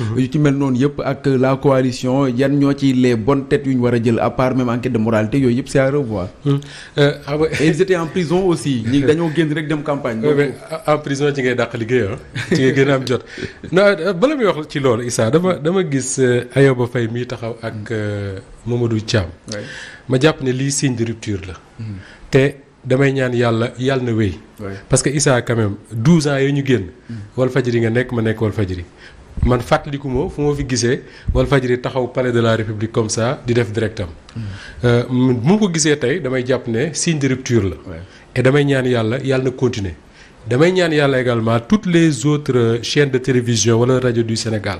yu ci mel noonu yëpp ak la coalition yan ñoo ci les bonnes têtes yu ñu war a jël à part même enquête de moralité yooyu yëpp c'est à revoir. Hum. Euh, ah ba ils étaient en prison aussi. ñi dañoo génn rek dem campagne. en prison ci ngay dàq liggéey ah. ci ngay gën a am jot. non bala muy wax ci loolu Issa dama dama gis euh, Ayoba Faye mii taxaw ak mm. euh, Mamadou Thiam. ma jàpp ne lii signe de rupture la. Mm. te damay ñaan yàlla yàlla na wéy. parce que Issa quand même 12 ans yooyu ñu génn. Mm. Walfadjri nga nekk ma nekk Walfadjri man fàttaliku ma fu ma fi gisee Walfadjri taxaw palais de la république comme ça di def directam hmm. euh, mu ko gisé tay damay japp ne signe de rupture la et damay ñaan yalla yalla na continuer damay ñaan yalla également toutes les autres euh, chaînes de télévision wala radio du Sénégal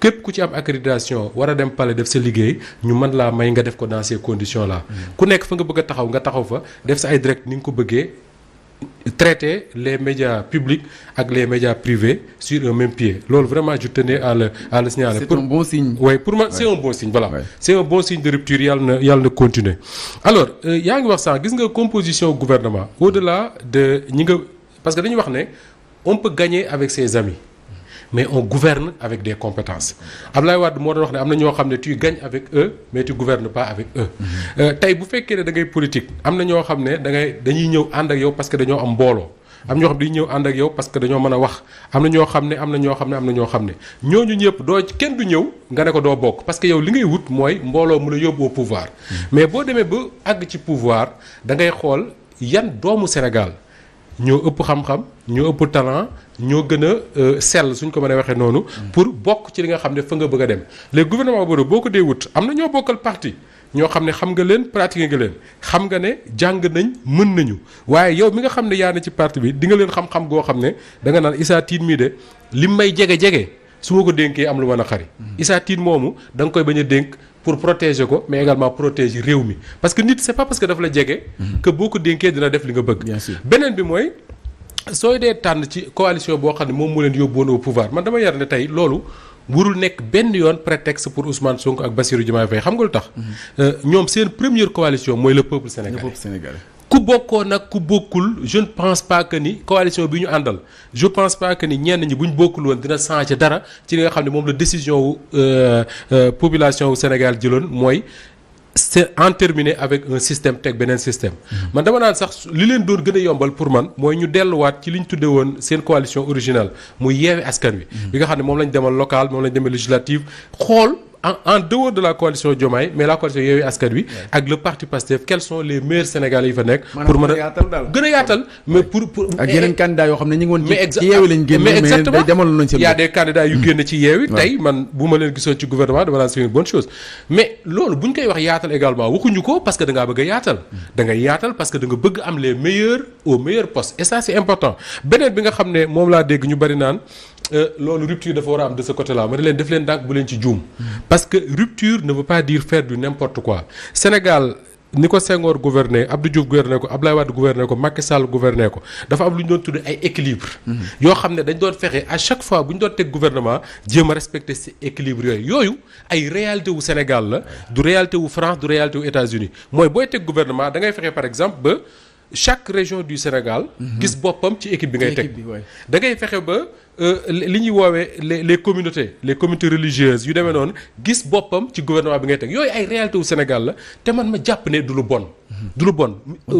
que ku ci am accréditation wara dem palais def sa liguer ñu man la may nga def ko dans ces conditions là hmm. ku nek fa nga bëgg taxaw nga taxaw fa def sa ay direct ni nga ko traiter les médias publics avec les médias privés sur un même pied L'homme vraiment je tenais à le à le signaler. c'est un bon signe. oui pour moi, c'est un bon signe voilà. c'est un bon signe de rupture Il na yàlla na continuer. alors euh, yaa ngi wax sax gis nga composition gouvernement au-delà de parce que nous wax on peut gagner avec ses amis mais on gouverne avec des compétences Ablaye Wade mo wax ne am na tu gagnes avec eux mais tu gouvernes pas avec eux mhm. euh, tay bu fekkee né da ngay politique amna ño xamné da ngay dañuy ñëw and ak yow parce que dañu am mbolo. am ño xam dañuy ñëw and ak yow parce que dañu mëna wax Amna ño xamné amna ño xamné amna ño xamné ñoñu am ñëpp kenn du ñëw nga ne ko do bok parce que yow li ngay wut moy mbolo mu la au pouvoir mhm. mais bo démé bu ag ci pouvoir da ngay xol yan doomu Sénégal ñoo ëpp xam-xam ñoo ëpp talent ñoo gën a euh, sell suñ ko mën a waxee noonu. pour bokk ci li nga xam ne fa nga bëgg a dem. léegi gouvernement boobu boo ko dee wut am na ñoo bokkal parti ñoo xam ne xam nga leen pratique nga leen xam nga ne jàng nañ mën nañu waaye yow mi nga xam ne yaa na ci parti bi di nga leen xam-xam goo xam ne da nga naan Issa Tine mii de lim may jege jege su ma ko dénkee am lu ma naqari. Issa Tine moomu da nga koy bañ a dénk. pour protéger ko mais également protéger Réumi. parce que nit c'est pas parce que daf le jege. que beaucoup ko dénkee dina def li nga bëgg. bien sûr benen bi mooy. sooy des coalition boo xam ne moom moo bon au pouvoir man dama yar ne lolo, loolu warul nekk benn prétexte pour Ousmane Sonko ak Bassirou Diomaye Faye xam nga lutax mhm. euh, ñom première coalition moy le peuple le peuple sénégalais ku bokkoon nag ku bokkul je ne pense pas que ni coalition bi ñu àndal je pense pas que ni ñenn ñi bu ñu bokkul woon dina changer dara ci li nga xam ne moom la décision wu euh, euh, population wu Sénégal jëloon mooy c'est en terminer avec un système teg beneen système. Mm-hmm. man dama naan sax li leen doon gën a yombal pour man mooy ñu delluwaat ci liñ ñu tudde woon seen coalition originale muy yeewe askan wi. Mm-hmm. bi nga xam ne moom lañ demal local moom lañ demal législative xool en, en dehors de la coalition Diomaye mais la coalition Yewwi Askan lui avec le parti Pastef quels sont les meilleurs sénégalais yi pour me Gëna yaatal mais pour pour ak yeneen eh, eh, a yoo xam ngi ci lañu mais exactement il y a des candidats yu génn ci Yewwi tay man buma leen gisoon ci gouvernement dama c'est une bonne chose mais loolu buñ koy wax yaatal également waxuñu ko parce que da nga bëgg a yaatal. da nga yaatal parce que da nga bëgg am les meilleurs au meilleur poste et ça c'est important benen bi nga xamné ne la laa dégg ñu bari naan euh, la rupture de forum de ce côté là mais les def parce que rupture ne veut pas dire faire du n'importe quoi Sénégal Nico Senghor gouverné Abdou Diouf gouverné ko Abdoulaye Wade gouverné ko Macky Sall gouverné ko faut am lu ñu équilibre mm-hmm. yoo xam à chaque fois que nous avons un gouvernement dieu a respecté ces équilibre y a une réalité au Sénégal la réalité au France du réalité aux États-Unis moi booy un gouvernement da ngay par exemple chaque région du Sénégal qui mm-hmm. se ci équipe bi ngay teg da ngay fexe euh, les communautés les communautés religieuses yu demee noonu gis boppam ci gouvernement bi ngay teg yooyu ay réalité au Sénégal la te man ma jàpp ne du lu du lu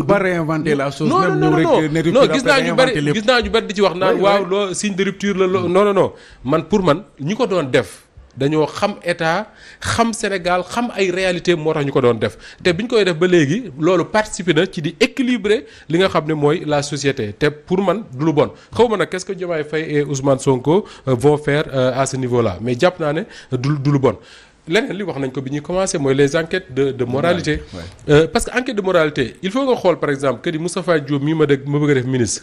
réinventer la chose. non non non gis naa ñu gis ñu ci wax de rupture la non non non man pour man ñi doon def dañoo xam état xam Sénégal xam ay réalité moo tax ñu ko doon def te biñ ñu koy def ba léegi loolu participer na ci di équilibrer li nga xam ne mooy la société te pour man du lu bon xawma ma nag qu'est-ce que Diomaye Faye et Ousmane Sonko euh, vont faire euh, à ce niveau-là mais jàpp naa ne du du lu bon. leneen li wax nañ ko bi ñuy commencé mooy les enquêtes de de moralité. Euh, parce que enquête de moralité il faut nga xool par exemple que di Moustapha Diop mii ma dégg ma bëgg a def ministre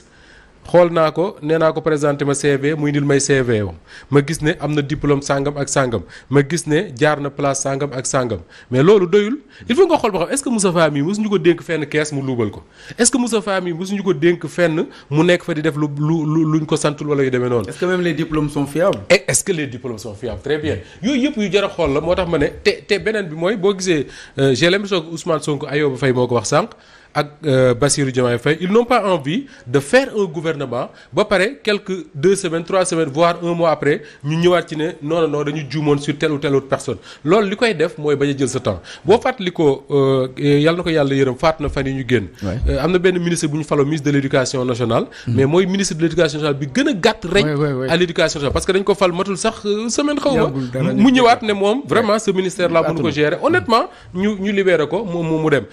xool naa ko nee naa ko présenté ma CV muy indil may CV wam ma gis ne am na diplôme sàngam ak sàngam ma gis ne jaar na place sàngam ak sàngam mais loolu doyul il faut nga xool ba xam est-ce que Moussa Moustapha mii mosuñu ko dénk fenn kees mu luubal ko est-ce que Moussa Moustapha mii mosuñu ko dénk fenn mu nekk fa di def lu lu luñ ko santul wala yu demee noonu. est-ce que même les diplômes sont fiables. Eh, est-ce que les diplômes sont fiables très bien yooyu yëpp yu jar a xool la moo tax ma ne te te beneen bi mooy boo gisee euh, j'ai l'impression que Ousmane Sonko Ayoba Faye moo ko wax sànq ak euh, Bassirou Diomaye Faye ils n'ont pas envie de faire un gouvernement ba après quelques deux semaines trois semaines voire un mois après ñu ñëwaat ci ne non non non dañu juumoon sur telle ou telle autre personne loolu li koy def mooy bañ a jël ce temps boo fàttali ko euh, yàlla na ko yàlla yërëm fait, na fan ñu génn. Euh, am benn ministre bu ñu le ministre de l'éducation nationale. Mm. mais le ministre de l'éducation nationale bi gën a rek. à l'éducation nationale parce que dañ ko fal matul sax semaine xaw ma. mu ñëwaat ne moom vraiment ce ministère là mënu ko gérer honnêtement ñu ñu libéré ko mu dem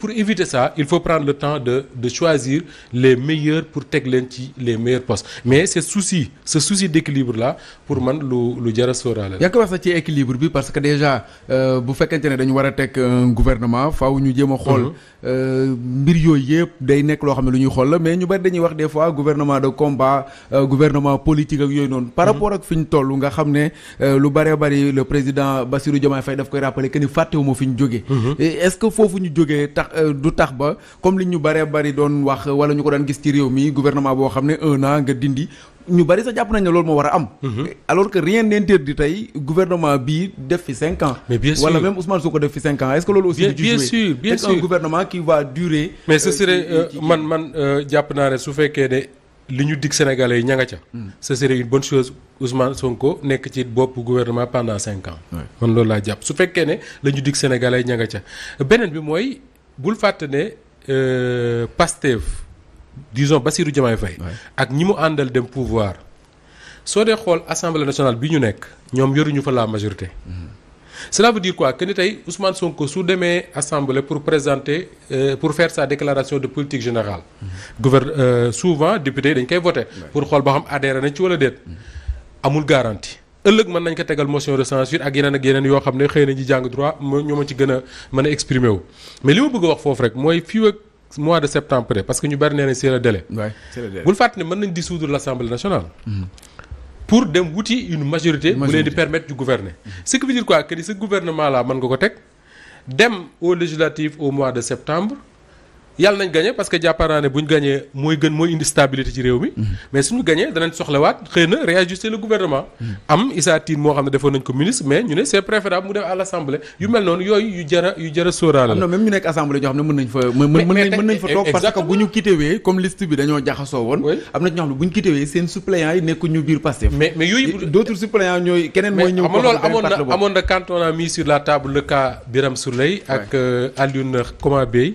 pour éviter ça il faut prendre le temps de de choisir les meilleurs pour teg les meilleurs postes mais ce souci ce souci d'équilibre là pour moi le lu sera il sóoraale la. yaa wax sax ci équilibre parce que déjà vous euh, faites ne dañu war a un gouvernement faaw ñu jéem a xool mhm. euh, mbir yooyu day mais nous bari des fois gouvernement de combat euh, gouvernement politique par mhm. rapport à ce ñu toll nga le président Bassirou Diomaye fait daf koy rappeler que ni fàttewuma fi mhm. est-ce que faut ñu jógee tax du ba comme li ñu baree bari doon wax wala ñu ko daan gis ci réew mi gouvernement boo xam ne naa an nga dindi ñu bëri sa jàpp nañ ne loolu moo war a am. Mhm. alors que rien n'interdit tey gouvernement bii def fi cinq ans. mais bien sûr wala même Ousmane Sonko def fi cinq ans est-ce que loolu aussi. bien bien sûr bien sûr un gouvernement qui va durer. mais ce euh, serait euh, man man euh, jàpp naa ne su fekkee ne li ñu dig Sénégalais yi ña nga ca. Hmm. ce serait une bonne chose Ousmane Sonko nekk ci bopp gouvernement pendant cinq ans. man loolu laa jàpp su fekkee ne la ñu dig ña nga ca beneen bi mooy. bul fàtte ne euh, Pastef disons Bassirou Diomaye fay ak ñi mu àndal dem pouvoir soo dee xool assemblée nationale bi ñu nekk ñoom yoruñu fa la majorité. Mm-hmm. cela veut dire quoi que ni tey Ousmane Sonko su demee assemblée pour présenter euh, pour faire sa déclaration de politique générale. Mm -hmm. euh, souvent député dañ koy voté. pour xool ba xam adhéré na ci wala déet. Mm-hmm. amul garantie ëllëg mën nañ ko tegal motion de censure ak yeneen ak yeneen yoo xam ne xëy na ñi jàng droit ñoo ma ci gën a mën a exprimer wu mais li ma bëgg wax foofu rek mooy fii ak mois de septembre parce que ñu bari nee nañ c'est le délai bul fàttali ne mën nañ dissoudre l'Assemblée nationale mhm. pour dem wuti une majorité bu leen di permettre ñu gouverner mhm. ce que veut dire quoi que ni ce gouvernement là mën nga ko teg dem aux législatives au mois de septembre yàlla nañ gagné parce que jàppar buñ gagner moy gën moy indi stabilité ci réew mi. Mhm. mais suñu gagner danañ soxlawaat wat xeyna réajuster le gouvernement. Mhm. am Issa Tine mo xam defo nañ ko ministre mais ñu né c'est préférable mu dem à l'assemblée yu mel non yoy yu jara yu jara sóoraale ah la. non même ñu nekk assemblée ñoo xam ne mën nañ fa. mën nañ mën nañ fa toog parce que buñu ñu wé comme liste bi dañoo jaxaso won amna na ñoo xam ne bu ñu seen suppléants yi nekk ñu biir passé mais mais yoy d'autres suppléants ñoy kenen moy ñëw loolu lool amon amoon na quand on a mis sur la table le cas biram Souleye ak euh, Alioune euh, Koma Bey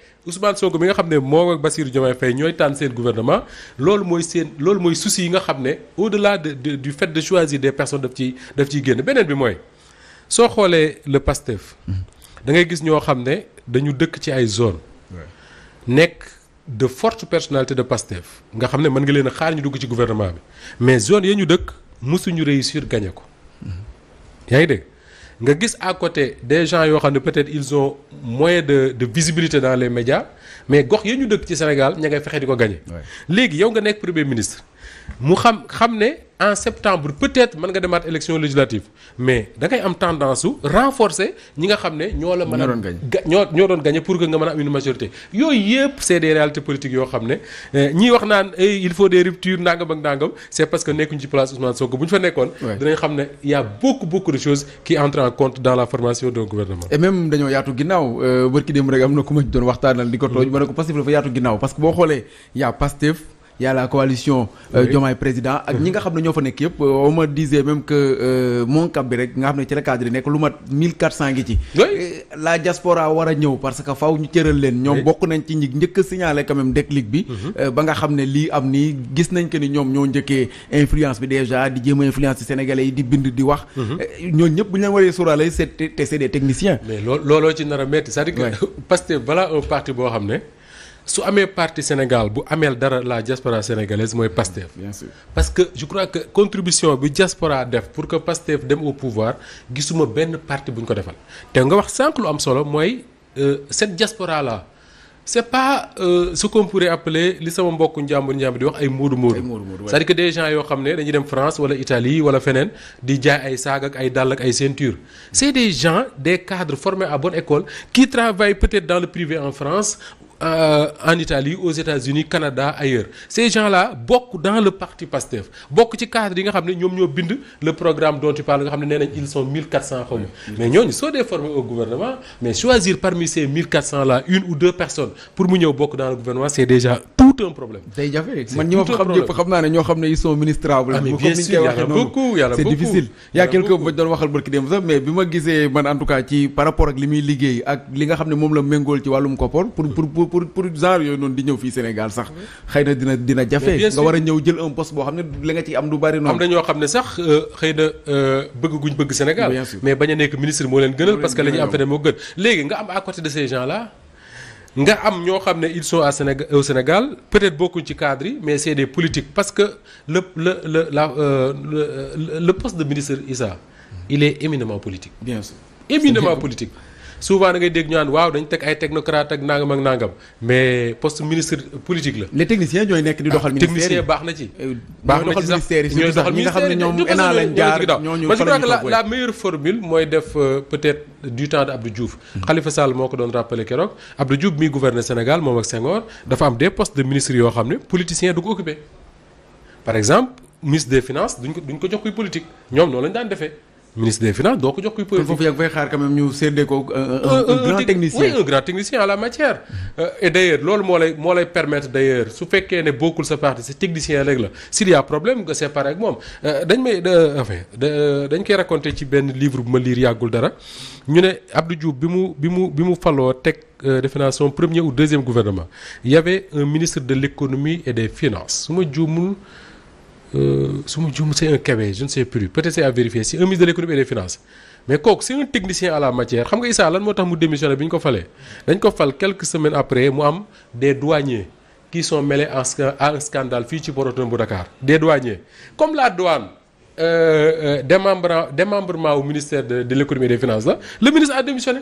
Ousmane Sonko mi nga xamné ne ak Bassirou Diomaye Faye gouvernement lool moy seen lool souci au delà du fait de choisir des personnes daf ci daf que je veux bi le Pastef mhm. da ngay gis ño xamné dañu dëkk ci ay zone nek de forte personnalité de Pastef nga xamné man nga leen xaar ñu ci gouvernement bi mais zone yi ñu dëkk ñu réussir gagné ko mhm nga gis à côté des gens yoo xam ne peut-être ils ont moins de de visibilité dans les médias mais gox ya ñu dëkk ci Sénégal ña ngay fexe di ko gagné. léegi yow nga premier ministre mu xam en septembre peut-être man nga demat élection législative mais da ngay am tendance su renforcer ñi nga xamné ne ñoo la mëna a ñoo ñoo doon gagné pour que nga mëna am une majorité yoy yépp c'est des réalités politiques yo xamné euh, ñi wax naan eh, il faut des ruptures nangam ak ndàngam c'est parce que nekkuñu ci place Ousmane Sonko buñ fa nekkoon dinañ xamné il y a beaucoup beaucoup de choses qui entrent en compte dans la formation d'un gouvernement et même dañoo yaatu ginnaaw euh, bërki dem rek amna na ku ma doon waxtaanal di ko tooj ma ko Pastef fa yaatu ginnaw parce que bo xolé il y a Pastef y a la coalition euh, Diomaye président ak ñi nga xam ne ñoo fa nekk on euh, me disait même que euh, mon cap bi rek nga xam ne ci la cadre yi nekk 1400 ngi ci la diaspora war a ñëw parce que faw ñu cëral leen ñoom bokk nañ ci ñi njëkk a signalé quand même déclic bi mhm. ba nga xam ne lii am nii gis nañ que ni ñoom ñoo njëkkee influence bi déjà di jéem influence ci sénégalais yi di bind di wax mhm. ñooñu ñëpp bu ñu leen waree lay c'est c'est des techniciens mais lolo ci nara metti c'est-à-dire que Pastef balaa un parti bo xamné su amee parti Sénégal bu amel dara la diaspora sénégalaise mooy PASTEF. bien parce que je crois que contribution bi diaspora def pour que PASTEF dem au pouvoir gisuma benn parti bu ñu ko defal te nga wax sànq lu am solo mooy euh, cette diaspora là c'est pas euh, ce qu'on pourrait appeler li sama mbokku njàmbur njàmbur di wax ay moodu moodu. ay moodu moodu c' est à dire que des gens yoo xam ne dañuy dem France wala Italie wala feneen di jaay ay saag ak ay dàll ak ay ceinture c' des gens des cadres formés à bonne école qui travaillent peut-être dans le privé en France euh, en Italie aux États-Unis Canada ailleurs ces gens-là beaucoup dans le parti PASTEF beaucoup de cadres ils le programme dont tu parles ils sont 1400 mais ils sont déformés au gouvernement mais choisir parmi ces 1400 là une ou deux personnes pour mu beaucoup dans le gouvernement c'est déjà tout un problème. day jafe man ñi ma fa xam naa ne ñoo xam ne ils sont ministrables. ah mais bien sûr yàlla beaucoup yàlla difficile. yàlla beaucoup y a quelqu'un ba doon waxal barki dem sax mais bi ma gisee man en tout cas ci par rapport ak li muy liggéey ak li nga xam ne moom la méngool ci wàllum koppar pour pour pour pour genre yooyu noonu di ñëw fii Sénégal sax xëy na dina dina jafe. nga war a ñëw jël un poste boo xam ne li nga ci am du bari noonu. am xam ne sax euh, xëy na euh, bëgg guñ bëgg Sénégal. mais bañ a nekk ministre moo la nga am ils sont au Sénégal peut-être beaucoup de cadre mais c'est des politiques parce que euh, le poste de ministre Issa il est éminemment politique. bien sûr éminemment politique souvent da ngay dégg ñu waaw dañ teg ay technocrate ak nangam ak nangam mais poste ministre politique la. les techniciens ñooy nekk di ah, doxal. ministère technicien baax na ci. Eh, baax na ci sax ñooy doxal ministère yi ñoom ENA lañ jaar ñooñu man je que la la meilleure formule mooy def euh, peut-être du temps de Abdou Diouf. Hmm. Khalifa Sall moo ko doon rappelé keroog Abdou Diouf mi gouverner Sénégal moom ak Senghor dafa am des postes de ministre yoo xam ne politicien du ko occupé par exemple ministre des finances duñ ko duñ ko jox kuy politique ñoom noonu lañ daan defee ministre des finances donc ko jox kuy politique foofu quand même nous séddee ko euh, un grand technicien oui un grand technicien à la matière euh, et d'ailleurs l'ol moo lay moo lay permettre d'ailleurs su fekkee beaucoup de sa parti c'est technicien règle s'il y a problème que c'est ak moom euh, dañ may enfin dañ raconté ci livre bu ma liir yàggul dara ñu ne Abdou bimou bi mu bi mu bi mu premier ou deuxième gouvernement il y avait un ministre de l'économie et des finances su ma euh, c'est un Kébé je ne sais plus peut-être c'est à vérifier c'est un ministre de l'économie et des finances mais Kok, c'est un technicien à la matière xam nga pas lan tu a mu démissionné quelques semaines après mu am des douaniers qui sont mêlés à un scandale ci Dakar des douaniers comme la douane euh, euh, démembrement démembrement au ministère de de l'économie et des finances le ministre a démissionné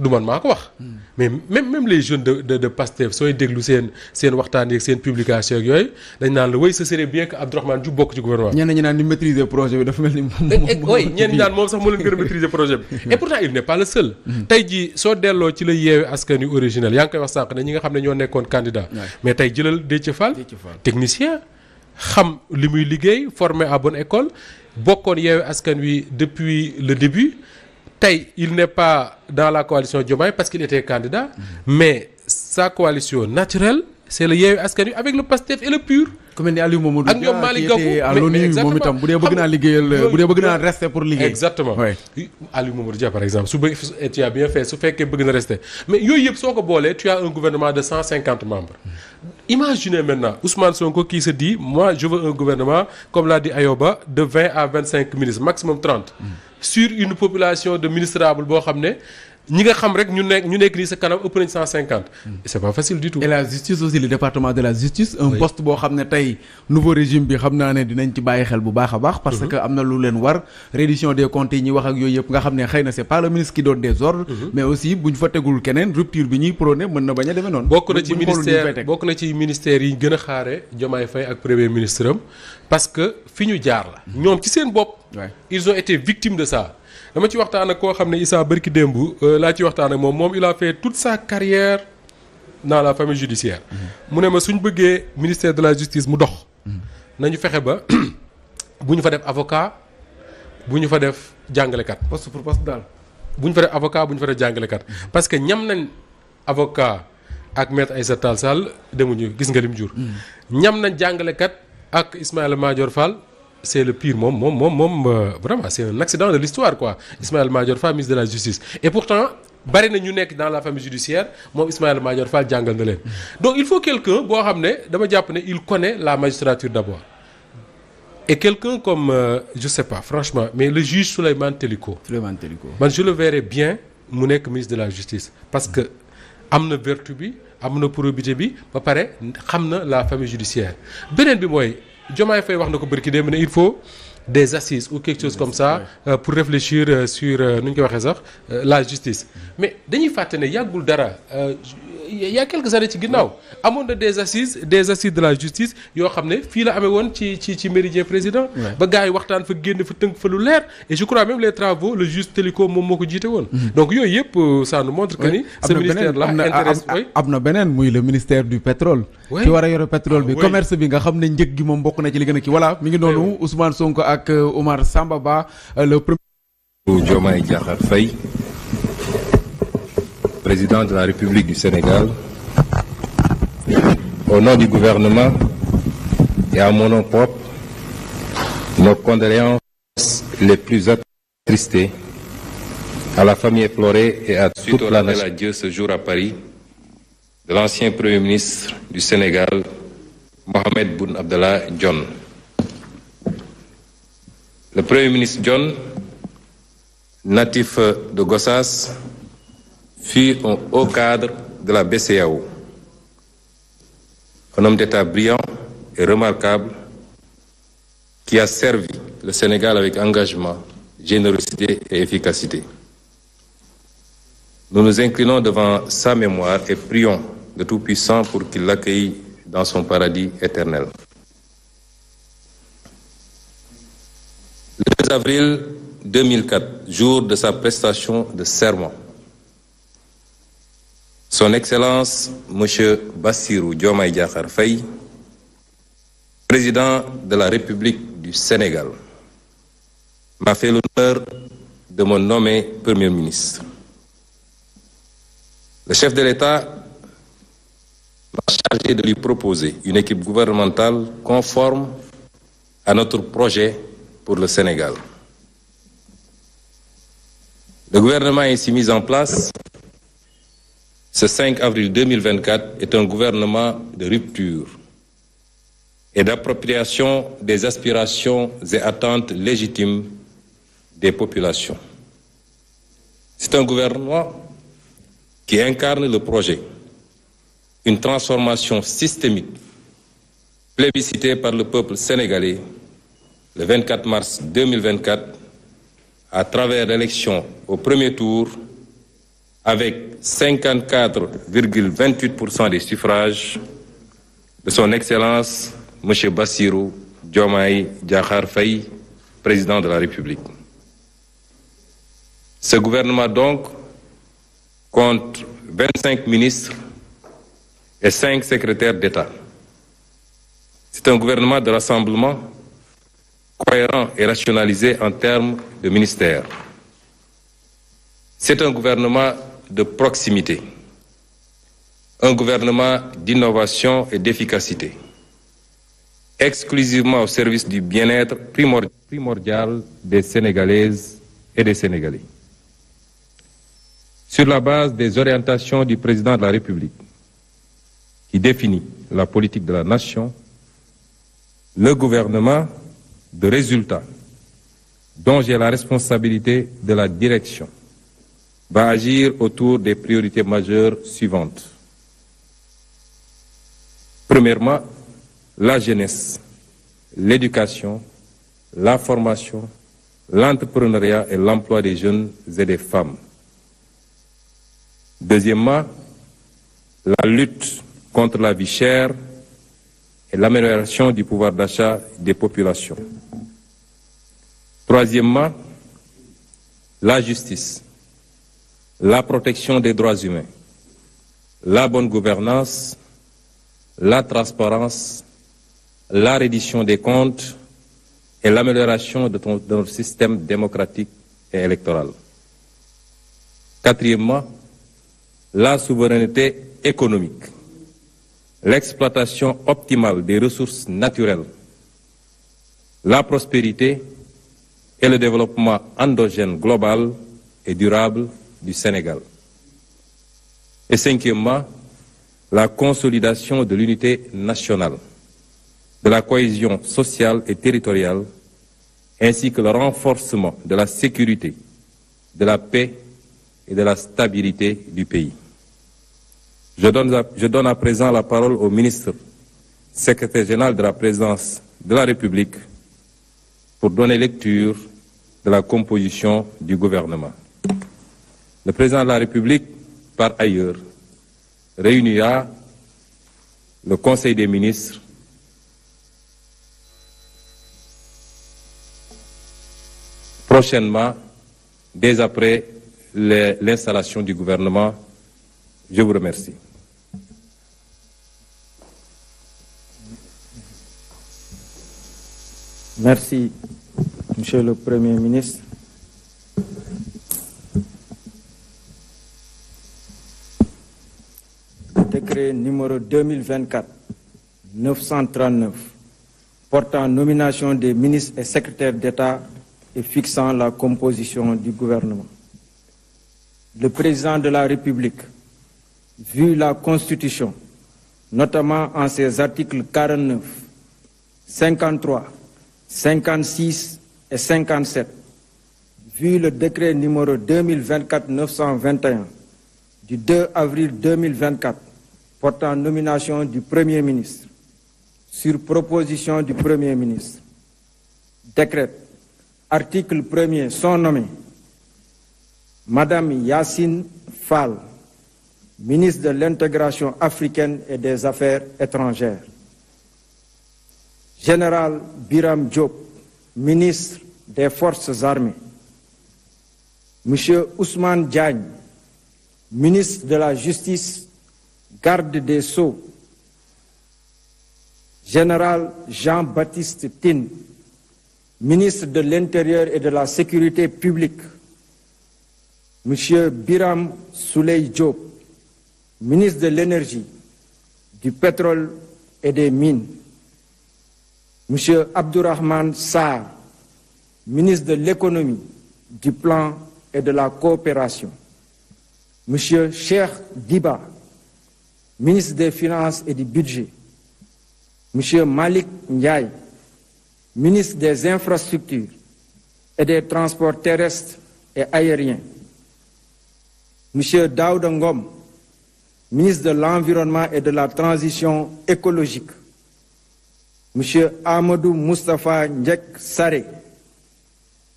du man maa wax. mais même même les jeunes de de de Pastef soy déglu sen sen waxtaan yeeg seen publication ak yoy dañ naan le wéy ce serait bien que Abdourahmane Diouf bokk ci gouvernement bi. ñi naan ni maîtriser projet bi dafa melni ni. moom eh, eh, ñenn ñi naan moom sax mo leen gën maîtriser projet bi. et pourtant il n'est pas le seul. Mm-hmm. tey jii soo delloo ci la yewé askan yu original yang koy wax sànq ne ñi nga xam ne ñoo nekkoon candidat. mais tay jëlal Déthié Fall. technicien xam limuy muy liggéey formé à bonne école bokkoon yewé askan wi depuis le début il n'est pas dans la coalition Diomaye parce qu'il était candidat mais sa coalition naturelle c'est le Yeu Askanu avec le PASTEF et le PUR Comme il y Aliou Mamadou Dia ak ñoom Malick il rester pour l'IGE. exactement Aliou Mamadou par exemple tu as bien fait su fait bëgg rester mais il y a tu as un gouvernement de 150 membres Imaginez maintenant, Ousmane Sonko qui se dit, moi je veux un gouvernement, comme l'a dit Ayoba, de 20 à 25 ministres, maximum 30, mm. sur une population de à Khamenei, ni nga xam rek ñu nekk ñu nekk nii sa kanam ëpp nañ cent cinquante c'est pas facile du tout et la justice aussi le département de la justice un poste boo xam ne nouveau régime bi xam naa ne dinañ ci bàyyi xel bu baax baax parce mhm. que am na lu leen war reddition des comptes yi ñuy wax ak yooyu nga xam ne c'est pas le ministre qui donne des ordres mhm. mais aussi buñ fa tegul keneen rupture bi ñuy prôné mën na bañ a demee noonu na ci ministère bokk na ci ministère yi gën a xaare Diomaye ak premier ministre parce que fi ñu jaar la mhm. ñoom ci seen bopp ils ont été victimes de ça dama ci waxtaan ak koo xam ne Issa bëriki démb euh, laa ci waxtaan ak moom moom il a fait toute sa carrière dans la famille judiciaire mm-hmm. mu ne ma suñ bëggee ministère de la justice mu dox mm-hmm. nañu fexe ba bu ñu fa def avocat bu ñu fa def jàngalekat poste pour poste daal bu ñu fa def bu ñu fa def mm-hmm. parce que ñam nañ avocat ak maître Aïssata Tall Sall demuñu gis nga lim jur ñam nañ jàngalekat ak Ismaïla Madior Fall c'est le pire mom mom mom moom euh, vraiment c'est un accident de l'histoire quoi ismaël Madior Fall ministre de la justice et pourtant bari na ñu nekk dans la famille judiciaire mon ismaël Madior Fall jangal na len donc il faut quelqu'un boire xamné dama japp il connaît la magistrature d'abord et quelqu'un comme euh, je sais pas franchement mais le juge Souleymane Teliko Souleymane Teliko mais je le verrais bien mu nekk ministre de la justice parce que amna vertu bi amna probité bi ba paré xamna la famille judiciaire benen bi moy Diomaye fay wax na ko bërki démb ne il faut des assises ou quelque chose comme ça euh, pour réfléchir euh, sur euh, nu ñu koy sax la justice mm-hmm. mais dañuy fàtte ne yàggul dara il y a quelques années ci ginnaaw amoon na des assises des assises de la justice yoo xam ne fii la amee woon ci ci ci méridien président ba gars yi waxtaan fa génn fa tënk fa lu leer et je crois même les travaux le juste Télico moom moo ko jiite woon mm-hmm. donc yooyu yëpp ça nous montre que ce ministère là intéresse am na beneen le ministère du pétrole ki war a yore pétrole bi ah, commerce bi nga xam ne njëg gi moom bokk na ci li gën a kii voilà mi ngi noonu Ousmane Sonko ak ak euh, Omar Samba euh, le premier. président de la République du Sénégal, au nom du gouvernement et à mon nom propre, nos condoléances les plus attristées à la famille éplorée et à Suite toute la nation. à Dieu ce jour à Paris de l'ancien Premier ministre du Sénégal, Mohamed Boun Abdallah John. Le Premier ministre John, natif euh, de Gossas, fut un haut cadre de la BCAO. Un homme d'État brillant et remarquable qui a servi le Sénégal avec engagement, générosité et efficacité. Nous nous inclinons devant sa mémoire et prions le Tout-Puissant pour qu'il l'accueille dans son paradis éternel. avril 2004, jour de sa prestation de serment, son Excellence M. Bassirou Diomaye Diakhar président de la République du Sénégal, m'a fait l'honneur de me nommer Premier ministre. Le chef de l'État m'a chargé de lui proposer une équipe gouvernementale conforme à notre projet pour le Sénégal. Le gouvernement ainsi mis en place ce 5 avril 2024 est un gouvernement de rupture et d'appropriation des aspirations et attentes légitimes des populations. C'est un gouvernement qui incarne le projet, une transformation systémique plébiscitée par le peuple sénégalais le 24 mars 2024 à travers l'élection au premier tour avec 54,28% des suffrages de son Excellence M. Bassirou Diomaye Diakhar Faye, président de la République. Ce gouvernement donc compte 25 ministres et 5 secrétaires d'État. C'est un gouvernement de rassemblement cohérent et rationalisé en termes de ministère. C'est un gouvernement de proximité, un gouvernement d'innovation et d'efficacité, exclusivement au service du bien-être primordial des Sénégalaises et des Sénégalais. Sur la base des orientations du président de la République, qui définit la politique de la nation, le gouvernement de résultats dont j'ai la responsabilité de la direction va agir autour des priorités majeures suivantes. Premièrement, la jeunesse, l'éducation, la formation, l'entrepreneuriat et l'emploi des jeunes et des femmes. Deuxièmement, la lutte contre la vie chère et l'amélioration du pouvoir d'achat des populations. Troisièmement, la justice, la protection des droits humains, la bonne gouvernance, la transparence, la reddition des comptes et l'amélioration de, notre système démocratique et électoral. Quatrièmement, la souveraineté économique, l'exploitation optimale des ressources naturelles, la prospérité et le développement endogène global et durable du Sénégal. Et cinquièmement, la consolidation de l'unité nationale, de la cohésion sociale et territoriale, ainsi que le renforcement de la sécurité, de la paix et de la stabilité du pays. Je donne à, présent la parole au ministre, secrétaire général de la présidence de la République, pour donner lecture de la composition du gouvernement. Le président de la République, par ailleurs, réunira le Conseil des ministres prochainement, dès après l'installation du gouvernement. Je vous remercie. Merci, Monsieur le Premier ministre. Décret numéro 2024-939 portant nomination des ministres et secrétaires d'État et fixant la composition du gouvernement. Le président de la République, vu la Constitution, notamment en ses articles 49, 53, 56 et 57, vu le décret numéro 2024-921 du 2 avril 2024 portant nomination du Premier ministre sur proposition du Premier ministre. décrète, Article 1er. Sont nommés Madame Yassine Fall, ministre de l'intégration africaine et des affaires étrangères. Général Biram Diop, ministre des Forces armées, Monsieur Ousmane Diagne, ministre de la Justice, garde des Sceaux, Général Jean-Baptiste Tin, ministre de l'Intérieur et de la Sécurité publique, Monsieur Biram Souley Diop, ministre de l'Énergie, du Pétrole et des Mines, Monsieur Abdourahman Saar, ministre de l'économie, du plan et de la coopération, M. Cheikh Diba, ministre des Finances et du Budget, M. Malik Ndiaye, ministre des Infrastructures et des Transports terrestres et aériens, M. Daoud Ngom, ministre de l'Environnement et de la Transition écologique, M. Amadou Mustafa Njek Saré,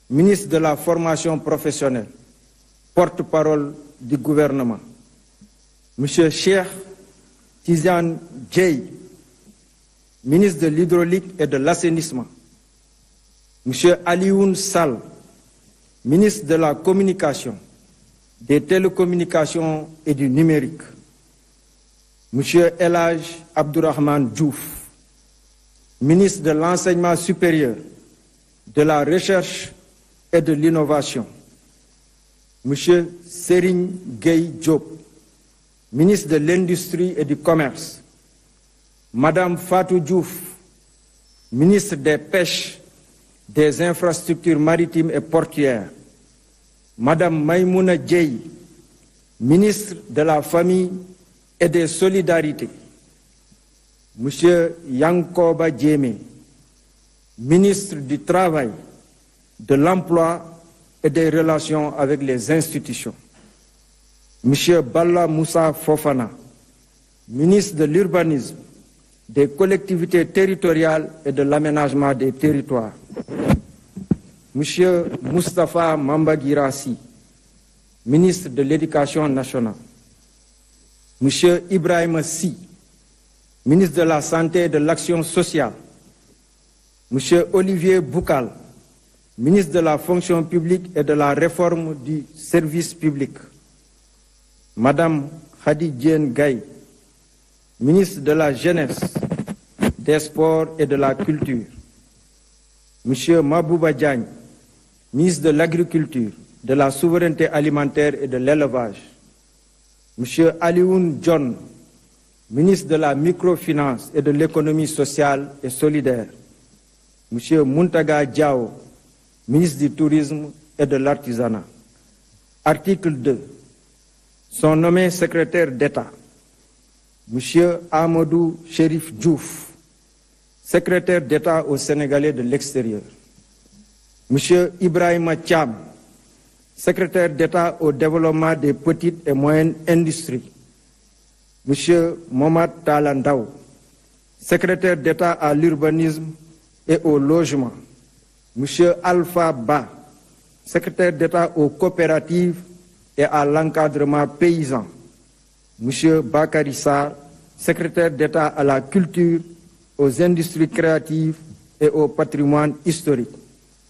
ministre de la Formation professionnelle, porte-parole du gouvernement. M. Cheikh Tiziane Djei, ministre de l'Hydraulique et de l'Assainissement. M. Alioun Sal, ministre de la Communication, des Télécommunications et du Numérique. M. Elage Abdourahman Djouf, ministre de l'Enseignement supérieur, de la Recherche et de l'Innovation. Monsieur Serine gay Diop, ministre de l'Industrie et du Commerce. Madame Fatou Diouf, ministre des Pêches, des Infrastructures maritimes et portuaires. Madame Maïmouna jay. ministre de la Famille et des Solidarités. Monsieur Yankoba Djemé, ministre du Travail, de l'Emploi et des Relations avec les institutions. Monsieur Balla Moussa Fofana, ministre de l'Urbanisme, des collectivités territoriales et de l'aménagement des territoires. Monsieur Moustapha Mambagirassi, ministre de l'Éducation nationale. Monsieur Ibrahim Si, ministre de la Santé et de l'Action sociale, M. Olivier Boukal, ministre de la Fonction publique et de la Réforme du Service public, Madame Hadi Gaye, ministre de la Jeunesse, des Sports et de la Culture, Monsieur Mabouba Diagne, ministre de l'Agriculture, de la Souveraineté alimentaire et de l'Élevage, M. Alioun John, ministre de la Microfinance et de l'Économie sociale et solidaire, M. Muntaga Diao, ministre du Tourisme et de l'Artisanat. Article 2. Sont nommés secrétaires d'État M. Amadou Sherif Djouf, secrétaire d'État au Sénégalais de l'extérieur. M. Ibrahim Tcham, secrétaire d'État au développement des petites et moyennes industries. Monsieur Mohamed Talandao, secrétaire d'État à l'urbanisme et au logement, M. Alpha Ba, secrétaire d'État aux coopératives et à l'encadrement paysan, M. Bakarissar, secrétaire d'État à la culture, aux industries créatives et au patrimoine historique.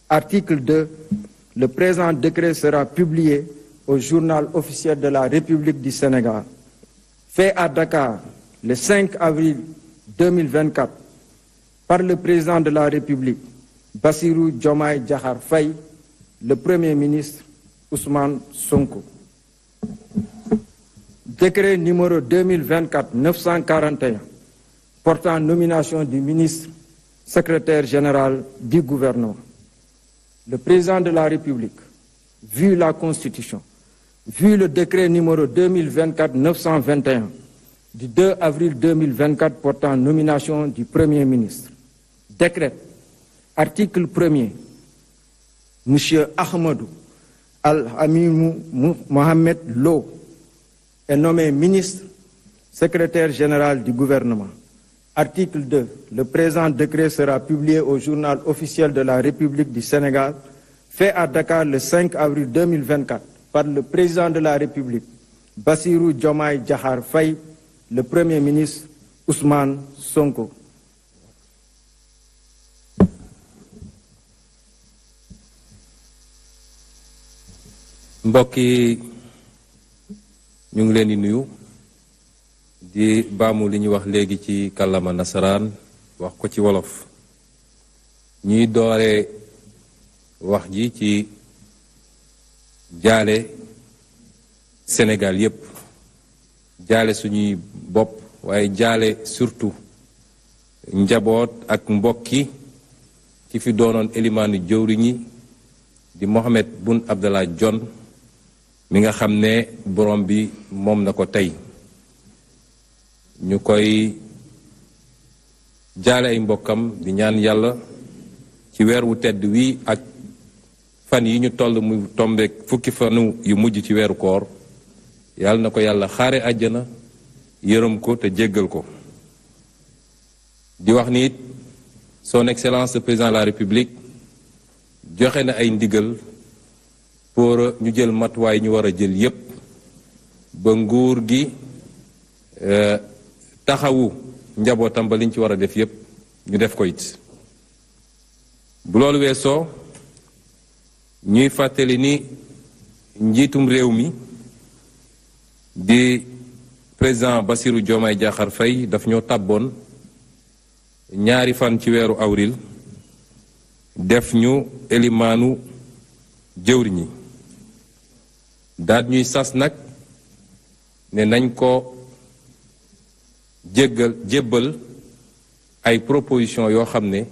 Article 2. Le présent décret sera publié au journal officiel de la République du Sénégal fait à Dakar le 5 avril 2024 par le président de la République, Bassirou Diomaye Jahar Faye, le Premier ministre Ousmane Sonko. Décret numéro 2024-941 portant nomination du ministre secrétaire général du gouvernement. Le président de la République, vu la Constitution, vu le décret numéro 2024-921 du 2 avril 2024 portant nomination du Premier ministre. Décret, article 1er, M. Ahmadou Al-Amimou Mohamed Lo est nommé ministre, secrétaire général du gouvernement. Article 2. Le présent décret sera publié au journal officiel de la République du Sénégal, fait à Dakar le 5 avril 2024 par le président de la République, Bassirou Diomaye Djahar Faye, le Premier ministre Ousmane Sonko. mbokk ñu ngi leen di nuyu di baamu li ñu wax léegi ci kàllama nasaraan wax ko ci wolof ñuy doore wax ji ci jaale Sénégal yépp jaale suñuy bopp waaye jaale surtout njaboot ak mbokki ki fi doonoon élimaanu jëwriñi di Mohamed Boun Abdallah Dionne mi nga xam ne borom bi moom na ko tey ñu koy jaale ay mbokkam di ñaan yàlla ci weer wu tedd wi ak fan yi ñu toll mu tombeek fukki fanu yu mujj ci weeru koor yàlla na ko yàlla xaare àjjana yërëm ko te jéggal ko di wax ni it son excellence le président la république joxe na ay ndigal pour ñu jël matuwaay ñu war a jël yépp ba nguur gi euh, taxawu njabootam ba liñ ci war a def yépp ñu def ko it bu loolu weesoo ñuy fàttali ni njiitum réew mi di président Bassirou Diomaye Diakhar Faye daf ñoo tàbboon ñaari fan ci weeru awril def ñu elimaanu jëwriñ yi daal ñuy sas nag ne nañ ko jéggal jébbal ay proposition yoo xam ne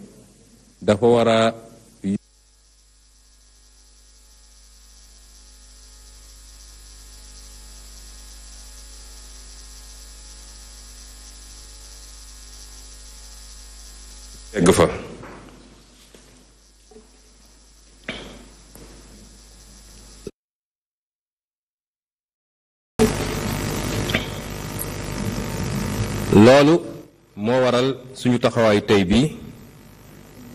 dafa war loolu moo waral suñu taxawaayu tey bii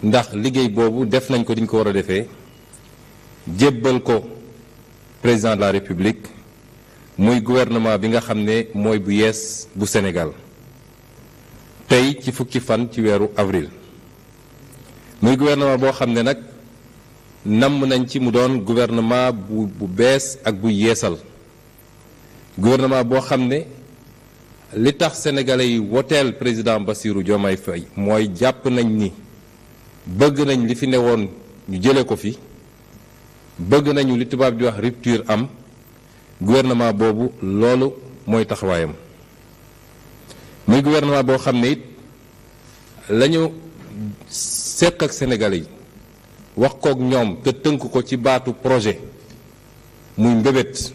ndax liggéey boobu def nañ ko diñ ko war a defee jébbal ko président de la république muy gouvernement bi nga xam ne mooy bu yees bu Sénégal tey ci fukki fan ci weeru avril muy gouvernement boo xam ne nag namm nañ ci mu doon gouvernement bu bu bees ak bu yeesal gouvernement boo xam ne li tax sénégalais yi woteel président Bassirou Diomaye Faye mooy jàpp nañ ni bëgg nañ li fi newoon ñu jëlee ko fi bëgg nañu li tubaab di wax rupture am gouvernement bobu loolu mooy taxawaayam muy gouvernement boo xam ne it la ñu seq ak sénégalais yi wax kook ñoom te tënk ko ci baatu projet muy mbébét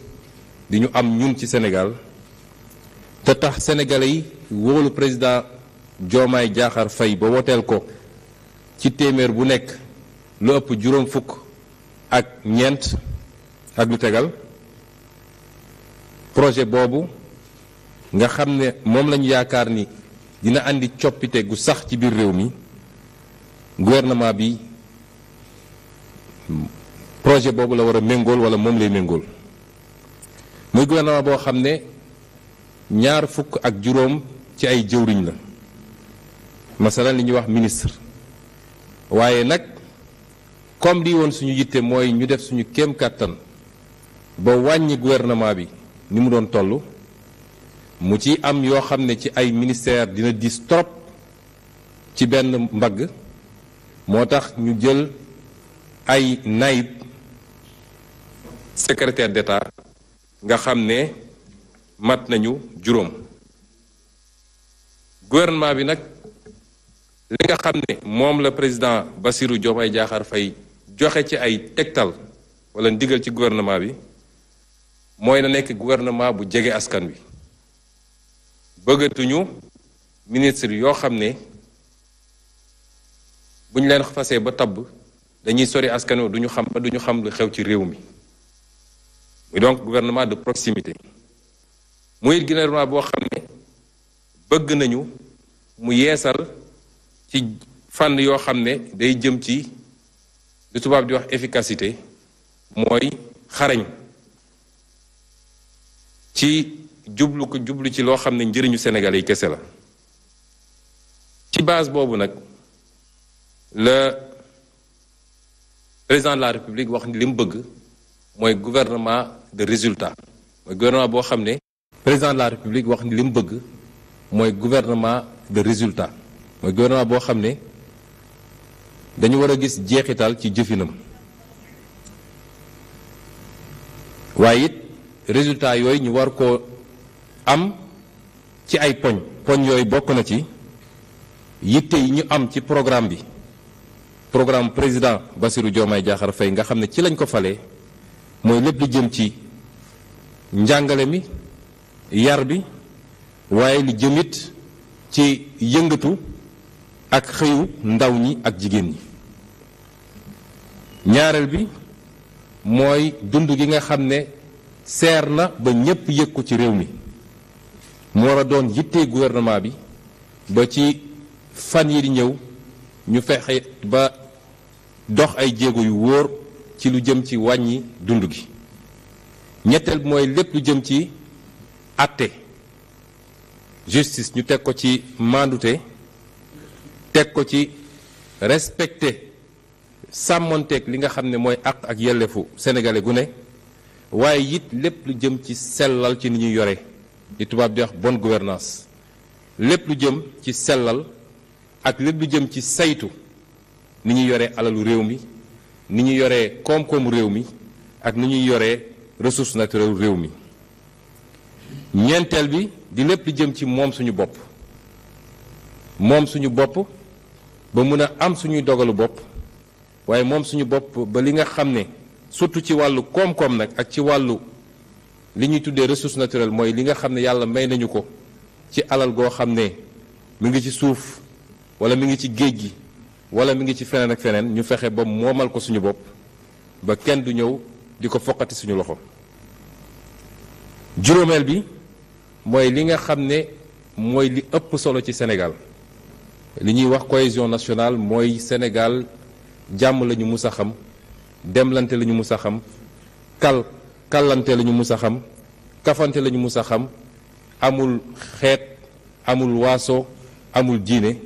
di ñu am ñun ci Sénégal te tax sénégalais yi wóolu président joomaay jaaxar fay ba woteel ko ci téeméer bu nekk lu ëpp juróom fukk ak ñeent ak lu tegal projet boobu nga xam ne moom lañu yaakaar ni dina andi coppite gu sax ci biir réew mi gouvernement bi projet boobu la war a méngool wala moom lay méngool muy gouvernement boo xam ne ñaar fukk ak juróom ci ay jëwriñ la masalan li ñuy wax ministre waaye nag comme li woon suñu yitte mooy ñu def suñu kéem kàttan ba wàññi gouvernement bi ni mu doon toll mu ci am yoo xam ne ci ay ministère dina dis trop ci benn mbagg moo tax ñu jël ay naib secrétaire d'état nga xam ne matt nañu juróom gouvernement bi nag li nga xam ne moom la président Bassirou Diomaye Diakhar fay joxe ci ay tegtal walla ndigal ci gouvernement bi mooy na nekk gouvernement bu jege askan wi bëggatuñu ministre yoo xam ne bu ñu leen fasee ba tabb dañuy sori askan wi duñu xam duñu xam lu xew ci réew mi muy donc gouvernement de proximité muy gouvernement boo xam ne bëgg nañu mu yeesal ci fànn yoo xam ne day jëm ci lu tubaab di wax efficacité mooy xarañ ci jublu ko jublu ci loo xam ne njëriñu Sénégalais yi kese la ci base boobu nag la président de la République wax ni li mu bëgg mooy gouvernement de résultat mooy gouvernement boo xam ne président de la république wax ni li bëgg mooy gouvernement de résultat mooy gouvernement boo xam ne dañu war a gis jeexital ci jëfinam waaye it résultat yooyu ñu war koo am ci ay poñ poñ yooyu bokk na ci yitte yi ñu am ci programme bi programme président Bassirou Diomaye Diakhar Fay nga xam ne ci lañ ko falee mooy lépp li jëm ci njàngale mi yar bi waaye li jëmit ci yëngatu ak xëyu ndaw ñi ak jigéen ñi ñaareel bi mooy dund gi nga xam ne seer na ba ñépp yëg ko ci réew mi mu war doon yittee gouvernement bi ba ci fan yi di ñëw ñu fexe ba dox ay jéego yu wóor ci lu jëm ci wàññi dund gi ñetteel bi mooy lépp lu jëm ci atte justice ñu tek ko ci mandute tek ko ci sans monter li nga xamné moy ak ak yelleefu sénégalais gu ne waaye it lépp lu jëm ci sellal ci ni yoré yore tubab di wax bonne gouvernance lepp lu jëm ci sellal ak lepp lu jëm ci saytu ni ñuy yoree alalu réew mi ni ñuy yoree kom koomu réew mi ak ni ñuy ressources naturelles réew mi ñeenteel bi di lépp lu jëm ci moom suñu bopp moom suñu bopp ba mun a am suñuy dogalu bopp waaye moom suñu bopp ba li nga xam ne surtout ci wàllu koom-koom nag ak ci wàllu li ñuy tuddee ressource naturelle mooy li nga xam ne yàlla may nañu ko ci alal goo xam ne mu ngi ci suuf wala mu ngi ci géej gi wala mu ngi ci feneen ak feneen ñu fexe ba moomal ko suñu bopp ba kenn du ñëw di ko foqati suñu loxo juróomeel bi mooy li nga xam ne mooy li ëpp solo ci senegal li ñuy wax cohésion nationale mooy senegal jàmm lañu musa xam demlante la musa xam kal kallante la ñu xam kafante lañu ñu mus xam amul xeet amul waaso amul diine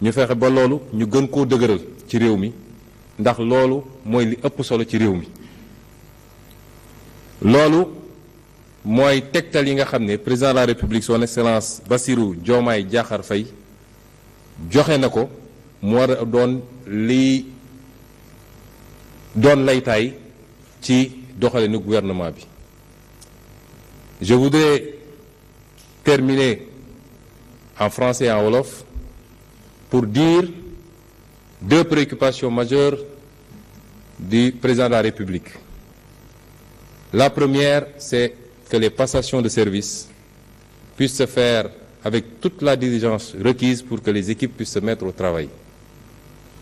ñu fexe ba loolu ñu gën koo dëgëral ci réew mi ndax loolu mooy li ëpp solo ci réew mi loolu mooy tegtal yi nga xam ne président de la république son excellence Bassirou Diomaye Diakhar fay joxe na ko mu doon li doon laytaay ci doxalinu gouvernement bi je voudrais terminer en français et en wolof pour dire deux préoccupations majeures du président de la République. La première, c'est que les passations de service puissent se faire avec toute la diligence requise pour que les équipes puissent se mettre au travail.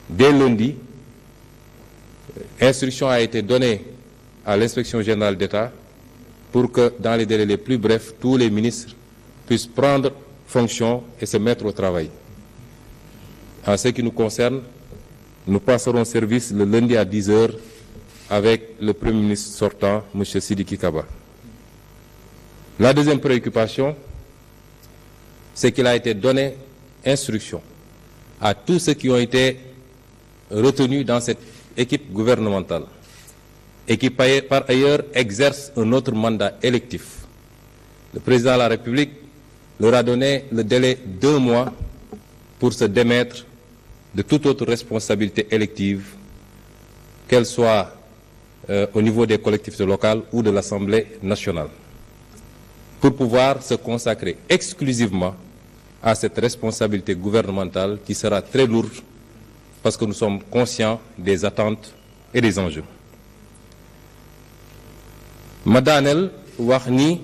Dès lundi, instruction a été donnée à l'inspection générale d'État pour que dans les délais les plus brefs, tous les ministres puissent prendre fonction et se mettre au travail. En ce qui nous concerne, nous passerons service le lundi à 10h avec le Premier ministre sortant, M. Sidiki Kaba. La deuxième préoccupation, c'est qu'il a été donné instruction à tous ceux qui ont été retenus dans cette équipe gouvernementale et qui par ailleurs exercent un autre mandat électif. Le président de la République leur a donné le délai deux mois pour se démettre de toute autre responsabilité élective, qu'elle soit euh, au niveau des collectivités locales ou de l'Assemblée nationale pour pouvoir se consacrer exclusivement à cette responsabilité gouvernementale qui sera très lourde parce que nous sommes conscients des attentes et des enjeux. Madame warni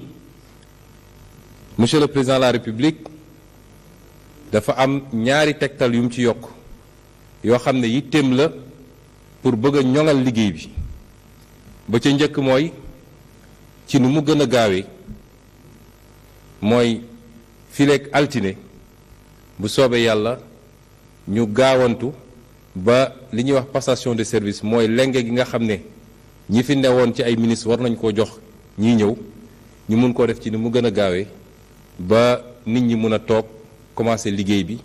monsieur le président de la république dafa am ñaari ci la pour bëgg nous bi ba ci nu mu mooy fileeg altine bu soobee yàlla ñu gaawantu ba li ñuy wax passation de service mooy lenge gi nga xam ne ñi fi newoon ci ay ministre war nañ koo jox ñiy ñëw ñu mun koo def ci ni mu gën a gaawee ba nit ñi mën a toog commencer liggéey bi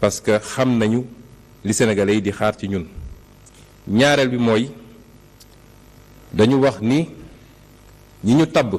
parce que xam nañu li sénégalais yi di xaar ci ñun ñaareel bi mooy dañu wax ni ñi ñu tabb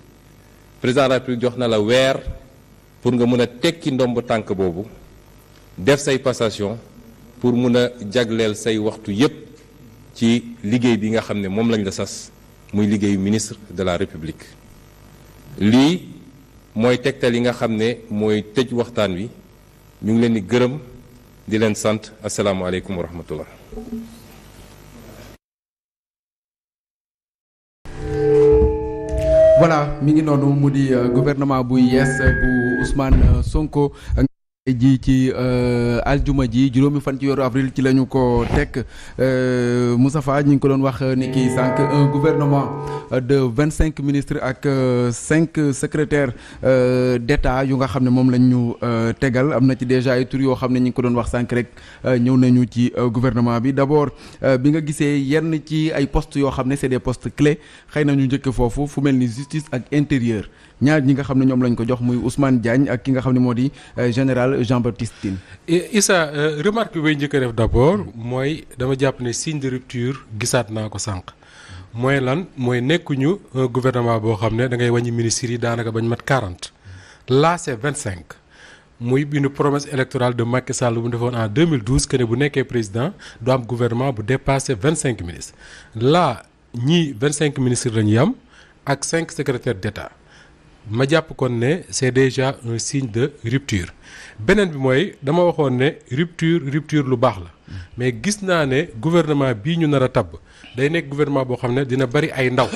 président de République jox na la weer pour nga mën a tekki ndomb tànk boobu def say passation pour mun a jagleel say waxtu yépp ci liggéey bi nga xam ne moom lañ la sas muy liggéeyu ministre de la République lii mooy tegtal yi nga xam ne mooy tëj waxtaan wi ñu ngi leen di gërëm di leen sant asalaamualeykum wa rahmatullah voilà mi ngi noonu mu di euh, gouvernement bu yees euh, bu Ousmane euh, Sonko. ji ci euh, aljuma ji juróomi fan ci weeru avril ci la ñu ko teg euh, Moustapha ñu ngi ko doon wax euh, ni ki sànq gouvernement de vingt cinq ministres ak cinq secrétaires d'État yu nga xam ne moom lañ ñu tegal am na ci déjà ay tur yoo xam ne ñu ngi ko doon wax sànq rek ñëw nañu ci gouvernement bi d'abord bi nga gisee yenn ci ay postes yoo xam ne c'est des postes clés xëy na ñu njëkk foofu fu mel ni justice ak intérieur ñaar ñi nga xam ne ñoom lañ ko jox muy Ousmane Diagne ak ki nga xam ne moo di euh, général Jean Baptiste Tine. Issa euh, remarque bi may njëkk a def d' abord mooy dama jàpp ne signe de rupture gisaat naa ko sànq. mooy lan mooy nekkuñu gouvernement boo xam ne da ngay wàññi ministères yi daanaka bañ mat 40 là c'est 25. muy une promesse électorale de Macky Sall bu mu defoon en 2012 que ne bu nekkee président du am gouvernement bu dépassé 25 ministres là ñii 25 ministres la ñuy am ak 5 secrétaires d' état ma japp kon ne c'est déjà un signe de rupture benen bi moy dama waxone ne rupture rupture lu bax la mais gis naa ne gouvernement bi ñu nara tab day nek gouvernement bo xam dina bari ay ndaw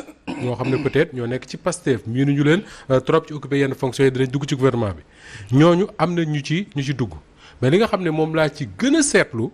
ño xam peut-être ño nek ci Pastef mi ñu leen euh, trop ci occuper yenn fonctions yi dinañ dugg ci gouvernement bi ñoñu amna ñu ci ñu ci dugg mais li nga xam mom la ci gën setlu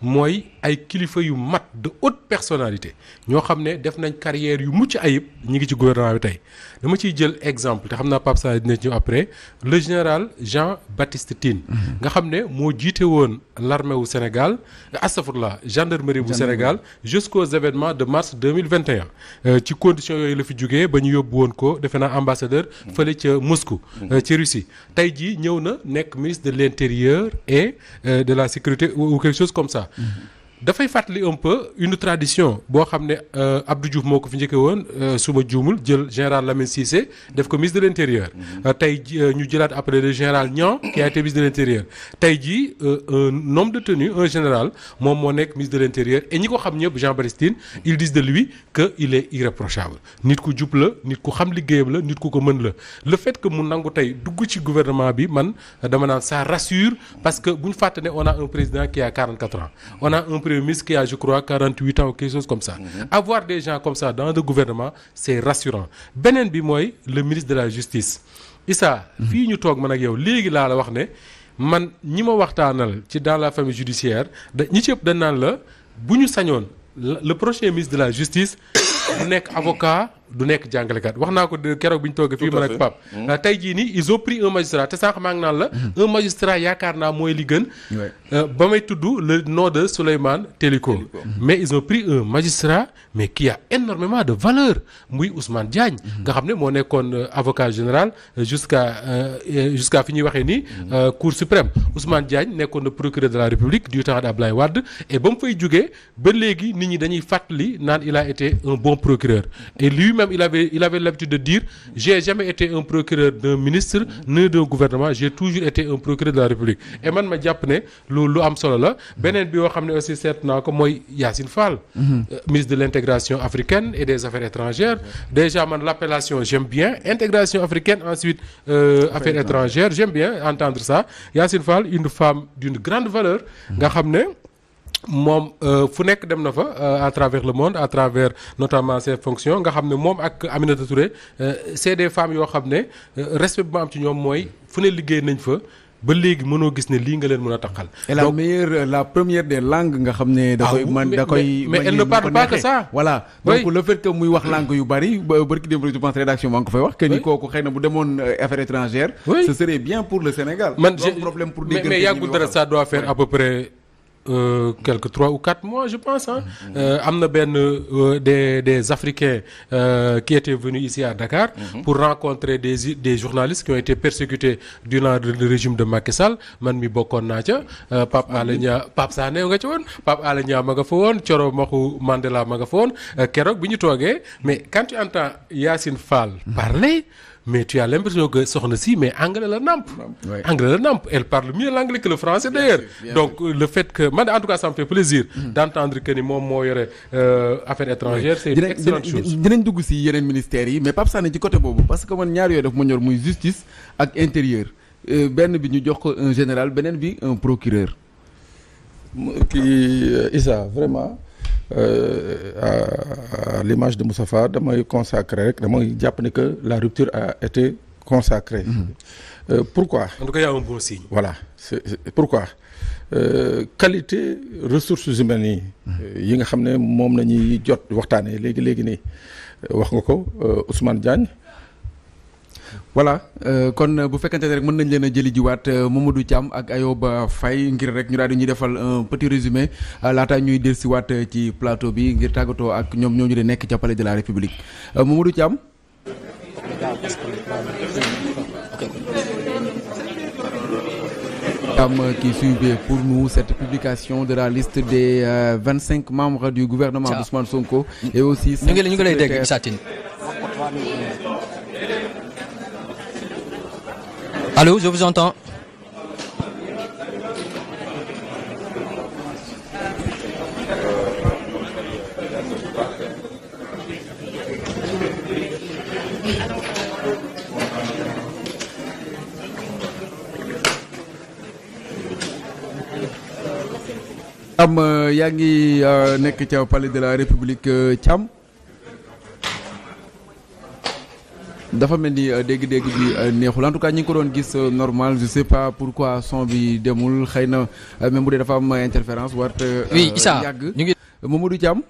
moy ay kilifa yu mat de haute personnalité ñoo xam ne def nañ carrière yu mucc ayib ñi ngi ci gouvernement bi tey dama ciy jël exemple te xam naa Pape Sané dina après le général Jean Baptiste Tine. Mhm. nga xam ne moo jiite woon l'armée wu Sénégal astafurlah gendarmerie bu Sénégal jusqu'aux événements de mars 2021 euh, ci condition yooyu la fi jugee ba ñu yóbbu woon ko defe naa ambassadeur mhm. fële ca Moscou mhm. euh, ci Russie tey jii ñëw na nekk ministre de l'intérieur et euh, de la sécurité ou quelque chose comme ça dafay fàttali un peu une tradition bo xamné euh Abdou Diouf moko ko fi njëkkee woon euh, suma jël général Lamine Cissé def ko ministre de l'intérieur. Mm-hmm. Euh, tay euh, ñu jëlat après le général Niang qui a été ministre de l'intérieur. tay ji un homme de tenue un général mom mo nek ministre de l'intérieur. et ñi ko xam ñëpp Jean Baptiste ils disent de lui que il est irréprochable nit ku jub la nit ku xam liggéeyam la nit ku ko mën la. le fait que mu nangou tay dugg ci gouvernement bi man dama naan ça rassure parce que buñu fatané on a un président qui a 44 ans on a un ministre qui a, je crois, 48 ans ou quelque chose comme ça. Mhm. Avoir des gens comme ça dans le gouvernement, c'est rassurant. Benin bi le ministre de la justice Et ça, mhm. ñu la dans la famille judiciaire la le prochain ministre de la justice avocat du nek jangale kat waxna ko keroog biñ togué fi man ak Pape hmm. euh, tey ils ont pris un magistrat té sànq maa ngi la hmm. un magistrat yakarna moy li gën euh, bamay may le nom de Souleymane Téliko hmm. mais ils ont pris un magistrat mais qui a énormément de valeur muy Ousmane Diagne nga xamné mo euh, avocat général jusqu'à jusqu'à fi waxé ni cour suprême Ousmane Diagne nekkoon procureur de la République du temps d'Abdoulaye Wade et bam fay jógee ba légui nit ñi dañuy nan il a été un bon procureur et lui même il avait il avait l'habitude de dire j'ai jamais été un procureur d'un ministre ni de gouvernement j'ai toujours été un procureur de la République et man ma jàpp ne am solo aussi Yacine Fall mhm. euh, ministre de l'intégration africaine et des affaires étrangères déjà man l'appellation j'aime bien intégration africaine ensuite euh, affaires étrangères j'aime bien entendre ça Yacine Fall une femme d'une grande valeur nga moom euh, fu nekk dem na fa euh, à travers le monde à travers notamment ses fonctions nga xam ne moom ak Aminata Touré euh, c'est des femmes yoo xam ne respect bu ma am ci ñoom mooy fu ne liggéey nañ fa ba léegi mënoo gis ne lii nga leen mën a taxal. donc la meilleure la première des langues nga xam ne. da ah koy man da koy. mais elle ne parle pas que ça. voilà donc le fait que muy wax langue yu bari ba barki démb je pense rédaction maa ngi ko fay wax. que ni kooku xëy na bu demoon affaire étrangère. ce serait bien pour le Sénégal. man problème pour. mais mais yàggul dara ça doit faire à peu près euh, quelques trois ou quatre mois, je pense. Hein. Euh, Ben, des, des Africains euh, qui étaient venus ici à Dakar pour rencontrer des, des journalistes qui ont été persécutés durant le, régime de Macky Sall. mi Bokon Nadja, euh, Pape Alenia, Pape Sané, Pape Alenia Magafoon, Choro Makou Mandela Magafoon, Kerok togué, mais quand tu entends Yacine Fall parler, mais tu as l'impression que Sokhna si mais anglais la namp. Oui. Anglais la namp. Elle parle mieux l'anglais que le français d'ailleurs. Donc le fait que, en tout cas ça me fait plaisir mm-hmm. d'entendre que les mots moo euh, affaires étrangères. c'est une excellente chose Je dugg si yeneen un ministère, mais ça Sané du côté boobu parce que man ñaar yooyu daf ma ñor muy justice intérieure. intérieur Ben bi ñu un général un procureur. Qui. ça, euh, vraiment. Euh, à, l'image de Moustapha damay consacré rek damay ne que la rupture a été consacrée. Mhm. Euh, pourquoi En tout cas, il y a un bon signe. Voilà. C est, c est, pourquoi euh, Qualité ressources humaines yi. Mhm. nga xamné mom lañuy jot waxtaanee légui légui ni euh, wax nga ko euh, Ousmane Diagne voilà euh, kon euh, bu fekkante rek mën nañ leen a jëli jiwaat euh, Mamadou Thiam ak Ayoba Faye ngir rek ñu daal di ñuy defal un petit résumé euh, laata ñuy dellusiwaat ci plateau bi ngir tàggatoo ak ñoom ñoo ñu di nekk ca palais de la République Mamadou Thiam. qui suivait pour nous cette publication de la liste des euh, 25 membres du gouvernement d'Ousmane Sonko et aussi Allô, je vous entends. am euh, Yagi ngi euh, ci palais de la république euh, Tcham. dafa mel ni euh, dégg-dégg bi euh, neexul en tout cas ñi ngi ko doon gis euh, normal je sais pas pourquoi son bi demul xëy na même bu dee dafa am interférence warte. oui Issa yàgg Mamadou diam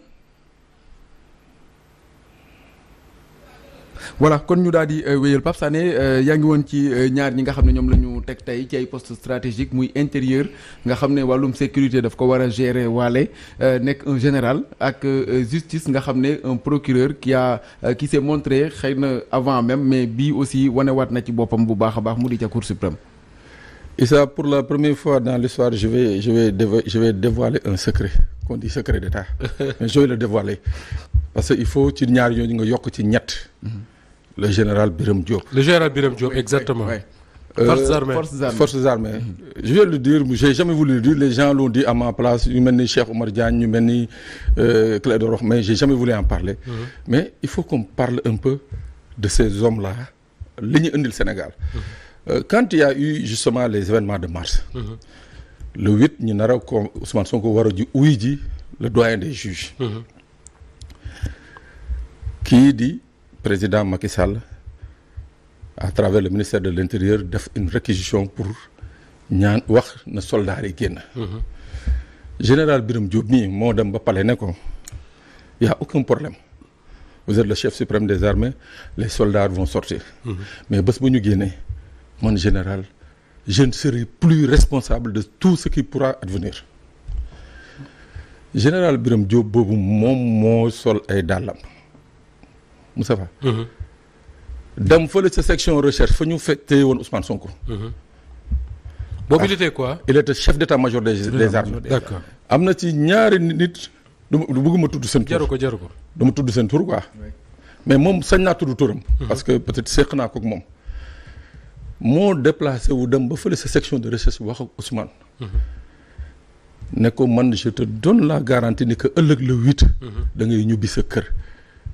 voilà kon ñu daal di euh, wéyal Pape Sané euh, yaa ngi woon ci euh, ñaar ñi nga xam ne ñoom la ñu teg tey ci ay poste stratégique muy intérieur nga xam ne wàllum sécurité daf ko war a gérer waale nekk un général ak justice nga xam ne un procureur qui a qui s'est montré xëy na avant même mais bii aussi wanewaat na ci boppam bu baax a baax mu di ca Cour suprême. Issa, pour la première fois dans l'histoire, je vais, je, vais je vais dévoiler un secret, qu'on dit secret d'État. je vais le dévoiler. Parce qu'il faut que tu n'y aies pas le général Biram Diop. Le général Biram Diop, exactement. Euh, euh, forces armées. Forces armées. Je vais le dire, j'ai jamais voulu le dire, les gens l'ont dit à ma place, nous menons Cheikh euh, mais j'ai jamais voulu en parler. Mm-hmm. Mais il faut qu'on parle un peu de ces hommes-là, l'Union du Sénégal. Mm-hmm. quand il y a eu justement les événements de mars, mm-hmm. le 8, nous avons Ousmane Sonko il dit le doyen des juges, qui dit président Macky Sall à travers le ministère de l'Intérieur, a une réquisition pour ñaan wax soldats soldats général Biram Diop ni palais, ba ne a aucun problème vous êtes le chef suprême des armées les soldats vont sortir. Mmh. mais si nous mon général je ne serai plus responsable de tout ce qui pourra advenir. général Biram Diop mon sol est sol ay Moustapha mhm. dem fële sa section recherche fa ñu fekkee woon Ousmane Sonko. Mhm. boobu il ah. était quoi. il était chef d'état-major des des armées. d'accord am na ci ñaari nit du bëgguma tudd seen. tur jaru ko jaru ko du tudd seen tur quoi. mais moom sañ naa tudd turam. Mhm. parce que peut-être seq naa ko ak moom. moo déplacé wu dem ba fële sa section de recherche wax ak Ousmane. ne ko man je te donne la garantie ni que ëllëg le huit. da ngay ñubbi sa kër.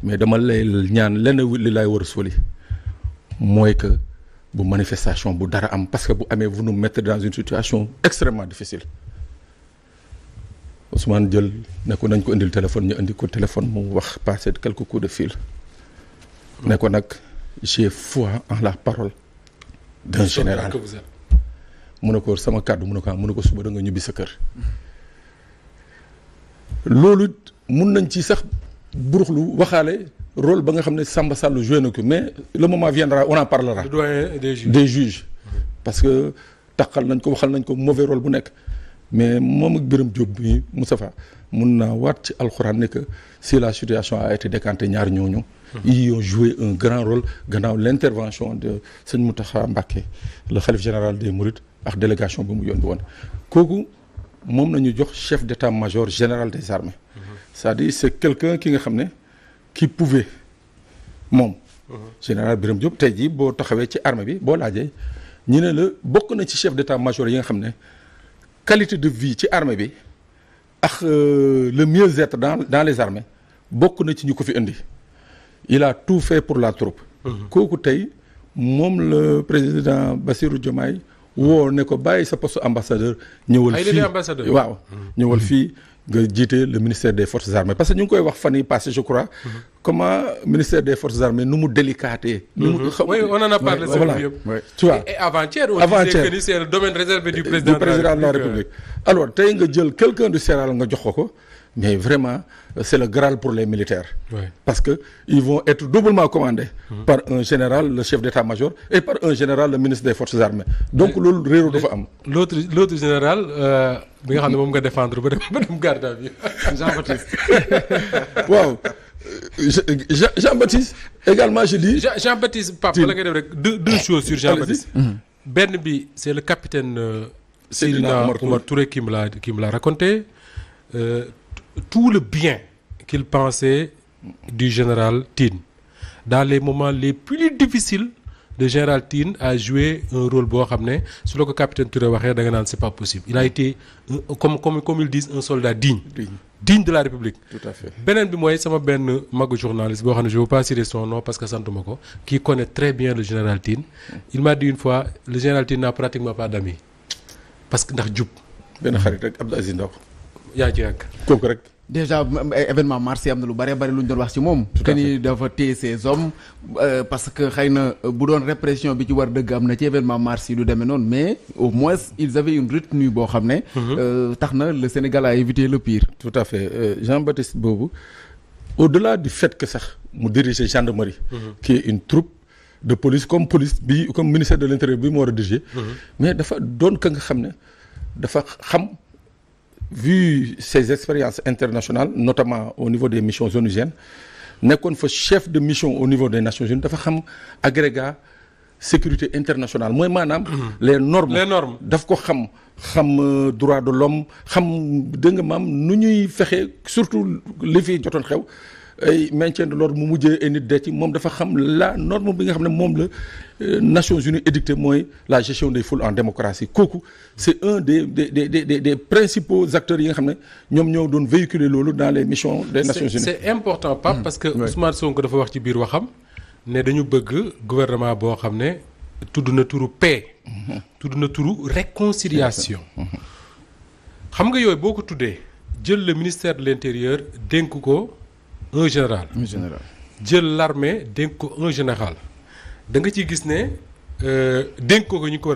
mais dama lay ñaan lenn li lay wër soli moy que bu manifestation bu dara am parce que bu amé vous nous mettre dans une situation extrêmement difficile Ousmane jël ne ko nañ ko indil téléphone ñu andi ko téléphone mu wax passé quelques coups de fil ne ko nag j'ai foi en la parole d'un général mu sama cadeau mu ne ah, suba da nga ñubi sa kër loolu mën nañ ci sax buruxlu Wakale rôle ba nga xam ne Samba Sall mais le moment viendra on en parlera. des juges des juges. parce que Takal nañ ko waxal mauvais rôle bu mais moi, je suis un bi plus mun naa ci que si la situation a été décantée mhm. ils ont joué un grand rôle dans l'intervention de sëñ Mountakha Mbacké le chef général des Mourides la délégation de mu yónni woon kooku nañu chef détat major général des armées c'est-à-dire c'est quelqu'un qui nga xam qui pouvait moom. Mhm. général Birame Diop tey jii boo taxawee ci armée bi boo laajee ñu ne la bokk na ci chef d'état-major yi nga qualité de vie ci armée bi ak euh, le mieux-être dans dans les armées bokk na ci ñu ko fi indi il a tout fait pour la troupe. Mhm. kooku tey moom le président Bassirou Diomaye woo ne ko bàyyi sa poste ambassadeur. ñëwal ah, fii ambassadeur waaw mhm. ñëwal fii le ministère des forces armées parce que nous avons koy wax passé je crois. comment le ministère des forces armées nous délicaté. Mhm. oui on en a parlé. et avant-hier. disait que c'est le domaine réservé du président de la République euh. alors tu as jël quelqu'un du sénat nga jox ko mais vraiment, euh, c'est le Graal pour les militaires. Ouais. Parce qu'ils vont être doublement commandés hum. par un général, le chef d'état-major, et par un général, le ministre des Forces armées. Donc, L'autre général, euh, défendre, à Jean-Baptiste. Waouh! Jean-Baptiste, également, je dis. Jean-Baptiste, Jean deux, deux, ah, choses sur Jean-Baptiste. Mmh. Hum. c'est le capitaine euh, Sirina Touré qui me l'a raconté. Euh, tout le bien qu'il pensait du général Tin. Dans les moments les plus difficiles, le général Tin a joué un rôle beau, xam Selon le capitaine Touré waxee c'est pas possible il a été comme ils disent un soldat digne. digne de la République. tout à fait je bi c'est sama benn journaliste je veux pas citer son nom parce que qui connaît très bien le général Tine il m'a dit une fois le général Tine n'a pratiquement pas d'amis parce que ndax il xarit yaa rek. déjà événement mars yi am na lu bëree bëri lu ñu doon wax ci moom. que ni dafa hommes euh, parce que xëy na euh, bu doon répression bi ci war dëgg am ci événement mars yi du demee mais au moins ils avaient une retenue bon xam ne. Mm-hmm. Euh, tax le Sénégal a évité le pire. tout à fait euh, Jean-Baptiste boobu au-delà du fait que sax mu diriger gendarmerie. Mm -hmm. qui est une troupe de police comme police bi comme ministère de l'intérieur bi mu mm-hmm. mais dafa doon que nga xam dafa xam vu ses expériences internationales notamment au niveau des missions onusiennes nous fa chef de mission au niveau des Nations Unies dafa xam agrégat sécurité internationale Moi, maanaam. Mhm. les normes les normes les ko euh, de l'homme nous avons nga nu ñuy surtout les fi ay maintien de l'ordre mu et ay nit dee ci la norme bi nga xamné mom la euh, Nations Unies édicté moy la gestion des foules en démocratie kooku c'est un des des des des des principaux acteurs yi nga xamné ñom ñoom ñoo doon véhiculer lolu dans les missions des Nations Unies. c'est important mmh. parce que Ousmane Sonko dafa wax ci biir waxam né dañu bëgg gouvernement bo xamné tuduna turu paix. Mmh. tudd na turu réconciliation. Mmh. xam nga yoy de ko jël le ministère de l'intérieur dénk ko un général. un général l'armée d'un coup un général da nga ciy gis ne euh, dénk ko ko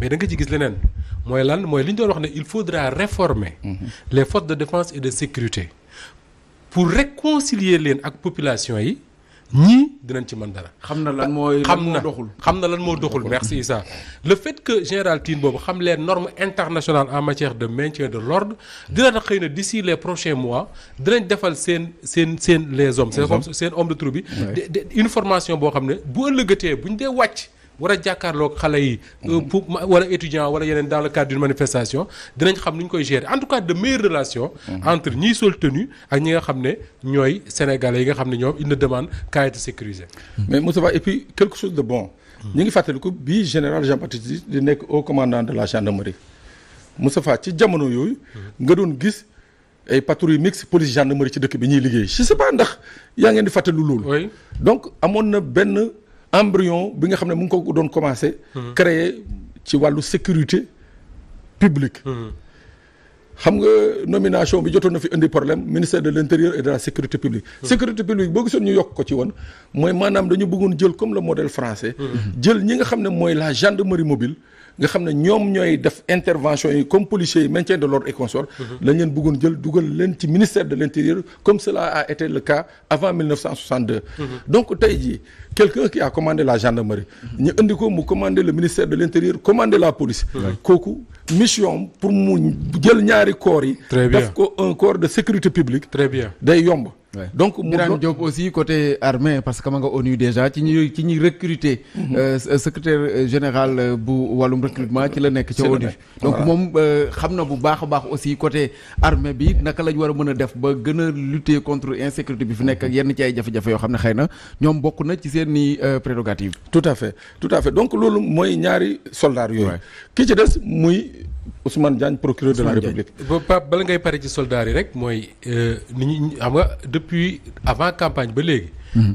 mais da qui ci gis leneen mooy lan moi li il faudra réformer. Mhm. les forces de défense et de sécurité pour réconcilier les populations population ñii dinañ ci mën dara. xam na lan mooy xam na xam na lan moo doxul merci Issa le fait que général Tine boobu xam les normes internationales en matière de maintien de l'ordre dina tax xëy na d'ici les prochains mois dinañ defal seen seen seen les hommes. seen hommes seen homme de troupe bi. une formation boo xam ne bu ëllëgatee buñ dee wàcc wara a xalé yi. Mhm. Euh, pour wala étudiant wala yenen dans le cadre d'une manifestation dinañ xam nuñ koy gérer en tout cas de meilleures relations. Mhm. entre ñi sol tenue ak ñi nga xamné ñoy sénégalais yi nga xamné ñom ñoom ils ne demandent qu'à être sécurisés. Mhm. mais Moustapha et puis quelque chose de bon. ñi ngi fàttaliku bii général Jean Baptiste di nek au commandant de la gendarmerie Moustapha ci jamono yooyu. nga doon gis. ay patrouille mix police gendarmerie ci dëkk bi ñuy liggéey je sais pas ndax yaa ngeen di fàttali lool. donc amoon na benn embryon bi nga xamné mu ngi ko doon commencé. Mhm. créer ci walu sécurité publique. Mhm. xam nga nomination bi jotone fi indi problème ministère de l'Intérieur et de la sécurité publique. Mhm. sécurité publique bo gisoon ñu yok ko ci woon moy manam dañu bëggoon jël comme le modèle français. jël ñi nga xamné moy la gendarmerie mobile nga avons ñom ñoy intervention yi comme policiers maintien de l'ordre et consort mhm. lañ leen bëggoon jël ministère de l'intérieur comme cela a été le cas avant 1962 mhm. donc quelqu'un qui a commandé la gendarmerie mhm. ñu avons mu commandé le ministère de l'intérieur commandé la police une mission pour mu jël ñaari corps un corps de sécurité publique très bien donc on Birame Diop aussi côté armée parce que xam nga ONU déjà ci ñuy ci ñuy recruter. Mhm. Euh, euh, secrétaire euh, général bu wàllum recrutement ci la nekk ONU. donc mon xam bu aussi côté armée bi nakala la ñu war def ba lutter contre insécurité bi fi nekk ak mhm. yenn ci ay jafe-jafe yoo xam ne xëy prérogatives. tout à fait tout à fait donc loulou mooy ñaari soldats yooyu. ki ci des muy. Ousmane Diagne procureur de la République. Pape bala ngay pare ci soldats yi rek euh, xam nga depuis avant campagne ba mhm.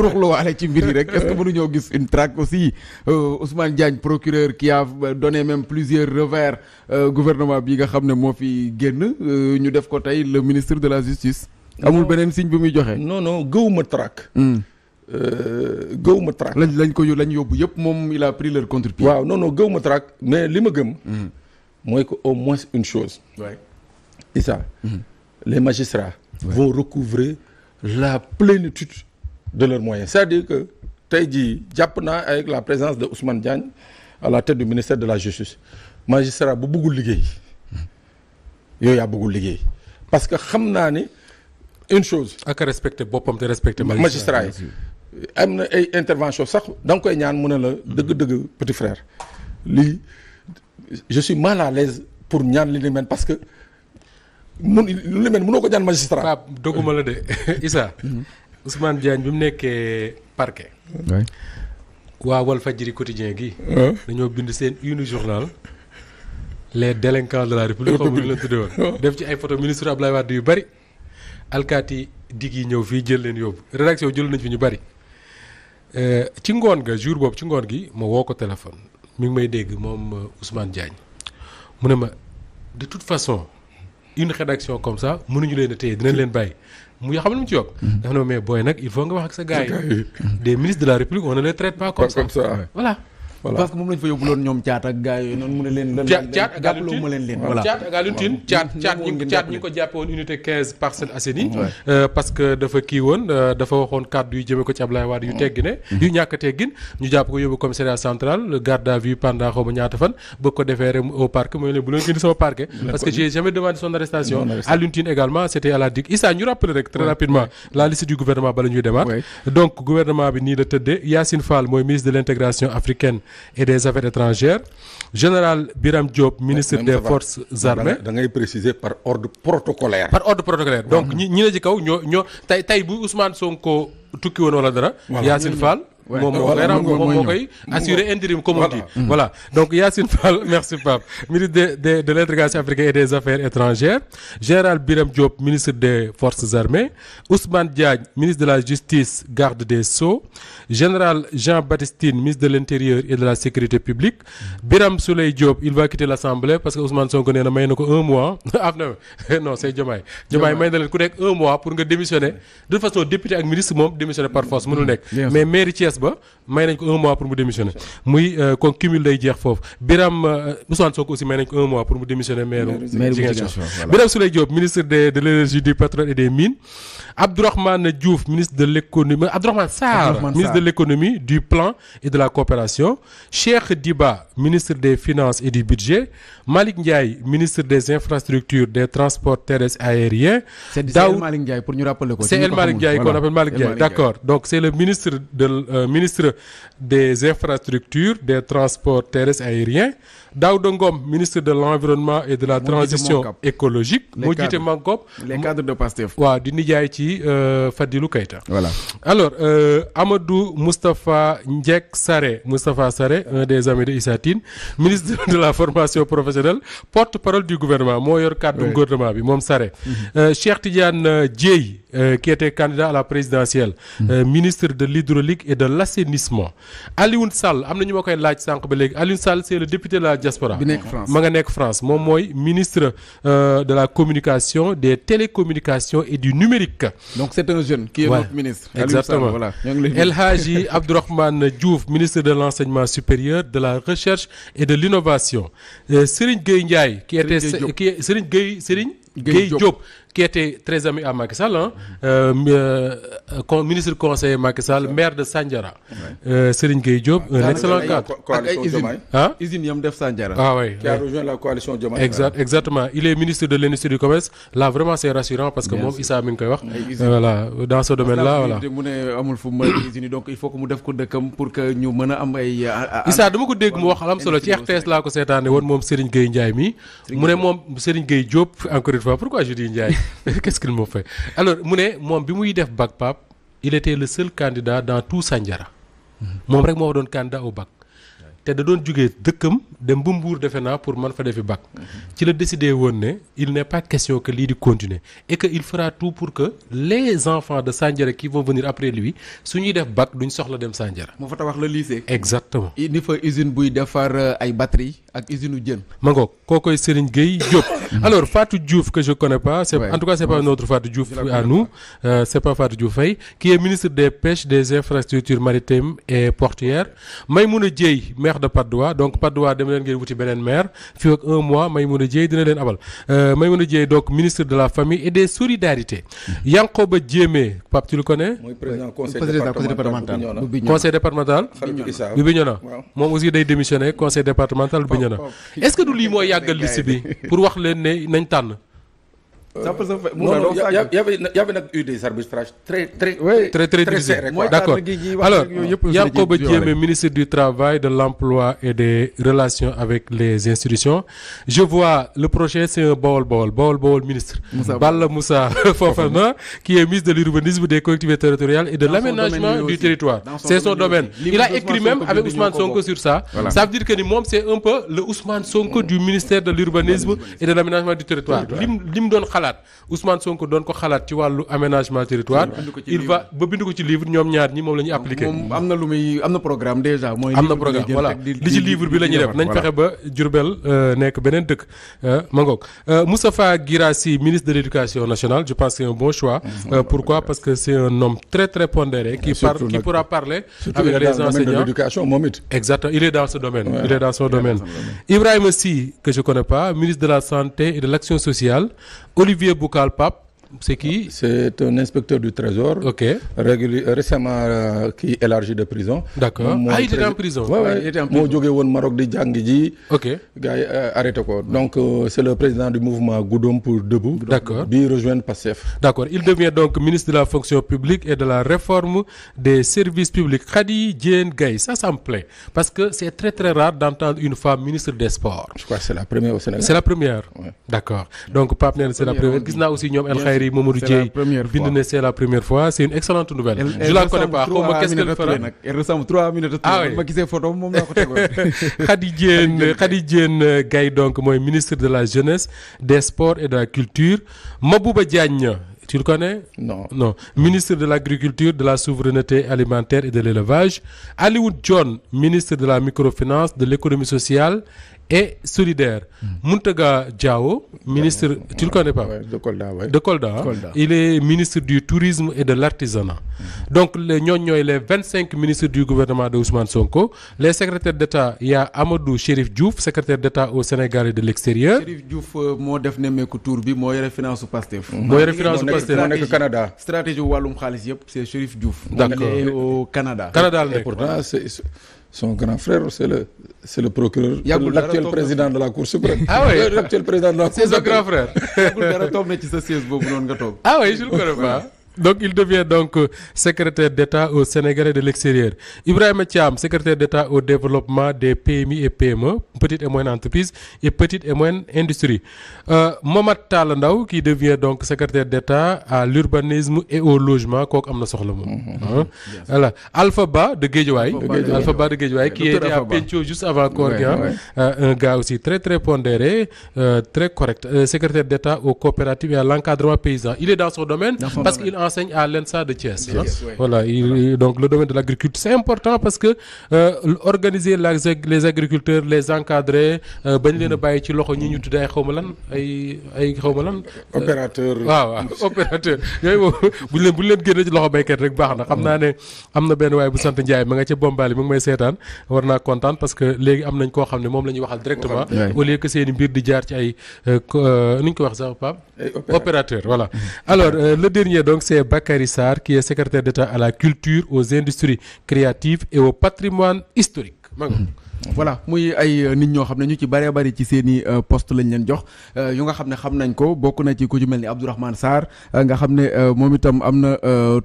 buruxluwaale ci mbir yi rek est-ce que mënuñoo gis une track aussi euh, Ousmane Diagne procureur qui a euh, donné même plusieurs revers euh, gouvernement bi nga xam ne moo fi génn ñu def ko tey le ministre de la justice. amul beneen signe bi muy joxe. non non gëwuma traque. Hmm. gëwuma traque. lañ lañ ko lañ yóbbu yëpp moom il a pris leur contre-pied. waaw non non gëwuma traque mais li ma gëm. Hmm. mooy que au moins une chose. Ouais. Et ça. Hmm. les magistrats. vont recouvrer la plénitude de leurs moyens. C'est-à-dire que Taïdi Japna avec la présence de Ousmane Diagne à la tête du ministère de la Justice, magistrat, beaucoup de choses. Il y a beaucoup Parce que je une chose. Il faut respecter Bopam, de respecter magistrat. am na ay intervention sax da nga koy ñaan petit frère je suis mal à l'aise pour ñaan li parce que Il y a mel ñaan magistrat. doguma mm-hmm. Ousmane Diagne bi mu nekkee parquet. waa Walfadjri quotidien gi. dañoo bind seen une journal. les délinquants de la république xaw ma nu leen tuddee woon. def ci ay photo ministre Abdoulaye Wade yu bari. alkaati digg yi ñëw fii jël leen yóbbu rédaction jël nañ fi ñu bari. Euh, ci ngoon ga jour boobu ci ngoon gi ma woo ko téléphone mi ngi may dégg moom euh, Ousmane Diagne mu ne ma de toute façon une rédaction comme ça mënuñu leen a téye dinañ leen bàyyi mu xam lu mu ci yokk. Mm-hmm. dafa ne mais booy nag il faut nga wax ak sa gars yi. des ministres de la république on ne les traite pas comme ça. voilà parce que moom lañ fa yóbbu loon ñoom caat ak gars yooyu noonu mu ne leen. lan caat ak Alioune caat caat ñi ko jàppe woon unité 15 euh, parce que dafa kii woon euh, dafa waxoon kàddu yu jëme ko ci Abdoulaye Wade yu mm. mm. yu ñàkk ñu jàpp ko yóbbu commissariat central garde à vue pendant ñaata fan bëgg ko defee rek au parc mooy leen bu leen génn sama parquet. parce que j'ai jamais demandé son arrestation. Alioune également c'était à la Issa ñu rappelé rek très et des Affaires étrangères. Général Biram Diop, ministre des Forces armées. Vous préciser par ordre protocolaire. par ordre protocolaire donc que Fall assurer intérim comme on dit mm-hmm. voilà donc Fall merci Pape ministre de de l'intégration africaine et des affaires étrangères général Biram Diop ministre des forces armées Ousmane Diagne ministre de la justice garde des sceaux général Jean Baptiste ministre de l'intérieur et de la sécurité publique mm-hmm. biram Souley Diop il va quitter l'assemblée parce que Ousmane Sonko est na may un mois Ah non c'est Diomaye Diomaye may de ku un mois pour nga démissionner de toute façon député et ministre mom démissionner par force mm-hmm. mënul mais maire Thiès ba may nañ ko un mois pour mu démissionner muy euh, kon cumul day jeex foofu Biram euh, Ousmane Sonko aussi may nañ ko un pour mu démissionner maire Ziguinchor Birame Souleye Diop ministre de de l'énergie du pétrole et des mines Abdourahmane Diouf, ministre de l'économie, Abdourahmane Sarr, ministre de l'économie, du plan et de la coopération, Cheikh Diba, ministre des finances et du budget, Malik Ndiaye, ministre des infrastructures, des transports terrestres et aériens. C'est Daoud... Malik Ndiaye, pour nous rappeler quoi. C'est El Malik Ndiaye qu'on appelle Malik Ndiaye, d'accord. Donc c'est le euh, ministre, des infrastructures, des transports terrestres et aériens, Daoud Ngom ministre de l'environnement et de la transition écologique les cadres de Pastef Wa di nijaay ci euh, Fadilou Kaita. voilà alors euh, Amadou Moustapha Njek Saré Moustapha Saré un des amis de Issatine, ministre de la formation professionnelle porte-parole du gouvernement meilleur yor du gouvernement bi gouvernement Saré mhm. euh, Cheikh Tidiane euh, qui était candidat à la présidentielle mhm. ministre de l'hydraulique et de l'assainissement Alioune Sall Sall c'est le député de la diaspora France ministre euh, de la communication des télécommunications et du numérique. donc c'est un jeune. qui est notre ministre. exactement El Haji Diouf ministre de l'enseignement supérieur de la recherche et de l'innovation euh, Serigne Gueye Ndiaye. qui était Serigne Gueye Diop qui était très ami à Macky Sall, hein. euh, euh, euh, ministre conseiller Macky Sall, maire de Sanjara Ouais. Euh, Serigne Diop, un excellent cadre. Coalition Diomaye. Hein? Usine Yom Def Sandiara. Ah Qui a rejoint la coalition Diomaye. Exact, exactement. Il est ministre de l'industrie du commerce. Là, vraiment, c'est rassurant parce que moi, Issa Amine koy euh, Voilà, dans ce domaine-là, voilà. donc il faut que nous def pour que nous mën à Issa dama ko dégg mu wax le solo ci RTS laa ko seetaane woon moom Serigne Ndiaye mi Diop encore une fois pourquoi je dis Ndiaye qu'est-ce qu'il m'a fait alors mouné bac il était le seul candidat dans tout Sanjara. Mon rek moo fa candidat au bac Il da doon jugee de dem des Mbour de pour man fa defi bac ci l'as décidé qu'il il n'est pas question que l'idée continue. et qu'il fera tout pour que les enfants de Sanjara qui vont venir après lui soient ñuy def bac duñ soxla dem Sanjara. moo fa le lycée. exactement. Il faut usine buy defar euh, ay batterie ak Serigne alors Fatou Diouf que je connais pas. c'est en tout cas c'est pas notre Fatou Diouf à nous. Euh, c'est pas Fatou Diouf qui est ministre des pêches des infrastructures maritimes et portuaires Maymouna djey maire de Padoua donc Padoua, dem len ngeen wouti benen maire fi ak un mois Maymouna Dieye dina len abal euh, Maymouna donc ministre de la famille et des solidarités. Mm. Yankoba Djemé, papa tu le connais. Oui, président conseil départemental conseil départemental bu mom aussi day démissionné conseil départemental ña na est-ce que lii mooy yàggal liste bi pour wax leen ne nañ tànn Euh, il y avait eu des arbitrages très très. oui très très divisés d' accord alors Yankhoba Diémé ministre du travail de l'emploi et des relations avec les institutions je vois le projet c'est un bol bol, bol bol ministre. Balla Moussa Fofana qui est ministre de l'urbanisme des collectivités territoriales et de l'aménagement du territoire. c'est son domaine il a écrit même avec Ousmane Sonko sur ça. ça veut dire que ni c'est c'est un peu le Ousmane Sonko du ministère de l'urbanisme et de l'aménagement du territoire lim lim xalaat Ousmane Sonko doon ko xalaat ci wàllu aménagement territoire. il va ba bind ko ci livre ñoom ñaar ñi moom la ñuy appliqué. moom am na lu muy am na programme déjà. mooy am na programme voilà li ci livre bi la ñuy def nañ fexe ba jurbel euh, nekk beneen dëkk. Euh, ma ngoog euh, Moustapha Girassi ministre de l'éducation nationale je pense que c'est un bon choix. Mm-hmm. pourquoi parce que c'est un homme très très pondéré. qui parle qui pourra parler. avec les enseignants exactement il est dans ce domaine. il est dans son domaine Ibrahima Sy que je connais pas ministre de la santé et de l'action sociale. Olivier Boucalpap, c'est qui C'est un inspecteur du Trésor. Ok. Récemment, euh, qui élargi de prison. D'accord. Ah, il était en prison Oui, ah, il était en Maroc de Ok. Euh, arrêté quoi. Donc, euh, c'est le président du mouvement Goudoum pour Debout. D'accord. Bi rejoint PASSEF. D'accord. Il devient donc ministre de la fonction publique et de la réforme des services publics. Khadi Djen Gay, ça, ça me plaît. Parce que c'est très, très rare d'entendre une femme ministre des Sports. Je crois que c'est la première au Sénégal. C'est la première. D'accord. Donc, partenaire, c'est la première. Gisna aussi, Nyom El Mamadou Diaye bind c'est la première fois c'est une excellente nouvelle elle, elle je la connais pas elle ressemble à ah ma gisee photo euh, donc moi ministre de la jeunesse des sports et de la culture Mabouba Diagne tu le connais non non ministre de l'agriculture de la souveraineté alimentaire et de l'élevage Aliou john ministre de la microfinance de l'économie sociale et solidaire. Muntega hmm. Muntaga ministre, tu le connais pas ouais, De Kolda, ouais. De Kolda, Il est ministre du tourisme et de l'artisanat. Hmm. Donc, les Nyonyo et les 25 ministres du gouvernement de Ousmane Sonko. Les secrétaires d'État, il y a Amadou Chérif Diouf, secrétaire d'État au Sénégal et de l'extérieur. Chérif Diouf, moi, je suis venu tour, moi, je finance au PASTEF. Moi, je finance au PASTEF. Moi, Canada. Stratégie Walum Khalis, c'est Chérif Diouf. D'accord. au Canada. Canada, le pourtant, c'est son grand frère, c'est le, c'est le procureur, l'actuel président de la Cour suprême. Ah oui L'actuel président de la Cour suprême. C'est son grand frère. ah oui, je ne le connais pas donc il devient donc euh, secrétaire d'État au Sénégalais de l'extérieur Ibrahim Thiam secrétaire d'État au développement des PMI et PME petites et moyennes entreprises et petites et moyennes industries euh, Momat qui devient donc secrétaire d'État à l'urbanisme et au logement quoi mhm. ah. Alpha Ba de Guédiawaye de qui était à Pencho juste avant euh, un gars aussi très très pondéré euh, très correct secrétaire d'État aux coopératives et à l'encadrement paysan il est dans son domaine parce qu'il enseigne à l'ENSA de Thiès. Hein? Oui. Voilà, il, donc le domaine de l'agriculture, c'est important parce que euh, organiser la, les agriculteurs, les encadrer, euh, bañ leen a mm-hmm. bàyyi ci loxo ñi ñu tuddee ay xawma lan ay ay xawma euh, opérateur waaw waaw opérateur yooyu moom buñ leen buñ leen génnee ci loxo béykat rek baax na xam naa ben am na benn waay bu sant Ndiaye ma nga ca Bombali mi ngi may seetaan war naa parce que léegi am nañ koo xam ne moom la waxal directement au lieu que seen i mbir di jaar ci ay euh, nu ñu ko wax sax Pape opérateur voilà alors le dernier donc c'est Bakary Sarr qui est secrétaire d'État à la culture, aux industries créatives et au patrimoine historique voilà muy ay euh, nit ñoo xam ne ñu ci bëree bari ci seen i euh, poste lañ leen jox yu euh, nga xam ne xam nañ ko bokk na ci ku ci mel ni Abdourahmane Sarr nga xam ne moom itam am na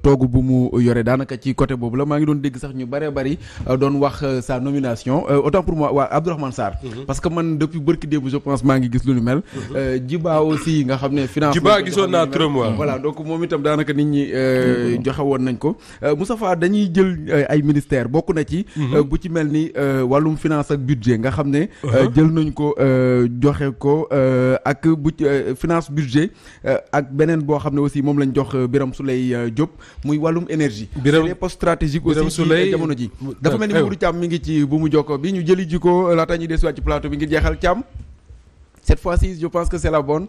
toogu bu mu yore daanaka ci côté boobu la maa ngi doon dégg sax ñu bëree bari doon wax sa nomination autant pour moi waa Abdourahmane Sarr mhm. parce que man depuis bërki démb je pense maa ngi gis lu ñu mel mhm. Jiba aussi nga xam ne finance Jiba gisoon naa turam waaw voilà donc moom itam daanaka nit ñi mhm. joxe woon nañ ko moussafa dañuy jël ay ministère bokk na ci bu ci mel ni wàllum finance ak budget nga xam ne. Uh-huh. Euh, jël nañ ko euh, joxe ko euh, ak bu finance budget ak beneen boo xam ne aussi moom lañ jox Birame Souleye Diop muy wàllum énergie. Birame les postes stratégiques aussi ci jamono ji. dafa mel ni Mamadou caam mu ngi ci bu mu jokko bi ñu jëli ji ko laata ñuy desuwaat ci plateau bi ngir jeexal Thiam. cette fois-ci je pense que c'est la bonne.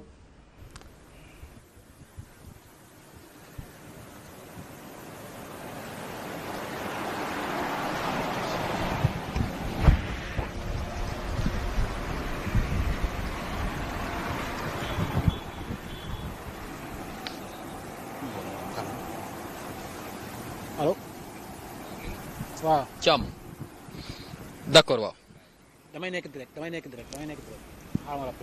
waaw Thiam d'accord waaw. damay nekk direct damay nekk direct damay nekk direct xaaral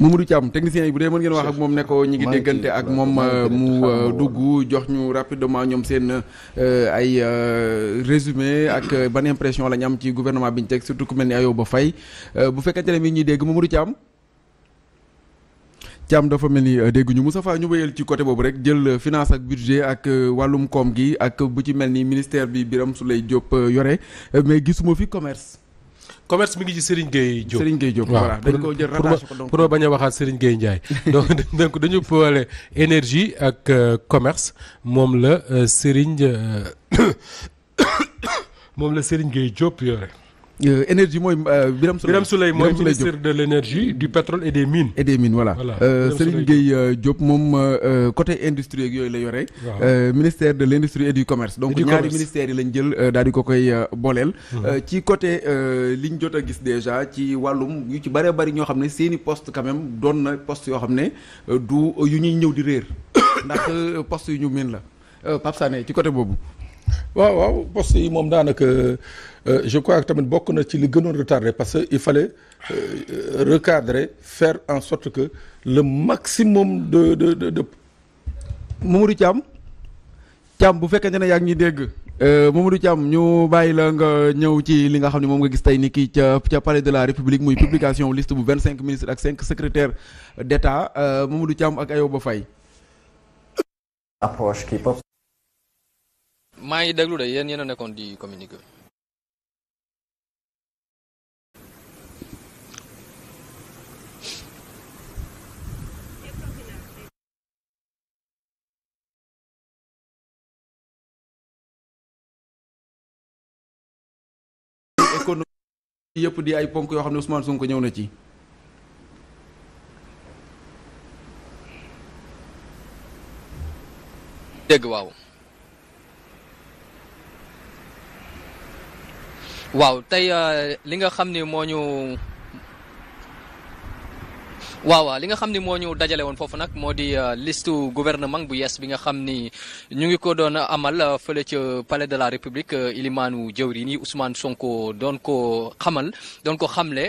Mamadou Thiam technicien yi bu dee mën ngeen wax ak moom nekkoo ñu ngi déggante ak moom euh, mu euh, dugg jox ñu rapidement ñoom seen euh, ay résumé ak ban impression la ñu am ci gouvernement bi ñu teg surtout ku mel ni Ayoba Faye bu fekkente ne mi ñuy dégg Mamadou Thiam. Thiam dafa mel ni euh, dégguñu Moustapha ñu wéyal ci côté boobu rek jël euh, finance ak budget ak euh, wàllum koom gi ak bu ci mel ni ministère bi Birame Souleye Diop yore mais gisuma fi commerce. commerce mi ngi ci Serigne Gueye Diop Serigne Gueye Diop voilà dañ ko jël rattaché ko donc pour ma bañ a waxaat Serigne Gueye Ndiaye donc ko dañu boole énergie ak commerce moom la Serigne moom la Serigne Gueye Diop yore. Euh, énergie mooy euh, Biram Souleye Birame Souleye mooy ministre de l'énergie du pétrole et des mines. et des mines voilà. Euh, Serigne Gueye Diop mom côté industrie ak yoy la yore. ministère de l'industrie et du commerce. donc ñaari ministères yi lañ jël dal di ko koy bolel hum. ci côté liñ jot a gis déjà ci walum yu ci bari bari ñoo xamné seeni poste quand même don na poste yo xamné du yu ñuy ñëw di réer ndax poste yu ñu min la euh, Pape Sané ci côté bobu waaw waaw poste yi mom moom daanaka. Euh, je crois que tamit bokk na ci li gënoon retardé parce que il fallait euh, recadrer faire en sorte que le maximum de de de de. Mamadou Thiam Thiam bu fekkene ne yaa ngi ñuy euh Mamadou Thiam ñu bayil nga ñëw ci li nga xamni mom nga gis tay ni kii ca palais de la république muy publication liste bu 25 ministres ak 5 secrétaires d'état euh Mamadou Thiam ak Ayoba Fay approche kii maa ngi déglu de yeen yéen a nekkoon di communiquer. économie yëpp di ay ponk yoo xam ne Ousmane Sonko ñëw na ci. dégg waaw waaw tey euh, li nga xam ni moo ñu waaw waaw li nga xam ni moo ñu dajale woon foofu nag moo di euh, listu gouvernement bu yees bi nga xam ni ñu ngi ko doon amal euh, fële ci palais de la république euh, ilimaanu jëwriñ yi Ousmane Sonko doon ko xamal doon ko xamle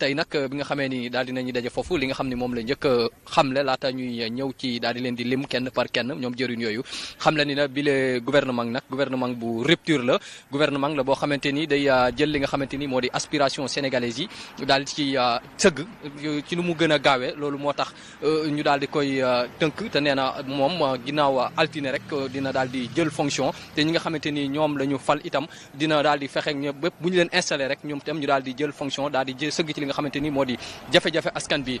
tey nag bi nga xamee ni daal dinañuy daje foofu li nga xam ni moom la njëkk xamle laata ñuy ñëw ci daal di leen di lim kenn par kenn ñoom jëwriñ yooyu xamle ni na bile gouvernement nag gouvernement bu rupture la gouvernement la boo xamante ni day jël li xamante ni moo di aspiration sénégalaise yi daal ci ci gaawee loolu moo tax euh, ñu daal di koy euh, tënk te nee na moom euh, ginnaaw altine rek dina daal di jël fonction te ñi nga xamante ni ñoom la ñu fal itam dina daal di fexeek ñoom bépp bu ñu leen installé rek ñoom tem ñu daal di jël fonction daal di sëgg ci li nga xamante ni moo di jafe-jafe askan bi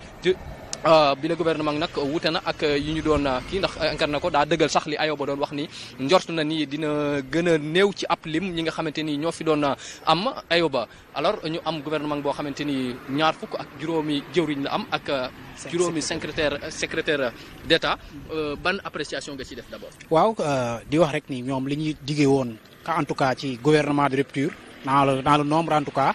Euh, bi la gouvernement nag wute na ak yi ñu doon euh, kii ndax ankar na ko daa dëggal sax li ayo ba doon wax ni njort na ni dina gën néew ci ab lim ñi nga xamante ni ñoo fi doon euh, am ayo ba alors ñu am gouvernement boo xamante ni ñaar fukk ak juróomi jëwriñ la am ak juróomi secrétaire secrétaire d'État ban appréciation nga ci def d'abord waaw di wax rek ni ñoom li ñuy diggee woon en tout cas ci gouvernement de rupture dans le dans nombre en tout cas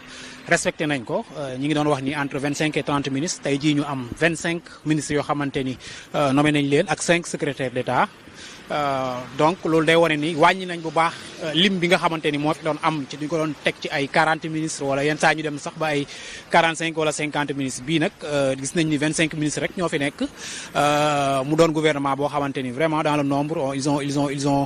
respecter nañ ko euh, ñi ngi doon wax ni entre vingt cinq et trente ministres tey jii ñu am vingt cinq ministres yo xamante ni euh, nommé nañ leen ak cinq secrétaires d' état Euh, donc loolu day wane ni wàññi nañ bu baax euh, lim bi nga xamante ni moo fi doon am ci duñ ko doon teg ci ay 40 ministres wala yenn saa ñu dem sax ba ay cinq wala 50 ministres bii nag euh, gis nañ ni cinq ministres rek ñoo fi nekk mu doon gouvernement boo xamante ni vraiment dans le nombre ils ont ils ont ils ont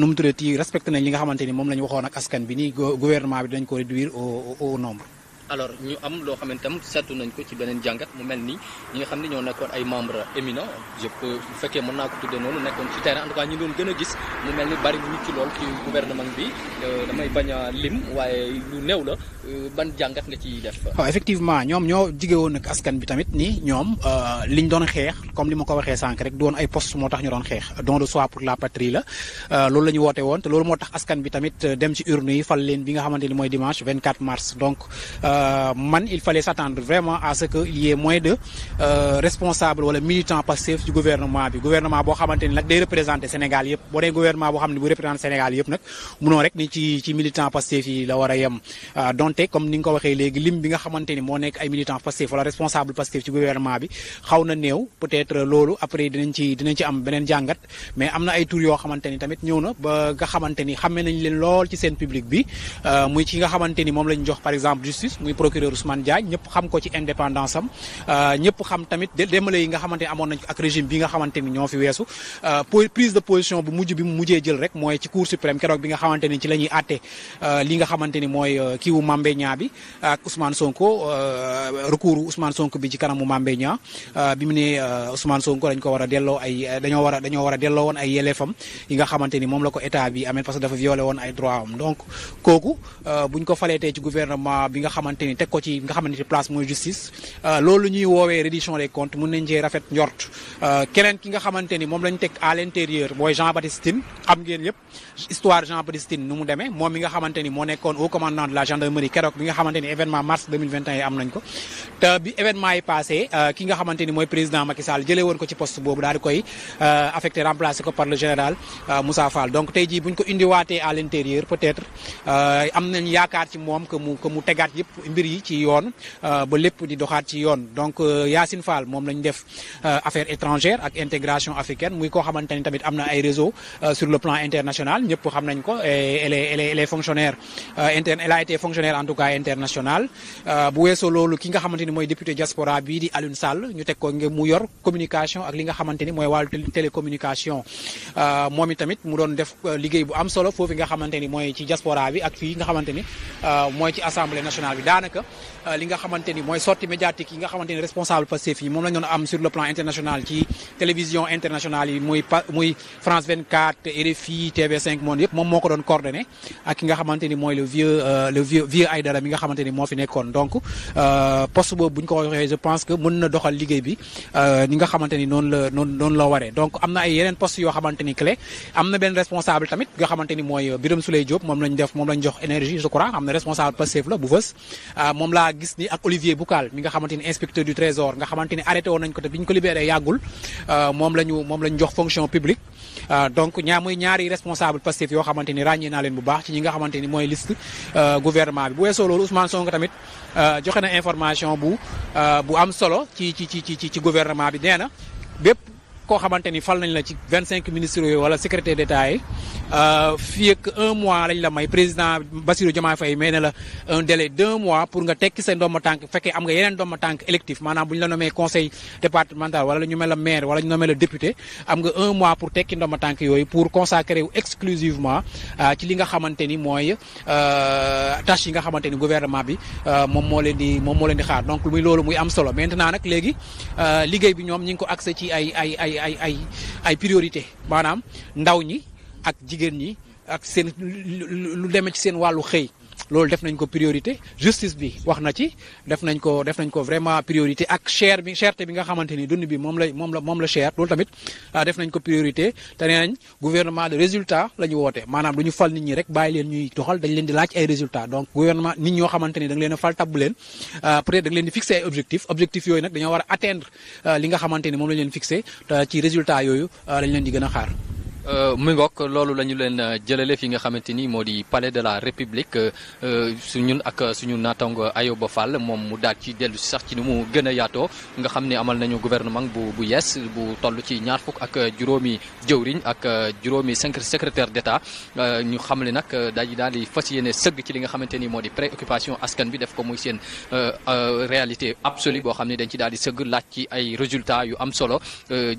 nu mu tuddati respecté nañ li nga xamante ni moom lañu waxoon ak askan bi nii gouvernement bi dañ ko réduire au au nombre. alors ñu am loo xamante am seetlu nañ ko ci beneen jàngat mu mel ni ñi nga xam ne ñoo nekkoon ay membre éminent je peux bu fekkee mën naa ko tuddee noonu nekkoon ci terrain en tout cas ñi doon gën gis mu mel bari ñu ci lool ci gouvernement bi euh, damay bañ lim waaye lu néew la euh, ban jàngat nga ci def waaw effectivement ñoom ñoo jige woon ak askan bi tamit ni ñoom euh, liñ doon xeex comme li ma ko waxee sànq rek doon ay poste moo tax ñu doon xeex don de soi pour la patrie la loolu la ñu woote woon te loolu moo askan bi tamit dem ci urne yi fal leen bi nga xamante ni dimanche 24 mars donc euh, Euh, man il fallait s'attendre vraiment à ce qu'il y ait moins de euh, responsables wala militants passifs du gouvernement bi gouvernement bo xamanteni ni day représenter Sénégal yépp bo dee gouvernement bo xam ne bu représenter Sénégal yëpp nag munoo rek ni ci ci militants passifs yi la wara yam euh, donté comme ni nga ko waxee léegi lim bi nga xamanteni mo nek ay militants passifs wala responsable passif ci gouvernement bi xawna na peut-être euh, lolu après dinañ ci dinañ ci am benen jangat mais amna ay tour yo xamanteni tamit ñewna ba nga xamanteni xamé nañ leen lool ci sen public bi muy ci nga xamanteni mom lañ jox par exemple justice muy procureur Ousmane Diagne ñëpp xam ko ci indépendance am euh, ñëpp xam tamit démale yi nga xamante ne nañ ak régime bi nga xamante ni euh, prise de position bu mujj bi mu mujjee jël rek mooy ci cour suprême keroog bi nga xamante ni ci la ñuy àtte euh, li nga ni mooy kiiwu mambe Niang bi ak Ousmane Sonko recours Ousmane Sonko bi ci kanamu Mambé Niang bi mu ne Ousmane Sonko dañ ko war a delloo ay dañoo war dañoo war a delloo ay yelefam yi nga xamante ni moom la ko état bi amee parce que dafa violé woon ay droit am donc kooku buñ ko ci gouvernement bi nga xamante ni teg ko ci nga xamante ni place mooy justice euh, loolu ñuy woowee reddition des comptes mun nañ cee rafet njort euh, keneen ki nga xamante ni moom lañ teg à l'intérieur mooy Jean Baptiste xam ngeen yëpp histoire Jean Baptiste nu mu demee moom mi nga xamante ni moo nekkoon au commandant de la gendarmerie keroog bi nga xamante ni événement mars 2021 yi am nañ ko te bi événement yi passé euh, ki nga xamante ni mooy président Macky Sall jëlee woon ko ci poste boobu daal di koy affecté remplacé ko par le général Moussa Fall donc tey jii buñ ko indiwaatee à l'intérieur peut-être am nañ yaakaar ci moom que mu que mu tegaat yëpp mbir yi ci yoon euh, ba lépp di doxaat ci yoon donc euh, yassine Fall moom lañ def euh, affaires étrangère ak intégration africaine muy koo xamante ni tamit am na ay réseau sur le plan international ñëpp xam nañ ko elle est elle est elle a été fonctionnaire en tout cas international bu weesoo loolu ki nga xamante ni député diaspora bii di Alioune Sall ñu teg ko mu yor communication ak li nga xamante ni mooy télécommunication moom itamit mu doon def liggéey bu am solo foofu nga xamante ni mooy ci diaspora bi ak fii nga xamante ni mooy ci assemblée nationale daanaka euh, li nga xamante ni mooy sortie médiatique yi nga xamante ni responsable Pastef yi moom la ñu am sur le plan international ci télévision internationale yi muy muy France 24 RFI TV5 Monde yëpp moom moo ko doon coordonné ak ki nga xamante ni mooy le vieux euh, le vieux vieux Aïdara mi nga xamante ni moo fi nekkoon donc euh, poste boobu bu ñu ko waxee je pense que mën na doxal liggéey bi ñi nga xamante ni noonu la noonu la waree donc am na ay yeneen poste yoo xamante ni clé am na benn responsable tamit nga xamante ni mooy Birame Souleye Diop moom lañ def moom lañ jox énergie je crois am na responsable Pastef la bu fës ah, moom laa gis ni ak Olivier Boucal mi nga xamante ni inspecteur du trésor nga xamante ni arrêté woon nañ ko te biñ ko libéré yàggul ah, moom la ñu moom lañu jox fonction publique ah, donc ñaa muy ñaari responsable Pastef yoo xamante ni ràññee naa leen bu baax ci ñi nga xamante ni mooy liste gouvernement bi bu weesoo loolu Ousmane Sonko tamit joxe na information bu bu am solo ci ci ci ci ci gouvernement bi nee na bépp koo xamante ni fal nañ la ci 25 cinq ministres yooyu wala secrétaire d'État yi euh, fii ak un mois lañ la may président Bassirou Diomaye Faye mais ne la un délai d'un mois pour nga tekki sa ndomba tànk fekkee am nga yeneen ndomba tànk électif maanaam bu ñu la nommé conseil départemental wala ñu mel la maire wala ñu nommé la député am nga un mois pour tekki ndomba tànk yooyu pour consacrer wu exclusivement euh, ci li nga xamante ni mooy euh, tâche yi nga xamante ni gouvernement bi moom moo leen di moom moo leen di xaar donc muy loolu muy am solo maintenant nag léegi liggéey bi ñoom ñi ngi ko accès ci ay ay ay ay ay ay priorité maanaam ndaw ñi ak jigéen ñi ak seen lu demee ci seen wàllu xëy loolu def nañ ko priorité justice bi wax na ci def nañ ko def nañ ko vraiment priorité ak cher bi cherté bi nga xamante ni dund bi moom la moom la moom la cher loolu tamit ah, def nañ ko priorité te nañ gouvernement de résultat la ñu woote maanaam du ñu fal nit ñi rek bàyyi leen ñuy doxal dañ leen di laaj ay résultat donc gouvernement nit ñoo xamante ni da leen a fal tabu leen ah, peut-être da leen di fixé ay objectif objectif yooyu nag dañoo war a atteindre ah, li nga xamante ni moom la leen fixé ci résultat yooyu lañ leen di gën a xaar Euh, muy ngok loolu lañu leen euh, jëlale fi nga xamante ni moo di palais de la république euh, su ñun ak suñu naatango ayoba fall moom mu daal ci dellu sax ci ni mu gën a yaatoo nga xam ne amal nañu gouvernement bu bu bu toll ci ñaar fukk ak juróomi jëwriñ ak juróomi cinq secrétaire d' état ñu xam le nag daal daal di fas yéene sëgg ci li nga xamante ni moo di préoccupation askan bi def ko muy seen réalité absolue boo xam ne dañ ci daal di sëgg laaj ci ay yu am solo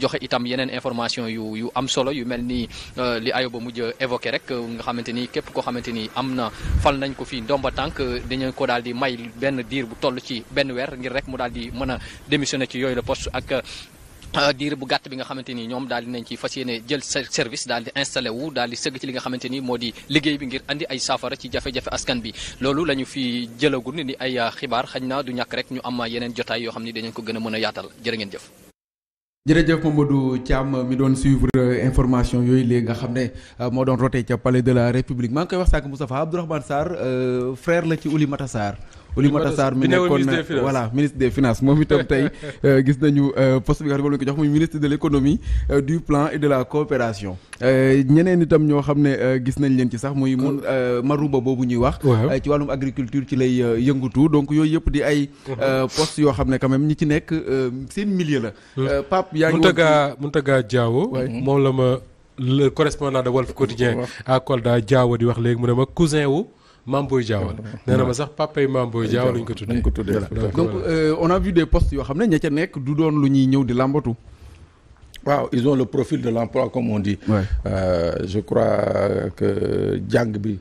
joxe itam yeneen information yu yu am solo yu mel ni ni euh, li ba mujj évoqué rek euh, nga xamante ni képp koo xamante ni am na fal nañ ko fii ndomba tànk euh, dañu ko daal di may benn diir bu toll ci benn weer ngir rek mu daal di mën a démissionné ci yooyu la poste ak diir bu gàtt bi nga xamante ni ñoom daal di nañ ci fas yéene jël service daal di installé wu daal di sëgg ci li nga xamante ni moo di liggéey bi ngir andi ay saafara ci jafe-jafe askan bi loolu la ñu fi jëlagul ni ay xibaar xañ na du ñàkk rek ñu am yeneen jotaay yoo xam ni dañu ko gën a mën yaatal jërë ngeen jëf jërëjëf Mamadou Thiam mi doon suivre euh, information yooyu léegi nga xam ne euh, moo doon rote ca palais de la république maa ngi koy wax sànq Moustapha Abdourahmane Sarr euh, frère la ci Oulimata Sarr Oulimata Sarr mi nekkoon voilà ministre des finances moom itam tey euh, gis nañu euh, poste bi nga xam ne ko jox muy ministre de l' économie euh, du plan et de la coopération ñeneen itam ñoo xam ne gis nañ leen ci sax muy mun marumba boobu ñuy wax ci wàllum agriculture ci lay yëngatu donc yooyu yëpp di ay uh-huh. poste yoo xam ne quand même ñi ci nekk seen milieu la uh-huh. Pape yaa ngi Mountaga Mountaga Diawo uh-huh. moom la ma le correspondant de Wolf Quotidien à Kolda Diawo di wax léegi mu ne ma cousin wu on a vu des postes yo xamné ils ont le profil de l'emploi comme on dit euh, je crois que Djangbi,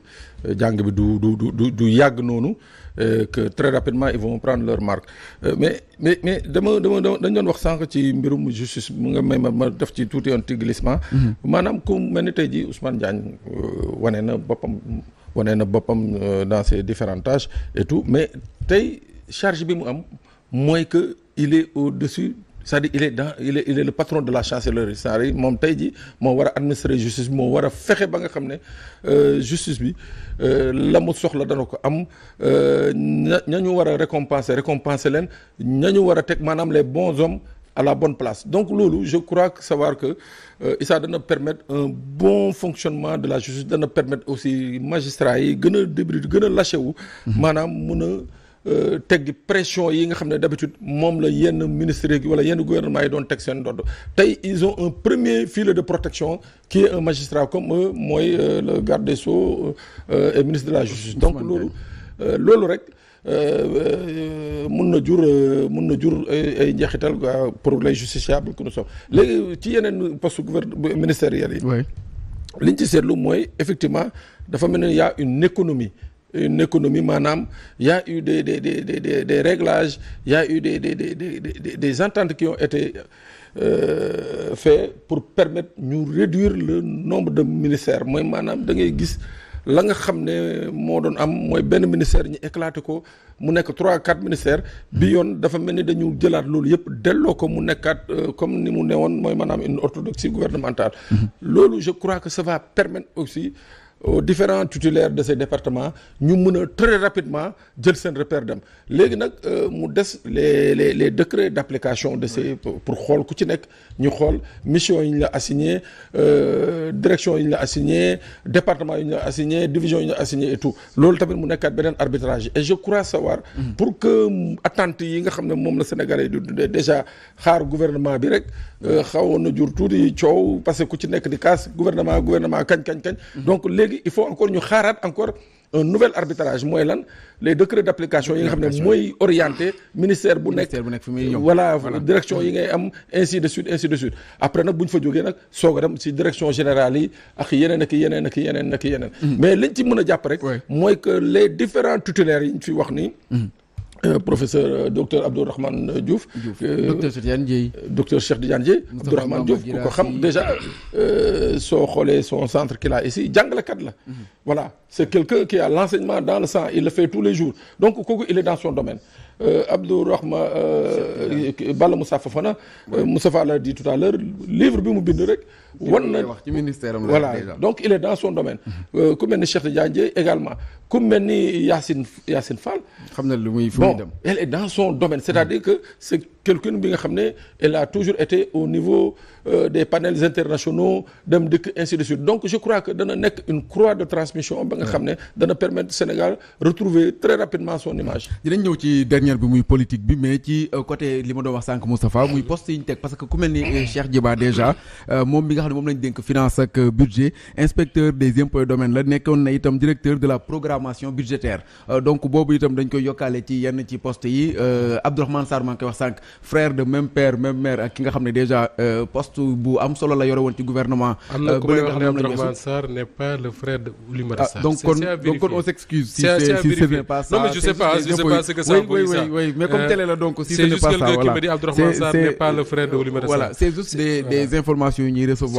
du euh, que très rapidement ils vont prendre leur marque euh, mais mais mais dañ glissement mhm. Ousmane na euh, dans ses différentes tâches et tout mais tay charge bi mu am que il est au-dessus c'est-à-dire il est dans il est le patron de la chancellerie je à administrer la administrer justice mo wara faire ba nga euh, justice bi euh, la lamu soxla dana ko am euh, ñañu wara récompenser récompenser l'un, ñañu wara tek manam les bons hommes à la bonne place donc loulou, je crois savoir que. Euh, et ça nous permettre un bon fonctionnement de la justice nous permettre aussi magistrats yi gën a débrouiller gën a lâché wu. Mhm. maanaam mun a euh, teggi pression yi nga xam d'habitude moom la yenn ministres yi wala yenn gouvernement yi ont teg seen ndodd tey ils ont un premier filet de protection qui est un magistrat comme euh, moi, le garde des Sceaux et ministre de la justice donc loolu loolu rek euh, euh, mun na jur euh, mun na jur ay njeexital quoi pour les justiciables que nous sommes léegi ci yeneen poste gouvernement ministériel yi liñ ci seetlu mooy effectivement dafa mel ne y a une économie une économie il y a eu des des des des des réglages il y a eu des des des des des des ententes qui ont été euh, faits pour permettre nous réduire le nombre de ministères mooy maanaam da ngay gis la nga xam ne moo doon am mooy benn ministère ñu éclaté ko mu nekk trois quatre ministère bi hmm. yoon dafa mel ni dañu jëlaat loolu yëpp delloo ko mu nekkaat euh, comme ni mu woon mooy maanaam une orthodoxie gouvernementale hmm. loolu je crois que ça va permettre aussi aux différents titulaires de ces départements nous mën très rapidement jël seen repère euh, les les les décrets d'application de ces pour xool ku ci nekk ñu mission yi ñu la euh, direction yi ñu la assigné département yi ñu la division yi ñu et tout loolu tamit mu nekkaat un arbitrage et je crois savoir mm-hmm. pour que attente yi nga xam ne moom Sénégalais déjà xaar gouvernement bi rek euh, xawoon jour, jur tuuti parce que ku ci nekk di le gouvernement gouvernement kañ mm-hmm. donc les léegi il faut encore ñu xaaraat encore un nouvel arbitrage moy lan les décrets d'application yi nga xamné moy orienté ministère bu nekk voilà direction yi ngay am ainsi de suite ainsi de suite après nak buñ fa joggé nak soog a dem si direction générale yi ak yenen ak yenen ak yenen ak yenen mm-hmm. mais liñ ci mëna japp rek moy que les différents tutelaires yi ñu fi wax nii mm-hmm. Euh, professeur euh, docteur Abdourahmane Diouf. Euh, docteur Cheikh Diandier, docteur Cheikh Abdourahmane Diouf ko déjà son xolé son centre qu'il a ici kat la. Mhm. voilà c'est quelqu'un qui a l'enseignement dans le sang il le fait tous les jours donc il est dans son domaine. Abdourahmane, Balla Moussa Fofana. Moussa l'a dit tout à l'heure livre bi mu bind rek voilà donc il est dans son domaine Comme le chef Cheikh également Comme le Yassine Yacine Fall Bon, elle est dans son domaine c'est-à-dire que c'est quelqu'un qui elle a toujours été au niveau euh, des panels internationaux ainsi de suite donc je crois que dans une croix de transmission ba nga au Sénégal de Sénégal retrouver très rapidement son image y ñëw ci dernière bi dernière politique bi mais ci euh, côté limodo wax sank Moustapha muy poste une parce que comme le chef Cheikh déjà euh, moom xam lañ dénk finance ak euh, budget inspecteur des impôts et domaines la nekkoon na itam directeur de la programmation budgétaire euh, donc bobu itam dañ koy yokalé ci yenn ci poste yi euh, Abdourahmane Sarr man koy wax sank frère de même père même mère ak ki nga xamné déjà poste bu am solo la yoré won ci gouvernement. am Abdourahmane Sarr n'est pas le frère de Oulima ah, Sarr. donc donc on s'excuse. si c'est si c'est pas ça non mais je sais pas je sais pas ce que ça oui oui oui mais comme tel, la donc si ce n'est pas ça voilà c'est Sarr. voilà c'est juste des des informations yu recevoir.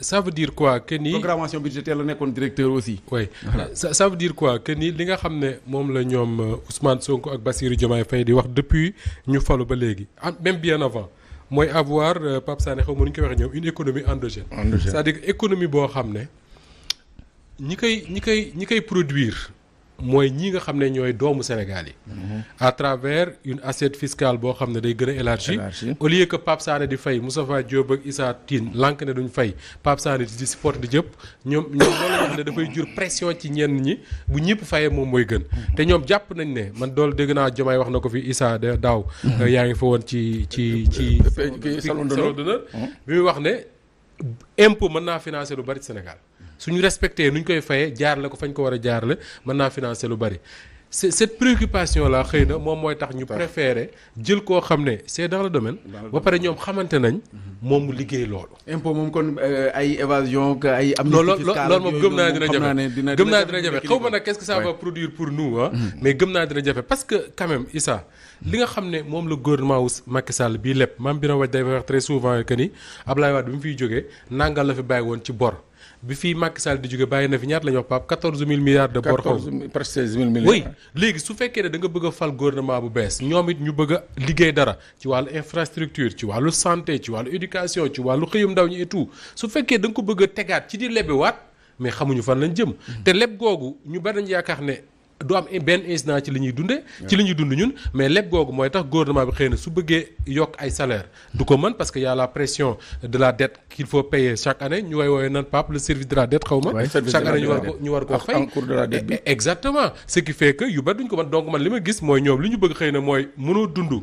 ça veut dire quoi que ni programmation budgétaire la nekkoon directeur aussi. oui voilà. ça, ça veut dire quoi que ni li nga xamné mom la ñom euh, Ousmane Sonko ak Bassirou Diomaye Faye di wax depuis ñu fallu ba légui même bien avant moy avoir euh, Pape Sané xaw mo ñu ko wax ñoom une économie endogène. endogène c'est-à-dire économie bo xamné ñi kay ñi kay ñi kay produire. mooy ñi nga xam ne ñooy doomu Sénégal yi. Mhm. à travers une assiette fiscale boo xam ne day gën a élargie. au lieu que Pape di fay Moustapha Diop ak Issa Tine lank ne duñ fay Pape Sané di supporté di jëpp ñoom ñoom loolu la ne dafay jur pression ci ñenn ñi bu ñëpp fayee moom mooy gën. Mhm. te ñoom jàpp nañ ne man dool dégg naa Diomaye wax na ko fi Issa daaw. Mhm. yaa ngi fa woon ci ci ci. salon d'honneur bi muy wax ne impôt mën naa financer lu bari Sénégal. Si nous respectons, nous fayee jaar la nous fañ ko jaar financer le bari cette préoccupation là tax c'est dans le domaine ba nañ mhm. liggéey kon euh, ay évasion ay amnistie qu'est-ce que ça va produire pour nous hein, mhm. mais parce que quand même Issa mhm. li nga le gouvernement Macky Sall très souvent que ni Abdoulaye Wade bi fii Macky Sall di jóge bàyyi na fi ñaata la ñu wax Pape 14000 milliards de bor. 14000 presque milliards. oui léegi su fekkee ne da fal gouvernement bu bees ñoom it ñu bëgg a liggéey dara ci wàllu infrastructure ci wàllu santé ci wàllu éducation ci wàllu xëyum ndaw ñi et tout su fekkee danga ko bëgg a tegaat ci di waat mais xamuñu fan lañ jëm. Mm. te leb googu ñu bari nañ yaakaar ne. du am benn incident ci li ñuy dunde ci li ñuy dund ñun mais lépp googu mooy tax gouvernement bi xëy na su bëggee yokk ay salaire du ko man parce que y la pression de la dette qu'il faut payer chaque année ñu koy woowee nan Pape le service de la dette xaw chaque année ñu war ko ñu war koo fay e-, exactement ce qui fait que yu bari duñ ko mën donc man li ma gis mooy ñoom li ñu bëgg xëy na mooy mënoo dund.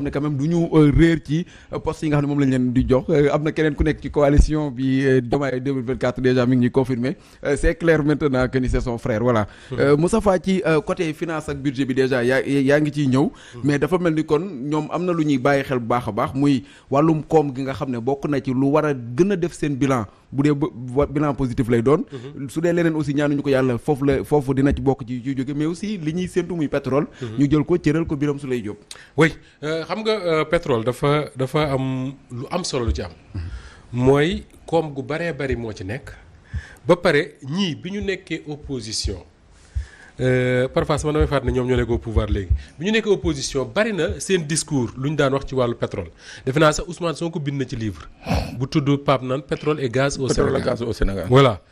xam ne quand même du euh, reer ci euh, poste yi nga xam mom lañ leen di jox euh, amna keneen ku nekk ci coalition bi Diomaye 2024 déjà mi ngi confirmé. confirmer c'est clair maintenant que ni c'est son frère voilà mmh. Fa ci côté finance ak budget bi déjà ya yaa ngi ciy ñëw mmh. mais dafa melni kon ñom amna na lu ñuy bàyyi xel bu baaxa baax muy walum kom gi nga xam bokku na ci lu wara gëna def seen bilan bu dee bilan positif lay doon mmh. su dee leneen aussi ñaanuñu ko yàlla foofu la foofu dina ci bokk ci ciy jóge mais aussi li ñuy séntu muy pétrole ñu jël ko cëral ko biram su lay jóg xam nga euh, pétrole dafa dafa am lu am solo lu ci am. mooy koom gu baree bari moo ci nekk. ba pare ñii bi ñu nekkee opposition euh, parfois sama damay fàttali ne ñoom ñoo nekk au pouvoir léegi bi ñu nekkee opposition bari na seen discours lu ñu daan wax ci wàllu pétrole defe naa sax Ousmane Sonko bind na ci livre bu tudd Pape naan pétrole et gaz au Sénégal pétrole et Sénégal voilà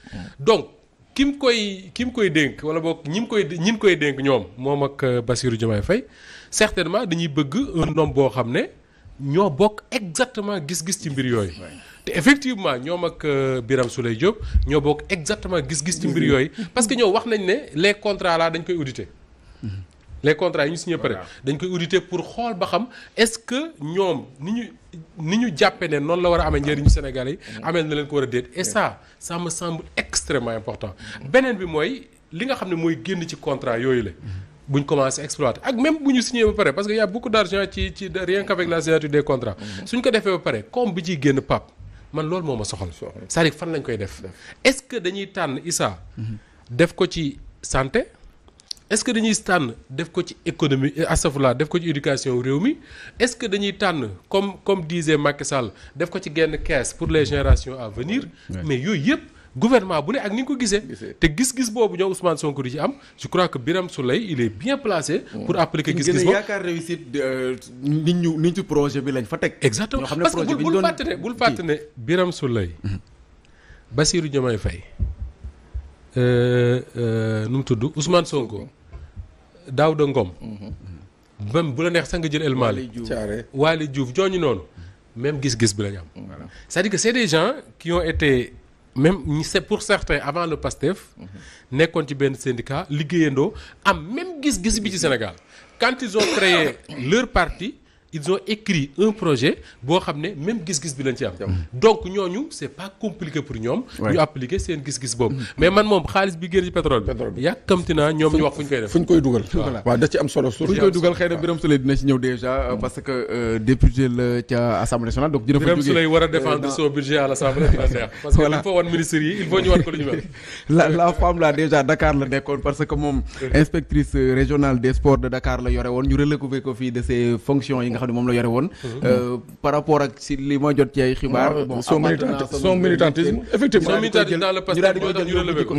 donc kim koy ki koy dénk wala boog ñi mu koy ñi mu koy dénk ñoom moom ak euh, Bassirou Diomaye Faye certainement dañuy bëgg un nombre boo xam ne ñoo exactement gis-gis ci mbir yooyu. te effectivement ñoom ak euh, Birame soulay Diop exactement gis-gis ci mbir mm-hmm. parce que ñoo wax nañ les contrats là dañ mm-hmm. les contrats signé pour ba xam est-ce que ñoom ni la Sénégalais yi. Mm-hmm. na a et ça ça me semble extrêmement important. beneen bi li nga buñ commencé exploiter ak même buñu signé ba parce que y' a beaucoup d'argent argent ci ci rien qu'avec avec la signature des contrats. Mhm. suñ ko défé ba pare comme bi ci génn pap man lool moma soxal. cest dire fan lañ koy def. est ce que dañuy tan isa mhm. def ko ci santé. est ce que dañuy tan def ko ci économie euh, astafurlah def ko ci éducation réew mi est ce que dañuy tan comme comme disait Macky Sall def ko ci genn caisse pour les générations à venir. mais yooyu gouvernement bu ne ak ni gis-gis Ousmane Sonko am je crois que Biram Soleil il est bien placé mm. pour appliquer gis-gis réussite euh, nit projet bi exactement parce que ne mm-hmm. euh, euh, Ousmane Sonko mm-hmm. même bu El Diouf même gis-gis bi c'est-à-dire que c'est des gens qui ont été même c'est pour certains avant le PASTEF. nekkoon ci benn syndicat liggéeyandoo am même gis-gis Sénégal quand ils ont créé leur parti ils ont écrit un projet boo xam même gis-gis bi lañ ci am. donc ñooñu c' est pas compliqué pour ñoom. ñu appliquer seen gis-gis boobu. Mm. mais man moom xaalis bi génn ci pétrole bi. pétrole bi yàkkamti naa ñoom ñu wax fu ñu koy def. fu ñu koy dugal. waaw da ci am solo. fu ñu koy dugal xëy na Birame Souleye dina ci ñëw déjà mm. parce que euh, député la ca assemblée nationale donc. dina fa jógee Birame Souleye war défendre euh, son budget à l'assemblée assemblée nationale. parce que il faut wan ministre il faut ñu wan ko lu ñu mel. la la femme là déjà Dakar la nekkoon parce que moom. inspectrice euh, régionale des sports de Dakar la yore woon ñu xam ne moom la yore woon. Mhm. Euh, par rapport ak si li ma jot ci xibaar. Ah, bon son militantisme effectivement son militantisme dans le passé moo tax ñu relevé ko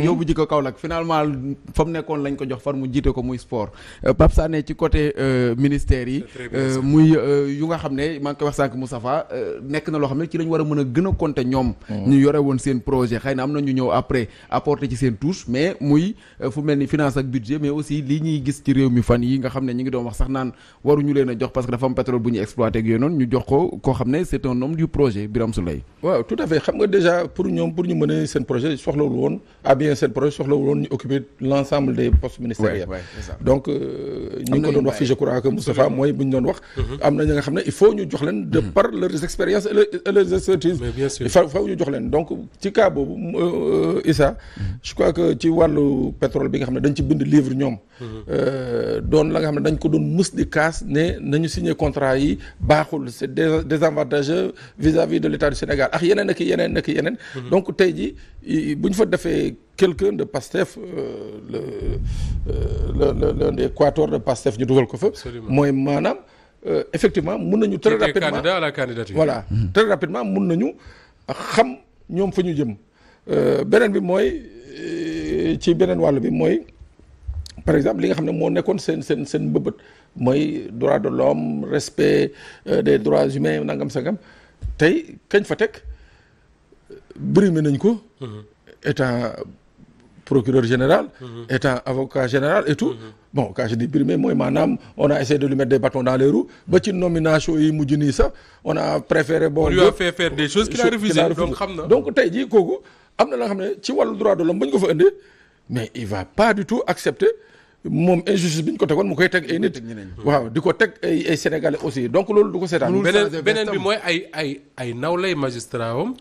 fa mu nekkoon lañ ko jox far mu jiite ko muy sport euh, Pape Sané ci côté euh, ministère yi. muy yu nga xam ne maa ngi koy wax sànq Moustapha nekk na loo xam ne ci lañ war a mën a gën a compter ñoom. Mhm. ñu yore woon seen projet xëy na am na ñu ñëw après apporter ci seen touche mais muy fu mel ni finance ak budget mais aussi li a pétrole bu ñu ak yooyu ñu jox ko ko xamné c'est un homme du projet Biram Souleye waaw tout à fait xam nga déjà pour ñom pour ñu mëne sen seen projet soxlawul won à bien seen projet soxlawul won ñu occuper l'ensemble des postes ministériels donc euh, ñu ko doon wax fi je crois que Moustapha moy buñ ñu doon wax mhm. am na nga xamné il faut ñu jox leen de mhm. par leurs expériences et leurs expertises il faut ñu jox leen donc ci cas bobu euh, euh, Issa mhm. je crois que ci walu pétrole bi nga xamné dañ ci bind livre ñom euh doon la nga xamné dañ ko doon mës di kaas ne nañu signer contrat contrat baaxul c'est désavantageux vis-à-vis de l'état du Sénégal ak yenen ak yenen ak yenen mhm. donc tey ji bu fa défé quelqu'un de Pastef euh, euh, le le le l'Équateur de Pastef ñu dugal ko fa moy manam euh, effectivement mun nañu très rapidement candidat à la candidature voilà mhm. très rapidement mun nañu xam ñom fa ñu jëm benen bi moy ci benen walu bi moy par exemple li nga xamne ne moo sen sen sen seen moy droit de l'homme respect euh, des droits humains nangam sangam tay kañ fa que brimé nañ ko mm-hmm. étant procureur général mm-hmm. étant avocat général et tout mm-hmm. bon quand je dis brimé moy on a essayé de lui mettre des bâtons dans les roues ba on a préféré bon lui a fait faire des choses qu'il a refusées. donc xamna dit donc tay droit de l'homme mais il va pas du tout accepter mom injustice biñ ko tegoon mu koy tek ay nit. waaw diko tek ay sénégalais aussi donc loolu duko sétane benen benen bi moy ay ay ay nawlay magistrat am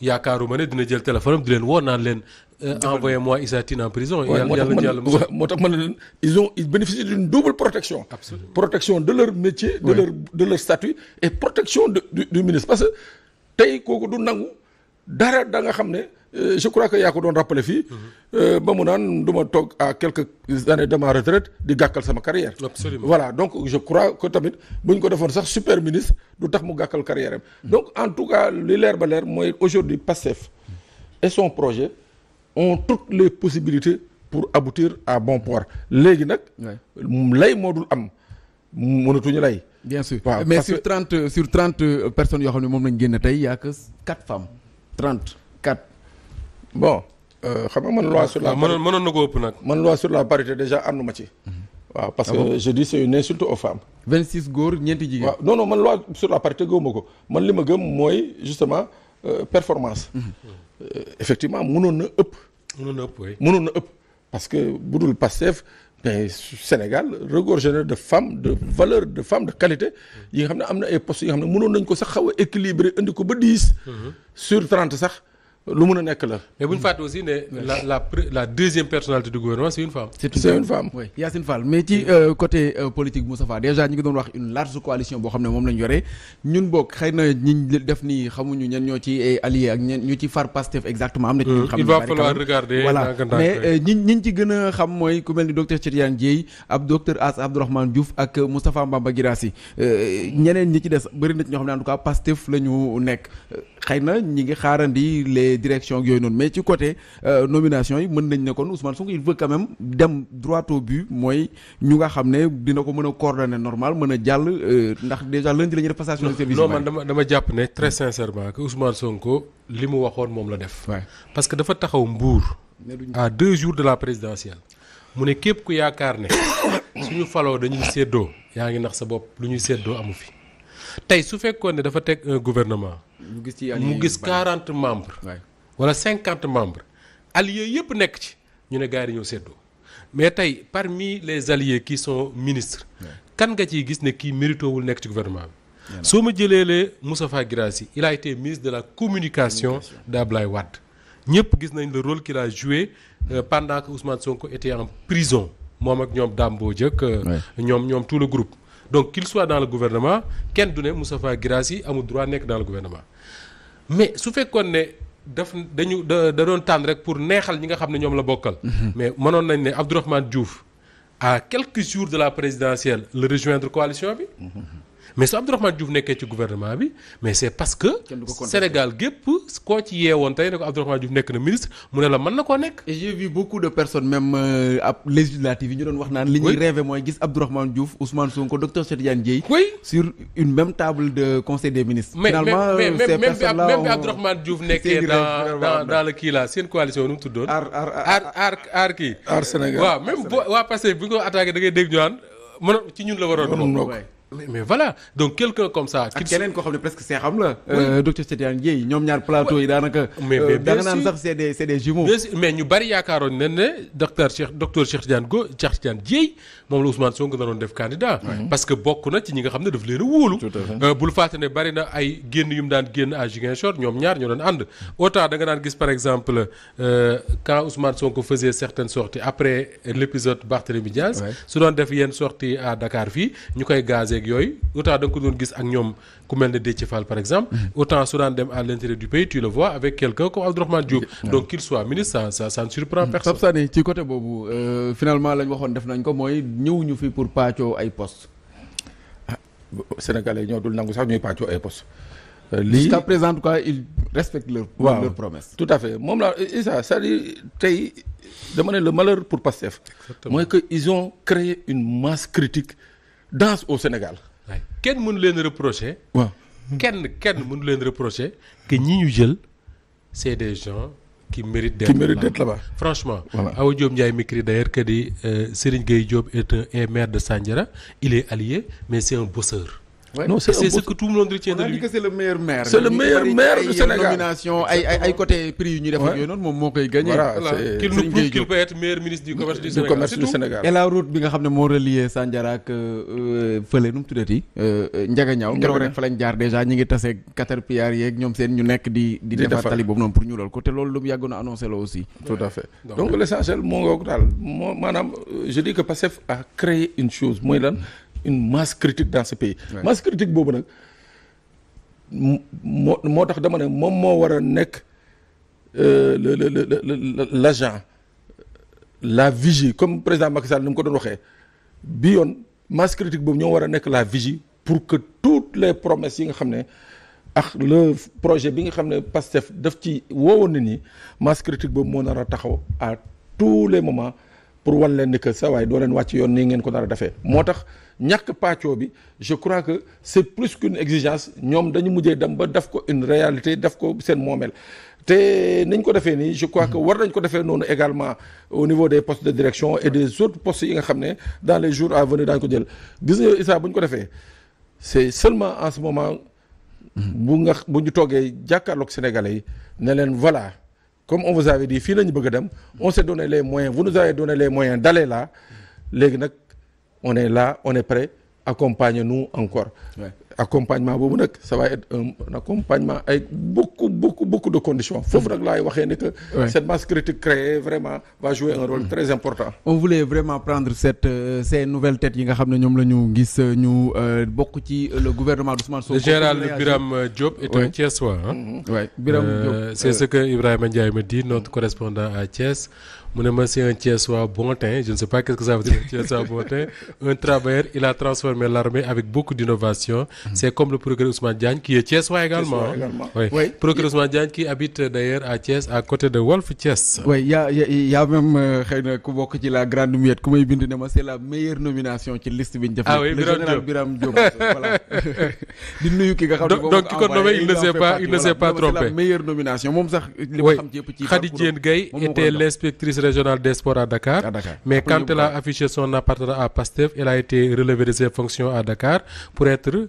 yaakaaruma ne dina jël téléphone am di leen woo naan leen. Euh, envoyé moi Issa Tine en prison. yalla yàlla yàlla man leen ils ont ils bénéficient d'une double protection. Absolument. protection de leur métier. de oui. leur de leur statut. et protection de du ministre parce que tay kooku du nangou dara da nga xamné euh, je crois que y a quand rappelé rappelle les filles, euh, naan tok à quelques années de ma retraite di gàkkal sama carrière. Absolument. voilà donc je crois que tamit buñ ko super ministre du tax mu carrière mm-hmm. donc en tout cas li leer ba l'air aujourd'hui Passef et son projet ont toutes les possibilités pour aboutir à bon port légui nak lay modul am lay. bien sûr mais sur 30 sur trente euh, personnes yo xam mom lañu y a que 4 femmes 30 bon euh, xam nga man loi sur la ah, mënoon mënoon na ëpp man loi sur la parité déjà àndu ma ci mhm. waaw parce ah que je dis c'est une insulte aux femmes vingt six góor ñeenti jigéen waaw non non man loi sur la parité gëmuma ko man li ma gëm mooy justement euh, performance mhm. euh, effectivement mënoon na ëpp mënoon na ëpp mënoon na ëpp parce que bu dul Pastef mais ben, Sénégal regorge na de femmes de valeur de femmes de qualité yi nga xam ne am na ay postes yi nga xam ne mënoon nañ ko sax xaw a équilibré indi ko ba dix mhm. sur trente sax lu mun a nekk la. mais bu ñu fàtte aussi ne la la la deuxième personnalité du gouvernement c' est une femme. c' est une femme, une femme. oui Yacine Fall mais ci euh, côté euh, politique Moustapha déjà ñu ngi doon wax une large coalition boo xam ne moom la yore ñun bokk xëy na ñi def ni xamuñu ñan ñoo ci eh, allié ak ñen ñu ci far Pastef exactement. am na ci ñu euh, xam ne il va falloir regarder. voilà mais euh, ñi ñi ci gën a xam mooy ku mel ni docteur Tidiane Dièye ab docteur As Abdourahmane Diouf ak Moustapha Mbamba Girassi euh, ñeneen ñi ci des bëri na ci ñoo xam ne en tout cas Pastef la ñu nekk xëy ñi ngi xaarandi les directions yooyu noonu mais ci côté euh, nomination yi mën nañ ne kon Ousmane Sonko il veut quand même dem droit au but mooy ñu nga xam ne dina ko mën a coordonner normal mën a jàll euh, ndax déjà lundi la ñu def de service. non man dama dama jàpp ne très sincèrement que Ousmane Sonko li mu waxoon moom la def. parce que dafa taxaw mbuur. à deux jours de la présidentielle. mu ne képp ku yaakaar ne suñu faloo dañuy séddoo yaa ngi nax sa bopp lu ñuy séddoo amu fi tey su fekkoon ne dafa teg un gouvernement mu gis 40 membres wala 50 membres alliés yépp nekk ci ñu ne gars yi ñëw mais parmi les alliés qui sont ministres kan nga ciy gis ne kii le nekk ci gouvernement bi soo ma il a été ministre de la communication d'Ablaye Wade ñëpp gis le rôle qu'il a joué euh, pendant que Ousmane Sonko était en prison moom ak ñoom Dambo Dieuk ñoom ñoom tout le groupe donc qu'il soit dans le gouvernement qu'il Moussa ne Moustapha à mon droit d'être dans le gouvernement mais si fait qu'on est dañu da pour neexal ñi nga xamné ñom la mhm. mais je nañ Abdourahmane Diouf à quelques jours de la présidentielle le rejoindre coalition bi. Mhm mais su Abdourahmane Diouf nekkee ci gouvernement bi mais c'est parce que. Sénégal gep ko ci yeewoon tay nek Abdourahmane Diouf nek na ministre mune la man na koo nekk. et j'ai vu beaucoup de personnes même euh, ab législative ñu don wax naan. li ñuy rêvé moy gis Abdourahmane Diouf Ousmane Sonko docteur Cheikh Diaye oui sur une même table de conseil des ministres. finalement mais mais même bi même bi Abdourahmane Diouf nekkee dans dans dans le kii là une coalition nu mu ar ar ar, ar, aar kii. aar Sénégal waaw même boo waa passé bu ko attaquer da ngay dégg ñu naan mën ci ñun la waroon. waroon mais mais voilà donc quelqu'un comme ça. qui keneen koo xam presque seexam la. Euh, docteur Tidiane Dièye ñoom ñaar plateau yi daanaka. mais euh, mais bien sûr c'est des c'est des jumeaux. mais ñu bari car on est docteur Cheikh docteur Cheikh Tidiane Go Cheikh Tidiane Dièye moom Ousmane Sonko naroon def candidat. Mm-hmm. parce que beaucoup na ci ñi nga xam ne daf leen a wóolu. Euh, bul ne bari na ay génn yu daan génn à Ziguinchor ñoom ñaar ñoo doon ànd. autant da nga daan gis par exemple quand Ousmane Sonko faisait certaines sorties après l'épisode Barthélémy Diaz. su doon def yenn sorties à Dakar fii ñu gazé autant donc nous ko doon comme ak ñoom ku Fall par exemple mm-hmm. autant su daan dem à l'intérêt du pays tu le vois avec quelqu'un comme Abdourahmane Diouf donc qu'il soit ministre ça ça ne surprend mm-hmm. personne. que Sané ci côté boobu euh, finalement lañ waxoon def nañ ko mooy ñëwuñu fi pour pas ay postes. poste ah, sénégalais ñoo dul nangu sax ñuy postes. Euh, jusqu'à présent en tout cas ils respectent leur. promesses leur promesse. tout à fait moom laa c'est-à-dire le malheur pour Pastef. moi que ils ont créé une masse critique danse au Sénégal. Quelqu'un kenn mënu reproche? reprocher. que ñi c'est des gens. qui méritent d'être là-bas. Franchement, voilà. Awa a d'ailleurs que euh, Diop est, un, maire de Sandiara, il est allié, mais c'est un bosseur. Ouais. Non, c'est ce que tout le monde retient de lui. C'est le meilleur maire. C'est le meilleur maire du Sénégal. nomination, ay côté prix yu ñu def ak yooyu noonu moom moo gagné. voilà qu'il nous prouve qu'il peut être meilleur ministre du commerce du Sénégal. du commerce du Sénégal. et la route bi nga xam ne moo relié Sandiara ak euh, euh, fële nu mu tuddati. Euh, Ndiaga Niaw keroog rek fa lañ jaar déjà ñi ngi tase Caterpillar yeeg ñoom seen ñu nekk di. di defar tali fait noonu pour ñu lool ko te lu mu yàggoon a annoncé aussi. tout à fait donc l'essentiel mon moo madame je dis que Pastef a créé une chose mooy lan une masse critique dans ce pays. Ouais. masse critique bon euh, la vigie comme président Macky Sall masse critique la vigie pour que toutes les promesses le projet bi nga parce masse critique bon, moi, a à tous les moments pour wan leen ni que ça waaye doo leen wàcc yoon nii ngeen ko dara defé motax ñak patio bi je crois que c'est plus qu'une exigence ñom dañu mujjé dem ba daf ko une réalité daf ko sen momel té niñ ko defee ni je crois que war nañ ko defee nonu également au niveau des postes de direction et des autres postes yi nga xamné dans les jours à venir dañ ko djel gis nga isa buñ ko defee c'est seulement en ce moment bu nga bu ñu toogee jàkkaarloog sénégalais yi len voilà comme on vous avait dit on s'est donné les moyens vous nous avez donné les moyens d'aller là Les on est là on est prêt accompagne nous encore accompagnement ça va être un accompagnement avec beaucoup beaucoup beaucoup de conditions Il nak vraiment waxé que cette masse critique créée vraiment va jouer un rôle mm. très important on voulait vraiment prendre cette euh, ces nouvelles têtes yi nga xamné ñom lañu ñu gis euh, euh, ci le gouvernement d'Ousmane Sonko le général Biram Diop est un hein mm-hmm. oui Diop c'est ce que Ibrahima Ndiaye me dit notre mm-hmm. correspondant à Thiès mon ne ma c'est un Thiessois bon je ne sais pas qu'est-ce que ça veut dire un Thiessois Bontin, un travailleur il a transformé l'armée avec beaucoup d'innovation mm-hmm. c'est comme le procureur Ousmane Diagne qui est Thiessois également, hein. également. Oui. oui procureur Ousmane Diagne qui habite d'ailleurs à Thiès à côté de Wolf Thiès oui il y a il y a même euh, xëy na ci la grande miette, ku may bind ne ma c'est la meilleure nomination ci liste bi def ah oui Birame Diop Diop voilà di nuyu ki nga donc qui nommé il ne s'est pas il ne sait pas trompé c'est la meilleure nomination moom sax li ma xam ci yëpp ci Gaye était l'inspectrice régionale des sports à Dakar. Mais quand elle a affiché son appartenance à PASTEF, elle a été relevée de ses fonctions à Dakar pour être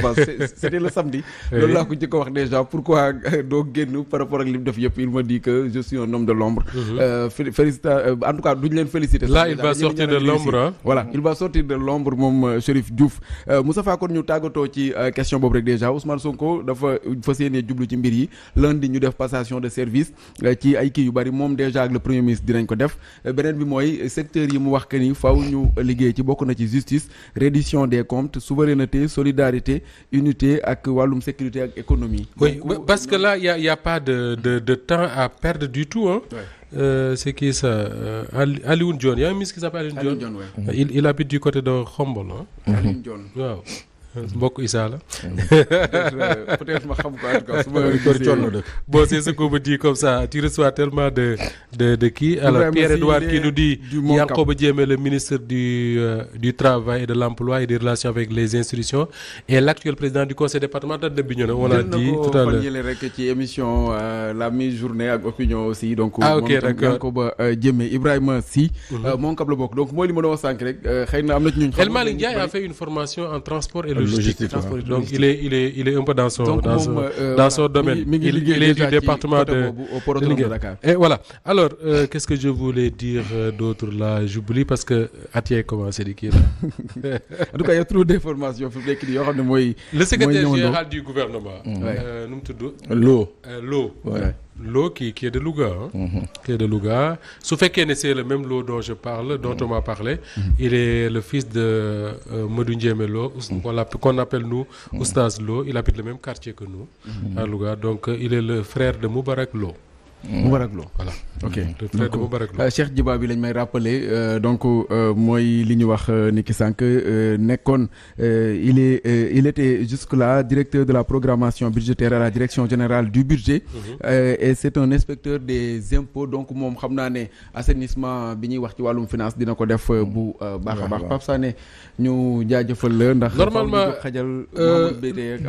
c'était le samedi loolu laa ko njëkk a wax déjà pourquoi doo génn par rapport ak lim def yëpp il m'a dit que je suis un homme de l'ombre mhm. euh, félicita euh, en tout cas duñ leen féliciter là il va sortir de l'ombre hein. voilà il va sortir de l'ombre moom euh, Chérif Diouf Moussa kon ñu tàggatoo ci question boobu rek déjà Ousmane Sonko dafa fas yéene jublu ci mbir yi lundi ñu def passation de service ci ay kii yu bari moom déjà ak le premier ministre dinañ ko def beneen bi mooy secteur yi mu wax que ni faaw ñu liggéey ci bokk na ci justice reddition des comptes souveraineté solidarité unité avec Walum sécurité et économie. oui parce que là il y a, y a pas de, de de temps à perdre du tout hein. Euh, c'est qui ça euh, Alioune John il y a un ministre qui s'appelle Alioune John. il, habite du côté de Khombol. hein. Alioune John mbokk Issa la. peut-être ma xam ko en bon c'est ce qu'on me dit comme ça tu reçois tellement de de de qui. alors Pierre-Edouard qui nous dit. Yankoba Diémé le ministre du euh, du travail et de l'emploi et des relations avec les institutions et l'actuel président du conseil départemental de Bignona. on a dit tout à l'heure jël rek ci émission euh, la mi-journée ak opinion aussi. donc ah ok d'accord Yankhoba euh, Diémé Ibrahima Sy. Mhm. mon kam la bokk donc mooy li ma doon sànq rek xëy na am na ci ñun. El Malick Ndiaye a fait une formation en transport et donc il est il est il est un peu dans son euh, dans son, domaine. il, est du département de, Dakar. Et voilà. Alors euh, qu'est-ce que je voulais dire euh, d'autre là j'oublie parce que a commencé de en tout cas il y a trop d'informations le secrétaire général du gouvernement. l'eau, L'eau l'eau qui, est de Louga. Hein, mm est Louga. c'est le même lot dont je parle, dont mhm. on m'a parlé. Mhm. Il est le fils de euh, Modou mhm. qu'on appelle nous Oustaz Lo. Il habite le même quartier que nous, à Louga. Donc, euh, il est le frère de Moubarak Lo mu baragloo voilà ok euh, Cheikh Djiba bi lañ may rappeler euh, donc euh, moy liñu wax niki sank nekkoon il est il était jusque là directeur de la programmation budgétaire à la direction générale du budget mhm. et c'est un inspecteur des impôts donc mom xamna né assainissement bi wax ci walum finance dina ko def bu baxa bax baax Pape Sané ñu jaajëfal la ndax normalement xajal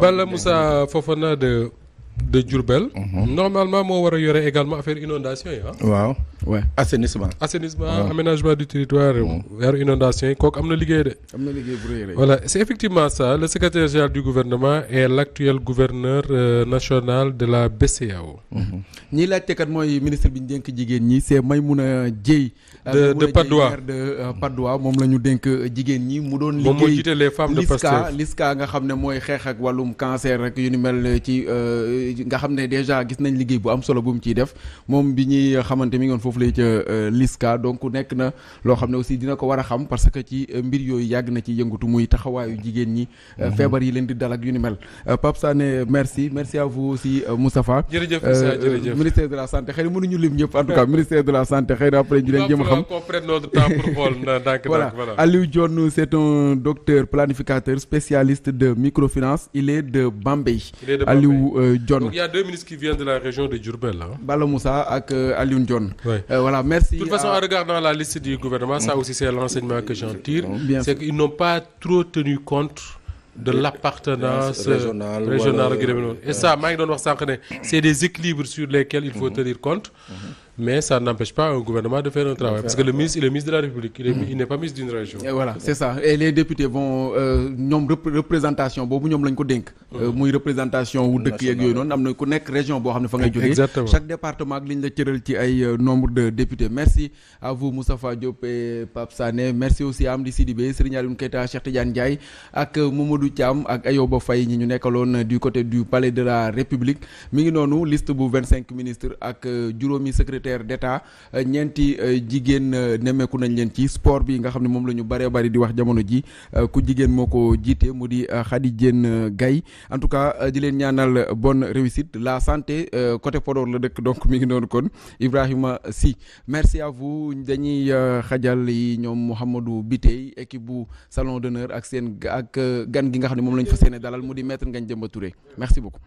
Bala Moussa Fofana de de Djurbel. Mhm. normalement moi, war aurait également affaire inondation yi hein. waaw assainissement. assainissement aménagement du territoire. Mhm. vers inondation yi voilà c'est effectivement ça le secrétaire général du gouvernement est l'actuel gouverneur euh, national de la BCEAO. Ni mhm. la kat ministre bi ñu dénk que ñi c'est est Maymouna de euh, de euh, moom la ñu dénk euh, jigéen ñi mu doon liggéey moom moo jiite les femmes de nga xam ne mooy xeex ak wàllum cancer rek yu ni mel ci nga xam ne déjà gis nañ liggéey bu am solo bu mu ciy def moom bi ñuy xamante mi ngoon foofu lay ca LISCA donc nekk na loo xam ne aussi dina ko war a xam parce que ci mbir yooyu yàgg na ci yëngatu muy taxawaayu jigéen ñi mhm. feebar yi leen di dal ak yu ni mel Pape Sané merci merci à vous aussi Moustapha jërëjëf de la santé xëy na mënuñu xam qu'on notre temps pour voilà Aliou John, c'est un docteur planificateur spécialiste de microfinance il est de Bambey Aliou euh, de il y a deux ministres qui viennent de la région de Djurbel. Hein. Bala Moussa ak euh, Aliou euh, voilà merci de toute façon en regardant la liste du gouvernement ça aussi c'est l'enseignement que j'en tire c'est qu'ils n'ont pas trop tenu compte de l'appartenance régionale et ça c'est des équilibres sur lesquels il faut mhm. tenir compte mhm mais ça n'empêche pas un gouvernement de faire un travail. Parce que le ministre, il est ministre de la République, mm. il, n'est pas ministre d'une région. Et voilà, c'est ça. Et les députés vont, euh, ñoom représentation boobu ñoom lañ ko dénk. Mm. Euh, muy représentation wu dëkk yeeg yooyu noonu am région chaque département a un euh, nombre de députés. merci à vous Moussafa Diop et Pape Sané merci aussi à Amdi Sidibé Serigne Mketa, Keita Cheikh Tidiane Ndiaye ak Mamadou Thiam ak Ayobo Faye nous ñu nekkaloon du côté du palais de la République nous avons une liste de 25 ministres ak Juromi secrétaire secrétaire d'État euh, ñeenti euh, jigéen euh, nemmeeku nañ leen ci sport bi nga xam ne moom la ñu bëree bëri di wax jamono ji ku jigéen moo ko jiite mu di Khady Diène Gaye en tout cas di leen ñaanal bon réussite la santé côté Podor la dëkk donc mi ngi noonu kon Ibrahima si merci à vous dañuy xajal yi ñoom Mouhamadou Bitey équipe bu salon d'honneur ak seen ak gan gi nga xam ne moom la ñu fas yéene dalal mu di maître Ngagne Demba merci beaucoup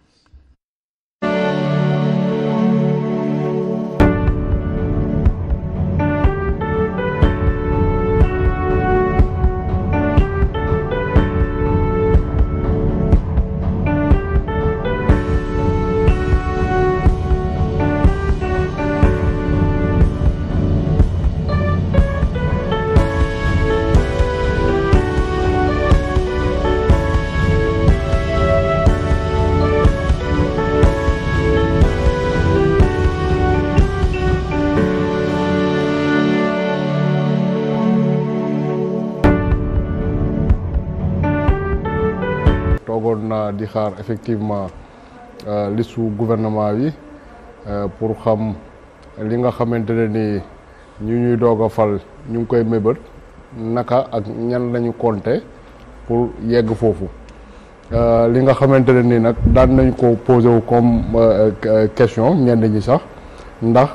xaar effectivement euh, listu gouvernement bi euh, pour xam li nga xamante ne ni ñu ñuy doog a fal ñu ngi koy mébat naka ak ñan lañu compter pour yegg foofu euh, li nga xamante ne nii nag daan nañ ko posé wu comme question ñenn ñi sax ndax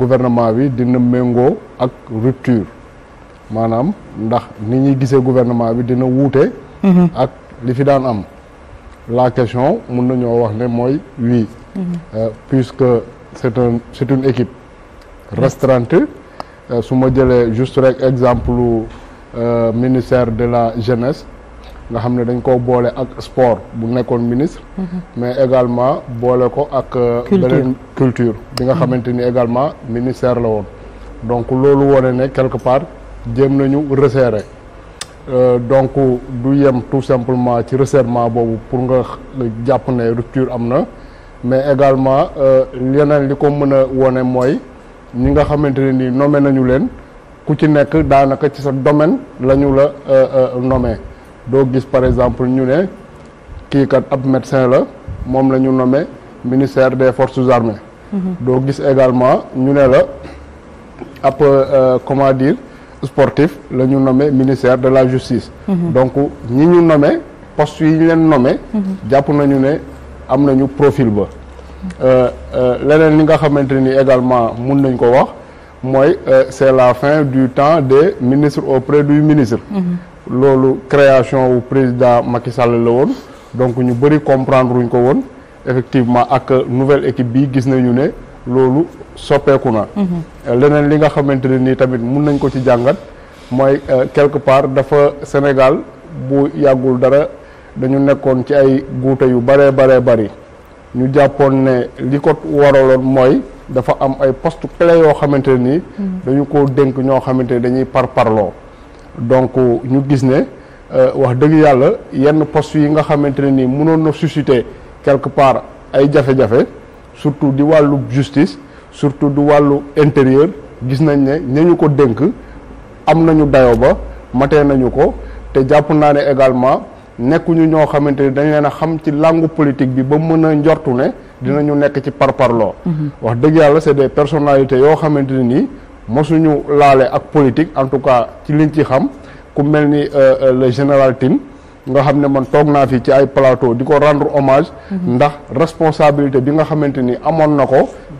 gouvernement bi dina méngoo ak rupture maanaam ndax ni ñuy gisee gouvernement bi dina wuute mm-hmm. ak li fi daan am la question mun nañoo wax ne mooy oui. Mhm. Euh, puisque c'est un une équipe restreinte Si je prends juste rek exemple euh, ministère de la jeunesse nga avons ne dañ koo boole ak sport bu nekkoon ministre. Mhm. mais également pour ko ak. Euh, culture bi nga mhm. xamante également également ministère la woon. donc nous avons ne quelque part un nañu resserrer. Euh, donc du yem tout simplement ci resserrement bobu pour nga japp ne rupture amna mais également euh li liko mëna woné moy mooy ñi nga xamante ni nommé nañu leen ku ci nek danaka ci sa domaine lañu la euh la euh, nommé doo gis par exemple ñu né ki kat ab médecin la mom lañu ñu nommé ministère des forces armées. Mhm. do gis également ñu né la ap euh comment dire sportif le nommer nommé ministère de la justice. Mhm. donc ni ñu nommé poste yi ñu nommé. Mhm. jàpp nañu ne profil ba. Mhm. Euh, euh, leneen li nga également mun nañ euh, c'est la fin du temps des ministres auprès du ministre. la création du président Macky Sall donc nous devons comprendre ko effectivement ak nouvelle équipe bi gis nañu loolu soppeeku na. Mhm. leneen li nga xamante ne nii tamit mun nañ ko ci jàngat mooy euh, quelque part dafa Sénégal bu yàggul dara dañu nekkoon ci ay guute yu baree baree bari ñu jàppoon ne li ko waraloon mooy dafa am ay poste clé yoo xamante ne nii. Mhm. dañu ko dénk ñoo xamante ne dañuy par parloo donc ñu gis ne euh, wax dëgg yàlla yenn poste yi nga xamante ne nii mënoon na susciter quelque part ay jafe-jafe. surtout di wàllu justice surtout di wàllu intérieur gis nañ ne ña ñu ko dénk am nañu dayo ba matee nañu ko te jàpp naa ne également nekkuñu ñoo xamante ni dañ leen a xam ci langue politique bi ba mën a njortu ne ñu nekk ci parparloo mhm. wax dëgg yàlla c'est des personnalités yoo xamante ne nii mosuñu laale ak politique en tout cas ci liñ ci xam ku mel ni euh, euh, le général Tine Nous avons man de rendre hommage mhm. ndax responsabilité bi nga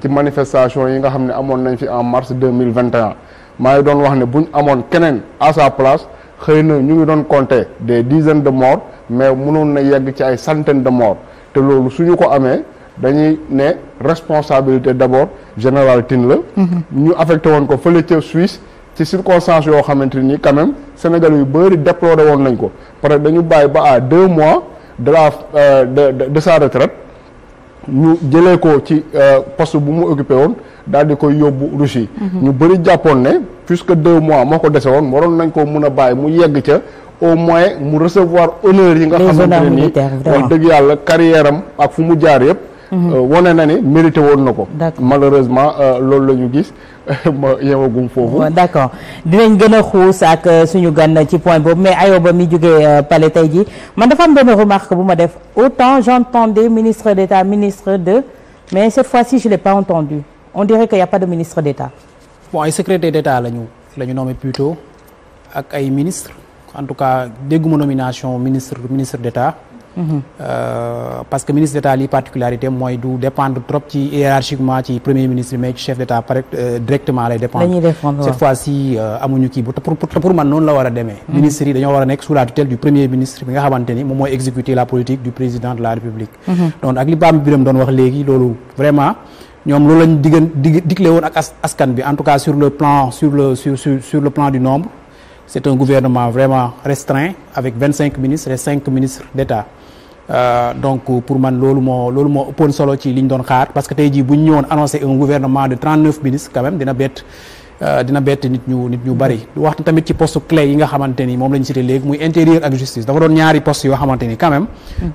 manifestation en mars 2021. Je à sa place nous ñu des dizaines de morts mais nous na yegg ci centaines de morts té lolu suñu ko dañuy responsabilité d'abord général Tinle, la mhm. ñu affecté ko Suisse ci circonstances yoo xamante ni quand même Sénégal yu bëri déploré woon nañ ko parce que dañu bàyyi ba à deux mois de la euh, de, de de sa retraite ñu jëlee ko ci euh, post bu mu occupé woon daal di koy yóbbu Russie. Mhm. ñu bëri jàppoon ne puisque deux mois moo ko dese woon waroon nañ ko mun a bàyyi mu yegg ca au mois mu recevoir honneur yi nga xamante ne nii wax dëgg yàlla carrière ak fu mu jaar yëpp Euh, wane nous mérité malheureusement euh, loolu lañu gis ma dinañ euh, point mais Ayoba mi remarque def autant J'entendais ministre d'état ministre de mais cette fois ci je l'ai pas entendu on dirait qu'il n'y a pas de ministre d'état secrétaire d'état plutôt ministre en tout cas nomination ministre ministre d'état euh, parce que ministre d'état une particularité il du dépendre trop hiérarchiquement du premier ministre mais chef d'état euh, directement dépend. cette fois ci il Pour pour pour man la a Ministère mhm. ministres yi dañoo sous la tutelle du premier ministre bi nga xamante moi, exécuter la politique du président de la république mhm. donc ak li biram doon wax léegi Nous vraiment nous avons askan en tout cas sur le plan sur le sur sur le plan du nombre c'est un gouvernement vraiment restreint avec 25 ministres et 5 ministres d'état Euh, donc pour man loolu moo loolu moo ëppoon solo ci li ñu doon xaar parce que tey jii bu ñu ñëwoon annoncé un gouvernement de 39 ministres quand même dina bett euh, dina bett nit ñu nit ñu bari. waxtu tamit ci poste clé yi nga xamante ni moom la ñu cité léegi muy intérieur ak justice dafa doon ñaari poste yoo xamante ni quand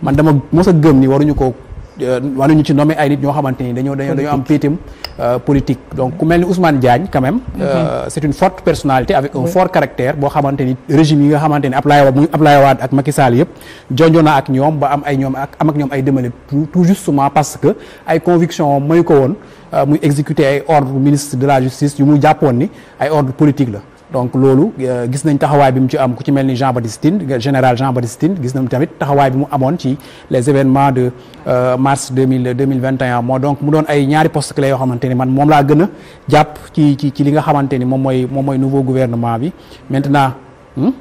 man dama mos a gëm ni waruñu ko. Euh, wanu ñu ci nommé ay nit ñoo xamanteni dañoo dañoo dañoo am péetam euh, politique donc ku melni Ousmane Diagne quand même euh, c'est une forte personnalité avec un fort caractère bo xamanteni régime yi nga xamanteni ni Ablaye Wade muy Ablaye Wade ak Macky Sall yépp jonjoo ak ñoom ba am ay ñoom ak am ak ñoom ay demale tout justement parce que ay conviction may ko woon muy exécuter ay ordre ministre de la justice yu mu jàppoon ni ay ordre politique la donc loolu euh, gis nañ taxaway bi mu ci am ku ci melni Jean Baptiste euh, général Jean Baptiste gis nañ tamit taxaway bi mu amone ci les événements de euh, mars 2021. mille donc mu don ay ñaari postes que yo xamanteni man mom la gëna japp ci ci li nga xamanteni mom moy mom moy nouveau gouvernement bi maintenant. Hmm?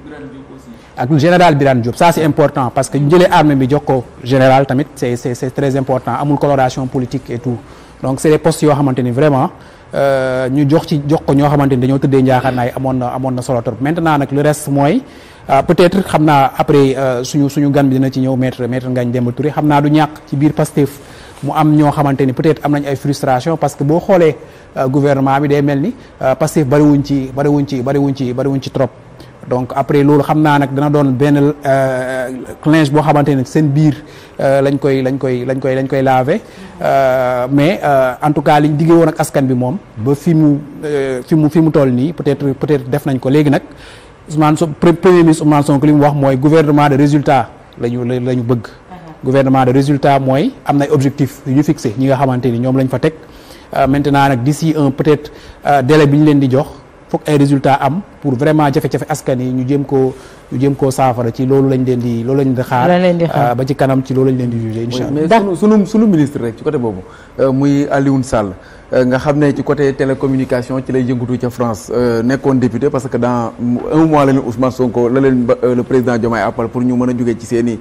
ak général Birane Diop ça c'est important parce que ñu armée bi jox ko général tamit c'est c'est c'est très important amul coloration politique et tout donc c'est les postes yo xamanteni vraiment. Euh, ñu jox ci jox ko ñoo xamante ni dañoo tëddee njaaxaanaay amoon na amoon na solo trop maintenant nag le reste mooy ah, peut-être xam naa après euh, suñu suñu gan bi dina ci ñëw maître maître Ngagne Demba Touré xam naa du ñàkk ci biir Pastef mu am ñoo xamante ni peut-être am nañ ay frustration parce que boo xoolee euh, gouvernement bi day mel ni Pastef bariwuñ ci bariwuñ ci bariwuñ ci bariwuñ ci trop donc après loolu xam naa nag dana doon benn euh, linge boo xamante ne seen biir euh, lañ koy lañ koy lañ koy lañ koy laver euh, mais en tout cas liñ digge woon ak askan bi moom ba fi mu fi mu fi mu toll nii peut-être peut-être def nañ ko léegi nag Ousmane Sonko premier ministre Ousmane Sonko li mu wax mooy gouvernement de résultat lañu la ñu bëgg uh-huh. gouvernement de résultat mooy am na ay yu ñu fixé ñi nga xamante ni ñoom lañ fa teg maintenant nag d'ici un peut-être délai bi ñu leen di jox foog ay résultat am pour vraiment jafe-jafe askan yi ñu jéem ko ñu jéem saafara ci loolu lañ leen di loolu lañ di xaar euh, ba ci kanam ci loolu lañ leen di jugé incha allah sunu sunu ministre rek ci côté boobu euh, muy Alioune Sall Euh, nga xamné ci côté télécommunication ci lay yëngatu ca France euh, nékkone député parce que dans un mois la Ousmane Sonko la leen euh, le président Diomaye appel pour ñu mëna joggé ci seen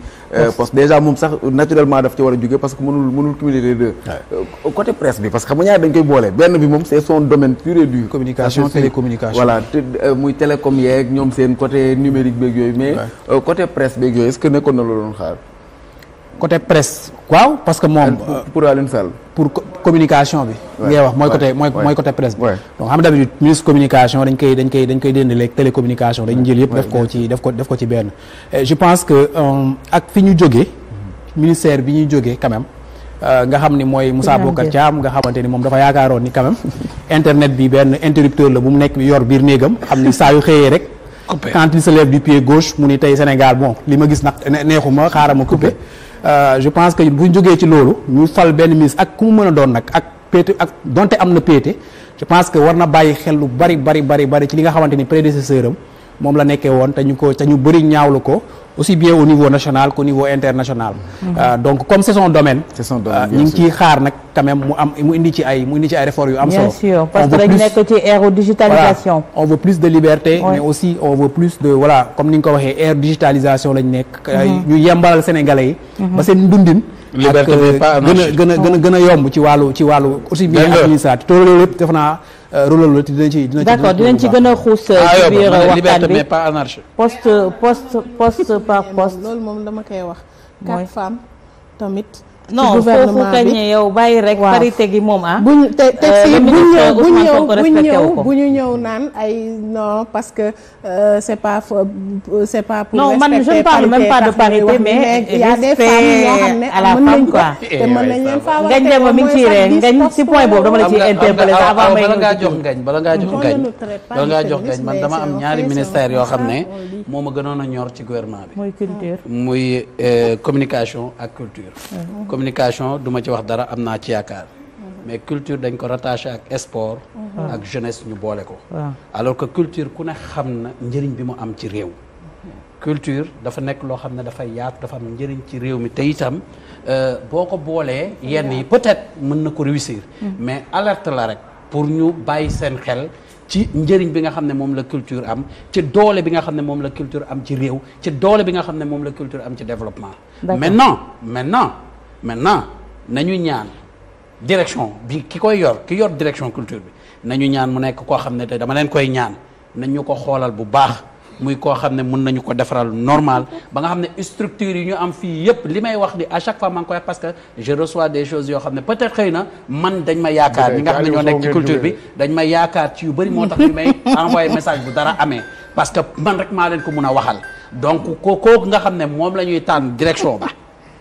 poste déjà moom sax naturellement daf ci wara joggé parce que mënul mënul cumuler les deux côté presse bi parce que xam nga dañ koy bolé benn bi moom c'est son domaine pur et dur communication télécommunication voilà muy télécom yeeg ñom seen côté numérique beeg yoy mais côté presse beeg yoy est-ce que nékkone la doon xaar côté presse waaw parce que moom. Euh, euh, pour Alioune Sall pour communication bi. ngay wax moy côté moy côté presse donc am nga d'habitude ministre communication dañ koy dañ koy dañ koy dëndaleeg télécommunication dañ jël yépp def ko ci def ko def ko ci benn. je pense que euh, ak fiñu ñu ministère bi ñuy jógee quand même. nga xamni moy Moussa Bokar Thiam nga xamante mom dafa yaakaaroon ni quand même internet bi ben interrupteur la bu mu nekk yor bir négam xam ni yu xëyee rek. quand il se lève du pied gauche mu ni tey Sénégal bon li ma gis nak neexuma xaaral ma coupé. Euh, je pense que bu ñu jógee ci loolu ñu fal benn ministre ak ku mu mën a doon nag ak péete ak donte am na péete je pense que war na bàyyi xel lu bari bari bari bari ci li nga xamante ni prédécesseur am mom la nekkee woon te ñu ko te ñu bëri ñaawlu ko aussi bien au niveau national qu'au niveau international. Mhm. Euh, donc comme c'est son domaine. c'est son domaine ñing ci xaar nak quand même mu am mu indi ci ay mu indi ci ay réforme yu am solo. bien sûr parce que dañu nekk ci ère digitalisation. on veut plus de liberté. mais aussi on veut plus de voilà comme niñ ko waxé ère digitalisation lañ nek mhm. ñu yembalal sénégalais yi. Mhm. ba seen dundin. liberté bi pas euh, gën hein. yomb ci walu ci walu aussi bien administratif te def na Euh, rôle la te dinañ ci ci. d'accord dinañ ci gën a xuus. Euh, ah, ci biir waxtaan bi pas anarchie. poste poste poste par poste. loolu moom dama koy wax. quatre femmes tamit. non foofu kañ yow bàyyi rek. parité gi moom ah. bu te teg si euh, buñ ñëw buñ ñëw naan ay non parce que euh, c'est pas c'est pas pour. non man je ne parle même pas de parité mais il y a yoo xam ne à nañ leen ngañ dema si point boobu dama la ciy interpeller avant may bala ngaa jox ngañ bala ngaa jox ngañ bala jox ngañ man dama am ñaari ministère yoo xam ne moom a gënoon a ñor ci gouvernement bi. muy culture euh, communication ak culture. communication du ci wax mhm. mais culture dañ ko rattaché ak sport mhm. ak jeunesse alors que culture ku ne xamna am ci réew mhm. culture dafa nek lo dafa am ci réew mi peut-être réussir mais alerte la rek pour ñu xel ci bi nga la culture am ci doole bi nga la culture am ci réew ci doole bi la culture am développement maintenant maintenant maintenant nañu ñaan direction bi ki koy yor ki yor direction culture bi nañu ñaan mu nekk koo xam ne te dama leen koy ñaan nañu ko xoolal bu baax muy koo xam ne mun nañu ko defaral normal ba nga xam ne structure yi ñu am fii yépp li may wax di à chaque fois maa koy wax parce que je reçois des choses yoo xam ne peut-être xëy na man dañ ma yaakaar ñi nga xam ne ñoo nekk ci culture bi dañ ma yaakaar ci yu bëri moo tax ñu may envoyé message bu dara amee parce que man maa leen ko mun a waxal donc ko kooku nga xam ne moom la ñuy tànn direction ba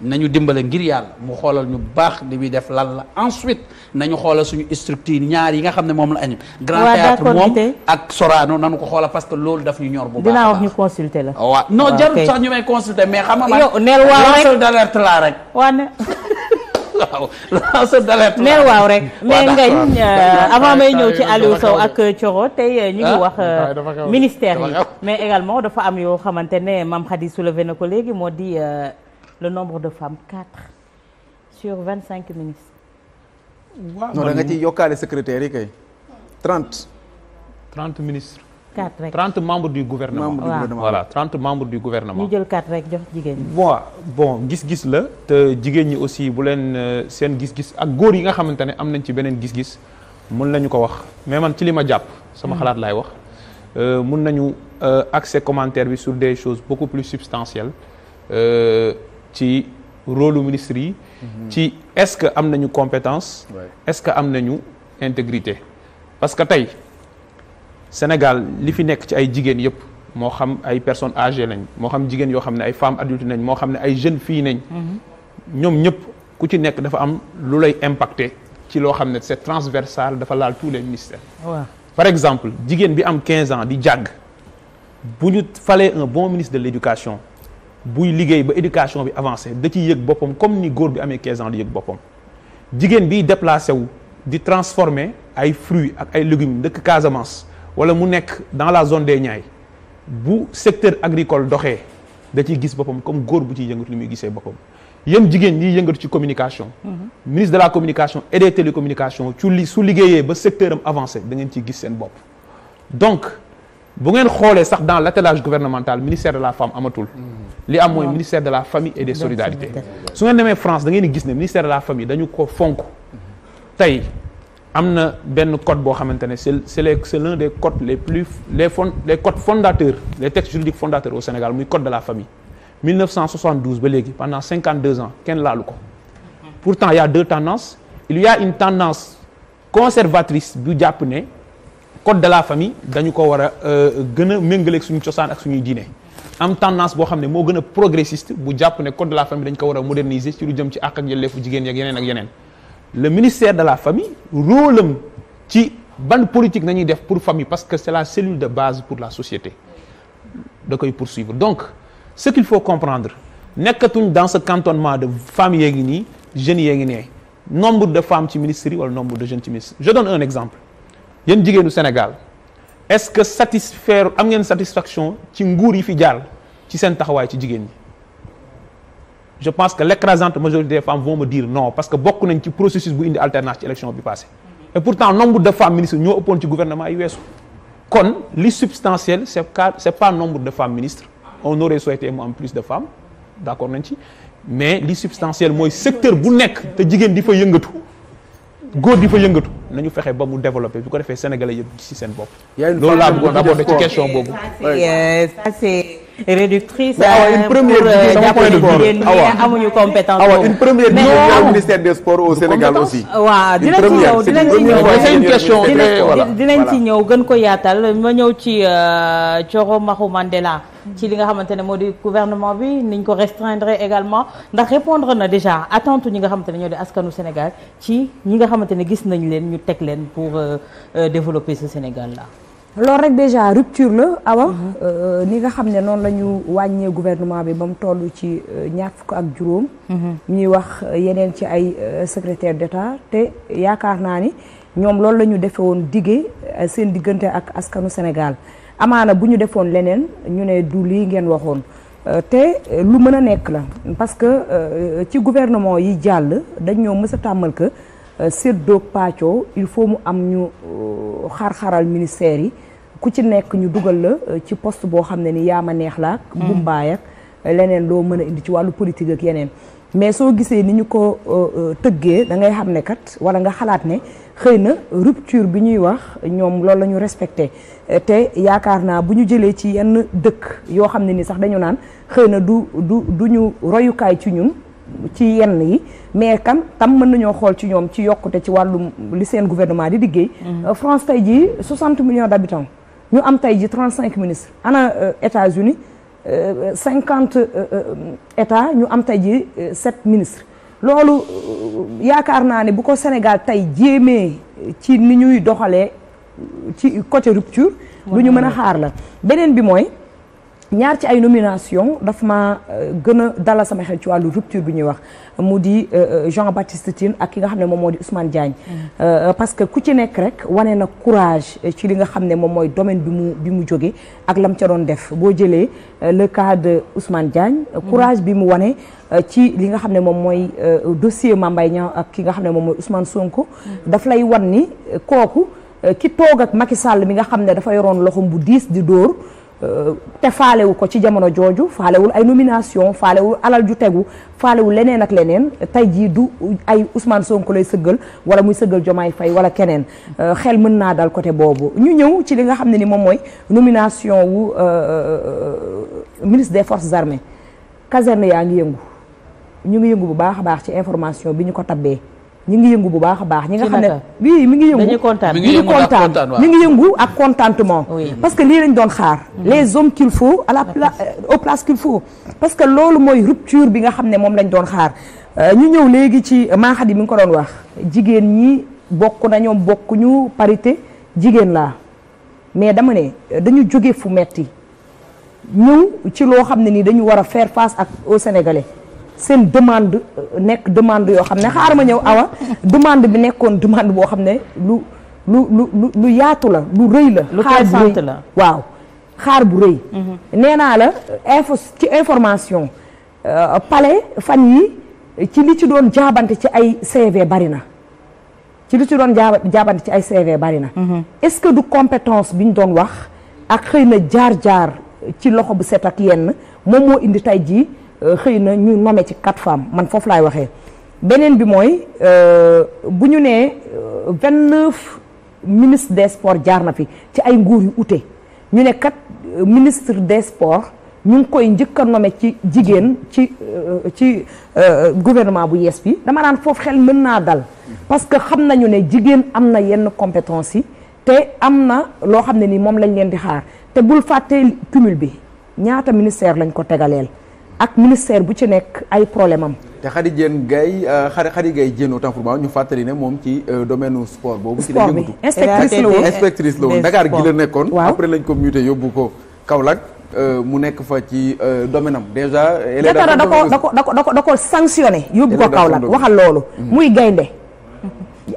nañu dimbale ngir yàlla mu xoolal ñu baax li muy def lan la ensuite nañu xoolal suñu structure ñaar yi nga xam ne moom la añu grand théâtre moom ak Sorano nañu ko xoolal parce que loolu daf ñu ñor bu baax dinaa wax ñu consulter la waaw non jarul sax ñu may consulter mais xam nga man yow neel waaw rek d'alerte laa avant may ñëw ci Aliou Sow ak Thioro tey euh, ñu ngi ah? wax euh, ministère yi mais également dafa am yoo xamante ne Mame Khady soulevé na ko léegi moo di euh, le nombre de femmes 4 sur 25 ministres. waaw non da nga ciy yokkaale secrétaire kay. 30. 30 ministres. 4 30 membres du gouvernement. du gouvernement voilà 30 membres du gouvernement. ñu jël 4 rek jox jigéen bon bon gis-gis la te Jigen ñi aussi bu leen euh, seen gis-gis ak gori yi nga xamante ne am nañ ci beneen gis-gis mun nañu ko wax mais man ci li ma jàpp. sama mm. xalaat laay wax euh, mun nañu euh, accès commentaire bi sur des choses beaucoup plus substantielles ci rôle ministère mhm. ci est-ce que am nañu compétence. est-ce que am nañu intégrité. parce que tay Sénégal li fi nek ci ay jigéen yépp mo xam ay personnes âgées lañ mo xam jigéen yo xamné ay femmes adultes nañ mo xamné ay jeunes filles nañ. Mhm. ñom ñëpp ku ci nek dafa am lu lay impacté ci lo xamné c'est transversal dafa laal tous les ministères. par exemple jigéen bi am 15 ans di jàgg buñu ñu un bon ministre de l'éducation buy liggéey ba éducation bi avancé da ciy comme ni góor bi amee 15 ans di yëg boppam jigéen déplacé wu di transformer ay fruits ak ay légumes de Casamance wala mu nekk dans la zone des Niayes bu secteur agricole doxee da ciy gis bopom comme góor bu ciy yëngatu li muy gisee boppam yéen ci communication. Mhm. ministre de la communication et des télécommunications ci li su liggéeyee ba secteur am avancé da ngeen ciy donc vous avez un sax dans l'attelage gouvernemental le ministère de la femme Amatoul, li am ministère de la famille et des solidarités. su Si vous France da France, vous ministère de la famille vous ko fonk. code c'est l'un des codes les plus les codes fondateurs les textes juridiques fondateurs au Sénégal le code de la famille. 1972 pendant 52 ans qui l'a ko. pourtant il y a deux tendances il y a une tendance conservatrice du Japonais, code de la famille dañu ko war a euh, gën a méngaleeg suñu cosaan ak suñuy am tendance boo xam ne moo gën a progressiste bu code de la famille dañ ko war a moderniser ci lu jëm ci àq ak yelleefu jigéen le ministère de la famille rôle am ci ban politique def pour famille parce que c'est la cellule de base pour la société da koy poursuivre donc ce qu'il faut comprendre nekkatuñ dans ce cantonnement de femmes et ni jeune jeunes yee nombre de femmes ci ministère ou wala nombre de jeunes ci ministère. je donne un exemple yéen jigéenu Sénégal est-ce que satisfaire am satisfaction ci nguur yi fi jaar ci seen taxawaay ci je pense que l'écrasante majorité des femmes vont me dire non parce que beaucoup nañ ci processus bu indi alternance ci élection bi passé et pourtant nombre de femmes ministres ñoo ëppoon ci gouvernement yi weesu kon li substantiel c'est c'est pas nombre de femmes ministres on aurait souhaité moins am plus de femmes d'accord nañ ci mais li substantiel le secteur bu nekk te jigéen di fa góor di fa yëngatu nañu fexe ba mu développé bu ko defee sénégalais yëpp ci seen bopp. loolu laa bëggoon aborder ci question boobu. réductrice. une première une première ministère des sports au Sénégal aussi. c'est une question mm-hmm. gouvernement bi également répondre na déjà attente ñi nga xamantene ñoo di askanu Sénégal ci pour euh, euh, développer ce Sénégal là. loolu rek déjà rupture la awa mhm. euh, ni nga xam ne noonu la ñu wàññee gouvernement bi ba mu toll ci euh, ñaar fukk ak juróom mhm. ñuy wax euh, yeneen ci ay secrétaire d'État te yaakaar naa ni ñoom loolu la ñu defe woon diggee seen diggante ak askanu Sénégal amaana bu ñu defoon leneen ñu ne du yi ngeen waxoon te lu mën a nekk la parce que ci gouvernement yi jàll dañ ñoo mës a tàmmal que Euh, séddoog pàccoo il faut mu am ñu euh, xar-xaral ministère yi ku ci nekk ñu dugal la euh, ci post boo xam ne ni yaa ma neex laa ak bumbaay mm. ak leneen loo mën a indi ci wàllu politique ak yeneen mais soo gisee ni ñu ko tëggee da ngay xam ne kat wala nga xalaat ne xëy na rupture bi ñuy wax ñoom loolu la ñu respecté te yaakaar naa bu ñu jëlee ci yenn dëkk yoo xam ne ni sax dañu naan xëy na du du du ñu royukaay ci ñun ci yenn yi mais kan tam mën nañoo xool ci ñoom ci yokkute ci wàllum li seen gouvernement di liggéey. Mhm. Euh, France tey jii 60 millions d' habitants ñu am tey jii 35 ministres ana euh, États-Unis 50 euh, états ñu am tey jii 7 ministres. loolu yaakaar naa ne bu ko Sénégal tey jéemee ci ni ñuy doxalee ci côté rupture. lu ñu mën a xaar la beneen bi mooy. ñaar ci ay nomination daf ma euh, gën a dalal sama xel ci wàllu rupture bi ñuy wax mu di euh, euh, Jean-Baptiste Tine ak ki nga xam ne moom moo di Ousmane Diagne mm. parce que ku ci nekk rek wane na courage ci li nga xam ne moom mooy domaine bi mu bi mu jóge ak lam ca doon def boo jëlee le cas de Ousmane Diagne mm. courage bi mu wane ci li nga xam ne moom mooy dossier Mame Mbaye ak ki nga xam ne moom mooy Ousmane Sonko mm. daf lay wan ni kooku ki toog ak Macky Sall mi nga xam ne dafa yoroon loxoom bu diis di dóor te faalewu ko ci jamono jooju faalewul ay nomination faalewul alal ju tegu faalewul leneen ak leneen tey jii du ay Ousmane Sonko lay sëggal wala muy sëggal Jomaay Fay wala keneen euh, xel mën naa dal côté boobu ñu ñëw ci li nga xam ne ni moom mooy nomination wu euh, euh, ministre des forces armées caserne yaa ngi yëngu ñu ngi yëngu bu baax a baax ci information bi ñu ko tabee ñu ngi yëngu bu baax a baax ñi nga xam ne oui mi ngi yëngu dañuy kontaan mi ngi kontaan mi ngi yëngu ak contentement parce que lii lañ doon xaar mm-hmm. les hommes qu'il faut à la place euh, aux places parce que loolu mooy rupture bi nga xam ne moom lañ doon xaar euh, ñu ñëw léegi ci maaxat yi mi ngi ko doon wax jigéen ñi bokk na ñoom ñu parité jigéen laa mais dama ne euh, dañu jóge fu metti ñëw ci loo xam ne nii dañu war a faire face ak au sénégalais seen demande euh, nekk demande yoo xam ne xaaral ma ñëw awa demande bi nekkoon demande boo xam ne lu lu lu lu yaatu la lu rëy la. xaar bu rëy la waaw xaar bu rëy. Mhm. nee naa la euh, info ci information euh, palais fan yi ci li ci doon jaabante ci ay CV bari na. ci li ci doon jaabante ci ay CV bari na. Mhm. est-ce que du compétence bi ñu doon wax ak xëy na jaar jaar ci loxo bu set ak yenn moom moo indi tey jii. Euh, xëy na ñu nommé ci quatre femmes man foofu laay waxee beneen bi mooy euh, bu ñu nee euh, vingt neuf ministre des sports jaar na fi ci ay nguur yu ute ñu ne kat ministre des sports ñu ngi koy njëkk a nommé ci jigéen ci ci gouvernement bu yees bi dama naan foofu xel mën naa dal parce que xam nañu ne jigéen am na yenn compétence yi te am na loo xam ne nii moom lañ leen di xaar te bul fàtte cumul bi ñaata ministère lañ ko tegaleel ak ministère bu ci nekk ay problème am te Khady Diène Gaye euh, Khady Gaye Diène autant pour ma ñu fàttali ne moom ci euh, domaine sport boobu ci la yëngatu inspectrice la woon Dakar gi la nekkoon après lañ ko muté yóbbu ko Kaolack euh, mu nekk fa ci domaine am déjà Jatara da ko da ko da ko da ko sanctionné yóbbu ko Kaolack waxal loolu mm. muy gaynde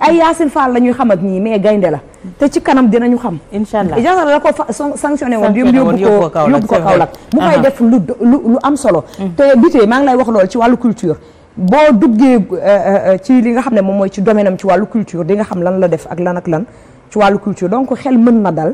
ay Yacine Fall la ñuy xam ak ñii mais gaynde la te ci kanam dinañu xam. incha allah Jaxar la ko sanctionné woon yóbbu ko yóbbu ko Kaolack mu fay def lu lu am solo mm. te bitee maa ngi lay wax loolu ci wàllu culture boo duggee euh, euh, euh, ci li nga xam ne moom mooy ci domaine am ci wàllu culture di nga xam lan la def ak lan ak lan ci wàllu culture donc xel mën na dal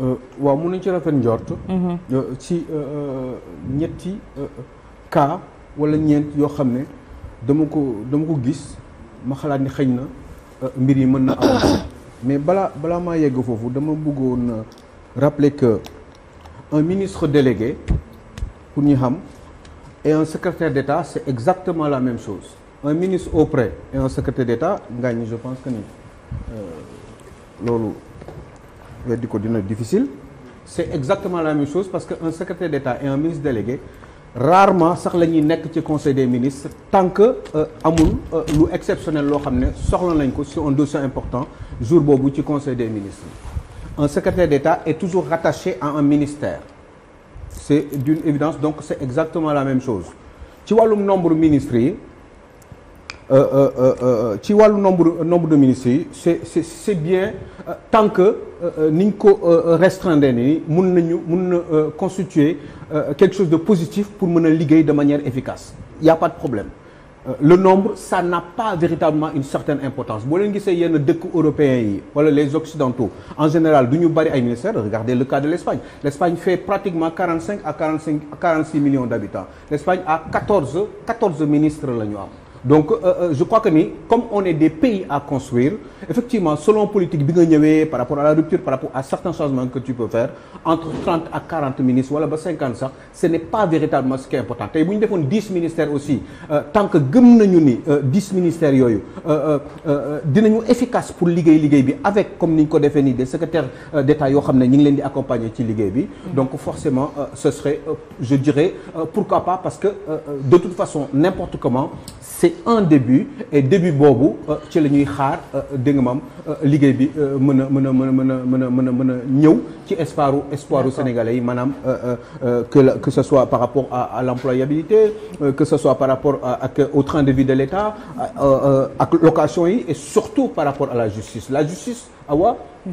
Euh, wa mun ci rafet njort mhm. euh, ci euh, ñetti ka wala ñeent yo xam dama ko dama ko gis ma xalaat ni xëñ mbir yi mën na am mais bala bala ma yegg fofu dama bëggoon rappeler que un ministre délégué pour ñu xam et un secrétaire d'État c'est exactement la même chose un ministre auprès et un secrétaire d'État gagne je pense que ni loolu difficile c'est exactement la même chose parce qu'un secrétaire d'État et un ministre délégué rarement sax la ñuy conseil des ministres tant que euh, amul euh, lo exceptionnel lo xam lañ un dossier important jour bobu ci conseil des ministres un secrétaire d'État est toujours rattaché à un ministère c'est d'une évidence donc c'est exactement la même chose Tu vois le nombre ministres tu vois le nombre de ministres c'est bien euh, tant que euh, euh, nous restons restreindre constituer quelque chose de positif pour nous liguer de manière efficace il n'y a pas de problème le nombre ça n'a pas véritablement une certaine importance Si vous avez les européens les occidentaux en général du avons bari ay regardez le cas de l'Espagne l'Espagne fait pratiquement 45 à 45 46 millions d'habitants l'Espagne a 14 14 ministres donc euh, euh, je crois que ni comme on est des pays à construire effectivement selon politique par rapport à la rupture par rapport à certains changements que tu peux faire entre 30 à 40 ministres ou 50 ce n'est pas véritablement ce qui est important Et nous avons 10 ministères aussi euh, tant que nous avons 10 ministères nous sommes efficaces pour liggéey avec comme nous avons ko des secrétaires d'État qui nous accompagné donc forcément ce serait je dirais pourquoi pas parce que de toute façon n'importe comment c'est un début et début beaucoup ci les xaar euh, dégg nga maam euh, bi meuna meuna meuna meuna meuna meuna ci sénégalais euh, que que ce soit par rapport à, à l'employabilité que ce soit par rapport au train de vie de l'État à location et surtout par rapport à la justice la justice awa mm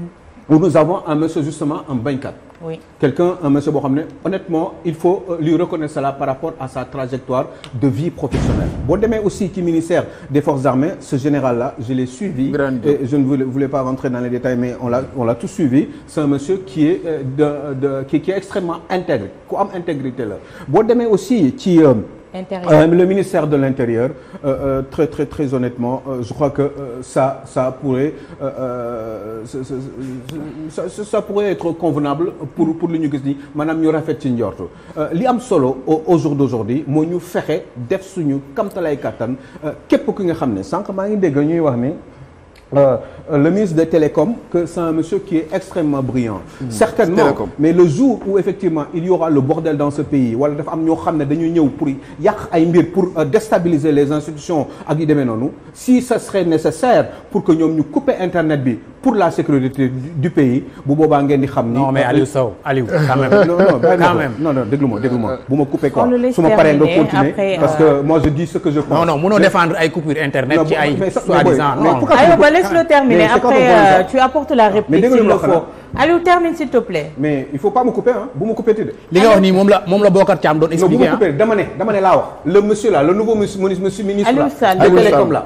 où nous avons un monsieur justement en 24. oui quelqu'un un monsieur boo honnêtement il faut euh, lui reconnaître cela par rapport à sa trajectoire de vie professionnelle. Bon, aussi, aussi qui ministère des forces armées ce général là je l'ai suivi. et je ne voulais pas rentrer dans les détails mais on l'a on tout suivi. c'est un monsieur qui est euh, de qui est extrêmement intègre Quoi intégrité là. Bon, aussi qui... Euh, le ministère de l'Intérieur, euh, euh, très, très, très honnêtement, je crois que ça, ça, pourrait, ça, pourrait être convenable pour, pour solo au jour d'aujourd'hui nous comme euh, euh, le ministre des Télécoms, que c'est un monsieur qui est extrêmement brillant. Hmm. Certainement, mais le jour où effectivement il y aura le bordel dans ce pays, wala dafa pour euh, déstabiliser les institutions ak si ce serait nécessaire pour que nous ñu couper internet pour la sécurité du pays bu boobaa ngeen di non mais Aliou allez-vous, quand même non non ben quand même non non déglu ma déglu me bu quoi. si ma paree continuer parce que moi je dis ce que je pense. non non nous défendre à coupure internet. qui ay soit disant non laisse-le terminer. Après, euh, tu apportes la réplique s'il le termine s'il te plaît. mais il faut pas me couper hein. me me tout. Les Les gars, le monsieur là le nouveau monsieur ministre là. là.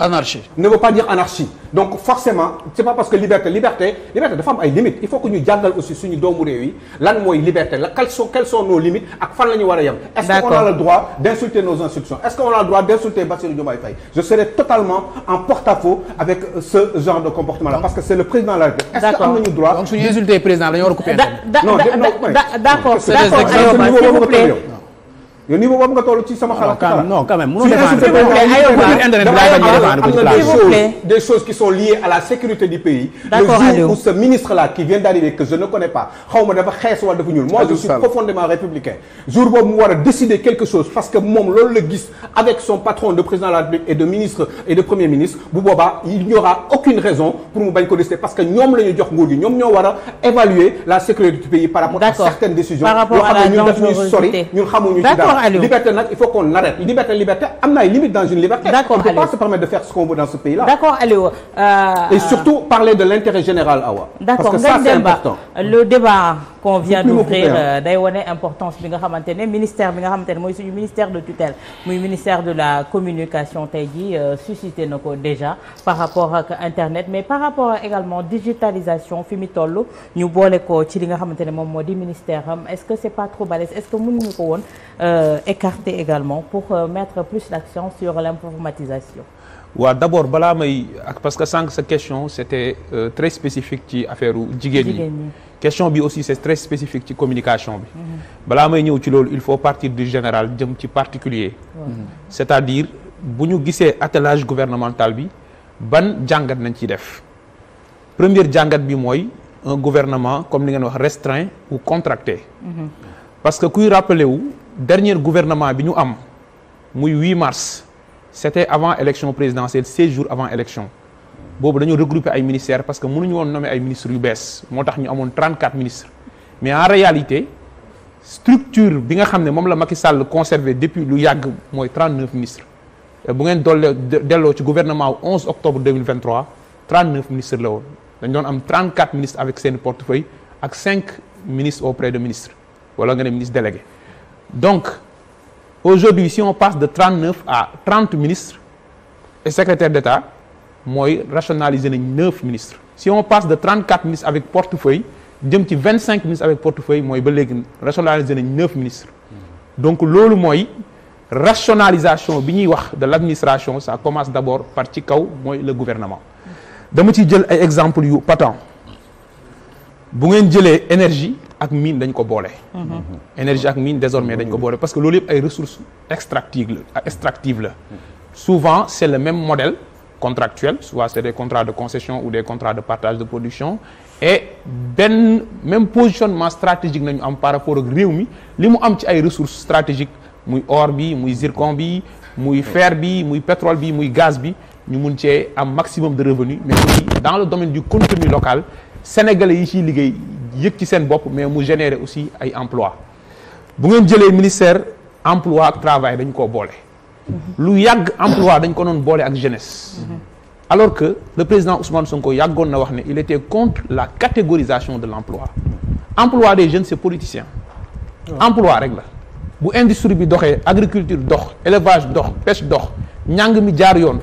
anarchie ne veut pas dire anarchie donc forcément c'est pas parce que liberté liberté liberté femme a une limites il faut que nous jàngal aussi suñu nous réew yi liberté quelles sont quelles sont nos limites est-ce qu'on a le droit d'insulter nos instructions? est-ce qu'on a le droit d'insulter Bassir Diomaye je serai totalement en porte-à-faux avec ce genre de comportement là parce que c'est le président de la République est-ce qu'on a le droit donc suis président dañu war couper d'accord Yo niveau a nga ci sama non quand même des choses qui sont liées à la sécurité du pays. le jour où ce ministre là qui vient d'arriver que je ne connais pas dafa moi je suis profondément républicain. jour boobu mu wara décider quelque chose parce que mon loolu le avec son patron de président de et de ministre et de premier ministre bu il n'y aura aucune raison pour mu bañ ko parce que nous lañu jox gi évaluer la sécurité du pays. par rapport à certaines décisions. par rapport à la ñun xamuñu liberté il faut qu'on arrête liberté liberté y une limite dans une liberté. d'accord on ne peut pas se permettre de faire ce qu'on veut dans ce pays là. d'accord euh, et surtout parler de l'intérêt général Awa. parce que ça c'est important le débat qu'on vient d'ouvrir euh, d'ailleurs wone importance bi nga ministère ministère de tutelle muy ministère de la communication tay di euh, suscité nos déjà par rapport à internet mais par rapport également digitalisation fi digitalisation, ñu boole ko ci li nga ministère est-ce que c'est pas trop balèze est-ce que nous ko woon euh, écarter également pour mettre plus l'accent sur l'informatisation ou d'abord, parce que sans cette question c'était euh, très spécifique à affaire jigéen question aussi c'est très spécifique la communication bi mhm. il faut partir du général du particulier cest à dire si avons un attelage gouvernemental bi ban un nañ ciy def première bi moy un gouvernement comme restreint ou contracté mhm. parce que rappelez-vous, le dernier gouvernement bi ñu am le 8 mars c'était avant l'élection présidentielle 6 jours avant l'élection. Nous avons regroupé les ministères parce que nous avons nommer les ministres yu Nous avons 34 ministres mais en réalité la structure bi nga ne conservé depuis lu yàgg mooy 39 ministres bu ngeen dolle delloo le gouvernement le 11 octobre 2023 39 ministres la avons 34 ministres avec seen portefeuille et 5 ministres auprès de ministres wala nga ministres délégués. donc aujourd'hui si on passe de 39 à 30 ministres et secrétaires d'État moi, rationaliser les 9 ministres si on passe de 34 ministres avec portefeuille 25 ministres avec portefeuille moi, rationaliser les 9 ministres donc loolu moi, rationalisation de l'administration ça commence d'abord par le gouvernement Je vais vous donner un exemple. patent Si ngeen avez énergie ak mine dañ ko bolé énergie ak mine désormais dañ ko bolé parce que l'olive est ay ressources extractives ah, souvent c'est le même modèle contractuel soit c'est des contrats de concession ou des contrats de partage de production et ben même positionnement stratégique nañu am par rapport ak réew limu am ci ay ressources stratégiques muy or bi muy zircon bi muy fer bi pétrole bi gaz bi ñu un un maximum de revenus mais dans le domaine du contenu local sénégalais yi ci liguey il ci seen bopp mais mu générer aussi ay emploi bu ngeen jëlee ministère emploi ak travail dañ koo boole lu yàgg emploi dañ ko volé boole ak jeunesse alors que le président Ousmane Sonko na il était contre la catégorisation de l'emploi emploi des jeunes c'est politicien emploi rek la bu industrie bi doxee agriculture dox élevage dox pêche dox mi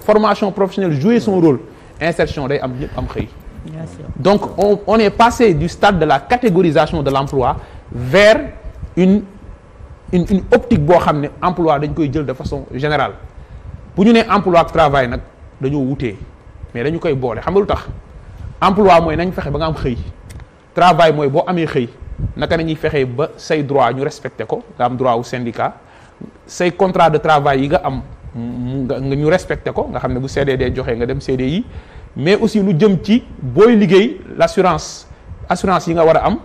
formation professionnelle jouer son rôle insertion day am am donc, on, est passé du stade de la catégorisation de l'emploi vers une, une, optique pour xam emploi dañ de façon générale Pour nous, emploi ak travail mais dañu koy xam nga emploi nañ ba am travail mooy boo amee naka nañuy les ba say droit ñu respecté ko nga syndicat say contrat de travail yi nga am nga ñu CDD joxé nga CDI mais aussi nous jëm ci boy liguey l'assurance assurance yi nga wara am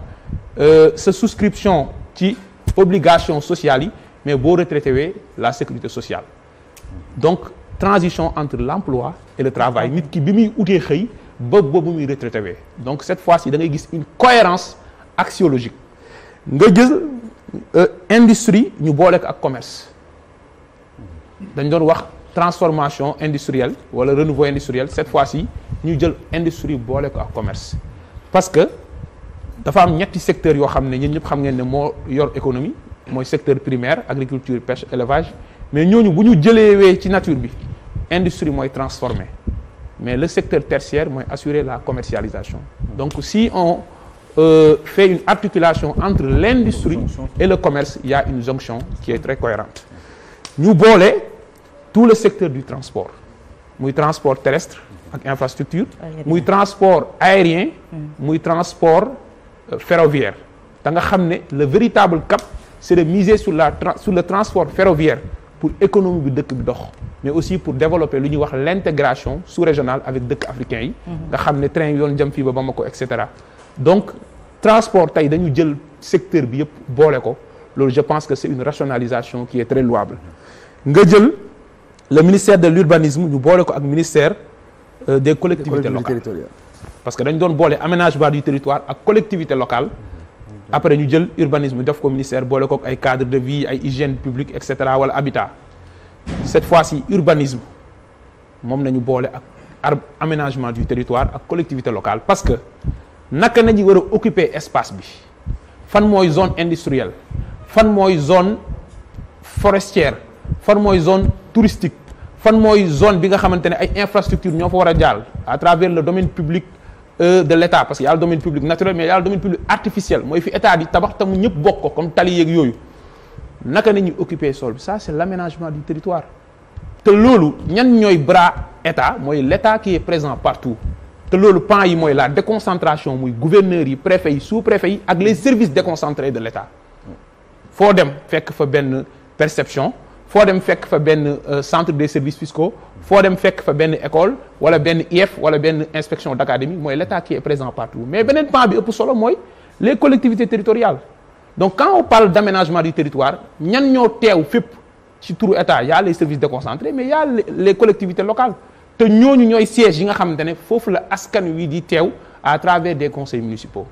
euh sa souscription ci obligation sociale mais pour retraité la sécurité sociale donc transition entre l'emploi et le travail nit ki bi ba retraité donc cette fois-ci da ngay une cohérence axiologique nga jël euh, industrie ñu bolé ak commerce dañ doon wax transformation industrielle ou le renouveau industriel cette fois-ci nous jël industrie boole ko commerce parce que dafa am ñetti secteurs yoo xam ne ñun économie mon secteur primaire agriculture pêche élevage mais nous nous voulons jëleewee ci nature industrie mooy mais le secteur tertiaire est assurer la commercialisation donc si on euh, fait une articulation entre l'industrie et le commerce il y a une jonction qui est très cohérente nous voulons tout le secteur du transport Le transport terrestre et infrastructure le transport aérien le mm. transport euh, ferroviaire le véritable cap c'est de miser sur la sur le transport ferroviaire pour économie de mais aussi pour développer l'intégration sous-régionale avec les Africains. yi mm-hmm. nga train donc transport c'est dañu secteur qui est je pense que c'est une rationalisation qui est très louable le ministère de l'urbanisme nous bolé ko ministère euh, des collectivités locales parce que dañ doon l'aménagement aménagement du territoire ak collectivité locale après ñu jël urbanisme def ko ministère bolé ko ay cadre de vie ay hygiène publique etc. cetera wala habitat cette fois-ci urbanisme nous nañu l'aménagement ak aménagement du territoire ak collectivité locale parce que naka nañu war occuper espace bi fan moy zone industrielle fan zones zone forestière fan moy zone touristique fan moy zone bi nga xamantene infrastructure ñoo fa à travers le domaine public euh, de l'État, parce qu'il y a le domaine public naturel mais il y a le domaine public artificiel moy fi état di tabax tam ñep ñëpp comme tali yeeg yoyu naka nañuy occuper sol ça c'est l'aménagement du territoire te y ñan ñoy bras état moy l'État qui est présent partout te lolu pan yi la déconcentration moy gouverneur yi préfet, yi sous préfet yi les services déconcentrés de l'État. Il faut dem fekk fa ben perception il dem fekk fa centres euh, centre des services fiscaux faut dem fekk fa des école wala ben IF, wala ben inspection d'académie moy l'État qui est présent partout mais il pan bi ëpp solo moy les collectivités territoriales donc quand on parle d'aménagement du territoire ñan ñoo fep ci État y a les services déconcentrés mais il y a les collectivités locales te ñooñu ñoy sièges yi nga xamante ne la askan wi di à travers des conseils municipaux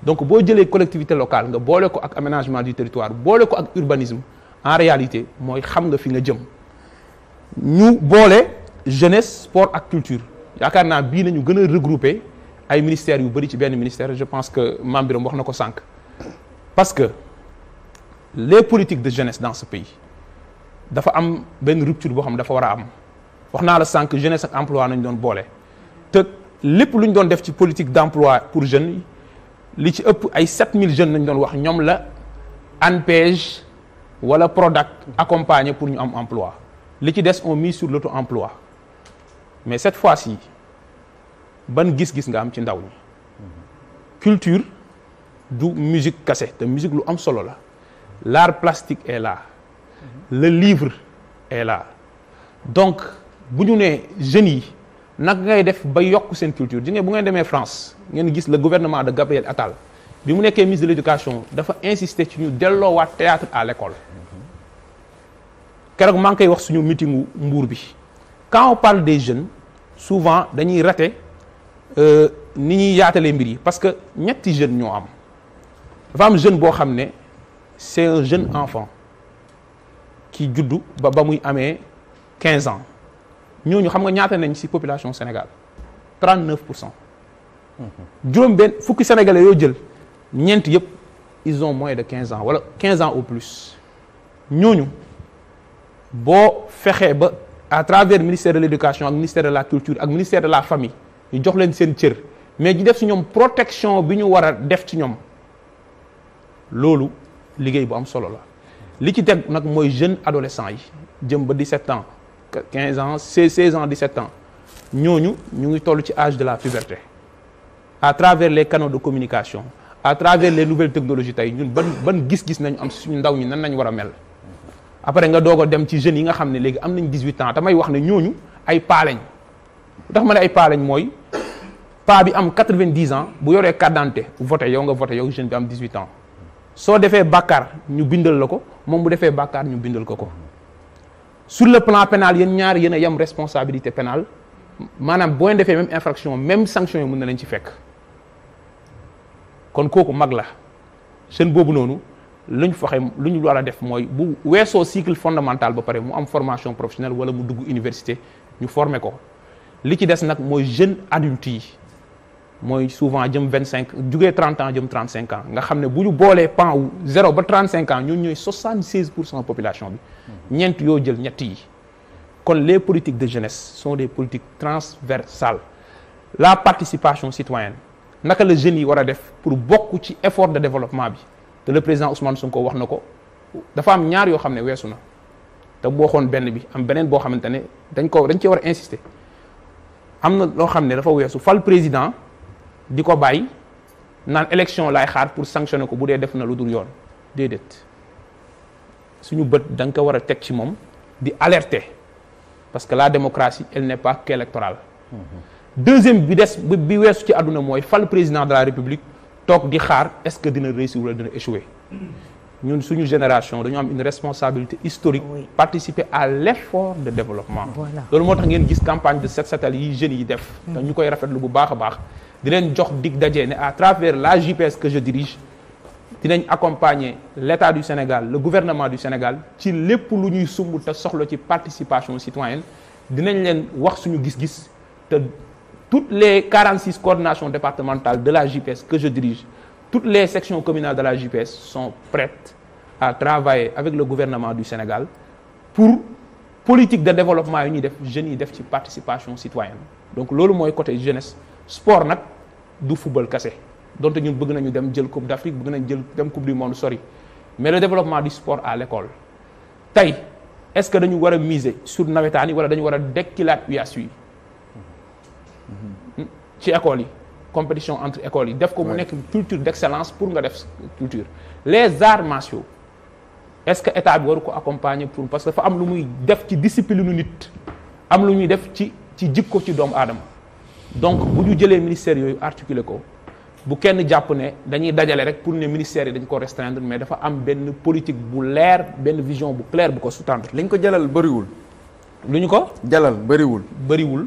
donc boo jëlee collectivité collectivités nga boole ko ak aménagement du territoire boole ko ak urbanisme en réalité mooy xam nga fi nga jëm ñu bolé, jeunesse sport ak culture yaakaar naa bii nañu gën regrouper ay ministères yu bari ci ben ministère je pense que Mame Birame wax parce que les politiques de jeunesse dans ce pays dafa am ben rupture bo xam dafa wara am wax naa la jeunesse ak emploi nañ doon bolé. te lepp luñ doon def ci politique d'emploi pour jeunes li ci ëpp ay 7000 jeunes nañ doon wax ñom la ANPEJ ou wala product accompagné pour ñu emploi Les ci ont mis sur l'auto emploi mais cette fois-ci ban gis-gis nga am ci ndaw ñi culture du musique cassette, te musique lu am solo la l'art plastique est là le livre est là donc vous né nee jeunes yi nak ngay def ba culture si vous bu ngeen France ngeen gis le gouvernement de Gabriel Attal bi mu nekkee ministre de l'éducation dafa insister ci ñu le théâtre à l'école kérok man kay wax suñu meeting mbour bi quand on parle des jeunes souvent dañuy raté euh, ni ñi yaatalee mbir yi parce que ñetti jeunes ñu am dafa am jeune bo xamné c'est un jeune enfant qui juddu ba ba muy amé 15 ans ñoñu xam nga ñaata nañ ci population Sénégal 39 pour cent juróom benn fukki sénégalais yo jël ñent yépp ils ont moins de 15 ans wala 15 ans au plus ñoñu bo fexé ba à travers ministère de l'éducation ak ministère de la culture ak ministère de la famille ñu jox leen seen cër mais ñu def ci ñom protection bi ñu wara a def ci ñom lolu liggéey bu am solo la li ci tek nak moy jeune adolescent yi jëm ba 17 ans 15 ans 16 ans 17 ans nous, ñu ngi tollu ci âge de la puberté à travers les canaux de communication à travers les nouvelles technologies nous ñun ban ban gis-gis nañu am suñu ndaw ñi nan nañ mel après nga dogo dem ci jeune yi nga xamné légui am nañ 18 ans tamay wax né ñooñu ay pa lañ lu tax ma ne ay pa lañ moy pa bi am 90 ans bu yoré carte d'identité voté yow nga voté yow jeune bi am 18 ans so défé bàkkaar ñu bindal lako mom bu défé bàkkaar ñu bindal ko ko sur le plan pénal yeen ñaar yeen a responsabilité pénale manam boo defee même infraction même sanction yi mën nañ ci fekk kon kooku mag la jeune bobu nonou luñ fexé luñ wara def moy bu wesso cycle fondamental ba paré formation professionnelle wala mu dugg université ñu formé ko li ci dess nak moy jeune adulte yi moy souvent jëm 25 30 ans jëm 35 ans nga xamné buñu bolé pan 0 ba 35 ans ñun ñoy 76% population bi hmm. ñent yo jël yi les politiques de jeunesse sont des politiques transversales la participation citoyenne c'est le les jeunes wara pour beaucoup ci effort de développement te le président Ousmane Sonko wax na ko dafa am ñaar yoo xam ne weesu na te boo benn bi am beneen boo xamante ne dañ ko dañ ci war a insister am na loo xam ne dafa weesu fal président di ko bàyyi naan élection laay xaar pour sanctionner ko bu dee def na lu dul yoon déedéet suñu bët da ko war a teg ci moom di alerter parce que la démocratie elle n'est pas qu'électorale mmh. deuxième bi des bi weesu ci àdduna mooy fal président de la république tok di xaar est-ce que dina réussir wala dina échouer ñun suñu génération dañu am une responsabilité historique participer à l'effort de développement loolu moo tax ngeen gis campagne de cette satellite yi jeunes yi def mm. te ñu koy rafetlu bu baax a baax di leen jox dig ne à travers la JPS que je dirige dinañ accompagner l'État du Sénégal le gouvernement du Sénégal ci lépp lu ñuy sumb te soxla ci participation citoyenne dinañ leen wax suñu gis-gis te toutes les 46 coordinations départementales de la JPS que je dirige, toutes les sections communales de la JPS sont prêtes à travailler avec le gouvernement du Sénégal pour politique de développement à def jeunes def participation citoyenne donc lolu moy côté jeunesse sport pas du football cassé. Donc, ñun bëgg nañu dem jël coupe d'Afrique bëgg dem coupe du monde sori mais le développement du sport à l'école tay est-ce que dañu wara miser sur nawetaan wala dañu wara a la ci école yi compétition entre écoles yi def ko mu nekk culture d'excellence pour nga def culture les arts martiaux est-ce que état bi war ko accompagner pour parce que dafa am lu muy def ci discipline nit am lu ñuy def ci ci jikko ci doomu aadama donc bu ñu jëlee ministère yooyu articuler ko bu kenn jàpp ne dañuy dajale rek pour ne ministère yi dañ ko restreindre mais dafa am benn politique bu leer benn vision bu claire bu ko sous-tendre. liñ ko jalal bëriwul. lu ñu ko. jalal bëriwul. bëriwul.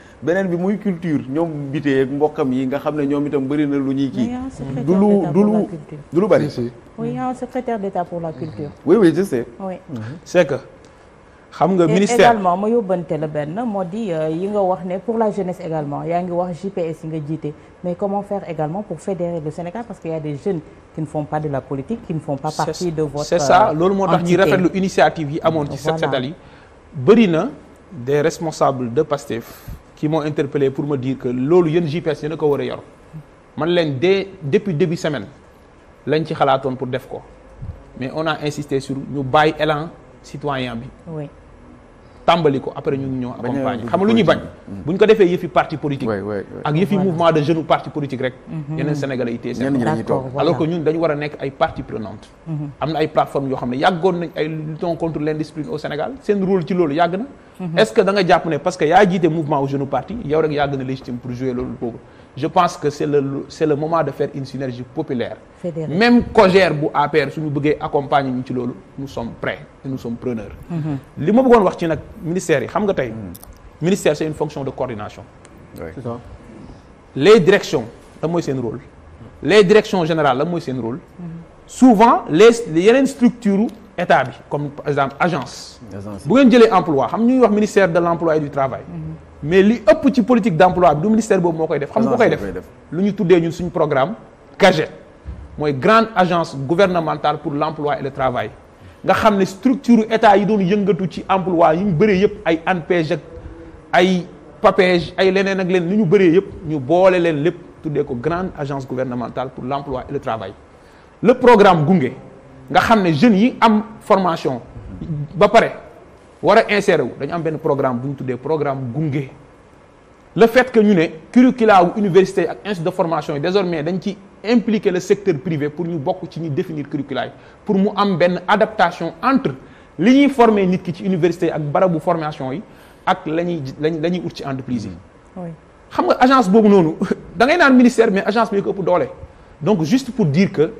benen bi muy culture ñom bité ak mbokam yi nga xamné ñom itam bari na lu ñuy kii hein, du lu du lu oui un hein, secrétaire d'état pour la culture oui oui je sais oui c'est que xam nga ministère également ma yobanté la benn mo di euh, yi nga wax né pour la jeunesse également ya nga wax JPS nga jité mais comment faire également pour fédérer le Sénégal parce qu'il y a des jeunes qui ne font pas de la politique qui ne font pas partie de votre c'est ça loolu moo tax ñi rafetlu initiative yi amone ci secrétariat yi bari na des responsables de PASTEF qui m'ont interpellé pour me dire que lolu yéen GPS yéen ko wara yor man len dès depuis début semaine lañ ci attendre pour def ko mais on a insisté sur ñu bàyyi élan citoyen bi. oui. tàmbali ko après ñu ngi ñoo accompagner xam lu ñuy bañ mm. bu ñu ko defee yëfi parti politique ak yëfi mouvement de jeunes parti politique rek mhm. yeneen sénégalais yi téye seen alors que ñun dañu war a nekk ay partie prenante mhm. am na ay plateforme yoo xam ne yàggoon nañ ay luttons contre l'indiscipline au Sénégal seen rôle ci loolu yàgg na mhm. est-ce que da jàpp ne parce que yaa jiite mouvement aux jeunes parti yow rek yàgg na légitime pour jouer loolu boobu je pense que c'est le c'est le moment de faire une synergie populaire même quand bu APR nous bëggee accompagner ñu ci nous sommes prêts et nous sommes preneurs mm-hmm. li ma bëggoon wax ci le ministère yi xam nga ministère c'est une fonction de coordination c'est ça les directions la un rôle les directions générales la c'est un rôle mm-hmm. souvent les structure où état comme par exemple agence. bu ngeen jëlé emploi xam ñu wax ministère de l'Emploi et du travail. Mhm. mais li ëpp ci politique d'emploi du ministère boobu mo koy def. xam koy def lu programme. moy grande agence gouvernementale pour l'Emploi et le travail nga xam structure état yi doon yëngatu ci emploi yi ñu yëpp ay ay ay ak ñu ñu grande agence gouvernementale pour l'Emploi et le travail le programme gunge nga xam ne jeunes yi am formation ba pare war a insérer wu am programme bu ñu programme gunge le fait que nous ne curricula université ak institut de formation désormais dañ ci impliquer le secteur privé pour ñu bokk ci ñu définir curricula pour mu am une adaptation entre li ñuy former nit ki ci université ak barabu formation yi ak la ñuy la ci entreprise Oui. xam nga agence boobu noonu da ngay ministère mais agence bi pour ëpp donc juste pour dire que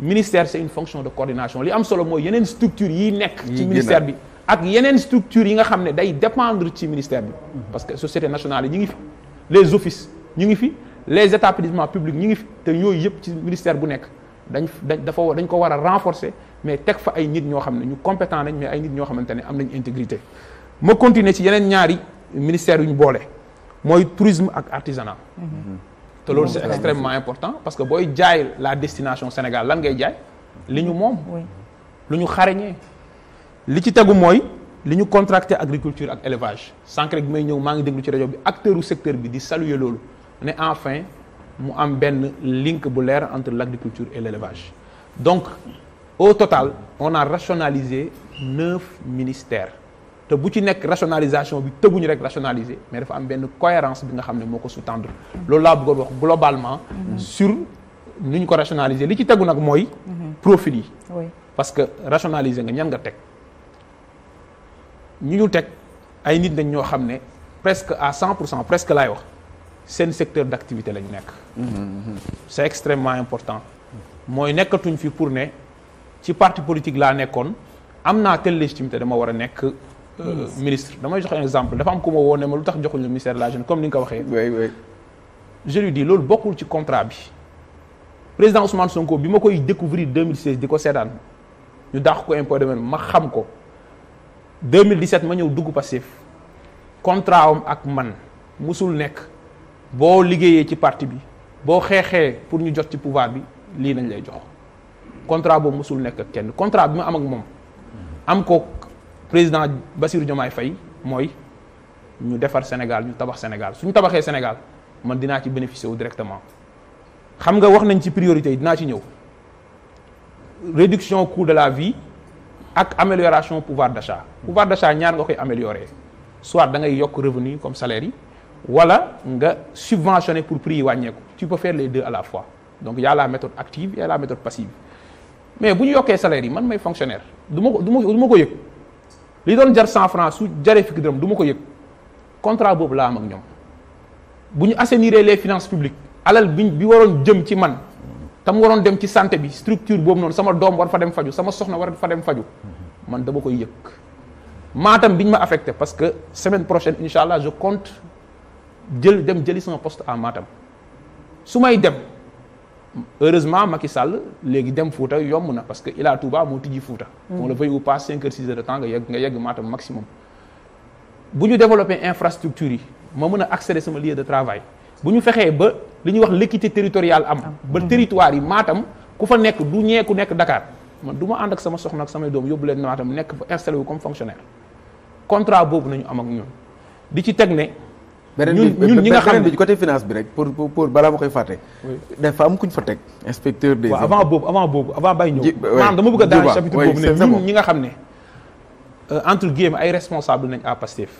ministère c'est une fonction de coordination li am solo moy yenen structure yi nek ci ministère bi ak yenen structure yi nga xamné day dépendre ci ministère bi parce que société nationale yi ngi fi les offices ñi ngi fi les établissements publics ñi ngi fi te yooyu yëpp ci ministère bu nek dañ dafa dañ ko renforcer mais tek fa ay nit ñoo xamné ñu compétent nañ mais ay nit ñoo xamantene am nañ intégrité ma continuer ci yenen ñaari ministère yu ñu bolé moy tourisme ak artisanat mm-hmm c'est extrêmement important parce que booy jaay la destination Sénégal lan ngay jaay li ñu moom lu ñu xarañee li ci tegu mooy li ñu contracté agriculture ak élevage Sans rek may ñëw maa ngi déglu ci rajo bi acteur secteur bi di saluer loolu ne enfin mu am benn link bu leer entre l'agriculture et l'élevage donc au total on a rationalisé neuf ministères te bu ci nek rationalisation bi tëguñu rek rationaliser mais dafa am ben cohérence bi nga xamné moko moo ko sous-tendre wax globalement sur nuñ ko rationaliser li ci tegu nag moy profil yi parce que rationaliser nga ñan nga tek ñu ñu teg ay nit dañ ñoo xamné presque à 100 presque lay wax sen secteur d'activité lañu nek c'est extrêmement important moy nekatuñ fi pour ne ci parti politique la nekkoon amna telle légitimité dama wara nek euh, ministre donner un exemple dafa am exemple. ne ma ministère de la jeunesse comme ni nga oui oui. je lui dis c'est beaucoup ci contrat Le président Ousmane Sonko je koy en 2016 Il a ñu ko impôt Je ma xam En 2017 ma ñëw dugg passif contrat am ak man musul dans ci parti bi pour nous donner ci pouvoir bi a lay Le contrat boobu musul Nek, ken, contrat avec président Bassirou Diomaye Faye moy ñu au Sénégal ñu tabax Sénégal suñu tabaxé Sénégal man dina ci bénéficier directement xam nga wax nañ ci priorité dina ci ñew réduction coût de la vie ak amélioration pouvoir d'achat pouvoir d'achat ñaar nga koy améliorer soit da ngay yokk revenu comme salaire soit wala nga subventionner pour prix tu peux faire les deux à la fois donc il y a la méthode active y a la méthode passive mais bu ñu yoké salaire yi man may fonctionnaire du ko li doon jar cent francs, su jaree fukki dërëm du ma ko yëg contrat boobu laa am ak ñoom les finances publiques alal biñ bi waroon jëm ci man tam waroon dem ci santé bi structure boobu noonu sama doom war fa dem faju sama soxna war fa dem faju man ma affecté parce que semaine prochaine incha je compte jël dem jëli poste à maatam dem heureusement Macky Sall légui dem Fouta yomna parce que il Ila Touba mo tijji Fouta. Mm. on le veuille ou pas 5 heures 6 heures de temps nga yegg nga yegg Matam maximum. buñu développer infrastructure yi ma mën accéder sama lieu de travail buñu fexé ba liñu wax l'équité territoriale am. Ah. ba territoire yi Matam ku fa nekk du ñee ku nekk Dakar man duma and ak sama soxna ak sama doom yóbbu leen Matam nek fa installé comme fonctionnaire contrat bobu nañu am ak ñun di ci tek ne. beneen bi ñun ñi nga xam ne inspecteur des impôts avant boobu avant a daal chapitre boobu entre guillemets ay responsable nañ à Pastef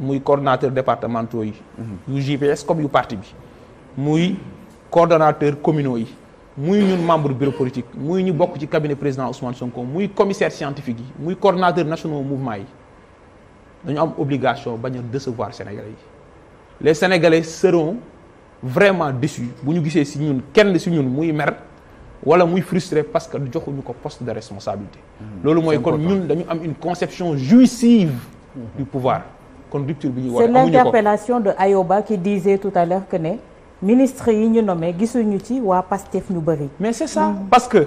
muy coordonnateur départementaux yi. Mhm. yu GPS comme yu parti bi. muy coordonnateur communaux yi. muy ñun membre bureau politique muy ñu bokk ci cabinet président Ousmane Sonko muy commissaire scientifique muy national mouvement Nous avons obligation de décevoir décevoir sénégalais les sénégalais seront vraiment déçus si ne sont que ñun kenn nous ñun muy mer wala muy frustré parce que avons un poste de responsabilité hmm. Nous avons une conception jouissive hmm. du pouvoir c'est l'interpellation de Ayoba qui disait tout à l'heure que les ministres yi ñu nommé gisuñu ci sont Pastef ñu mais c'est ça hmm. parce que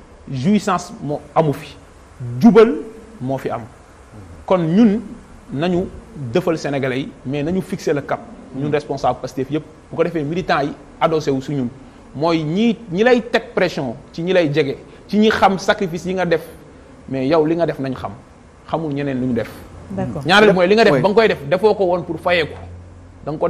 jouissance mo amu fi djubal mo fi am kon ñun nañu defal sénégalais mais nañu fixer le cap ñun responsable responsables yëpp bu ko militants yi adossé wu su ñun mooy ñi ñi lay pression ci ñi lay jege ci ñi xam sacrifice yi nga def mais yow li nga def nañ xam xamul ñeneen lu ñu def ñaareel mooy li nga def ba nga koy def defoo ko pour fayeeku da pour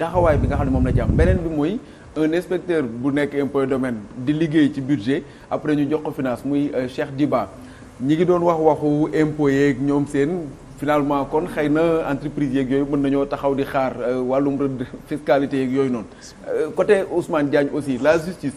taxawaay bi nga xam ne moom na ci beneen bi mooy un inspecteur bu nekk impôt domaine di liggéey ci budget après ñu jox ko finance muy euh, Cheikh Diba ñi ngi doon wax waxu impôt yeeg ñoom seen finalement kon xëy na entreprise yeeg yooyu mën nañoo taxaw di xaar euh, wàllum rëdd fiscalité yeeg yooyu noonu euh, côté Ousmane Diagne aussi la justice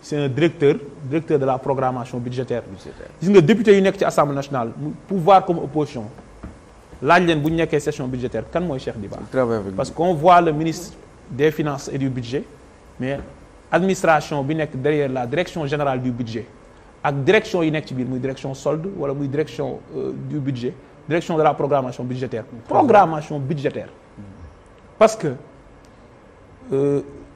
c'est un directeur directeur de la programmation budgétaire. C'est nga député yu nekk ci assemblée nationale pouvoir comme opposition laaj leen bu session budgétaire kan mooy Cheikh Diba. parce qu'on voit le ministre des finances et du budget mais administration bi derrière la direction générale du budget ak direction yi direction solde wala direction euh, du budget direction de la programmation budgétaire. programmation budgétaire parce que. Euh,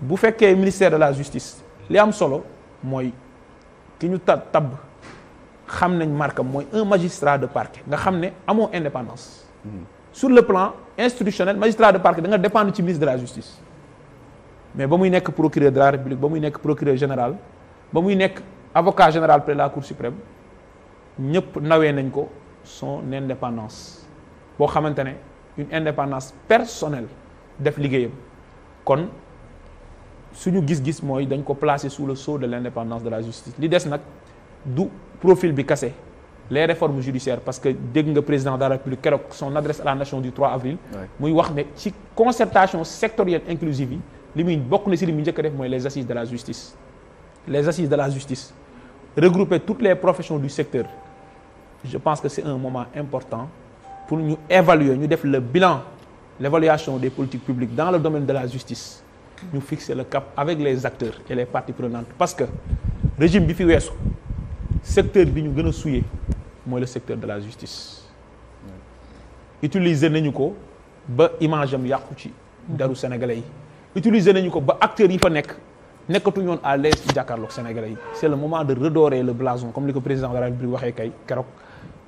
bu le ministère de la justice li am solo moi ki ñu tab un magistrat de parquet nga xam ne indépendance hmm. sur le plan institutionnel magistrat de parquet dépend nga du ministre de la justice mais ba muy nekk procureur de la république ba muy procureur général ba muy avocat général près la cour suprême nous avons son indépendance Si une indépendance personnelle def suñu gis-gis que sous le sceau de l'indépendance de la justice li c'est du profil bi cassé. les réformes judiciaires parce que le président de la République a son adresse à la nation du 3 avril nous wax que concertation sectorielle inclusive ce les assises de la justice les assises de la justice regrouper toutes les professions du secteur je pense que c'est un moment important pour nous évaluer nous faire le bilan l'évaluation des politiques publiques dans le domaine de la justice nous fixer le cap avec les acteurs et les parties prenantes parce que régime bi fi secteur bi ñu gën souillé le secteur de la justice utiliser nañu ko ba image am yàqu ci sénégalais utiliser nañu ko ba acteurs yi fa à l'aise de Dakar, sénégalais c'est le moment de redorer le blason comme le président de la République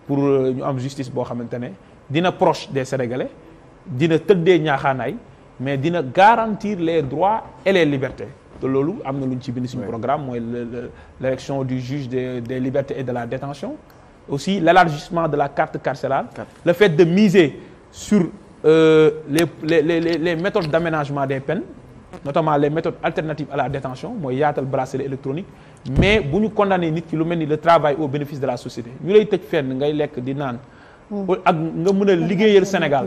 pour la euh, justice pour xamante ne proche des sénégalais dina tëddee ñaaxaanaay mais dina garantir les droits et les libertés De l'OLU, amener programme l'élection du juge des libertés et de la détention aussi l'élargissement de la carte carcérale le fait de miser sur euh, les, méthodes d'aménagement des peines notamment les méthodes alternatives à la détention a le bracelet électronique mais vous nous condamner nit le travail au bénéfice de la société Nous lay nous fenn ngay lekk di naan mm. ak nga Sénégal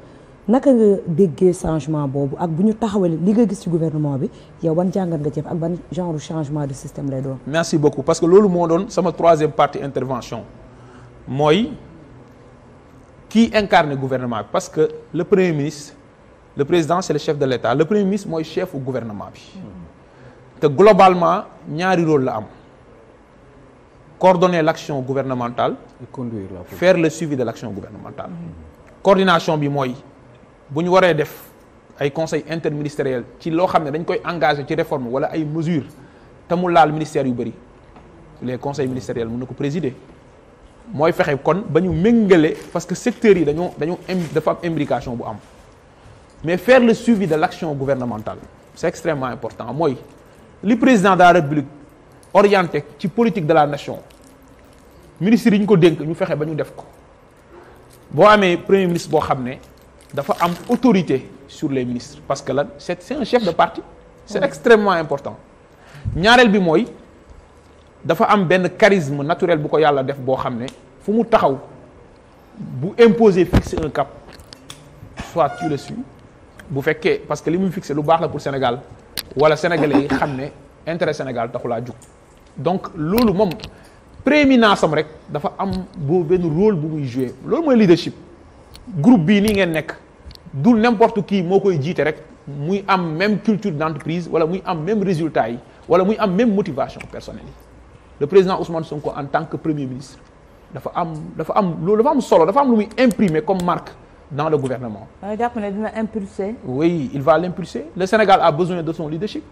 naka nga déggé changement bobu ak buñu ñu li nga gis ci gouvernement bi yow ban jàngat nga ci ak ban genre changement de système lay doon. merci beaucoup parce que lolu mo doon sama troisième partie intervention moy qui incarne gouvernement parce que le premier ministre le président c'est le chef de l'État le premier ministre chef du gouvernement bi. te globalement ñaari rôle la am. coordonner l'action gouvernementale. et conduire la faire le suivi de l'action gouvernementale. coordination bi moy bu ñu waree def ay conseil interministériel ci loo xam ne dañ koy engagé ci réforme wala ay mesures te mu laal ministère yu bëri les conseils ministériels mën ko présider mooy fexe kon ba ñu méngale parce que secteur yi dañoo dañoo dafa imbrication bu am mais faire le suivi de l'action gouvernementale c'est extrêmement important mooy li président de la république orienté ci politique de la nation ministre yi ñu ko dénk ñu fexe ba ñu def ko boo amee premier ministre boo xam d'avoir une autorité sur les ministres parce que là c'est un chef de parti c'est extrêmement important ñaareel bi mooy dafa am ben charisme naturel bu ko yalla def bo xamné ne fu mu taxaw imposer fixer un cap soit tu le suis bu parce que li muy fixer lu bax la pour Sénégal wala sénégalais yi xamné intérêt Sénégal donc lolu qui est am rek dafa am boo ben rôle bu muy jouer lolu moy leadership groupe bi ni ngeen nekk n'importe qui moo koy que rek muy am même culture d'entreprise wala am même résultat même motivation personnelle le président Ousmane Sonko en tant que premier ministre dafa am dafa imprimer comme marque dans le gouvernement. jàpp ne dina oui il va l'impulser le Sénégal a besoin de son leadership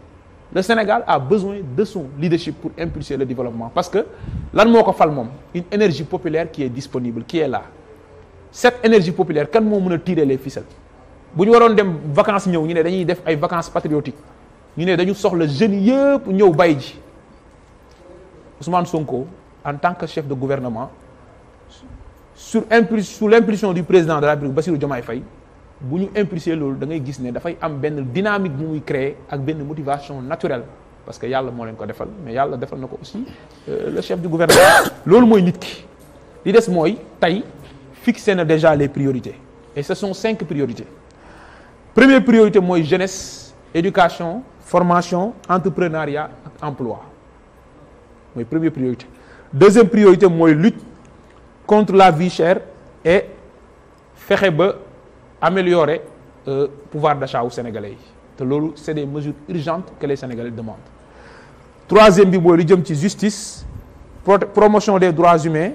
le Sénégal a besoin de son leadership pour impulser le développement parce que lan moo fal une énergie populaire qui est disponible qui est là cette énergie populaire kan moo mën tirer les ficelles bu ñu waroon dem vacances ñëw ñu ne dañuy def ay vacances patriotiques ñu ne dañu soxla jeunes yëpp ñëw bay ji Ousmane Sonko en tant que chef de gouvernement sur sous l'impulsion du président de la République Bassirou Diomaye Faye bu ñu impulsé loolu da ngay gis ne dafay am benn dynamique bu muy créer ak benn motivation naturelle parce que yàlla moo leen ko defal mais yàlla defal na ko aussi euh, le chef du gouvernement loolu mooy nit ki li des mooy tey Fixer déjà les priorités et ce sont cinq priorités première priorité moi, jeunesse éducation formation entrepreneuriat emploi première priorité deuxième priorité moi, lutte contre la vie chère et faire améliorer le euh, pouvoir d'achat au sénégalais c'est des mesures urgentes que les sénégalais demandent troisième bi justice promotion des droits humains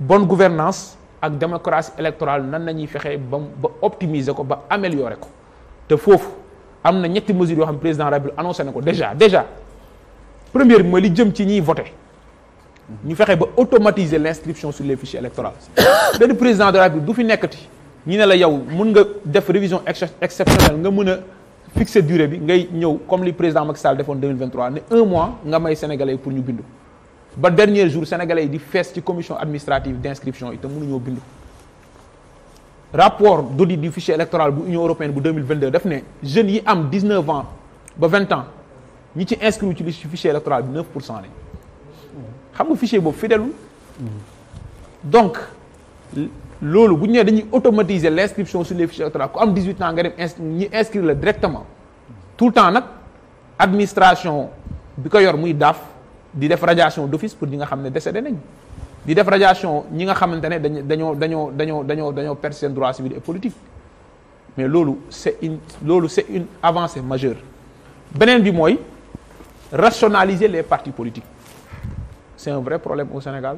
bonne gouvernance ak démocratie électorale nan lañuy fexé ba optimiser ko ba améliorer ko té fofu amna ñetti mesures yo xam président de la République annoncé déjà déjà première bi li jëm ci ñi voter. ñu automatiser l'inscription sur les fichiers électoraux Le président de la République du fi nekkati ñi ne la yow def révision exceptionnelle nga mëna fixer durée bi ngay ñëw comme li président Macky Sall 2023 né un mois nga may sénégalais pour ñu bindu ba dernier jour sénégalais ont di cette commission administrative d'inscription ont fait le rapport d'audit du fichier électoral de l'Union européenne bu 2022 def jeunes yi 19 ans ba 20 ans ñi ci inscrit sur le fichier électoral bi 9 Vous savez lañ xam fichier fidèle. donc si bu ñu l'inscription dañuy automatiser sur les fichiers électoraux am 18 ans nga dem directement tout le temps l'administration, administration bi ko yor muy di def radiation d'office pour ñi nga xam ne décédé nañ di def radiation ñi nga xamante ne dañoo dañoo dañoo dañoo perdre droit civil et politique mais loolu c'est une une avancée majeure beneen bi rationaliser les partis politiques c'est un vrai problème au Sénégal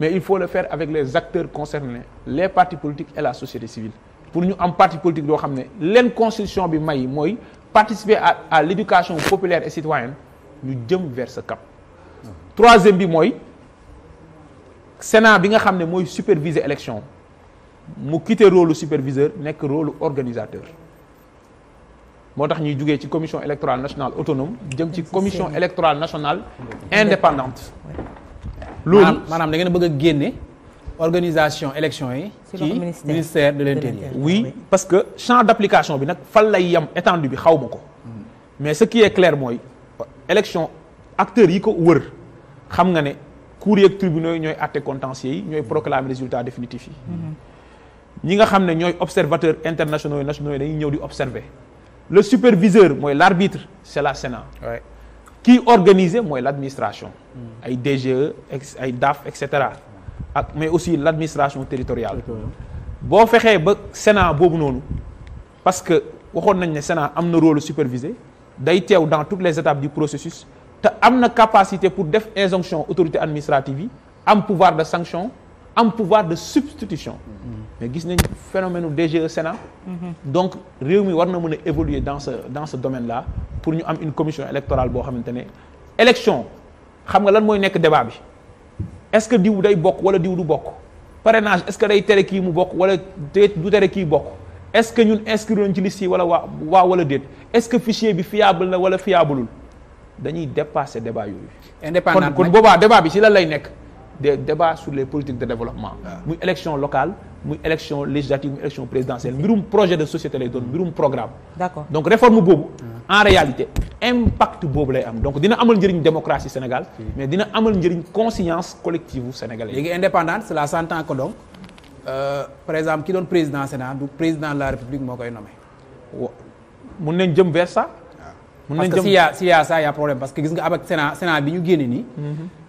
mais il faut le faire avec les acteurs concernés les partis politiques et la société civile pour nous, am parti politique yoo xam ne leen constitution bi may participer à l'éducation populaire et citoyenne nous jëm vers ce cap troisième bi mooy Sénat bi nga xam ne mooy superviser élection mu quitter rôle superviseur nekk rôle organisateur moo tax ñuy jugee ci commission électorale nationale autonome une ci commission électorale nationale indépendante loolu maanaam da ngeen bëgg a génne organisation élection yi ministère de l'intérieur oui parce que champ d'application bi nag fal lay étendu bi mm. mais ce qui est clair mooy élection acteurs yi ko wër xam nga ne cour yeeg tribunaux yi ñooy àtte contentieux yi ñooy proclamer résultat définitif yi. ñi nga observateurs internationaux et nationaux yi dañuy ñëw le superviseur l'arbitre, c'est le la Sénat. Qui organise, mooy l'administration. administration. ay DGE ay DAF etc. mais aussi l'administration territoriale. territoriale. boo fexee ba Sénat boobu noonu parce que waxoon nañ ne Sénat am na rôle superviseur. day dans toutes les étapes du processus te capacité pour injonction autorité administrative pouvoir de sanction am pouvoir de substitution mais phénomène e donc nous évoluer dans ce dans ce domaine là pour une commission électorale Élections élection débat est-ce que diw day du parrainage est-ce que day qui est-ce que nous inscrire est-ce que fichier est fiable ou wala dañuy dépasser débat yooyu. indépendant kon boobaa débat bi ci lan lay nekk. des sur les politiques de développement. Ah. muy élection locale muy élection législative muy élection présidentielle mbirum projet de société lay doon mbirum programme. d'accord donc réforme boobu. Hmm. en réalité impact boobu lay am donc dina amal une démocratie Sénégal. Hmm. mais dina amal une conscience collective sénégalaise. sénégalais. c'est la cela santé que donc euh, par exemple ki le président Sénat le président de la République moo koy nommé. mun nañ jëm vers ça parce que si si a ça y' a problème parce que gis nga avec Sénat Sénat bi ñu génne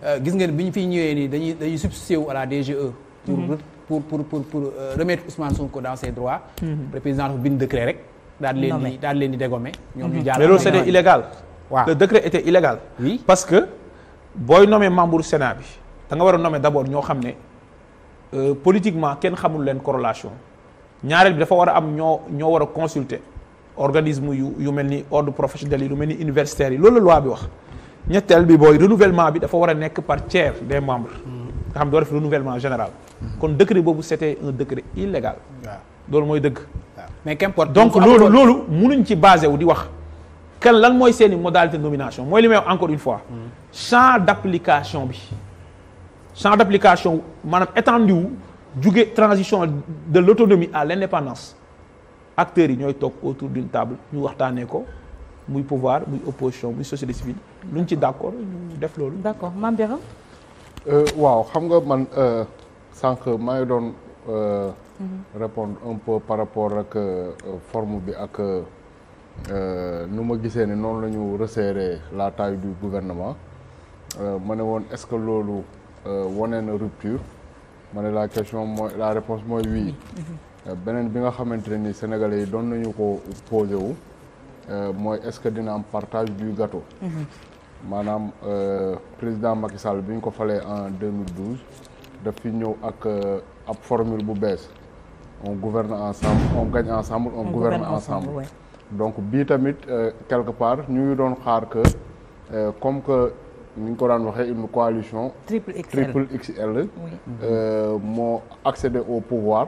euh gis ngeen biñ fi ñëwé ni dañuy dañuy substitué à la DGE. Mhm. pour pour pour pour pour euh, remettre Ousmane Sonko dans ses droits. Mhm. le président dafa bind décret rek. dal di leen di daal leen di ñu mhm. jàll mais loolu c'était illégal. le décret était illégal. oui parce que Boy nommé membre Sénat bi da nga wara nommé d'abord, abord ñoo euh, politiquement kenn xamul leen corrélation ñaareel bi dafa war a am ño ño wara consulter organisme yu yu mel ni ordre professionnel yi lu mel ni yi loolu la loi bi wax ñetteel bi booy renouvellement bi dafa war a nekk par tiers des membres nga xam doo def renouvellement général kon décret boobu c'était un décret illégal loolu mooy dëgg mais qu'importe donc loolu loolu munuñ ci basé wu di wax kan lan mooy seeni modalité de nomination mooy li may encore une fois hmm. champ d'application bi champ d'application maanaam étendu wu transition de l'autonomie à l'indépendance acteurs qui sont autour d'une table nous attendons, ko muy pouvoir l'opposition, la société civile Nous sommes d'accord ñu def d'accord Mame Birame. Euh, waaw xam nga man euh, sànq maa mhm. euh, répondre un peu par rapport à la forme bi ak la ma gisee ne que la avons resserrer la taille du gouvernement Mané est-ce que loolu wane na rupture la question la réponse est oui. Mhm benen bi nga xamante ni sénégalais yi doon nañu ko posé wu euh, moy est-ce que dina am partage du gâteau. Mhm. maanaam euh, président Macky Sall biñ ko falé en 2012 daf fi ñëw ak euh, ab formule bu bess on gouverne ensemble on gagne ensemble on gouverne ensemble donc bi tamit quelque part ñu ngi doon xaar que comme que ni ko daan une coalition triple XL mo accéder au pouvoir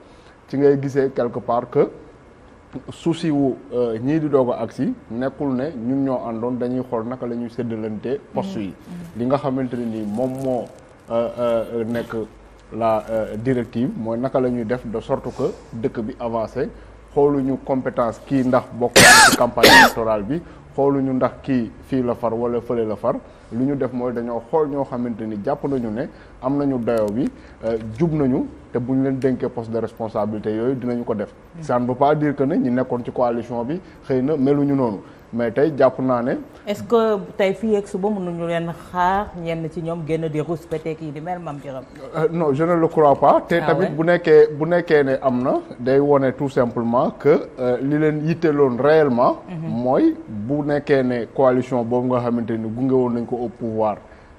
ci ngay gisee quelque part que souci wu euh, ñi di dogo a nekul ne ñun ñoo àndoon dañuy xol naka lañuy ñuy séddalante poste yi mm-hmm. li nga xamanteni ne nii moom euh, euh, nek la directive moy naka lañuy def de sorte que dëkk bi avancer xoluñu compétence ki ndax bokk ci campagne électorale bi xoluñu ndax ki fi la far wala fële la far luñu def moy dañoo xol ño xamanteni ni nañu ne am nañu dayo bi jub nañu te bu ñu leen dénkee poste de responsabilité yooyu dinañu ko def. ça ne veut pas dire que ne ñi nekkoon ci coalition bi xëy na meluñu noonu mais tey jàpp naa ne. est-ce que tey fii ak suba ñu leen xaar ñenn ci ñoom génn di respecté kii di mel Mame Birame. Euh, non je ne le crois pas. te ah tamit bu nekkee bu nekkee ne am na. day wone tout simplement que euh, li leen yitteloon réellement. Mhm. mooy bu nekkee ne coalition boobu nga xamante ni gunge woon nañ ko au pouvoir.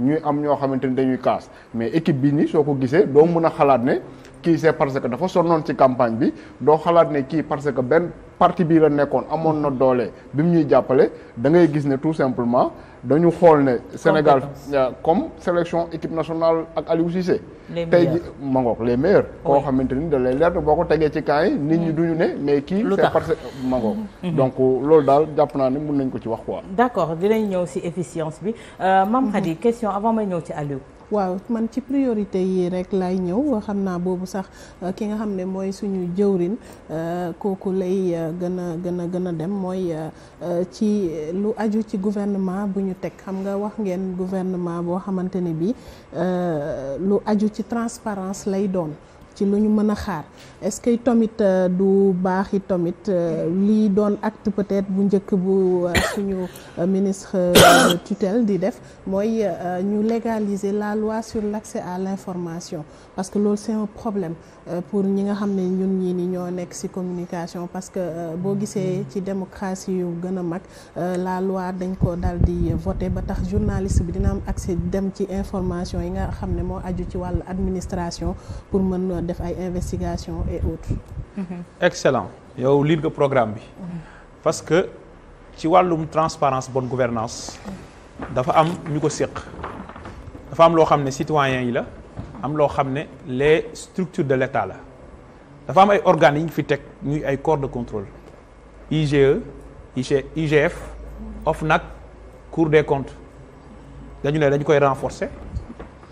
ñuy am ñoo xamante ni dañuy kaas mais équipe bi nii soo ko gisee doo mun a xalaat ne kii c'est parce que dafa sonnoon ci campagne bi doo xalaat ne kii parce que ben parti bii la nekkoon amoon na doole bi mu ñuy jàppale da ngay gis ne tout simplement avons xool le Sénégal euh, comme sélection équipe nationale ak Aliou Cissé les meilleurs lay les meilleurs mm. mais qui c'est Mangok. Mm-hmm. Mm-hmm. donc euh, d'accord il y a efficience bi euh, Mam mm-hmm. question avant Aliou waaw man ci priorité yii rek lay ñëw xam naa boobu sax euh, ki nga xam ne mooy suñu jëwrin euh, kooku lay euh, gën a gën a gën a dem mooy ci lu aju ci gouvernement bu ñu teg xam nga wax ngeen gouvernement boo xamante ne bi lu aju ci transparence lay doon ci ñu xaar est-ce que tamit euh, du baax i euh, lii acte peut-être bu que bu euh, suñu ministre tutelle di def mooy ñu légaliser la loi sur l'accès à l'information parce que loolu c'est un problème euh, pour ñi nga xam ne ñun ñii ni ñoo nekk ci communication parce que euh, boo gisee ci démocratie yu gën a mag euh, la loi dañ ko dal di voté ba tax journaliste bi dina am accès dem ci information yi nga xam ne moo aju ci wàllu administration pour mën def ay investigation et autres mm-hmm. excellent yow lire nga programme bi mm-hmm. parce que ci wàllum transparence bonne gouvernance dafa am ñu ko séq dafa am loo xam ne citoyen yi la am les structures de l'État la dafa am ay organes sont corps de contrôle IGE IGF e, OFNAC Cour des comptes Nous est renforcée. koy renforcer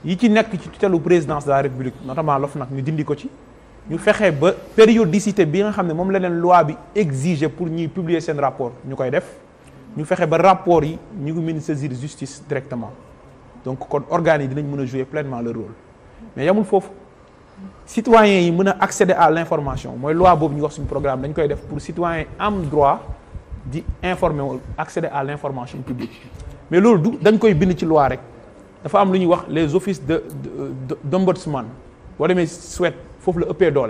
yi ci présidence de la République notamment l'OFNAC ñu dindi ko nous avons ferons, ba périodicité bi nga xam loi bi pour publier un rapport nous avons def ñu rapport yi saisir ngi justice directement donc nous organes peuvent jouer pleinement le rôle mais yamul foofu citoyens yi mën accéder à l'information mooy loi Bob ñu wax suñu programme dañ koy def pour citoyens am droit di informer accéder à l'information publique mais lors du dañ koy bind ci loi rek dafa am lu ñuy wax les offices de d'ombudsman voilà mes souhaits, foofu le ëppee d'or.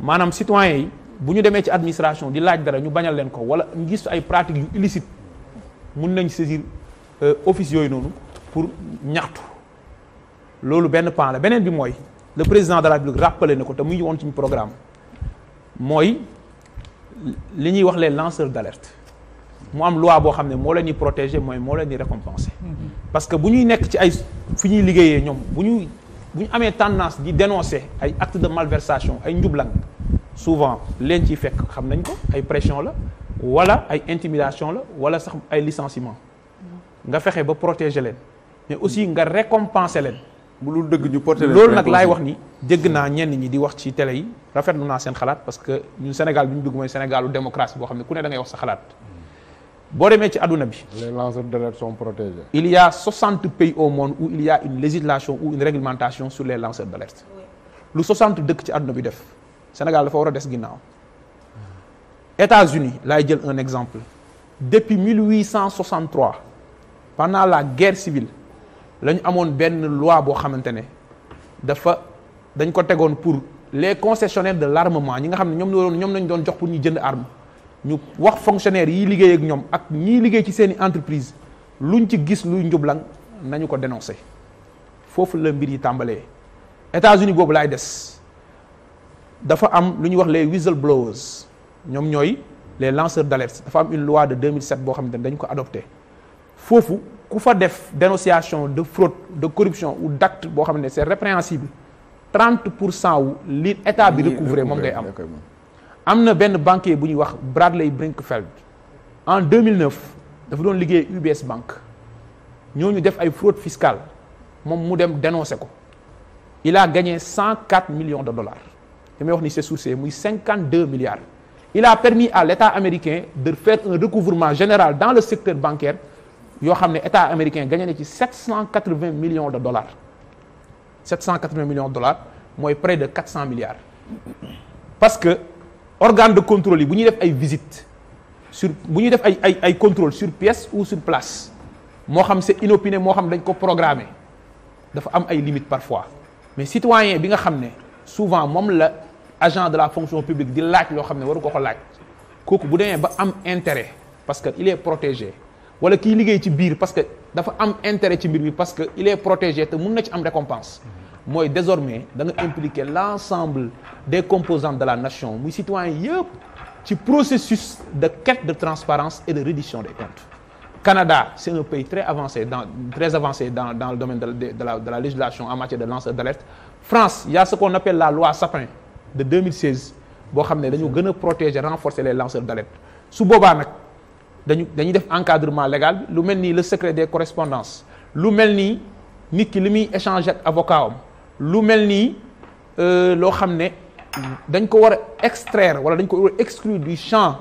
maanaam citoyen, yi bu ñu demee ci administration di laaj dara ñu bañal leen ko wala ñu ay pratiques yu illicites mun nañ saisir euh, office yooyu noonu pour ñaxtu loolu benn pan la beneen bi mooy le président de la République rappelé na ko te mu ngi woon ci programme mooy li ñuy wax les lanceurs d' alerte mu am loi boo xam ne moo leen di protéger mooy moo leen di récompenser. Mm-hmm. parce que bu ñuy nekk ci ay fi ñuy liggéeyee ñoom bu ñu bu ñu amee tendance di dénoncer ay actes de malversation ay njublang souvent leen ciy fekk xam nañ ko ay pression la wala ay intimidation la wala sax ay licenciement mm-hmm. nga fexe ba protéger leen mais aussi nga récompenser leen bu dul dëgg ñu porté loolu nag lay wax ni dégg naa ñenn ñi di wax ci télé yi rafetlu naa seen xalaat parce que ñun Sénégal bi ñu dugg Sénégal Sénégalu démocratie boo xam ne ku ne da ngay wax sa xalaat boo demee ci aduna bi. les lanceurs d'alerte sont protégés. il y a 60 pays au monde où il y a une législation ou une réglementation sur les lanceurs d'alerte lu 60 dëkk ci aduna bi def Sénégal dafa war a des ginnaaw États-Unis lay jël un exemple depuis 1863 pendant la guerre civile la amone amoon benn loi bo xamantene dafa dañ ko tegoon pour les concessionnaires de l'armement ñi nga xam ñom ñoom la lañ doon jox pour ñu jënd arme ñu wax fonctionnaires yi liggéey ak ñom ak ñi liggéey ci seen entreprise luñ ci gis luy njublang nañu ko dénoncer fofu le mbir yi tàmbalee États-Unis boobu lay dess dafa am luñ wax les whistleblowers ñom ñoy les lanceurs d'alerte dafa am une loi de 2007 bo xam dañ ko adopté fofu Koufa def dénonciation de fraude de corruption ou d'actes, c'est répréhensible 30% ou l'État a banquier Bradley Brinkfeld en 2009 dafa doon liggéey UBS Bank avons def une fraude fiscale dénoncé il a gagné 104 millions de dollars c'est milliards il a permis à l'État américain de faire un recouvrement général dans le secteur bancaire vous savez américain gagne 780 millions de dollars 780 millions de dollars c'est près de 400 milliards parce que organe de contrôle yi visitent, ils def visites sur sur pièce ou sur place c'est inopiné moo xam dañ ko programmé dafa limites parfois mais citoyen citoyens, souvent même l'agent de la fonction publique di laaj loo xam intérêt parce que il est protégé wala liggéey ci biir parce que dafa am intérêt parce que il est protégé te mun na ci am récompense Moi, désormais da impliquer l'ensemble des composants de la nation muy citoyens, yëpp le processus de quête de transparence et de reddition des comptes Canada c'est un pays très avancé dans très avancé dans le domaine de, la législation en matière de lanceurs d'alerte France il y a ce qu'on appelle la loi Sapin de 2016 boo xam dañu protéger renforcer les lanceurs d'alerte su boobaa dañu dañuy def encadrement légal bi lu mel le secret des correspondances lu mel nii nit ki li muy échanger ak avocat am lu mel nii euh, loo xam ne dañ ko war a extraire wala dañ ko war a exclure du champ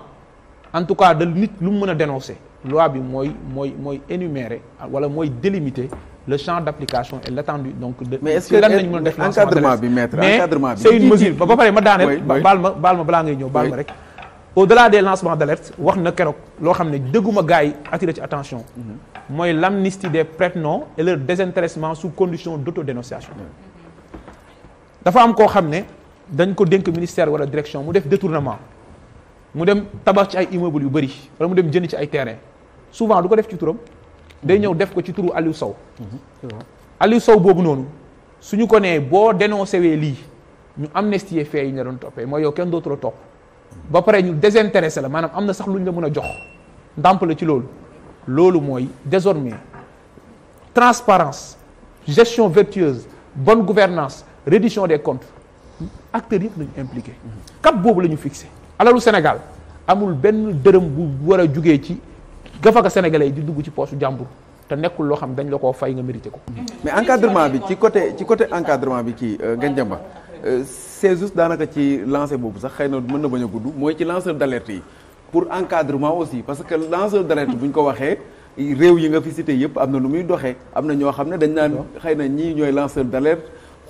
en tout cas de nit lu mu mën a dénoncer loi bi mooy mooy mooy énumérer wala mooy délimiter le champ d'application et l'étendue donc de. mais est-ce que dañu mën def encadrement bi maître encadrement bi mais c'est une mesure ba pare ma daaneel. baal ma baal ma balaa ngay ñëw baal ma rek au-delà des lancements d'alerte wax na keroog loo xam ne dëgguma gars attiré ci attention moy l'amnistie des prête et leur désintéressement sous condition d'autodénonciation dafa am ko xamné dañ ko dénk ministère wala direction mu def détournement mu dem tabax ci ay immeubles yu bari wala mu dem jënd ci ay terrain souvent du ko def ci turam day ñew def ko ci turu Aliou Sow Aliou Sow bobu nonu suñu ko nee boo dénoncé wé li ñu amnistier fay yi ñu doon toppee mooy yow kenn d'autre la ba pare ñu désintéressé la maanaam am na sax lu ñu la mën a jox ndàmp la ci loolu loolu mooy désormais transparence gestion vertueuse bonne gouvernance reddition des comptes acteurs yëpp lañu impliqué cap boobu la ñu fixé alalu Sénégal amul benn dërëm bu war a jugee ci gafaga sénégalais yi di dugg ci poosu jàmbur te nekkul loo xam dañ la koo fay nga mérité ko mais encadrement bi ci côté ci côté encadrement bi kii euh, Ngagne Demba euh, c'est juste daanaka ci lancé boobu sax xeyna meuna baña guddou moy ci lanceur d'alerte pour encadrement aussi parce que lanceur d'alerte buñ ko waxé réew yi nga fi cité yëpp am na muy doxé amna ño xamné dañ naan xeyna ñi ñoy lanceur d'alerte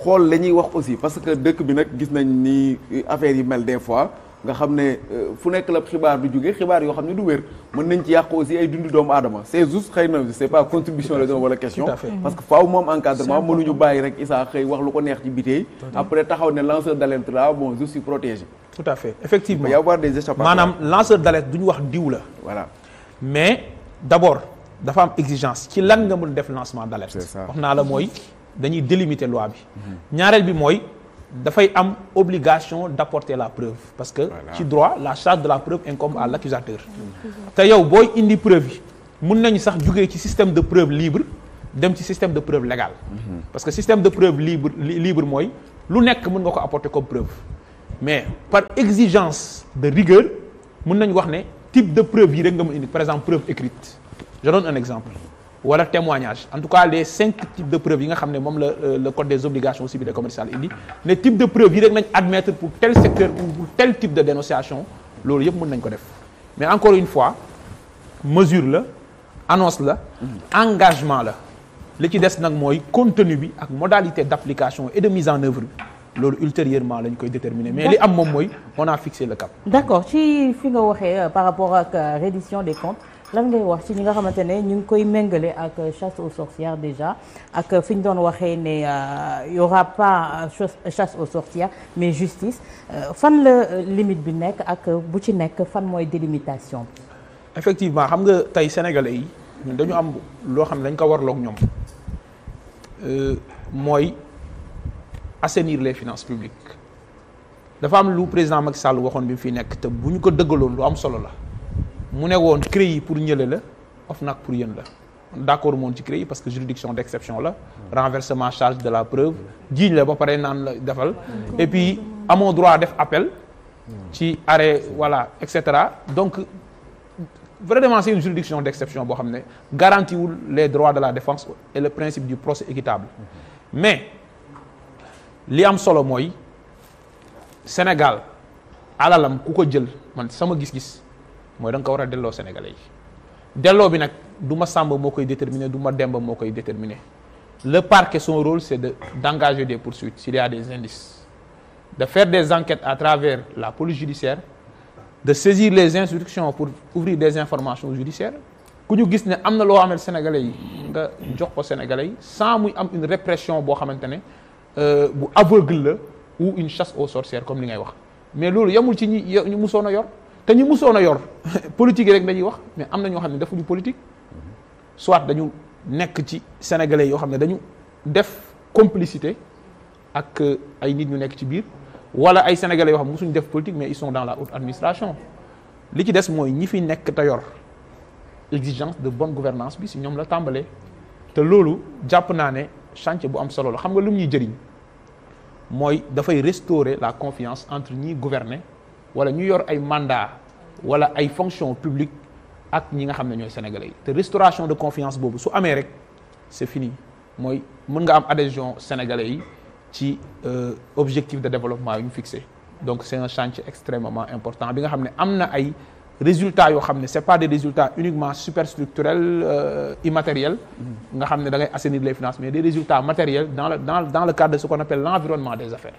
xol lañuy wax aussi parce que dëkk bi nak gis nañ ni affaire yi mel des fois nga xamné euh, fu nek la xibar bi jógee xibar yo xamné du wér mën nañ ci yaq aussi ay dundu doom adama c'est juste xeyna na c' pas contribution la doon wala question parce que faaw mom encadrement ñu bàyyi rek isa xey wax lu ko neex ci bité après taxaw né lanceur d'alerte là bon je suis protégé tout à fait effectivement y avoir des échappements manam lanceur d'alerte duñ wax diw la voilà mais d'abord dafa am exigence ci lan nga mën def lancement d'alerte wax na la moy dañuy délimiter loi bi mhm. ñaarel bi moy il a une obligation d'apporter la preuve parce que ci droit la charge de la preuve incombe à l'accusateur te yow booy indi preuve vous peut nañu sax système de preuve libre dem ci système de preuve légal, mhm. parce que le système de preuve libre c'est ce que vous mën apporter comme preuve mais par exigence de rigueur vous nañu wax le type de preuve par exemple preuve écrite je donne un exemple ou leur témoignage en tout cas les cinq types de preuves yi nga euh, le code des obligations civiles et commerciales dit les types de preuves yi rek admettre pour tel secteur ou pour tel type de dénonciation mais encore une fois mesure le annonce le engagement là ce ci contenu modalité d'application et de mise en œuvre c'est ultérieurement lañ mais on a fixé le cap d'accord Si vous euh, par rapport à la euh, reddition des comptes lan ngay wax ci ñi nga xamantene ne ñu ngi koy mengalé ak chasse aux sorcières déjà ak fiñ ñu doon waxee ne euh, y aura pas euh, chasse aux sorcières mais justice euh, fan la limite bi nek ak bu ci nek fan moy délimitation effectivement xam nga tay sénégalais yi ñun dañu am lo xam ne dañ ko ñom euh moy assainir les finances publiques dafa am lu président Macky Sall waxoon bi fi nek te buñ ko dëggaloon lu am solo la mu ne pas pour ñëlé la OFNAC pour yéen la d'accord mon ci créé parce que juridiction d'exception là, renversement charge de la preuve jiiñ la ba paré nan la defal et puis mon droit def appel ci arrêt voilà etc. donc vraiment c'est une juridiction d'exception bo xamné les droits de la défense et le principe du procès équitable mais li am solo moy Sénégal alalam ku ko jël man sama gis-gis mooy da nga ko war a de sénégalais yi delloo bi nak du ma Samba moo déterminer du ma Demba déterminer le parquet son rôle c'est de d'engager des poursuites s'il y a des indices de faire des enquêtes à travers la police judiciaire de saisir les instructions pour ouvrir des informations judiciaires ku ñu gis ne am na loo amel sénégalais yi nga jox ko sénégalais sans muy am une répression boo xamante ne euh, bu aveugle ou une chasse aux sorcières comme li ngay wax mais loolu yamul ci ñi ñu musoon a yor te ñu musoon a yor politique rek dañuy wax mais am na ñoo xam ne defuñu politique soit dañu nekk ci sénégalais yoo xam ne dañu def complicité ak euh, ay nit ñu nekk ci biir wala ay sénégalais yoo xam ne def politique mais ils sont dans la haute administration li ci des mooy ñi fi nekk te yor exigence de bonne gouvernance bi si ñoom la tàmbalee te loolu jàpp naa ne chantier bu am solo la xam nga lu mu ñuy jëriñ mooy dafay restaurer la confiance entre ñi gouverner wala ñu yor ay mandat wala ay fonction publique ak ñi nga xamné ñoy sénégalais té restauration de confiance bobu su amé rek c'est fini moy mën nga am adhésion sénégalais yi ci euh, objectif de développement yu fixé donc c'est un chantier extrêmement important bi nga xamné ne résultats yo xamné c'est pas des résultats uniquement superstructurels euh, immatériels mm-hmm. nga da ngay les finances mais des résultats matériels dans dans dans le cadre de ce qu'on appelle l'environnement des affaires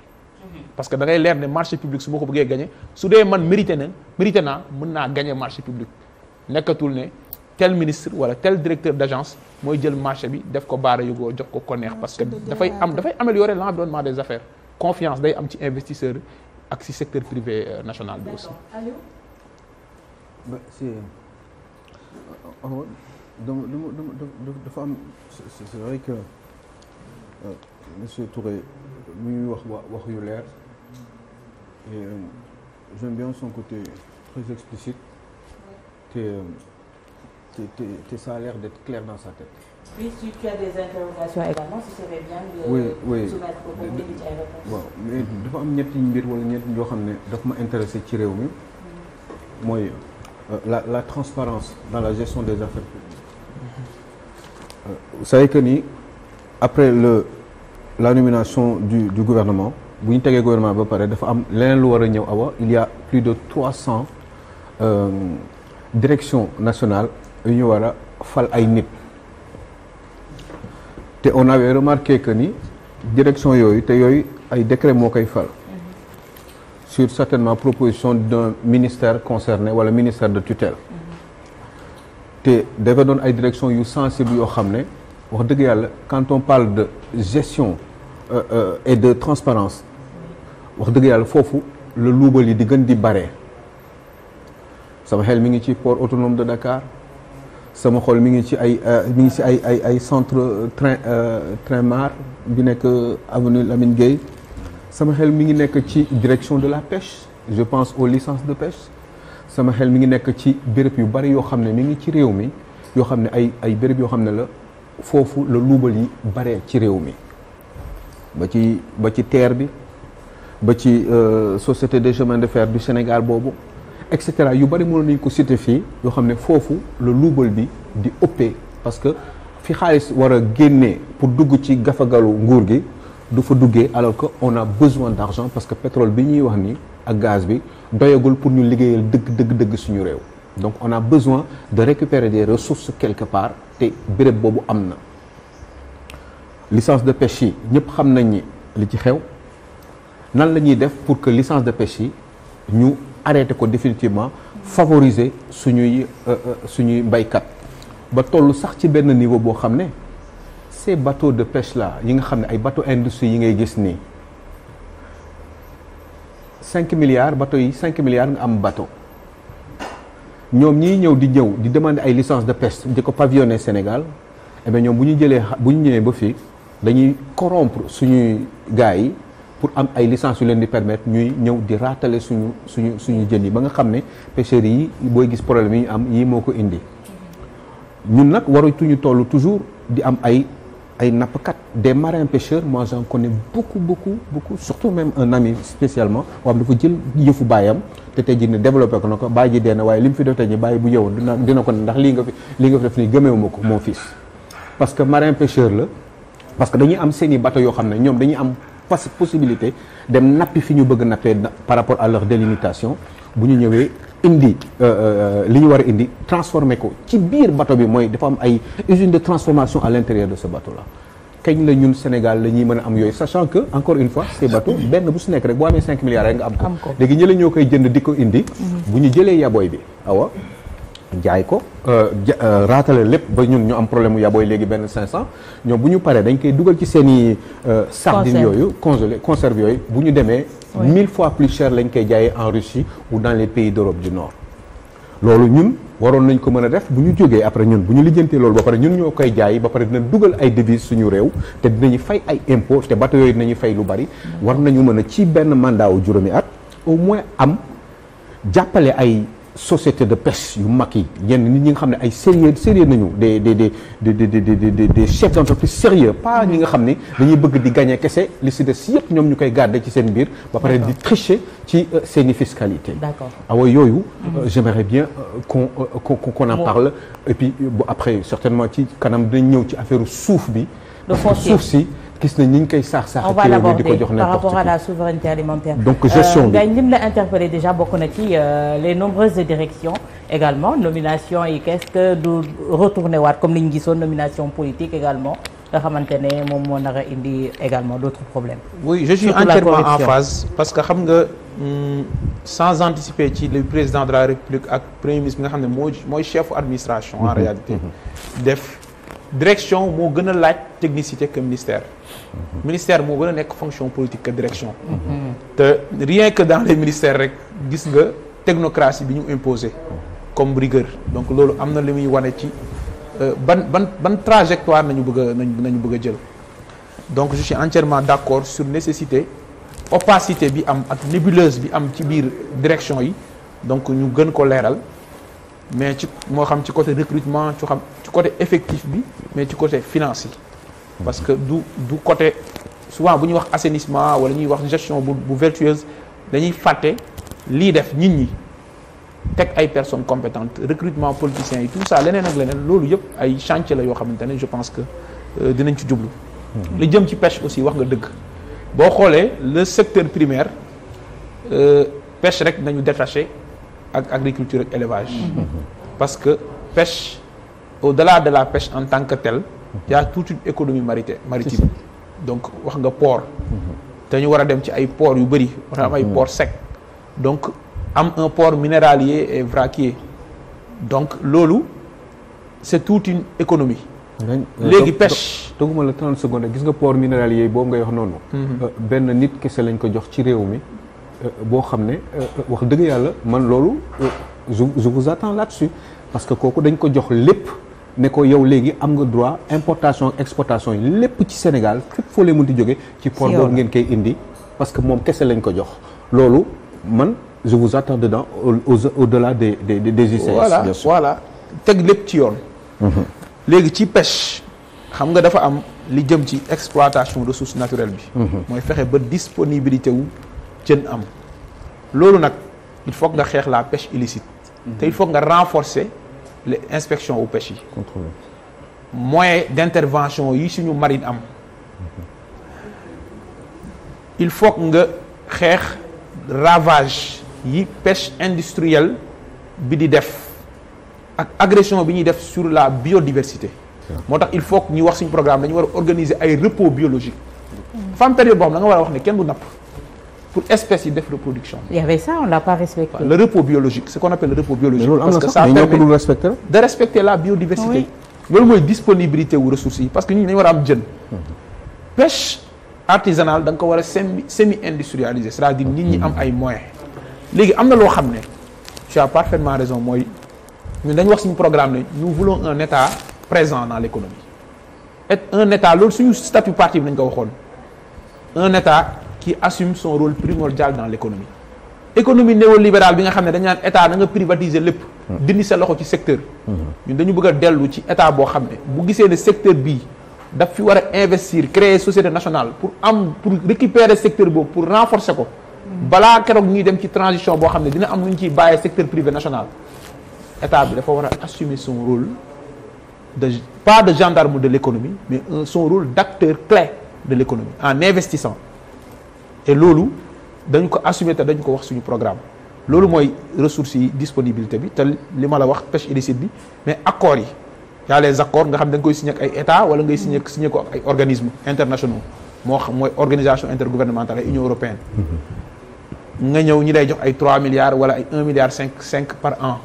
parce que da ngay leer ne marché public su ma ko bëggee gagné su dee man mérité na mérité naa mën naa marché public nekkatul ne tel ministre wala tel directeur d'agence agence mooy jël marché bi def ko baara yugoo jox ko parce que dafay am améliorer l'environnement des affaires confiance day am ci investisseur ak ci secteur privé euh, national bi aussi. Bah, euh, euh, dafa am c'est vrai que monsieur Touré vous wax wax yu euh, j'aime bien son côté très explicite. Ouais. ça a l'air d'être clair dans sa tête. Puis si tu as des interrogations également, ce serait bien de oui, oui. soumettre au comité de réponse. mais dafa am ñetti mbir wala ñett daf ma intéressé ci mi euh, la la transparence dans la gestion des affaires publiques. Euh, vous savez que ni après le la nomination du du gouvernement il y a plus de 300 euh, directions nationales ont on avait remarqué que ni direction ont fait la ay sur certainement proposition d'un ministère concerné Ou le ministère de tutelle direction quand on parle de gestion euh, euh, et de transparence wax deug yalla fofu le luubal yi di gën di baré sama xel mi ngi ci port autonome de Dakar sama xol mi ngi ci ay euh, mi ngi ci ay ay ay centre euh, train euh, train mar bi nek avenue Lamine Gueye sama xel mi ngi nek ci direction de la pêche je pense aux licences de pêche sama xel mi ngi nek ci béréb yu bari yoo xam ne mi ngi ci réew mi yoo xam ne ay ay béréb yoo xam ne la foofu la luubal yi bare ci réew mi ba ci ba ci terre bi ba ci euh, société des chemins de fer du Sénégal boobu etc cetera yu bari mënoon nañu ko cité fii yoo xam ne le luubal bi di ëppee parce que fi xaalis war a pour dugg ci gafagalu nguur gi du fa duggee alors que on a besoin d'argent parce que pétrole bi ñuy wax ni ak gaz bi doyagul pour ñu liggéeyal dëgg dëgg dëgg suñu réew donc on a besoin de récupérer des ressources quelque part te béréb boobu am licence de pêche yi ñëpp xam nañ ni li ci xew nan lañuy def pour que licence de pêche yi ñu arrêté ko définitivement favoriser suñuy euh, euh, suñuy mbéykat ba tollu sax ci ben niveau bo xamné ces bateaux de pêche là yi nga xamné ay bateaux industrie yi ngay gis ni 5 milliards bateaux yi 5 milliards nga am bateau ñom ñi ñëw di ñëw di demander ay licence de pêche di ko pavillonner Sénégal eh bien ñoom bu ñu jëlee bu ba fi dañuy corrompre suñuy gars yi pour am ay licence leen di permettre ñuy ñëw di ratalé suñu suñu suñu ba nga ne pêcheurs gis problème yi am yii moo indi ñun toujours di am ay des marins pêcheurs moi j'en connais beaucoup beaucoup beaucoup surtout même un ami spécialement dafa jël yëfu Il te tey ne ko na ko ji dee na waaye fi bu yow dina ko ndax mon fils parce que marin pêcheur la parce que dañuy am bateau dañuy possibilité dem appui fini bëgg par rapport à leur délimitation vous n'y indi euh, euh, li indi transformer ko qui biir bateau bi de dafa am ay usine de transformation à l'intérieur de ce bateau là n'est la ñun Sénégal le ñuy sachant que encore une fois ces bateaux ben bu su nekk rek 5 milliards rek nga am ko légui ñëlé ñokay jënd indi mm-hmm. buñu jëlé yaboy bi awa jaay ko euh, euh, raatale lépp ba ñun ñu am problème ya boy légui ben 500 ñoo buñu paré dañ koy duggal ci seen i euh, sardine yoyu congelé conserve yoyu buñu démé 1000 fois plus cher lañ koy jaayee en Russie ou dans les pays d'Europe du Nord loolu ñun waron nañ ko mëna def buñu joggé après ñun buñu lijeenté lijjantee loolu ba paré ñun ñoo koy jaay ba paré dinañ duggal ay devises suñu réew té dinañu fay ay impôts té bateau yooyu dinañu fay lu bari war nañu mëna ci ben mandat wu juróomi at au moins am jappalé ay société de pêche yu mag yi yenn nit ñi nga xamné ay sérieux sérieux nañu des des des des des des chefs d'entreprise sérieux pas ñi nga xamné dañuy bëgg di gagner kessé li si des yépp ñom ñu koy garder ci seen biir ba paré di tricher ci euh, seeni fiscalité d'accord awa ah yoyu euh, j'aimerais bien euh, qu'on qu'on en parle et puis après certainement ci kanam dañ ñëw ci affaire souf bi suuf si on va l'aborder par rapport à la souveraineté alimentaire. donc euh, gestion bi la interpellé déjà bokk na ci euh, les nombreuses directions. également nomination et qu'est-ce que do retourner wat comme niñ gissone nomination politique également nga xamantene ne mo moo nar indi également d'autres problèmes. oui je suis entièrement en phase parce que xam nga hmm, sans anticiper ci le président de la République ak premier ministre nga xamne chef d'administration, en mhm. réalité mhm. def direction mo gëna laaj technicité que ministère ministère mo gëna nek fonction politique que direction. Mhm. te rien que dans les ministères rek gis nga technocratie bi ñu comme rigueur donc lolu amna limuy wané ci euh, ban ban ban trajectoire nañu bëgg nañu bëgg jël. donc je suis entièrement d'accord sur nécessité opacité bi am ak nébuleuse bi am ci biir direction yi donc ñu gën ko léral mais ci mo xam ci côté recrutement ci xam ci côté effectif bi mais ci côté financier parce que du du côté souvent bu ñuy wax assainissement wala ñuy wax gestion bu vertueuse dañuy faté li def nit ñi tek ay personnes compétentes recrutement politiciens et tout ça leneen ak leneen lolu yëpp ay chantier la yo xamantene je pense que euh, dinañ ci djublu hmm. le jëm ci pêche aussi wax nga dëgg. le secteur primaire euh, pêche rek nañu détaché ak agriculture élevage. Hmm. parce que pêche au-delà de la pêche en tant que telle. y a toute une économie maritaine maritime donc wax nga port te ñu war a dem ci ay port yu bëri war ay mhm. port sec donc am un port minéralier et vraquier donc loolu c'est tout une économie euh, léegi pêche doguma la 30 secondes gis nga port minéralier boobu ngay wax noonu mhm. euh, benn nit kese lañ ko jox ci réew mi euh, boo xam ne wax dëgg yàlla man loolu je vous attends là-dessus parce que kooku dañ ko jox lépp ne ko yow léegi am nga droit importation exportation yi lépp ci Sénégal fépp foo leen mënti jóge ci port boobu ngeen koy indi parce que moom kese lañ ko jox loolu man je vous attends dedans au-delà des des des ICS voilà voilà tek lépp ci yoon mhm. les ci pêche xam nga dafa am li jëm ci exploitation ressources naturelles bi moy mhm. fexé ba disponibilité wu jën am loolu nak il faut nga xeex la pêche illicite mhm. té il faut nga renforcer l'inspection au pêcher Contrôle. moyen d'intervention yi suñu marine am il faut que nga ravage yi pêche industrielle bi di def agression bi sur la biodiversité moo il faut que ñu wax programme dañu organiser un repos biologique femme période nous xam da nga war pour espèce de reproduction. il y avait ça on l'a pas respecté. le repos biologique ce qu'on appelle le repos biologique. parce que ça permet de respecter la biodiversité. respecter la disponibilité ou ressources parce que nous, ni war am pêche artisanale est semi industrialisée c'est-à-dire que nous avons ay moyens. léegi tu as parfaitement raison Nous, Nous wax programme nous voulons un état présent dans l'économie un état c'est le statut parti un état qui assume son rôle primordial dans l'économie L'économie néolibérale bi nga privatisé le dañ Il état da nga privatiser un hmm. secteur hmm. ñun dañu bëgg a dellu ci état boo secteur B. daf investir créer société nationale pour am pour récupérer secteur pour renforcer ko hmm. balaa dem ci transition boo dina secteur privé national état bi assumer son rôle pas de gendarme de l'économie mais son rôle d'acteur clé de l'économie en investissant et lolu dañ ko assumer té dañ ko wax suñu programme lolu moy ressources yi disponibilité bi té li la wax pêche illicite bi mais accords yi ya les accords nga xam dañ koy signé ak ay état wala ngay signé signé ko ak ay organismes internationaux mo xam mooy organisation intergouvernementale union européenne nga ñëw ñi lay jox ay 3 milliards wala ay 1 milliard 5 5 par an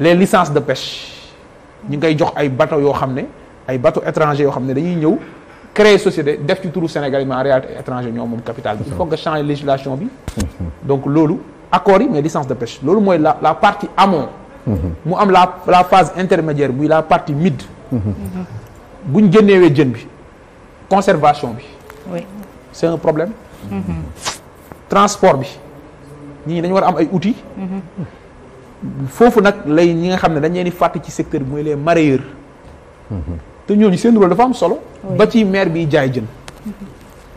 les licences de pêche ñi ngay jox ay bateaux yo xamné ay bateaux étrangers yo xamné dañuy ñëw créer société def ci le Sénégal mais en réalité étranger ñom capital il faut que changer législation bi donc lolu accord mais licence de pêche lolu moy la partie amont mu am la la phase intermédiaire muy la partie mid bu jënéwé jën bi conservation bi oui. c'est un problème transport bi ñi dañu war am ay outils fofu nak lay ñi nga xamné dañ leen ci secteur moy les te ñooñu seen rôle dafa am solo. ba ci maire biy jaay jën.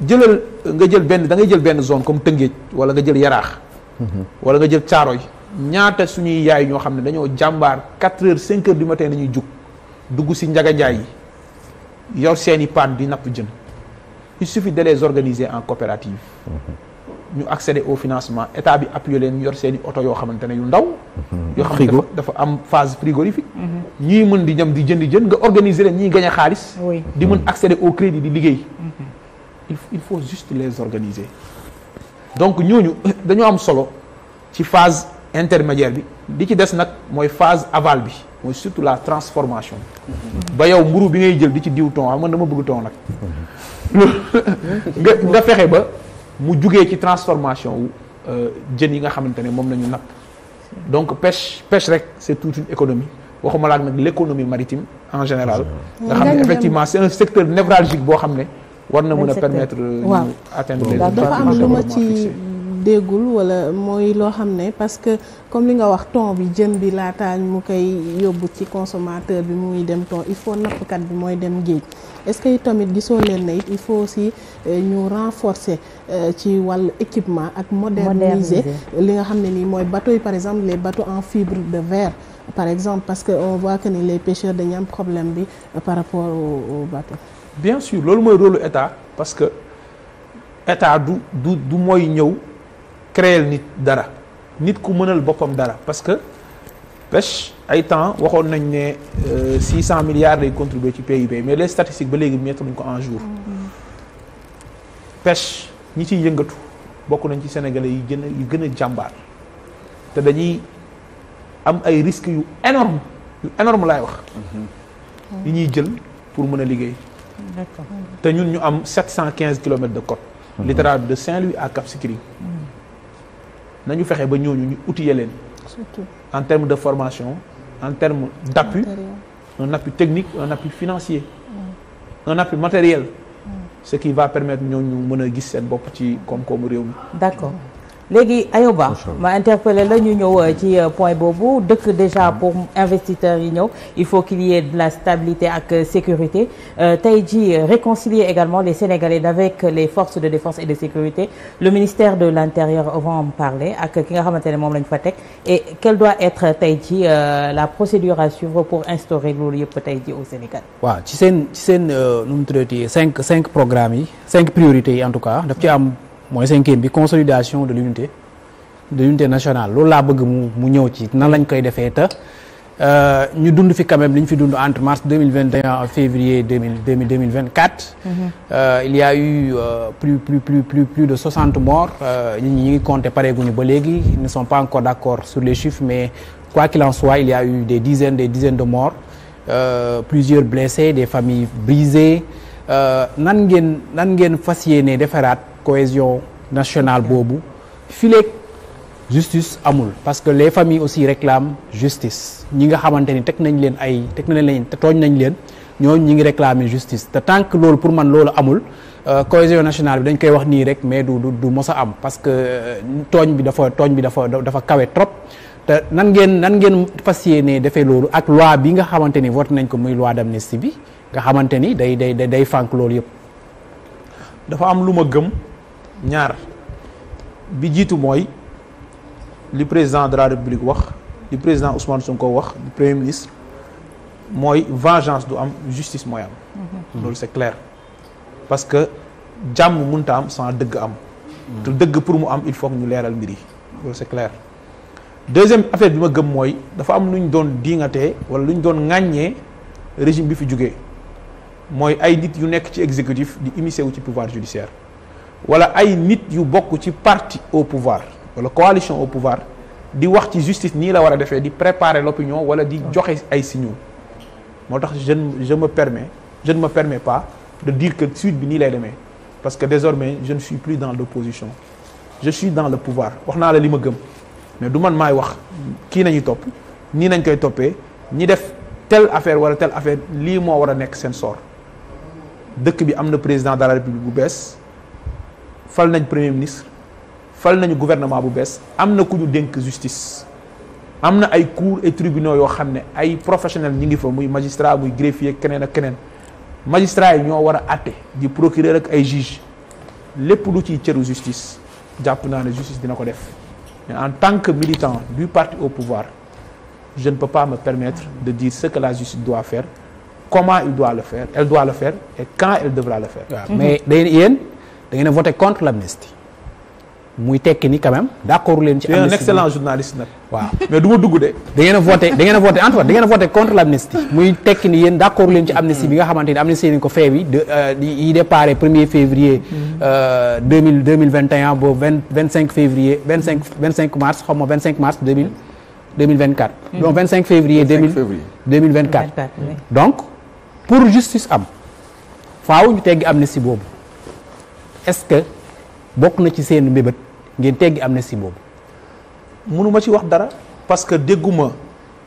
jëlal nga jël benn da ngay jël benn zone comme Tëngéej wala nga jël Yaraax. Mhm. wala nga jël Caaroy ñaata suñuy yaay ñoo xam ne dañoo jàmbaar 4 heures 5 heures du matin dañuy jug dugg si njaga njaay yi yor seeni paan di napp jën il suffit de les organiser en coopérative. Mhm. nous accéder au financement état bi appuyé len yor seen auto yo yoo yu ndaw. Mhm. yoo xamante dafa am phase frigorifique. Mhm. ñi mën di ñam di jëndi jënd nga organiser len ñi gagner xaliss di mën mhm. accéder au crédit di liggéey. il faut juste les organiser. donc ñooñu dañu am solo ci phase intermédiaire bi di ci des nak moy phase aval bi moy surtout la transformation. ba yow mburu bi ngay jël di ci diw ton xam ah, nga dama bëgg ton nak nga fexé ba mu jugee ci transformation wu euh, jën yi nga xamantene mom moom la donc pêche pêche rek c'est toute une économie waxuma la nak l'économie maritime en général mmh. nga xamné mmh. effectivement c'est un secteur névralgique bo xamné war na mëna permettre euh, ñu atteindre les dafa am ci déggul wala moy lo xamné parce que comme li nga wax ton bi jën bi tañ mu kay yóbbu ci consommateur bi muy dem ton il faut nappkat bi moy dem géej est-ce que tamit gisoo leen ne il faut aussi euh, ñu renforcer euh, ci wàllu équipement ak moderniser li nga xam ne nii mooy bateau yi par exemple les bateaux en fibre de verre par exemple parce que on voit que ni les pêcheurs dañu am problème bi euh, par rapport au bateau bien sûr loolu mooy rôle état parce que état du du du mooy ñëw créel nit dara nit ku mënal boppam dara parce que pêche ay temps waxoon nañ ne 600 euh, milliards lay contribuer ci PIB mais les statistiques ba légui mettre nañ ko en jour. Mm-hmm. pêche ñi ci yëngatu bokku nañ ci sénégalais yi gëna a yu gën dañuy am ay risques yu énorme yu énorme lay wax. Mm-hmm. yi ñuy jël pour mën liggéey. té ñun ñu am 715 kilomètres de côte. Mm-hmm. littoral de Saint-Louis à Cap Skirring. Nous devons ba outiller en termes de formation en termes d'appui un appui technique un appui financier. Mm. un appui matériel. Mm. ce qui va permettre de nous donner gis seen Légui, Ayoba ma interpellé la ñu ñëw euh, ci euh, point Bobo. dëkk déjà pour investisseurs yi il faut qu'il y ait de la stabilité la euh, sécurité tay ji réconcilier également les Sénégalais avec les forces de défense et de sécurité le ministère de l'intérieur va en parler ak ki nga et quelle doit être tay la procédure à suivre pour instaurer le yëpp tey ji au Sénégal wa ci sen ci sen nous cinq programmes yi cinq priorités en tout cas daf ci am cinquième bi consolidation de l'unité de l'unité nationale loolu laa bëgg mu mu ñëw ci nan lañ koy defee te euh, ñu dund fi quand même li fi dund entre mars 2021 et février 2024 euh, il y a eu euh, plus plus plus plus plus de 60 morts ñi ñi ngi compter pareeguñu ba léegi ils ne sont pas encore d'accord sur les chiffres mais quoi qu'il en soit il y a eu des dizaines des dizaines de morts plusieurs blessés des familles brisées nan ngeen nan ngeen fas yéene cohésion nationale boobu fileeg justice amul parce que les familles aussi réclament justice ñi nga xamante ni teg nañ leen ay teg nañ leen te tooñ nañ leen ñooñu ñi ngi réclamer justice te tant que loolu pour man loolu amul euh, cohésion nationale bi dañ koy wax nii rek mais du du mos a am parce que euh, tooñ bi dafa tooñ bi dafa dafa kawe trop te nan ngeen nan ngeen fas yéenee defee loolu ak loi bi nga xamante ni voté nañ ko muy loi d'amnistie bi nga xamante ni day day day fànk loolu yëpp. ñaar bi jiitu mooy li président de la république wax li président Ousmane Sonko wax premier ministre mooy vengeance du am justice mhm. c'est clair parce que jàmm gens am sans dëgg am. Mhm. te dëgg pour mu am il faut que ñu leeral mbir yi c'est clair. deuxième affaire bi ma gëm mooy dafa am lu doon diingatee wala luñ doon ŋàññee régime bi fi jugee mooy ay nit yu nekk ci exécutif di immiscer wu ci pouvoir judiciaire wala ay nit yu ci parti au pouvoir wala coalition au pouvoir di wax ci justice ni la préparer l'opinion wala di joxe ay signaux je me permets je ne me permets pas de dire que suite bi nii lay parce que désormais je ne suis plus dans l'opposition je suis dans le pouvoir wax la li ma gëm mais du man maay wax kii nañu topp nii nañ koy toppee ñi def telle affaire wala telle affaire lii moo war a nekk sort dëkk bi am président de la république bu fal nañ premier ministre fal un gouvernement bu bees am na ku ñu justice am ay cours et tribunaux yoo xam ay professionnels ñi ngi fa muy magistrat muy greffier keneen ak keneen magistrat yi ñoo war a di procureur ak ay juge lépp lu ciy cëru justice jàpp naa justice dina ko def en tant que militant du parti au pouvoir je ne peux pas me permettre de dire ce que la justice doit faire comment il doit le faire elle doit le faire et quand elle devra le faire. mais day yéen voté contre l'amnistie. oui technique quand même. D'accord, vous un excellent journaliste. Mais vous êtes un voté journaliste. Vous avez voté contre l'amnistie. oui technique. D'accord, vous êtes un amnistie. Vous avez dit l'amnistie de faite. Il départ 1er février 2021, 25 février, 25 25 mars, 25 mars 2024. Donc 25 février 2024. Donc, pour justice, il faut et vous amnistie est-ce que bokk na ci seen mbébét ngeen teggi amnistie boobu. mënuma ci wax dara parce que dégguma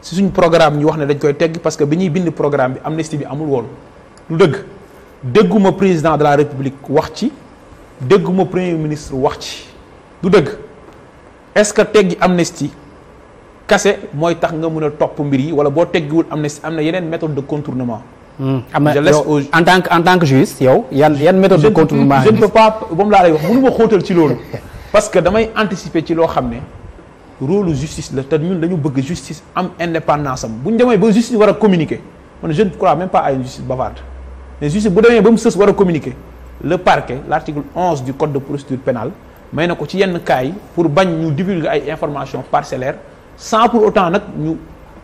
si suñ programme ñu wax ne dañ koy tegg parce que biñuy bind programme bi amnistie bi amul woon lu dëgg dégguma président de la république wax ci dégguma premier ministre wax ci du dëgg est-ce que teggi amnistie kase mooy tax nga mën a topp mbir yi wala boo teggiwul amnistie am na yeneen méthode de contournement Hmm. en tant que juge il y a une méthode de contournement je ne peux pas vous parce que damay anticiper ci loo le rôle rôle justice le terme ñun la justice am indépendance am vous ñu demee justice war communiquer je ne crois même pas à une justice bavarde mais justice bu demee ba mu communiquer le parquet l'article 11 du code de procédure pénale mais ci cas pour bañ divulguer des informations parcellaires sans pour autant nous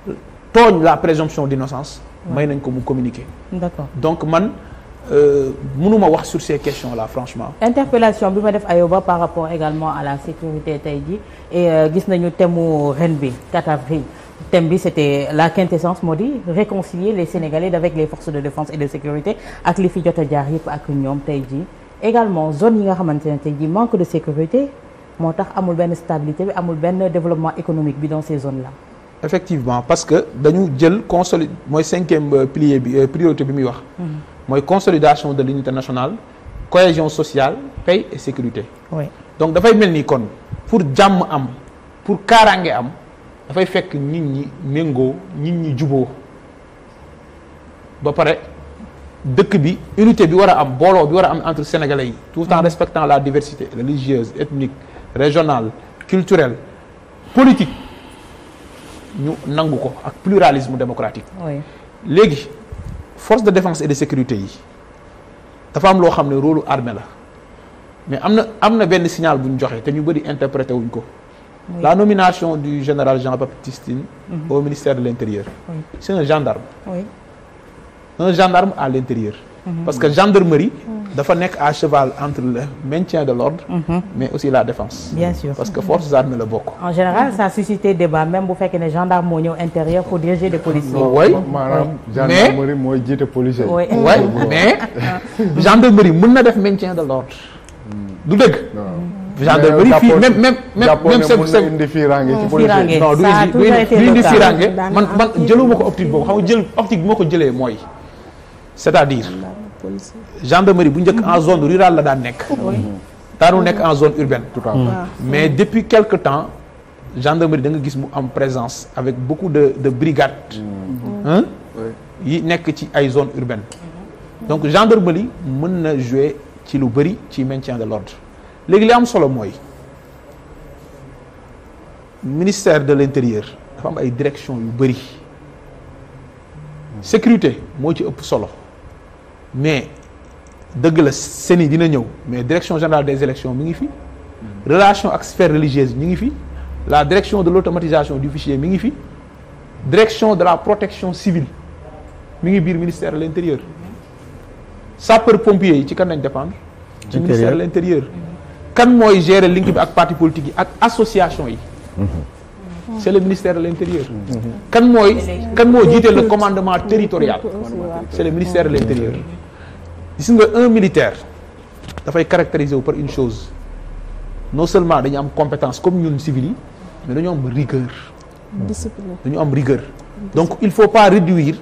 ñu la présomption d'innocence may nañ ko mu communiquer. d'accord donc man euh, mënuma wax sur ces questions là franchement. interpellation bi ma def Ayoba par rapport également à la sécurité tey et euh, gis nañu temu mu ren bi 4 avril. thème bi c'était la quintessence moo di réconcilier les Sénégalais avec les forces de défense et de sécurité ak les fi de a jaar yëpp ak ñoom tey également zone yi nga xamante ne manque de sécurité moo tax amul benn stabilité bi amul développement économique dans ces zones là effectivement parce que dañu jël consolide 5e euh, pilier bi euh, priorité bi mi wax. Mhm. consolidation de l'unité nationale cohésion sociale paix et sécurité. oui donc da fay melni kon pour jam am pour kaaraange am fay fekk nit ñi mengo nit ñi juboo ba paré dëkk bi unité bi war a am booloo bi war am entre sénégalais tout en mhm. respectant la diversité religieuse ethnique régionale culturelle politique nous avons le pluralisme démocratique. oui force de défense et de sécurité yi dafa am rôle armé. mais il y a signal que nous avons interprété la nomination du général Jean-Baptiste mhm. au ministère de l'intérieur. c'est un gendarme. Oui. un gendarme à l'intérieur. Mhm. parce que gendarmerie. doit à cheval entre le maintien de l'ordre mhm. mais aussi la défense. bien sûr parce que force armée le pas. en général ça suscite suscité débats, même pour que les gendarme intérieur pour diriger les policiers. oui gendarmerie policiers. oui mais gendarmerie maintien de l'ordre hmm. du gendarmerie euh, même même même même hmm, non du man c'est-à-dire gendarmerie bu njëkk en zone rurale la nek, nek en zone urbaine mais depuis quelque temps gendarmerie da nga présence avec beaucoup de brigades mm. mm-hmm. hein? yi sont ci ay zone urbaine donc gendarmerie mën na jouer ci lu dans le maintien de l'ordre léegi li am solo ministère de l'intérieur direction yu bëri sécurité c'est ci solo mais dëgg la mais direction générale des élections mi ngi fi. relation ak sphère religieuse mi la direction de l'automatisation du fichier mi direction de la protection civile mi ngi ministère de l'intérieur sapeur pompier ci kan lañ dépendre. ministère de l'intérieur. kan mooy gérer link bi ak parti politique avec ak association mhm. c'est le ministère de l'intérieur. Mhm. kan moi, kan moo jiite le commandement territorial. c'est le ministère de l'intérieur gis un militaire dafay caractériser par une chose non seulement a am compétence comme ñun civil yi mais dañu am rigueur. discipline dañu am rigueur. donc il faut pas réduire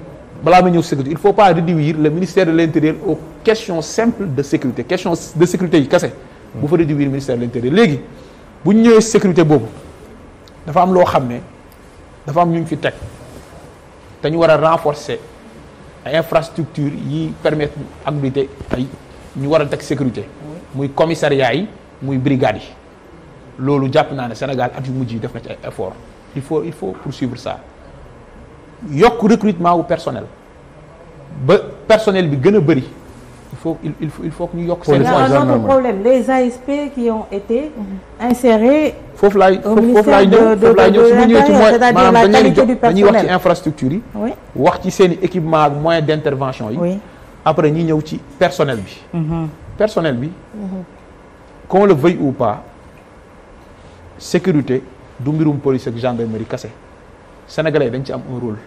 balaa sécurité il faut pas réduire le ministère de l'Intérieur aux questions simples de sécurité questions de sécurité yi kese. bu fa réduire ministère de l'Intérieur intérieur léegi bu ñu sécurité boobu dafa am loo xam ne am ñu fi renforcer l'infrastructure infrastructure yi permettre abriter ay ñu war sécurité Nous commissariat yi brigade yi le jàpp na Sénégal a du mujj def effort il faut il faut poursuivre ça recrutement wu personnel Le personnel est gën il, faut que New York un autre problème les ASP qui ont été mhm. insérés. infrastructure moyens après ñi personnel mhm. personnel mhm. qu'on le veuille ou pas sécurité du une police gendarmerie sénégalais un rôle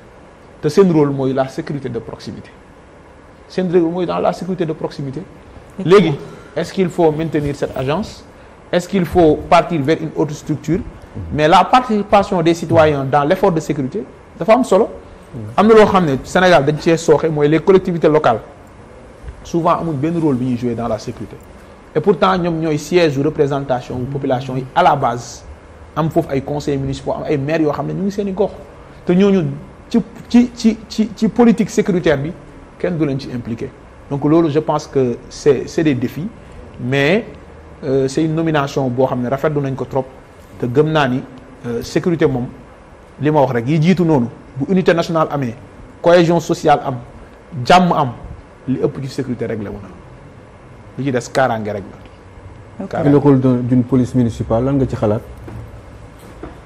C'est un rôle la sécurité de proximité. C'est une dans la sécurité de proximité est-ce qu'il faut maintenir cette agence est-ce qu'il faut partir vers une autre structure mm-hmm. mais la participation des citoyens dans l'effort de sécurité c'est un solo mm-hmm. am na loo Sénégal les collectivités locales souvent ont un rôle bien jouer dans la sécurité et pourtant nous avons siège de représentation la population à la base Nous avons ay conseils municipaux am ay maires yoo xam ne ñu ngi seen gox politique sécuritaire kenn du leen ci impliqué donc loolu je pense que c'est des défis mais euh, c'est une nomination boo xam ne de nañ ko trop te gëm ni euh, sécurité moom li ma wax rek yi jiitu noonu bu unité nationale amee cohésion sociale am jàmm am li ëpp ci sécurité réglé wu na li ci des kaaraange rek la. le rôle d'une police municipale lan nga ci xalaat.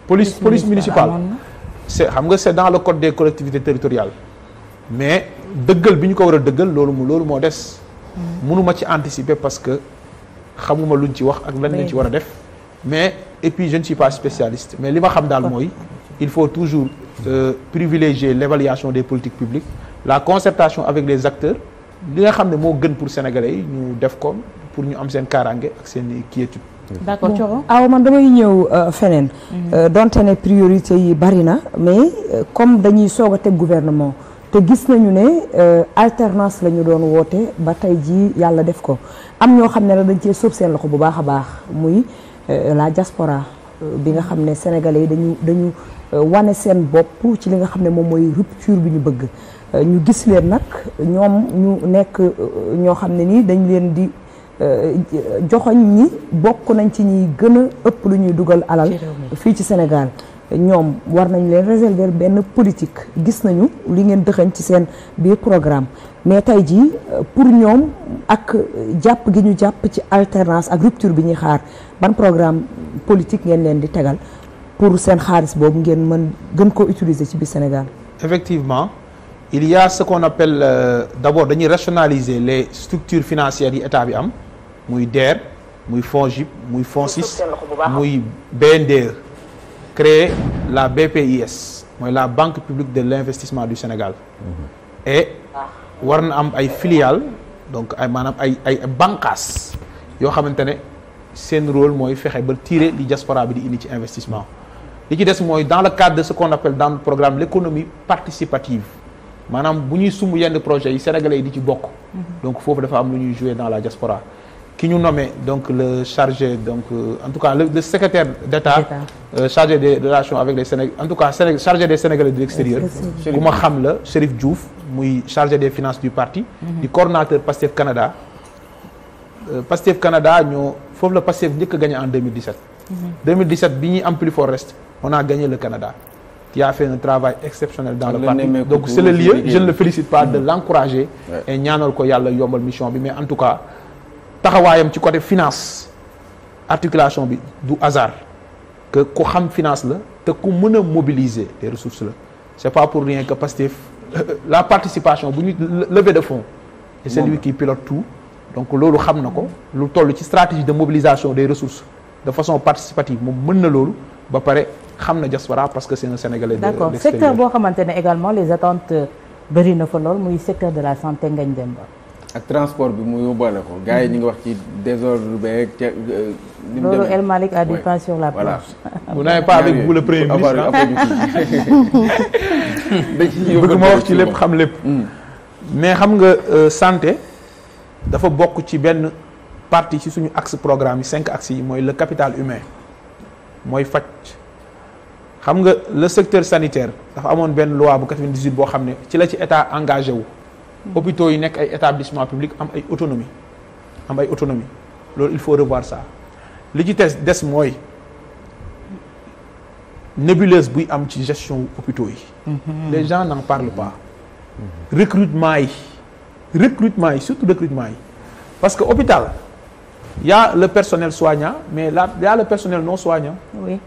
police police municipale c'est xam nga c'est dans le code des collectivités territoriales mais dëggal biñ ko wara a dëggal loolu mo dess moo hmm. ci anticiper parce que xamuma luñ ci wax ak lan lañ ci wara def. mais et puis je ne suis pas spécialiste mais li ma xam dal moy il faut toujours euh, privilégier l'évaluation des politiques publiques la concertation avec les acteurs li nga xam ne gën pour sénégalais ñu def ko pour ñu am sen kaaraange ak sen quiétude. d'accord bon aw ah, man damay ñëw euh, feneen. Mhm. Euh, donte ne priorité yi bari mais euh, comme dañuy soga a gouvernement. te gis nañu ne euh, alternance la ñu doon woote ba tey jii yàlla def ko am ñoo xam ne la dañ cee sóob seen loxo bu baax a baax muy euh, la diaspora euh, bi nga xam ne sénégalais yi dañu dañu wane seen bopp ci li nga xam ne moom mooy rupture bi ñu bëgg ñu gis leen nag ñoom ñu nekk ñoo xam ne nii dañ leen di joxoñ ñi bokk nañ ci ñuy gën a ëpp lu ñuy dugal alal fii ci Sénégal ñoom war nañ leen réserver benn politique gis nañu li ngeen dëxañ ci seen biir programme mais tey jii pour ñoom ak jàpp gi ñu jàpp ci alternance ak rupture bi ñuy xaar ban programme politique ngeen leen di tegal pour seen xaalis boobu ngeen mën gën koo utiliser ci biir Sénégal. effectivement il y a ce qu'on appelle euh, d'abord dañuy rationaliser les structures financières yi état bi am muy DER muy fonds FONGIP muy fonds SIS muy BNDR. E. Créer la BPIS la banque publique de l'investissement du Sénégal et il y am filiales donc ay maanaam ay ay C'est un rôle qui fait tirer les diaspora bi l'investissement. indi investissement dans le cadre de ce qu'on appelle dans le programme l'économie participative Nous bu ñuy sumb projets yi sénégalais a di mhm. donc il faut que les femmes jouer dans la diaspora qui nous nommait donc le chargé, donc euh, en tout cas le, secrétaire d'État euh, chargé des relations avec les Sénégalais, en tout cas chargé des Sénégalais de l'extérieur, bu ma xam Djouf chargé des finances du parti. Mhm. du coordinateur Pastef Canada. Euh, Pastef Canada nous le le Pastef njëkk a gagné en 2017. 2017 mhm. bi plus on a gagné le Canada. qui a fait un travail exceptionnel dans le parti donc c'est le lieu je ne le félicite pas de mhm. l'encourager et ko yombal mission mais en tout cas taxawaayam ci côté finance articulation bi du hasard que ku xam finance la te ku mën a mobiliser les ressources la c'est pas pour rien que la participation le ñu levée de fonds c'est lui qui pilote tout donc loolu xam na ko lu toll ci stratégie de mobilisation des ressources de façon participative moom mën na loolu ba pare parce que c'est un Sénégalais d'accord secteur boo xamante également les attentes euh, bëri fa secteur de la santé ngañ dem ak transport bi mu yobale ko. gaay ñi ñu ngi wax ci désordre beeg ca. li euh, mu demee loolu El malik a du pain sur la planche. vous n'avez pas avec vous le premier ministre hein? bëgg ma wax ci lepp xam lepp hmm. mais xam nga euh, santé dafa bokk ci benn partie ci suñu axe programme yi cinq axes yi mooy le capital humain mooy faj. xam nga le secteur sanitaire dafa amoon benn loi bu 98 boo xam ne ci la ci état engagé wu. Mm-hmm. hôpitaux yi nekk ay établissement public am ay autonomie autonomie il faut revoir ça li ci des des nébuleuse buy am ci gestion hôpitaux mm-hmm. les gens n'en parlent pas mm-hmm. recrutement yi recrutement yi surtout recrutement yi parce que hôpital y a le personnel soignant mais là y a le personnel non soignant oui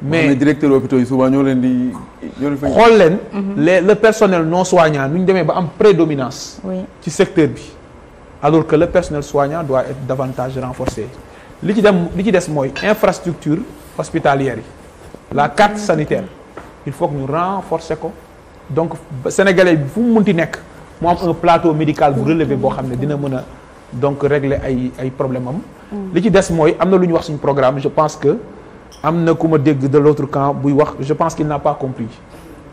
mais directeur souvent le personnel non soignant nous ñu en ba am prédominance. ci secteur alors que le personnel soignant doit être davantage renforcé li ci dem li infrastructure hospitalière la carte sanitaire il faut que nous renforcer ko donc sénégalais vous fu mu que am un plateau médical vous relevé bo xamné dina donc régler les problèmes. problème am. Mm. li ci dess moy amna programme je pense que de l'autre camp je pense qu'il n'a pas compris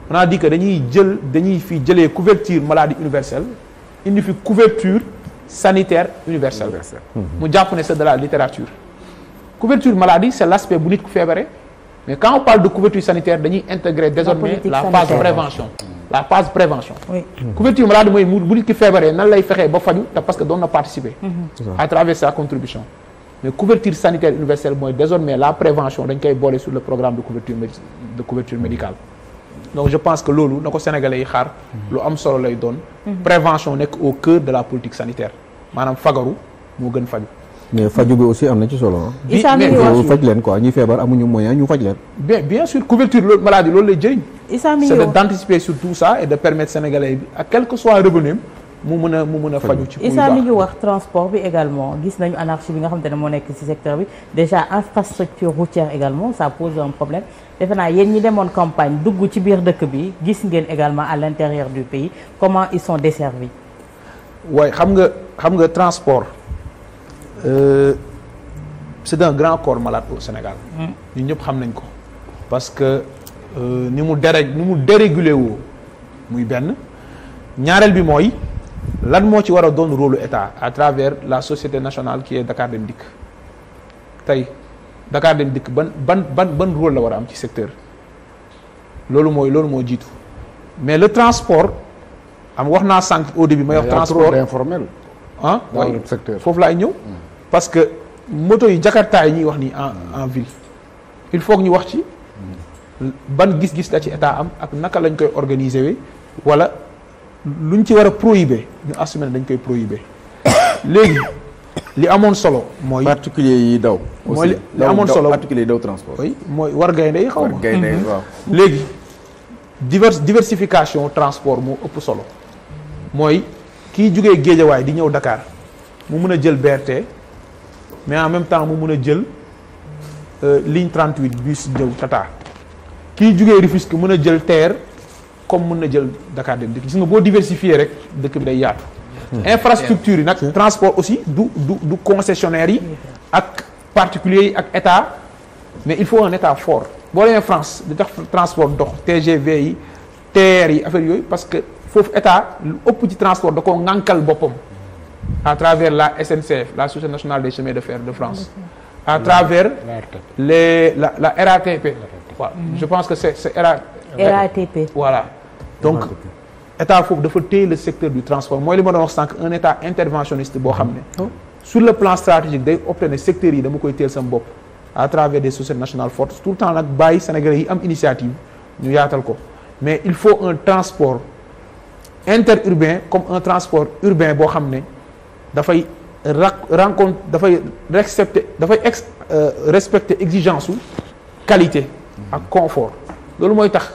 on a dit que dañuy jël dañuy fi jëlee couverture maladie universelle indi fi couverture sanitaire universelle mu connais ne c'est de la littérature couverture maladie c'est l'aspect bu nit ku mais quand on parle de couverture sanitaire dañuy intégrer désormais la, la phase prévention la phase prévention oui. couverture maladie moy bu nit ki feebaree nan lay fexé ba parce que nous avons participé mhm. à travers sa contribution mais couverture sanitaire universelle est désormais la prévention elle est sur le programme de couverture de couverture médicale donc je pense que l'olu, na sénégalais yi xaar lu am solo prévention est au cœur de la politique sanitaire madame Fagarou, nous avons fait mais Fadjou aussi il a ci solo quoi bien sûr couverture maladie c'est d'anticiper sur tout ça et de permettre sénégalais à quel que soit le revenu mu mën mu ci Issa wax transport bi également gis nañu anarchie bi nga xamante ne moo nekk ci secteur bi déjà infrastructure routière également ça pose un problème defe naa ñi demoon campagne dugg ci biir dëkk bi gis ngeen également à l'intérieur du pays comment ils sont desservis Oui, xam nga xam nga transport euh, c'est un grand corps malade au Sénégal mm. ñu ñëpp xam nañ ko parce que euh, ni mu dérég ni mu dérégulé wu muy ben ñaareel bi moy lan moo ci war rôle état à travers la société nationale qui est Dakar Dem Dikk Dakar Dem bon, ban ban ban rôle la war am ci secteur loolu mooy loolu moo mais le transport am wax n'a sànq au début mais wax transport informel ah, dans oui secteur foofu laay ñëw hmm. parce que moto yi jakarta yi ñuy wax hmm. en ville il faut que ñu wax ci hmm. ban gis-gis la ci état am ak naka lañ koy organiser lu luñ ci war a prohibé ñu assumé dañ koy prohibé léegi li amoon solo. mooy particulier yi daw. mooy li amoon solo mooy war gaynde yi xaw ma. Mhm. waaw léegi divers diversification transport moo ëpp solo mooy kiy jugee géejawaay di ñëw dakaar mu mun a jël berte mais en même temps mu mun a jël liñ trent 38 bus ñëw Tata kiy jugee Rufisque mun a jël TER. comme nous na jël Dakar dem gis nga boo diversifier rek dëkk bi day yaatu. Hmm. infrastructure hmm. transport aussi du du du concessionnaire yi. ak particuliers yi ak état. mais il faut un état fort voyez en France di tax transport dox TGV yi TER yi affaire parce que foofu état lu ëpp ci transport da koo ŋànkal boppam. à travers la SNCF la Société nationale des chemins de fer de France. à travers les la RATP. je pense que c'est c'est RATP. voilà donc il faut faire le secteur du transport moi je pense doon un état interventionniste oh. Oh. sur le plan stratégique day le secteur secteurs yi dama koy téel à travers des sociétés nationales fortes tout le temps il bàyyi sénégalais yi initiative ñu mais il faut un transport interurbain comme un transport urbain Il faut rencontre respecter l'exigence euh, exigences respecter exigence qualité à confort tax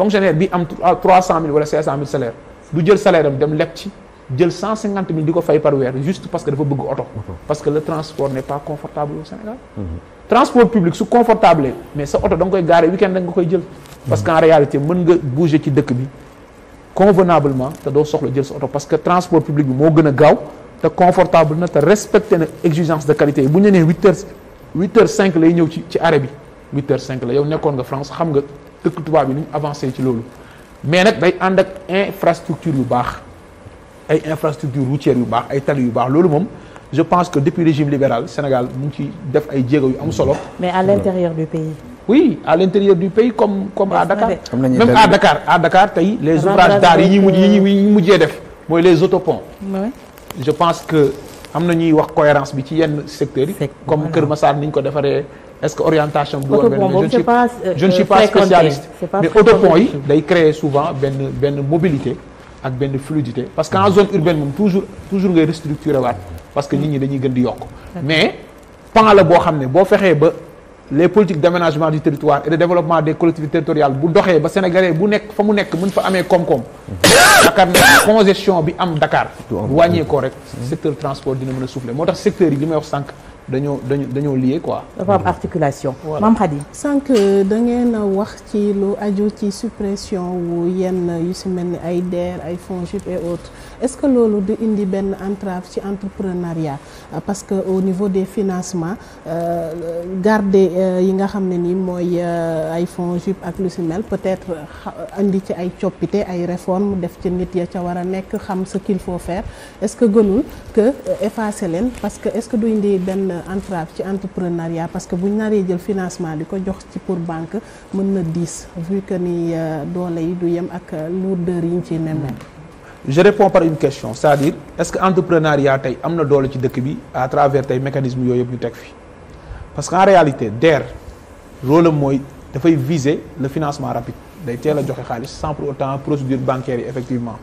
donc, bi 300 000 ou 500 000 salaire, du jeu salaire, de l'acti, 150 000 d'euros par juste parce que le auto. Parce que le transport n'est pas confortable au Sénégal. Le mhm. Transport public, c'est confortable, mais ça auto, donc, garé, week-end, Parce qu'en mhm. réalité, on peut bouger de la convenablement, tu le auto. Parce que le transport public, est confortable, Il respecte les exigences de qualité. Si tu à 8h05, tu es arrivé. 8h05, tu es en France, tu dëkk tubaab yi ni avancé ci loolu mais nag day ànd ak infrastructure yu baax ay infrastructure routière yu baax ay tali yu baax loolu moom je pense que depuis régime libéral Sénégal mu ngi ci def ay jéego yu am solo. mais à l'intérieur du pays. oui à l'intérieur du pays comme comme à Dakar même à Dakar à Dakar tey les ouvrages d'art yi ñuy mujj yi ñuy mujjee def mooy les autoponts je pense que am na ñuy wax cohérence bi ci yenn secteurs yi comme Kër Massar ni ñu ko defaree est-ce que orientation bu organisée je ne suis pas je ne euh, suis pas spécialiste mais autopont yi day souvent benn benn mobilité avec benn fluidité parce qu'en zone urbaine moom toujours toujours restructuré, restructurer parce que nit ñi dañuy gën di mais pendant le boo xam ne boo les politiques d'aménagement du territoire et de développement des collectivités territoriales bu doxee ba sénégalais bu nekk fa mu nekk mën fa comme Dakar mhm. ne congestion bi am Dakar wàññeekoo rek mhm. secteur transport dina mën de souffler moo secteur yi wax dañoo dañoo dañoo lié quoi. dafa am articulation. mam Mame sank sànq da ngeen wax ci lu aju ci suppression wu yenn yu si mel ni ay DER ay FONGIP et autres est-ce que loolu du indi ben entrave ci entrepreneuriat euh, parce que au niveau des financements euh, garder euh, yi nga xam ne nii ay fonds JUP ak lusimel peut-être indi ci ay coppite ay réformes def ci nit ya ca war xam ce qu'il faut faire est-ce que gënul que effacer leen parce que est-ce que dou indi ben entrave ci entrepreneuriat parce que vous naree jël financement di ko jox ci pour banque mën na diis vu que ni doole yi du yem ak lourdeur yi ñu ciy je réponds par une question c'est-à-dire est-ce que l'entrepreneuriat a amené le doole ci à travers les mécanismes qui ont été parce qu'en réalité le rôle am mooy de viser le financement rapide day joxe sans pour autant procédure bancaire effectivement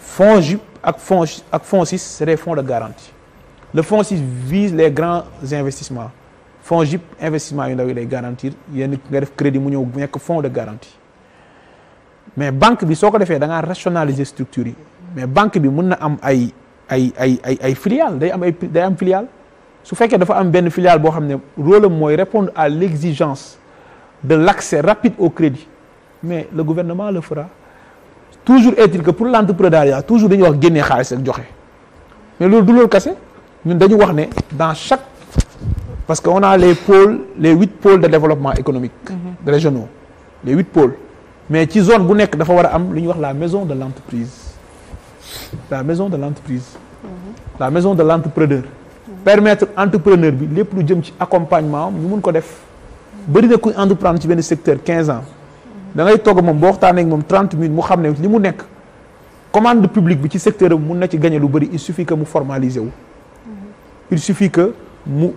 fonds JIP et fonds fonds 6 c'est des fonds de garantie le fonds 6 vise les grands investissements fonds JIP investissement il a yi il garantir a nga def crédit mu a que fonds de garantie mais banque bi soko defé da nga rationaliser structure mais banque bi mun na am ay ay ay ay ay filiale day am ay day am filiale su dafa am rôle moy répondre à l'exigence de l'accès rapide au crédit mais le gouvernement le fera toujours est-il que pour l'entrepreneuriat toujours dañuy wax génnee xaliss ak joxé mais loolu du loolu kese ñun dañu wax né dans chaque parce qu'on a les pôles les huit pôles de développement économique. Mm-hmm. régionaux les huit pôles mais ci zone bu nek dafa wara am wax la maison de l'entreprise la maison de l'entreprise mhm. la maison de l'entrepreneur mhm. permettre entrepreneur bi lepp lu jëm ci accompagnement ñu mun ko def Bari na kuy entreprendre ci benn secteur 15 ans mhm. da ngay togg moom boo waxtaanee ak moom trente minutes mu xam ne li mu nekk commande publique bi ci secteur am mun na ci gagner lu il suffit que mu formaliser wu il suffit que mu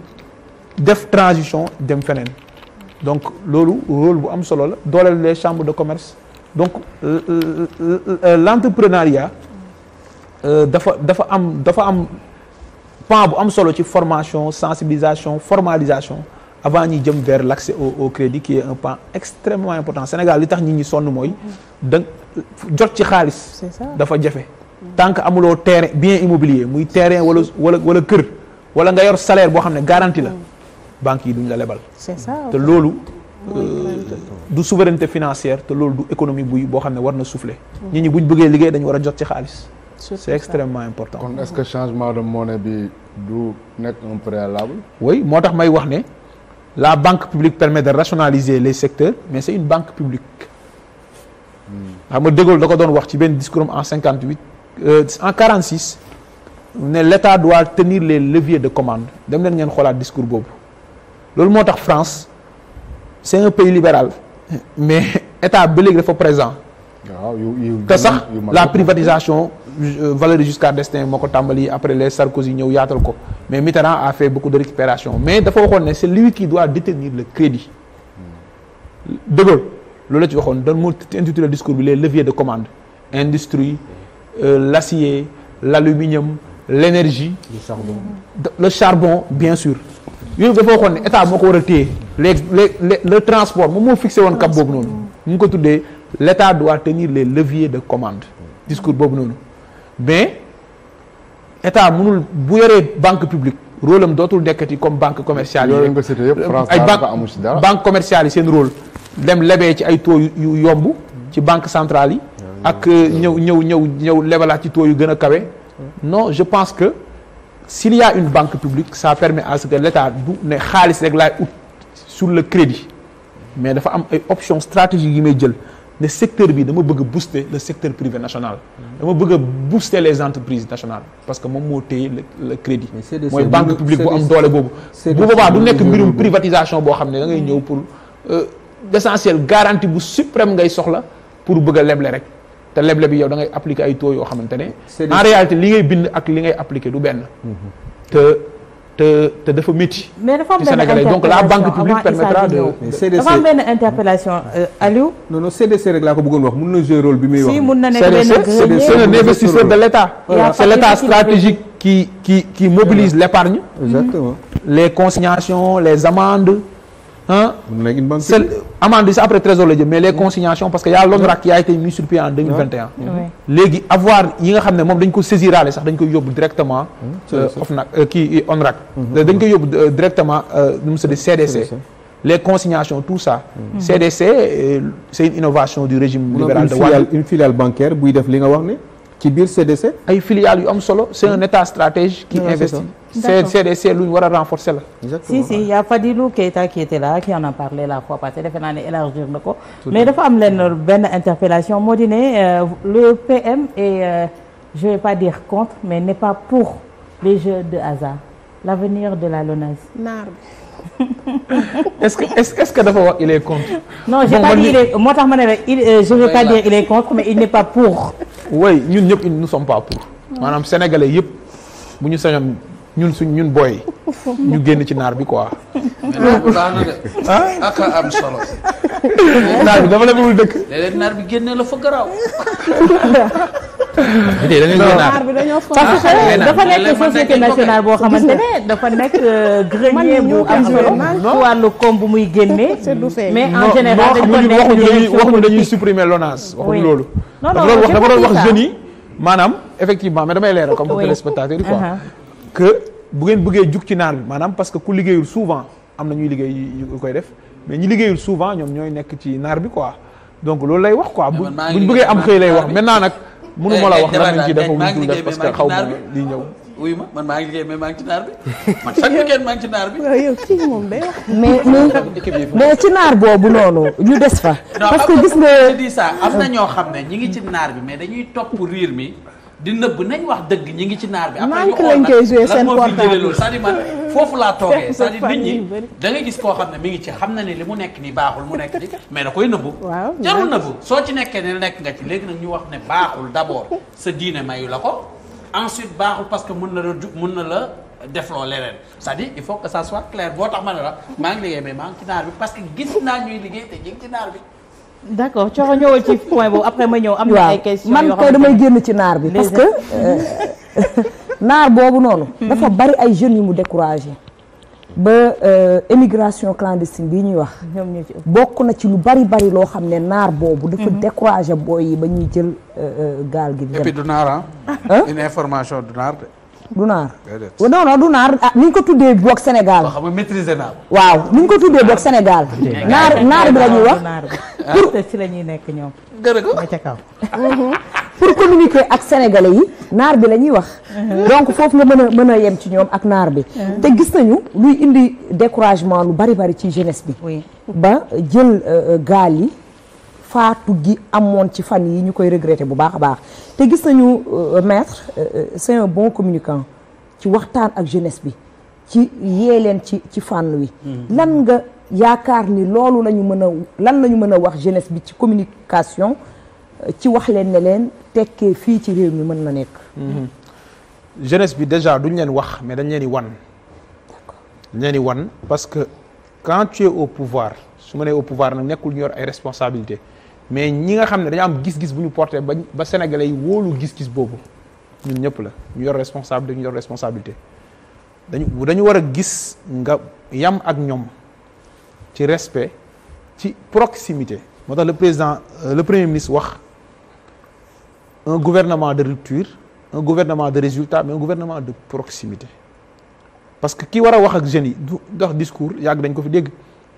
def transition dem donc loolu rôle bu am solo la les chambres de commerce donc euh, euh, euh, l'entrepreneuriat dafa dafa am dafa am bu am solo ci formation sensibilisation formalisation avant d'aller jëm vers l'accès au au crédit qui est un pan extrêmement important Sénégal li tax est ñi sonn mooy da jot ci xaalis dafa jafe mm. tant que amuloo terrain bien immobilier un terrain wala wala wala kër wala nga yor salaire boo garanti la mm banques yi duñ la lebal. c'est ça te loolu. Euh, du souveraineté financière te lolu du économie bu bo xamné war na souffler. Mm. nit ñi buñ bëggee liggéey dañu wara jot ci xaaliss. c'est extrêmement important. kon est-ce que changement de monnaie bi du nekk un préalable. oui motax may wax né la banque publique permet de rationaliser les secteurs mais c'est une banque publique. Hmm. xam nga De da ko doon wax ci ben discours en 58 euh, en 46 ne l'État doit tenir les leviers de commande dem leen ñen xoolaat discours bobu le monde en France c'est un pays libéral mais état bel faut présent. que ça, la privatisation euh, Valéry jusqu'à destin Mokotambali, après les Sarkozy ñëw yaatal mais Mitterrand a fait beaucoup de récupération mais dafa faut lui qui doit détenir le crédit. De Gaulle le tu ci waxoon discours les leviers de commande industrie euh, l'acier l'aluminium l'énergie le charbon bien sûr yooyu dafa waxoon ne état moo ko war a téye léegi le transport moom moo fixé woon cap boobu noonu ñu ko tuddee l' état doit tenir les leviers de commande discours boobu noonu mais état mënul bu yoree banque publique rôle am dootul nekkati comme banque commerciale yi ay banque commerciale yi seen rôle dem lebee ci ay taux yu yomb ci banque centrale yi ak euh, ñëw ñëw ñëw ñëw lebalaat ci taux yu gën a kawe non je pense que s'il y a une banque publique ça permet à ce que l'État ne pas rek sur le crédit mais il y a options stratégiques stratégique immédiate. le secteur privé, dama bëgg booster le secteur privé national. Je veux booster les entreprises nationales parce que je veux le crédit. une banque publique bu am doole boobu. bu vous du nekk privatisation vous avez une pour euh, l'essentiel garantie bu suprême pour bëgg vous te leble bi yow da ngay appliquer ay taux yoo xamante ne. en réalité li ngay bind ak li ngay appliquer du benn. Mhm. te te te dafa métti. mais dafa am donc la banque publique permettra de. CDC dafa am benn interpellation euh, Aliou. non non CDC rek laa ko bëggoon wax mun na jouer rôle bi muy wax. si mun na nekk benn c'est un investisseur de l'État. c'est l'État stratégique qui qui qui mobilise l'épargne. exactement les consignations les amendes ah c'est amende c'est après trésor mais les mmh. consignations parce qu'il y a l'ONRAC mmh. qui a été mis sur pied en 2021 mmh. avoir yi nga xam ne moom dañ ko saisiraale sax dañ koy directement qui euh, euh, kii ONRAC dañ koy euh, directement nu mu tudd CDC les consignations tout ça CDC c'est une innovation du régime libéral de Wade une filiale bancaire vous def li nga qui bir CDC. ay filiale yu am solo c'est hmm. un état stratège. qui investit CDC un ñu a renforcer là. Si, si il y' a Fadilou Keita qui était là qui en a parlé la fois passée que naa ne élargir le mais dafa am len ben interpellation modiné euh, le PM est euh, je vais pas dire contre mais n'est pas pour les jeux de hasard L'avenir de la narbe est-ce que est il est contre. non j'ai pas dit il est ne euh, veux pas dire il est contre mais il n'est pas pour. oui nous ne sommes pas pour. Madame sénégalais vous sommes ñun suñ ñun booy ñu génn ci naar bi quoi. ah ak am naar bi dama la bëgg dëkk. léeg-léeg naar bi génne la fa garaaw. tey da ngay ñëw naar bi dañoo parce que dafa nekk société nationale boo xamante ne dafa nekk euh, grenier bu am solo wàllu bu muy génnee. mais en général dañu ko nekk waxuñu waxuñu dañuy supprimer l'ONAS waxuñu loolu. non non dafa doon wax jeunes yi maanaam effectivement mais damay leeral comme téléspectateur yi quoi. Uh-huh. que bu ngeen bëggee jug ci naar bi maanaam parce que ku liggéeyul souvent am na ñuy liggéey yu koy def mais ñi liggéeyul souvent ñoom ñooy nekk ci naar bi quoi donc loolu lay wax quoi. bu buñ bëggee am xëy lay wax maintenant nag. mënu ma la eh, wax lan lañ ci eh, eh, que xaw man maa ngi liggéey mais maa ngi ci naar bi man moom day wax. ci naar boobu noonu ñu des fa. parce que gis nga. je dis am na ñoo xam ne ñi ngi ci naar bi mais dañuy topp riir mi. di nëbb nañ wax dëgg ñi ngi ci naar bi. après ñu xool foofu laa toogee cest à gis koo xam ne mi ngi ci xam na ne li mu nekk nii baaxul mu nekk ci mais da koy nëbbu. soo ci nekkee ne nekk nga ci léegi nag ñu wax ne baaxul d'abord sa diine mayu la ko ensuite baaxul parce que mun na la jug mën na la defloo leneen c'est-à-dire il faut que ça soit clair boo tax ma ne la maa ngi liggéey mais maa ngi ci naar bi parce que gis naa ñuy liggéey te ñu ngi ci naar bi d' accord Coro ñëwal ci point boobu après ma ñëw am na ay questions man kay damay génn ci naar bi parce que euh, naar boobu noonu hmm. dafa bari ay jeunes yu mu découragé ba euh, émigration clandestine bi ñuy wax bokk na ci lu bari bari loo xam ne naar boobu dafa hmm. découragé booy yi ba ñuy jël euh, gaal gi dem et du naar une information du naar de du naar non du naar ah ni ñu ko tuddee boog Sénégal xam nga maîtriser naa waaw ni ñu ko tuddee boog Sénégal naar naar bi la wax pour la ñuy nekk ñoom ca kaw mhm. pour communiquer ak sénégalais yi naar bi la ñuy wax mhm. donc foofu nga mën a mën yem ci ñoom ak naar bi mhm. te gis nañu luy indi découragement lu bari bari ci jeunesse bi ba jël euh, gaal yi faatu gi amone ci fan yi regretter bu baax euh, maître euh, euh, c'est un bon communicant ci waxtaan ak jeunesse bi ci ci ci wi mm-hmm. lan nga ni loolu lañu jeunesse bi ci communication ci wax leen leen mm-hmm. jeunesse déjà duñ mais dañ leen di wan dañ parce que quand tu es au pouvoir su au pouvoir tu nekkul mais ñi nga xam ne dañu am gis-gis bu ñu porté ba ba sénégalais yi wóolu gis-gis boobu ñun ñëpp la ñu yor responsable ñu yor responsabilité dañu dañu war a gis nga yam ak ñoom ci respect ci proximité moo tax le président euh, le premier ministre wax un gouvernement de rupture un gouvernement de résultat mais un gouvernement de proximité parce que ki war a wax ak jeunes yi du dox discours yàgg dañ ko fi dégg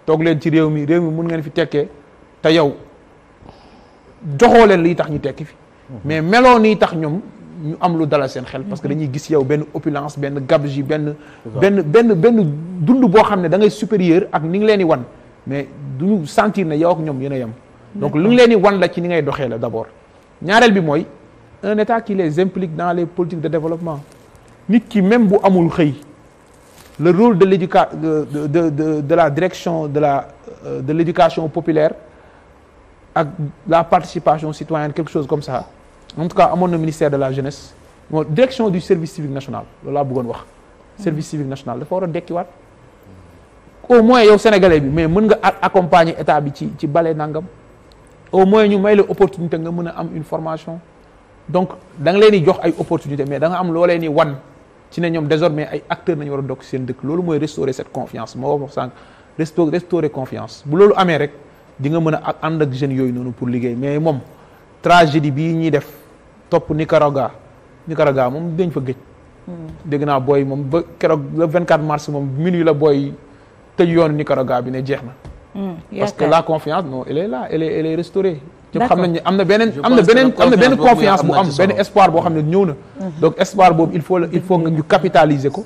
toog leen ci réew mi réew mi mun ngeen fi tekkee te yow joxoo li tax ñu tekki fi mhm. mais melo ni tax ñom ñu am lu dala seen xel parce que mhm. dañuy gis yow ben opulence ben gabegie ben ben ben ben dund bo xam da ngay supérieur ak ni ngi leen wan mais duñu sentir né yow ak ñom yéen yam donc lu ngi leen di wan la ci ni ngay doxé la d'abord ñaarel bi moy un état qui les implique dans les politiques de développement nit ki même bu amul xey le rôle de l'éduca de de de de la direction de la euh, de l'éducation populaire à la participation citoyenne quelque chose comme ça en tout cas à mon ministère de la jeunesse direction du service civique national le service civique national dafa war a dire. au moins au sénégalais mais mën nga accompagner l'État bi ci ci nangam au moins ñu may l'opportunité opportunité nga une formation donc da nga leen di jox opportunité mais da nga am des désormais ay acteurs de war C'est ce qui restaurer cette confiance moo wax restaurer confiance bu loolu di nga mën a ànd ak yooyu noonu pour liggéey mais moom tragédie bii ñuy def topp Nicaragua Nicaragua moom dañ fa géej. Hmm. dégg naa booy moom ba keroog le 24 mars moom minuit la booy tëj yoonu Nicaragua bi ne jeex na. Hmm, parce que la confiance non elle est là elle xam nañ ne am na beneen am na beneen am na benn confiance bu am benn espoir boo xam ne ñëw na. Hmm. donc espoir boobu il faut il faut nga ñu capitaliser ko.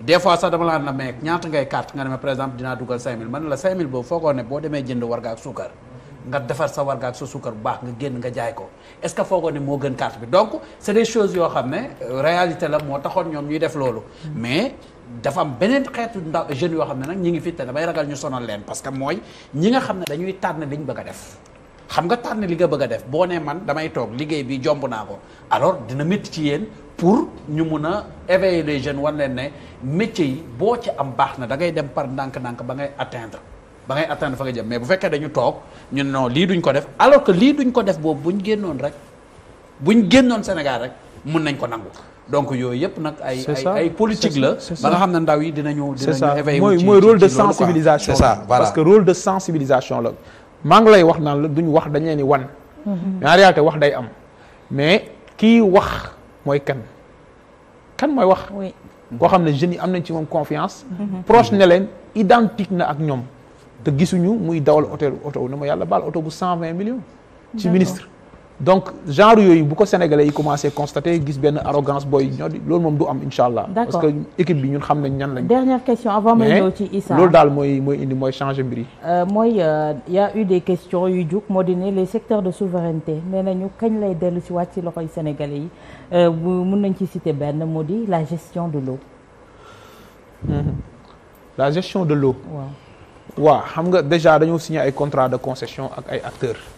des fois sax dama laan la meeg ñaata ngay carte nga ne ma par exemple dinaa dugal 5000 man la 5000 boobu foogoon ne boo demee jënd warga ak suukar nga defar sa warga sa suukar bu baax nga génn nga jaay ko est que foogoon ne moo gën carte bi donc c'est des choses yoo xam ne euh, réalité la moo taxoon ñoom ñuy def loolu mais dafa am beneen xeetu ndaw jeunes yoo xam ne nag ñi ngi fi te damay ragal ñu sonal leen parce que mooy ñi nga xam ne dañuy tànn liñ bëgg def xam nga tànn li nga bëgg a def boo nee man damay toog liggéey bi jomb naa ko alors dina métti ci yéen pour ñu mun a éveiller les jeunes wan leen ne métier yi boo ci am baax na da ngay dem par ndànk-ndànk ba ngay attendre ba ngay atteindre fa nga jëm mais bu fekkee dañu toog ñu non lii duñ ko def alors que lii duñ ko def boobu buñ génnoon rek buñ génnoon Sénégal rek mun nañ ko nangu donc yooyu yëpp nag ay ay politique la ba nga xam ne ndaw yi dinañu dinañu éveiller mooy mooy rôle de sensibilisation c'est ça la maa ngi lay wax naan la duñ wax dañ leen di wan mais mm-hmm. en réalité wax day am mais kii wax moy kan kan moy wax oui xam ne jeunes yi amnañ ci mom confiance mhm. proche ne leen identique na ak ñom te gisuñu muy dawal hôtel auto na yalla bal auto bu 120 millions ci ministre donc genre yooyu bu ko sénégalais yi commencé constater gis ben arrogance boy ñoo di loolu du am inshallah parce que équipe bi ñun xam nañ ñan lañ dernière question avant may ñëw ci Issa lool dal moy moy indi moy changer mbir yi il euh, euh, y a eu des questions yu juk modi di ne les secteurs de souveraineté né nañu kagn lay dellu ci wacc ci loxoy sénégalais yi euh, mun nañ ci citer ben modi la gestion de l'eau mhm. la gestion de l'eau wa wa xam nga déjà dañu signé ay contrat de concession ak ay acteurs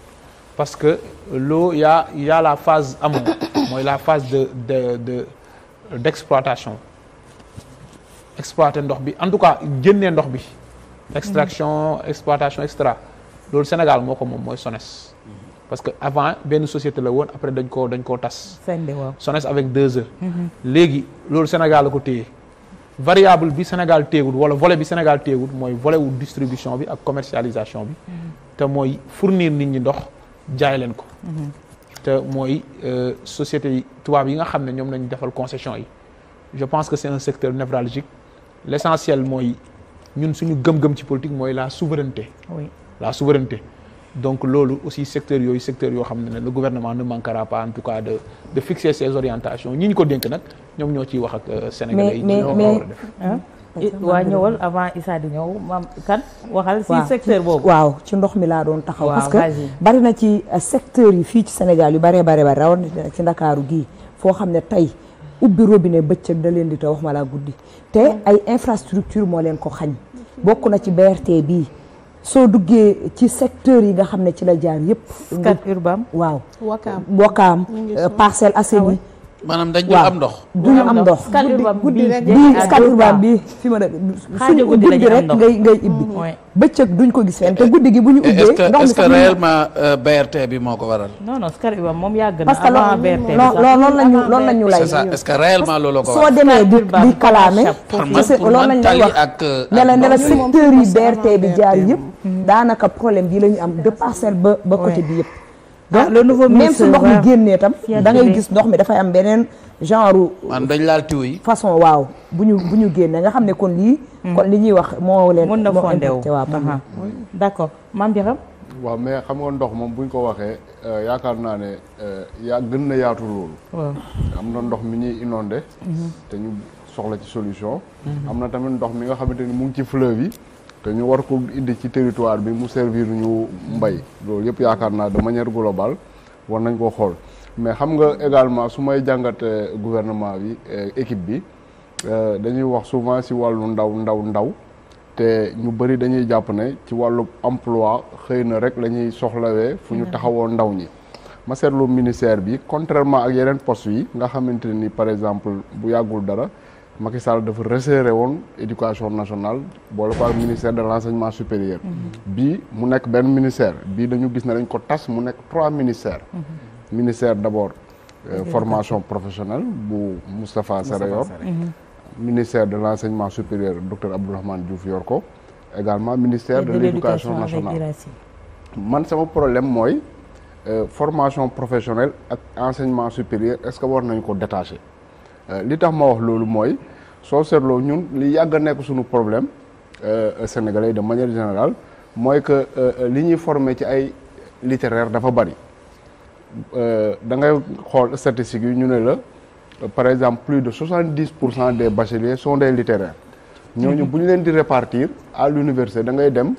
parce que l'eau, il y a, y a la phase amont, mooy la phase de de de d'exploitation exploiter ndox bi en tout cas génnee ndox bi. extraction exploitation etc. cetera Sénégal moi, ko moi, mooy SONES. parce que avant benn société la won, après dañ koo dañ koo tas. SONES avec deux heures. Mm-hmm. Légui, loolu Sénégal la ko variable bi Sénégal téegul wala volé bi Sénégal téegul moy volé wu distribution bi ak commercialisation bi. Mm-hmm. te moy fournir nit ñi ndox jaay leen ko. te mooy euh, société yi tubaab yi nga xamné ñom lañu defal concession yi je pense que c'est un secteur névralgique l'essentiel moy ñun suñu gëm-gëm ci politique moy la souveraineté. oui la souveraineté. donc lolu aussi secteur yooyu secteur yo xamné le gouvernement ne manquera pas en tout cas de de fixer ses orientations ñi ko dénk nak ñom ñoo ci wax ak. Euh, Sénégalais yi ñoo def hein? waa ñëwal avant Issa di ñëw maam kan boobu waaw ci ndox mi laa doon taxaw parce que bari na ci euh, secteur yi fii ci Sénégal yu baree bare bari rawatina ci Ndakaaru gi foo xam ne tey ubbi robine bëccëg da leen di taw wax ma laa guddi te ay infrastructure moo leen ko xañ bokk na ci BRT bi soo duggee ci secteur yi nga xam ne ci la jaar yëpp Scat Urbam waaw Wakaam Wakaam euh, Parcelles Assainies ah maanaam dañ am ndox duñu am ndox guddi bii scaturban bii fi ma suñu guddi rek ngay ngay ibbi bëccëg duñ ko gis fenn te guddi gi bu ñu ubbee ndox mi est-ce que euh, bi moo ko waral non non scaturban moom yàgg na parce que loolu lañu loolu lañu lay c'est ça est-ce que réellement loolu ko waral soo demee di euh, la ne la secteur yi BRT bi jaar yëpp daanaka problème bii la ñu am de parcelle ba ba bi yëpp Ah, donc le nouveau ministre même su ndox mi génnee tam da gis ndox mi dafay am beneen genre. man dañ laal tiw façon waaw bu ñu bu ñu génnee nga xam ne kon lii. Hmm. kon li ñuy wax moo leen. mën na fondé wu waaw d' accord maam waaw mais xam nga ndox moom bu ñu ko waxee euh, yaakaar naa ne euh, yaa gën na yaatu loolu. am na ndox mi ñuy inondé. Hmm. te ñu soxla ci solution. Hmm. am na tamit ndox mi nga xamante ni mu ngi ci fleuve yi. te ñu war ko indi ci territoire bi mu servir ñu mbay loolu yëpp yaakaar naa de manière globale war nañ ko xool mais xam nga également su may jàngat gouvernement bi eh, équipe bi eh, dañuy wax souvent si wàllu ndaw ndaw ndaw te ñu bëri dañuy jàpp ne ci wàllu emploi xëy na rek la ñuy soxlawee fu ñu taxawoo ndaw ñi ma seetlu ministère bi contrairement ak yeneen post yi nga xamante ni par exemple bu yàggul dara Je Sall dafa resserré éducation nationale pour le ministère de l'enseignement supérieur. Mhm. bi mu un ministère bi dañu dañ ko trois ministères. Mhm. ministère de euh, la formation professionnelle bu Moustapha Sarré mhm. ministère de l'enseignement supérieur Dr Abdourahmane Diouf Yorko. également ministère de l'éducation nationale man sama problème moy euh, formation professionnelle et enseignement supérieur est ce que war nañ ko euh, L'état mort ma wax loolu mooy soo seetloo ñun li yàgg a nekk suñu problème euh, sénégalais de manière générale Moi, que euh, li ñuy ci ay littéraire dafa bari da ngay statistiques nous ñu la par exemple plus de 70% des bacheliers sont des littéraires Nous mhm. bu ñu leen di répartir à l'université da ngay dem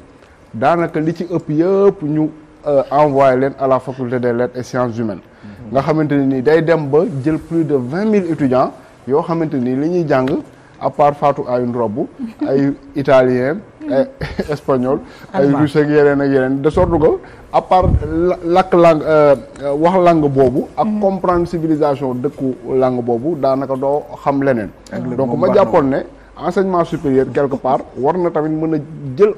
dans li ci ëpp ñu euh, envoyé leen à la faculté des lettres et sciences humaines. Mhm. nga avons ne nii day dem ba plus de 20 000 étudiants Nous avons ni li ñuy à part Fatou ay Robou, italien espagnol. ay russe de sorte que à part la langue la euh, langue bobu, ak mhm. comprendre civilisation de la langue bobu, la langue, xam leneen. donc ma jàppoon ne enseignement supérieur quelque part war na tamit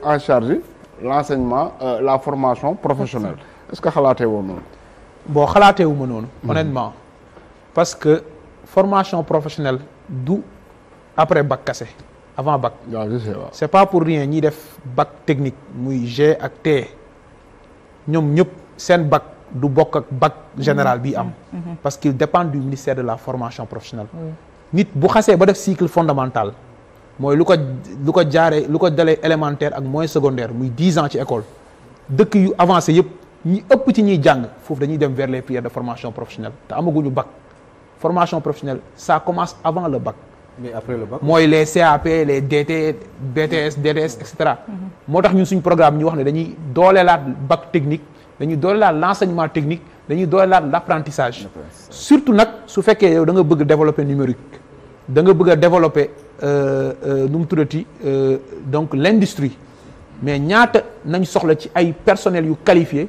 en charge l'enseignement euh, la formation professionnelle est-ce que vous avez dit bon Je wu ma mhm. honnêtement parce que formation professionnelle du après bac cassé, avant bac c'est pas pour rien ni def bac technique muy G et T ñoom ñëpp un bac du bac général bi mhm. Mhm. parce qu'il dépend du ministère de la formation professionnelle nit bu xasee ba def cycle fondamental moy lu ko lu ko jaaree élémentaire ak moy secondaire muy 10 ans ci école Dès yu avancé yëpp ñi ëpp ci ñi jang fofu dañuy dem vers les pierres de formation professionnelle ta amaguñu bac formation professionnelle ça commence avant le bac. mais après le bac moy les CAP les DT BTS DDS etc cetera. moo tax ñun suñ programme ñu wax né dañuy la bac technique dañuy dooleelaat la enseignement technique dañuy dooleelaat la l'apprentissage. surtout nak su féké yow da nga bëgg développer numérique da nga bëgg développer euh, euh, nous euh, donc l'industrie mais ñaata nañ soxla ci ay personnel yu qualifié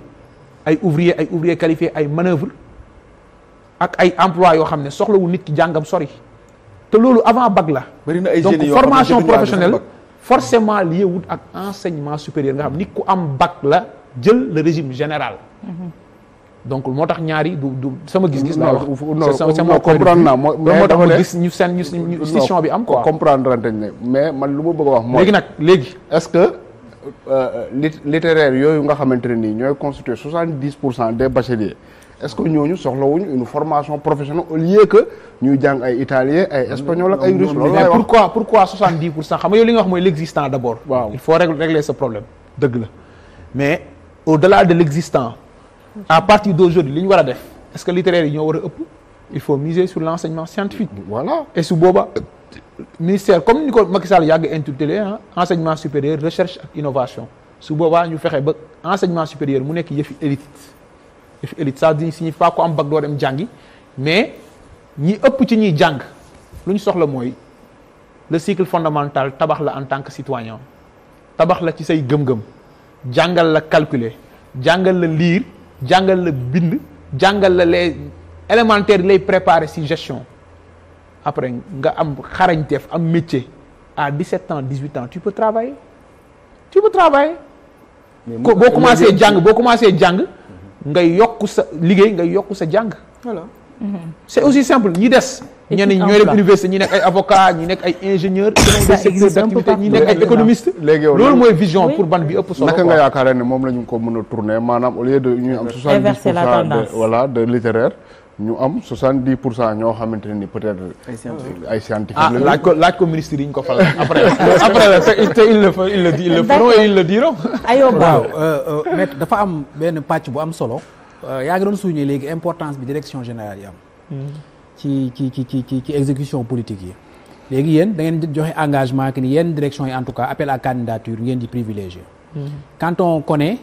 ay ouvriers ay ouvriers qualifié ay manœuvre ak ay emploi yo xamné soxla wu nit ki jangam sori te lolu avant bac la donc formation professionnelle forcément lié wut ak enseignement supérieur nga xam nit ku am bac la le régime général mm-hmm donc moo tax ñaari du du sama gis-gis. laa wax non comprendre na moo mais dafa gis ñu sen ñu session bi am quoi. comprendre nañ ne mais man lu ma bëgg wax. mooy léegi nag léegi. est-ce que euh, littéraire yooyu nga xamante ne nii ñooy constitué des bacheliers est-ce que ñooñu soxlawuñ une formation professionnelle au lieu que ñuy jàng ay italien ay espagnol ak ay russe. loolu laay pourquoi pourquoi soixante dix pour cent xam nga yow li nga wax mooy l'existant d'abord. waaw il faut régler ce problème. dëgg la mais au-delà de l'existant à partir d'aujourd'hui li est-ce que littéraire a ëpp il faut miser sur l'enseignement scientifique. voilà et su booba ministère comme ni ko Macky Sall hein, enseignement supérieur recherche et innovation su Boba, ñu fexe ba enseignement supérieur mu nekk yëfi élite élite ça ne signifie pas ko am bac doo dem mais ñi ëpp ci ñuy jàng lu ñu soxla mooy le cycle fondamental tabax la en tant que citoyen tabax la ci say gëm-gëm jàngal la calculer jàngal la lire jàngal la bind jàngal la les élémentaires les lay préparer ci gestion après nga am xarañteef am métier à 17 ans 18 ans tu peux travailler tu peux travailler. boo commencé jàng boo commencé jàng. ngay yokk sa liggéey ngay yokk sa jàng. voilà c'est aussi simple ñi dess ñeneen ñooy dem université ñi nek ay avocat ñi nek ay ingénieur. des secteur d'activité ñi nek ay économiste. léegi moy vision pour ban bi ëpp solo. nak nga yaakaaree ne mom lañu ko mëna tourner manam au lieu de ñu am. 70 pour de voilà de littéraire. ñu am 70 ño cent ni peut-être. ay scientifique ah, la laaj ko laaj ko ministre yi ñu ko falal après après te il le il le dit il le feront et il le diront. aywa euh, euh maître dafa am ben patch bu am solo il y a une de direction générale qui mm-hmm. exécution politique Vous y a engagement que direction en tout cas appel à candidature ngeen privilégié. Mm-hmm. quand on connaît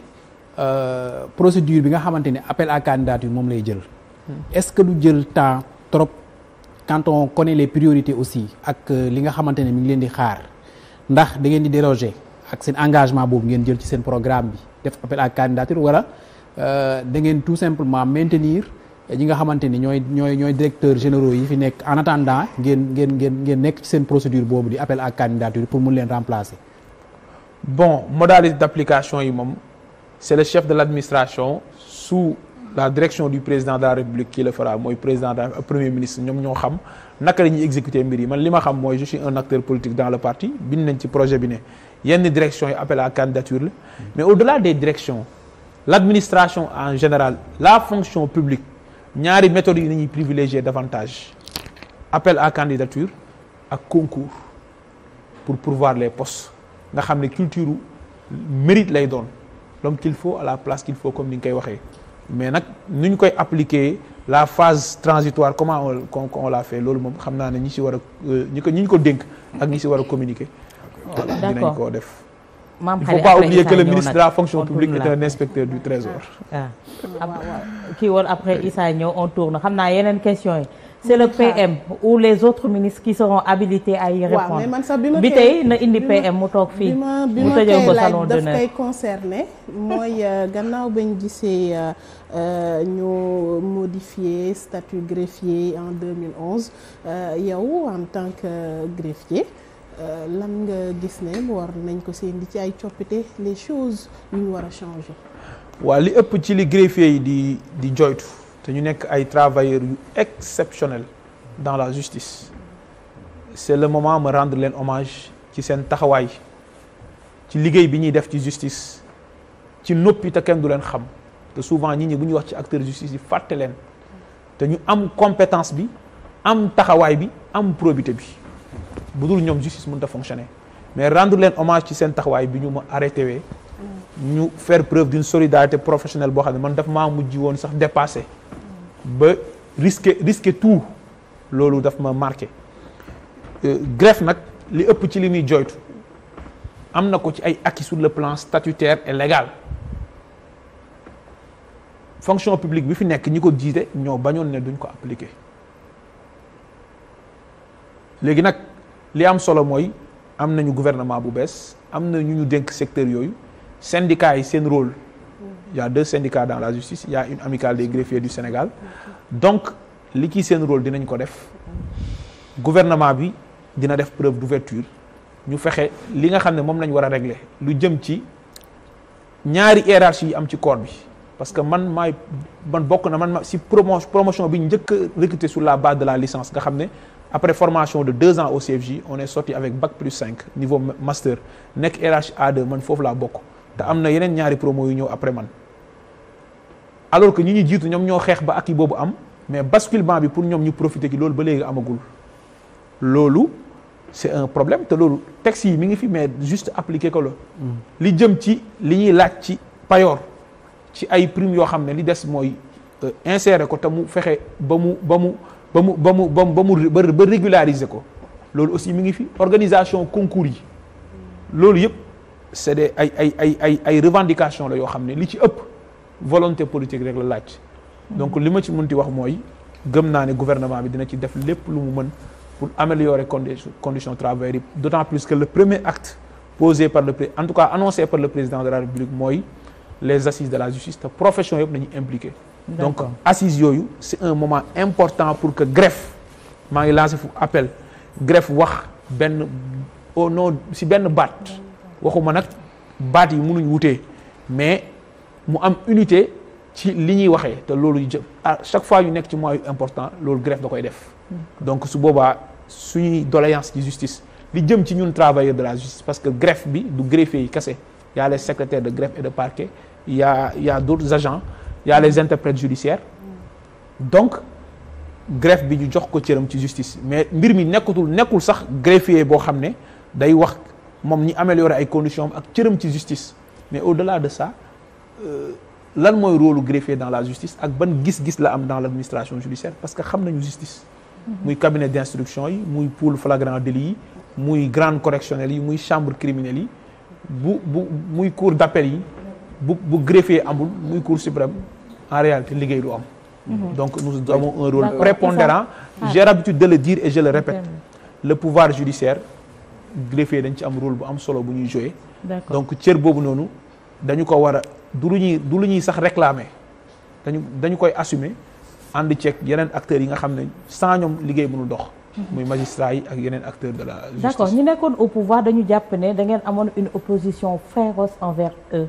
la euh, procédure appel à candidature mm-hmm. est-ce que nous le temps trop quand on connaît les priorités aussi ak que euh, nga vous mi ngi vous déroger engagement boobu programme appel à candidature euh, da ngeen tout simplement maintenir ñi nga xamante ni ñooy directeurs généraux yi fi nekk en attendant ngeen ngeen ngeen ci procédure boobu di appel à candidature pour mun leen remplacer. bon modalité d'application yi c'est le chef de l'administration sous la direction du président de la République qui le fera le président premier ministre ñoom ñoo xam naka la exécuter mbir yi man je suis un acteur politique dans le parti bind nañ ci projet bi ne yenn direction yi appel à candidature mais au-delà des directions l'administration en général la fonction publique nous méthode yi ni privilégier davantage appel à candidature à concours pour pouvoir les postes nga que une culture mérite les dons. l'homme qu'il faut à la place qu'il faut comme nous mais nous avons appliqué la phase transitoire comment on l'a fait nous avons dit que nous ci il ne faut pas oublier que le ministre de la fonction publique est un inspecteur du trésor. Qui ah. ah, ah, après Issa on tourne. Il y a une question. C'est le PM ou les autres ministres qui seront habilités à y répondre. bi tey na indi PM mu toog fii. mu tëjee ko salon d'honneur bi ma bi ma koy concerné mooy euh, ñu euh, euh, modifier statut greffier en 2011 yow en tant que greffier. Euh, lan nga gis ne war nañ ko seen di ci ay coppite les choses yu ñu war a changer. waaw li ëpp ci li greffier yi di di joytu te ñu nekk ay travailleurs yu exceptionnels dans la justice c'est le moment ma rendre leen hommage ci seen taxawaay ci liggéey bi ñuy def ci justice ci noppi te kenn du leen xam te souvent nit ñi bu ñu wax ci acteur justice yi fàtte leen te ñu am compétence bi am taxawaay bi am probité bi budul ñom la justice mënut fonctionner mais rendre leen hommage ci sen taxway bi ñu ma arrêté wé ñu faire preuve d'une solidarité professionnelle Nous xamné nous man daf ma mujj sax ba risquer risquer tout lolu daf ma marqué euh, greffe nak li ëpp ci li joytu am ko ci ay acquis sur le plan statutaire et légal fonction publique bi fi nek ñiko ko jiite ñoo bañoon duñ ko appliquer li am solo moy am nañu gouvernement bu bess am na ñu ñu dénk secteur yoyu syndicats yi rôle il y a deux syndicats dans la justice il y a une amicale des greffiers du Sénégal donc li ki sen rôle dinañ ko def gouvernement bi dina def preuve d'ouverture ñu fexé li nga xamné ne moom lañ war régler lu jëm ci ñaari hiérarchie yi am ci corps bi parce que man may man bokk na man si promotion promotion, bi ñëk recruter sur la base de la licence nga xamné après formation de deux ans au CFJ on est sorti avec bac plus 5 niveau master nekk RH A2 man fof la bokk te amna na yeneen ñaari promo yu ñëw après man alors que ñi ñi jitu ñom ñoo xex ba ak yi am mais basculement bi pour ñom ñu profiter ki lool ba légui amagul loolu c'est un problème te loolu taxi mi ngi fi mais juste appliquer ko la mm. li jëm ci li ñi lacc ci payor ci ay prime yo xam li des moy euh, insérer ko te fexé ba mu ba mu ba mu ba mu ba ba régulariser ko loolu aussi mi ngi fi organisation concours yi loolu c'est des ay ay ay ay ay revendications la yoo xam li ci ëpp volonté politique rek la donc li ma ci munti dire, wax mooy gëm gouvernement bi dina ci def lépp lu mu mën pour améliorer conditions de travail d'autant plus que le premier acte posé par le en tout cas annoncé par le président de la République mooy les assises de la justice te profession yëpp nañu impliqué donc assise yoyu, c'est un moment important pour que greffe Je l'ai lancé appel greffe wax ben au nom si ben baat waxuma nak baat yi mais mu am unité ci li ñuy waxee te à chaque fois yu nek ci mois important lolu greffe da koy def hmm. donc su boobaa suñuy doléance ci justice li jëm ci ñun travailleurs de la justice parce que greffe bi du greffier yi Il y a les secrétaires de greffe et de parquet y a y a d'autres agents il y a les interprètes judiciaires donc greffe bi ñu jox ko cëram ci justice mais mbir mi nekkatul nekkul sax greffier boo xam ne day wax moom ñi améliorer ay conditions ak cëram ci justice mais au-delà de ça euh, lan mooy rôle greffier dans la justice ak ban gis-gis la am dans l'administration judiciaire parce que xam nañu justice mhm. muy cabinet d'instruction yi muy pôle flagrant délit yi muy grande correctionnel, yi muy chambre criminelle yi bu bu cour d'appel yi bu greffier amul muy cour suprême en réalité liggéey du am. Mhm. donc nous avons un rôle prépondérant. Ah. j'ai l'habitude de le dire et je le répète. le pouvoir judiciaire greffier dañ ci am rôle bu am solo bu ñuy jouer. donc cër bobu nonu dañu ko wara a du lu sax réclamer dañu dañu koy assumer and ceeg yeneen acteurs yi nga xam ne sans ñoom liggéey mënul dox. Mhm. muy magistrat yi ak yeneen acteurs de la justice. d'accord ñu nekkoon au pouvoir dañu jàpp ne da ngeen amoon une opposition féroce envers eux.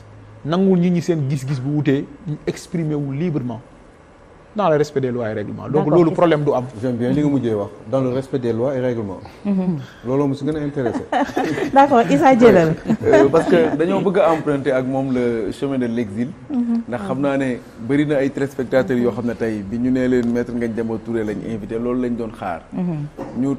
nangul nit ñi seen gis-gis bu wuté ñu exprimer wu librement dans le respect des lois et règlements. donc lolu problème du am. j'aime bien li nga mujjé wax dans le respect des lois et règlements. lolu mu su gën intéressé. d'accord isa Issa euh, parce que dañoo bëgg emprunter ak mom le chemin de l'exil. exil. Mhm. ndax xam naa ne na ay téléspectateurs yo xamna tay bi ñu né leen maître Ngagne Demba Touré lañ invité lolu lañ doon xaar. Mhm. ñu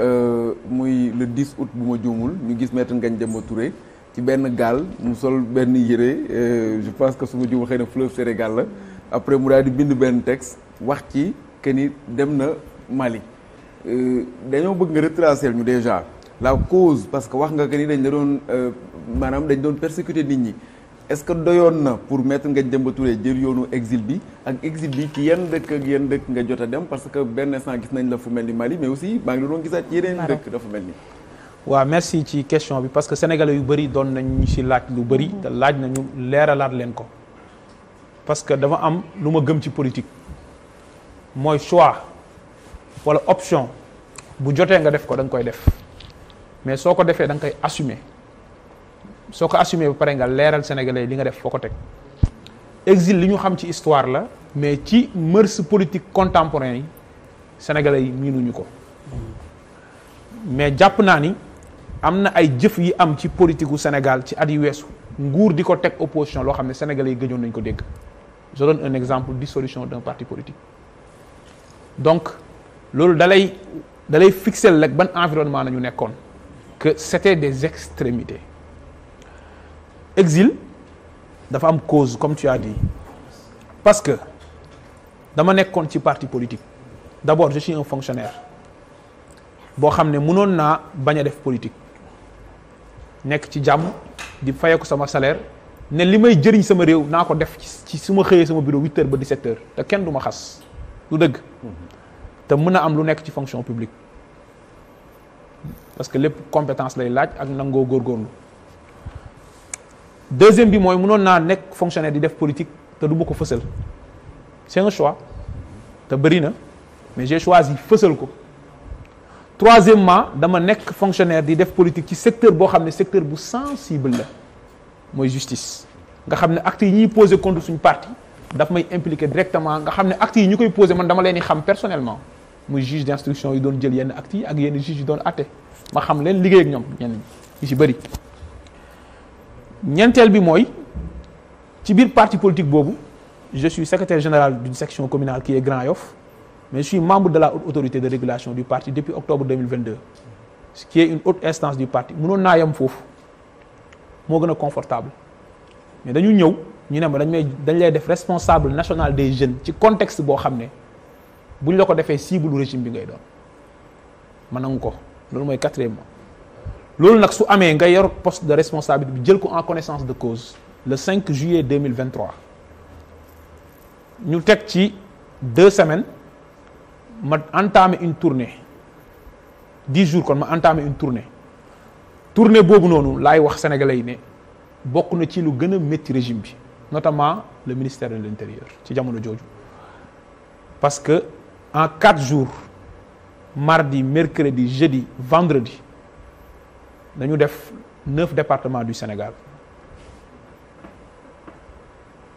euh muy le 10 août bu ma juumul ñu gis maître Ngagne Demba Touré ci benn gal mu sol benn yére euh, je pense que su ma xëy na fleuve Sénégal la après mu daal di bind benn texte wax ci que ni dem na Mali euh, dañoo bëgg nga retracer ñu déjà la cause parce que wax nga que ni dañ la doon euh, maanaam dañ doon persécuter nit ñi est-ce que doyoon na pour mettre nga jëmbaturee jël yoonu exil bi ak exil bi ci yenn dëkk ak yenn dëkk nga jot a dem parce que benn instant gis nañ la fu mel ni Mali mais aussi maa ngi doon gisaat yeneen dëkk dafa mel ni wa merci ci question bi parce que sénégalais yu bëri doon nañ ñu ci laaj lu bëri mhm. te laaj nañu leeralaat leen ko parce que dama am lu ma gëm ci politique mooy choix walla option bu jotee nga def ko da koy def mais soo ko defee da nga koy assumer soo ko assumer ba pare nga leeral sénégalais li nga def foo ko teg exil li ñu xam ci histoire la mais ci mœurs politique contemporain yi sénégalais yi miinuñu ko mhm. mais jàpp naa ni amna ay jëf yi am ci politique au Sénégal ci at yi weesu nguur di ko teg opposition loo xam sénégalais yi gëjoon nañ ko dégg je donne un exemple dissolution d'un parti politique donc loolu dalay dalay fixel rek ban environnement nañu nekkoon que c'était des extrémités exil dafa am cause comme tu as dit parce que dama nekkoon ci parti politique d'abord je suis un fonctionnaire boo xam ne mënoon naa def politique nekk ci jàmm di ko sama salaire ne li may jëriñ sama réew naa ko def ci su ma xëyee sama bureau huit ba di secteur te kenn du ma xas lu dëgg te mën a am lu nekk ci fonction publique parce que lépp compétence lay laaj ak nangoo góorgóorlu deuxième bi mooy mënoon naa nekk fonctionnaire di def politique te du ma ko fësal c'est un choix te bëri na mais j'ai choisi fësal ko troisièmement dama nekk fonctionnaire di def politique ci secteur boo xam secteur bu sensible la justice nga xam ne actes yi posent contre suñu parti daf may impliqué directement nga xam ne actes yi ñu koy posé man dama leen personnellement muy juge d'instruction yi doon jël yenn actes yi ak yenn juge yi doon atte ma xam leen liggéey ak ñoom ñenn ñi ci bëri ñeenteel bi mooy ci parti politique boobu je suis secrétaire général d'une section communale qui est Grand Yoff mais je suis membre de la autorité de régulation du parti depuis octobre 2022 ce qui est une haute instance du parti Je suis yam confortable mais nous sommes responsables nationaux responsable national des jeunes le contexte bo xam ne buñ la ko defee cible régime bi ngay doon ma ko quatrième mois loolu su amé poste de responsabilité bi jël en connaissance de cause le 5 juillet 2023 Nous avons ci deux semaines ma entamé une tournée dix jours qu'on m'entame entamé une tournée tournée boobu noonu laay wax sénégalais yi ne ci lu régime notamment le ministère de l'intérieur parce que en 4 jours mardi mercredi jeudi vendredi nous avons 9 départements du Sénégal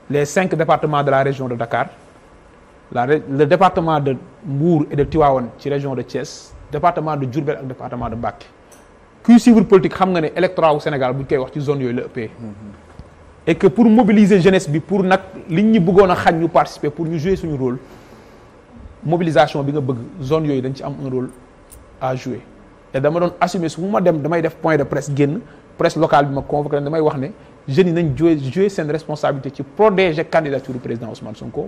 les 5 départements de la région de Dakar le département de Mbour et de Tivaouane la région de Thiès département de et le département de Bac. kuy suivre politique politiques nga ne au au Sénégal qui koy zone de mm-hmm. et que pour mobiliser jeunesse pour que nous puissions participer pour nous jouer son rôle la mobilisation bi nga bëgg zone un rôle à jouer Et dama assumer ce ma je damay def point de presse la presse locale bi ma je damay wax dit jouer jouer responsabilité de protéger candidature du président Ousmane Sonko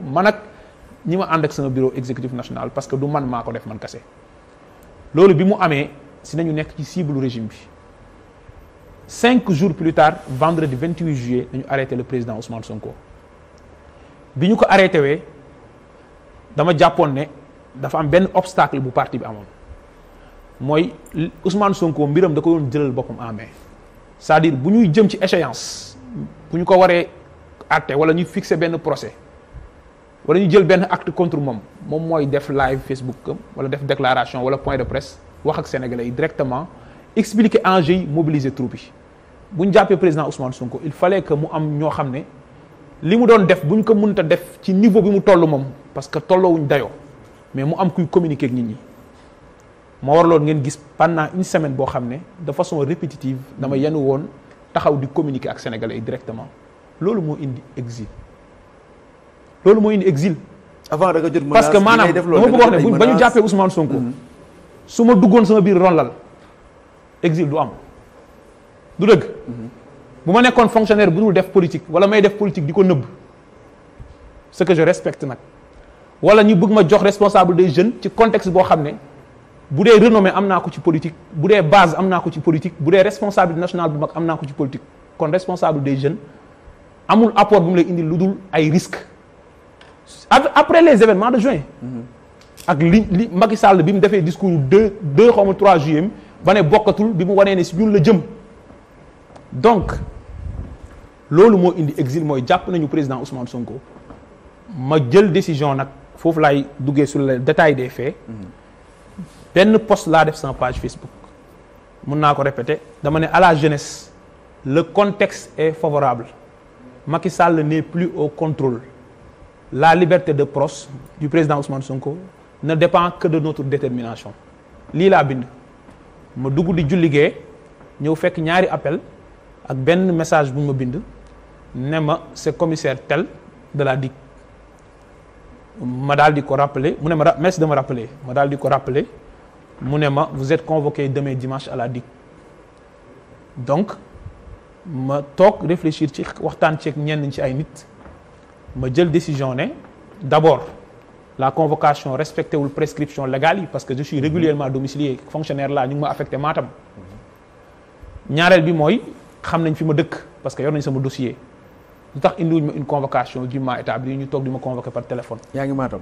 ñi ma ànd ak sama bureau exécutif national parce que du man maa ko def man kese loolu bi mu amee si nañu nekk ci cible régime cinq jours plus tard vendredi 28 juillet nañu arrêté le président Ousmane Sonko bi ñu ko arrêté wee dama jàppoon ne dafa am benn obstacle bu parti bi Ousmane Sonko mbiram da ko doon jëlal boppam en c'est-à-dire bu ñuy jëm ci échéance bu ñu ko waree àtte wala ñu fixer benn procès wala ñu jël benn acte contre moom moom mooy def live Facebook wala def déclaration wala point de presse wax ak sénégalais yi directement expliquer enjeu yi mobiliser troupe yi bu ñu jàppee président Ousmane Sonko il fallait que mu am ñoo xam ne li mu doon def buñ ko mënta def ci niveau bi mu toll moom parce que tolloowuñ dayo mais mu am kuy communiquer ak nit ñi. moo waraloon ngeen gis pendant une semaine boo xam ne de façon répétitive dama yenu woon taxaw di communiquer ak sénégalais yi directement loolu moo indi exil loolu moy une exil. avant da nga jot menace parce que manam dama bëgg wax ne bañu jappé Ousmane Sonko. Mhm. suma ma sama bir ronlal exil du am du dëgg. Mhm. bu ma nekkoon fonctionnaire bu dul def politique wala may def politique di ko ce que je respecte nak wala ñu bëgg ma jox responsable des jeunes ci contexte boo xam ne bu dee renommé am naa ko ci politique bu dee base am naa ko ci politique bu dee responsable national bu mag am naa ko ci politique kon responsable des jeunes amul apport bu mu lay indi lu dul ay risques après les événements de juin. ak li Macky Sall bi mu discours de 2 ou 3 juillet ba ne bokkatul bi mu wanee ne ñun la jëm. donc lolu mo indi exil moy japp nañu président Ousmane Sonko ma jël décision nak fofu lay duggee sur le détail des faits. ben post la def sans page Facebook. je naa ko répéter dama à la jeunesse le contexte est favorable Macky Sall n'est plus au contrôle la liberté de proche du président Ousmane Sonko ne dépend que de notre détermination Lila Je bind ma dugg di julligee ñëw fait ñaari appel ak benn message bu ma bind ne commissaire tel de la DIC Je daal di ko merci de me rappeler ma daal di ko vous êtes convoqué demain dimanche à la DIC donc ma toog réfléchir ci waxtaan ceeg ñenn ci ay nit ma jël décision ne d'abord la convocation respecté la prescription légale parce que je suis régulièrement domicilié fonctionnaire là ñu Nous ma affecté Matam ñaarel bi que xam nañ fi ma parce que yor nañ sama dossier nous indi wuñ ma une convocation m'a établi ñu tok di ma par téléphone. y'a Matam.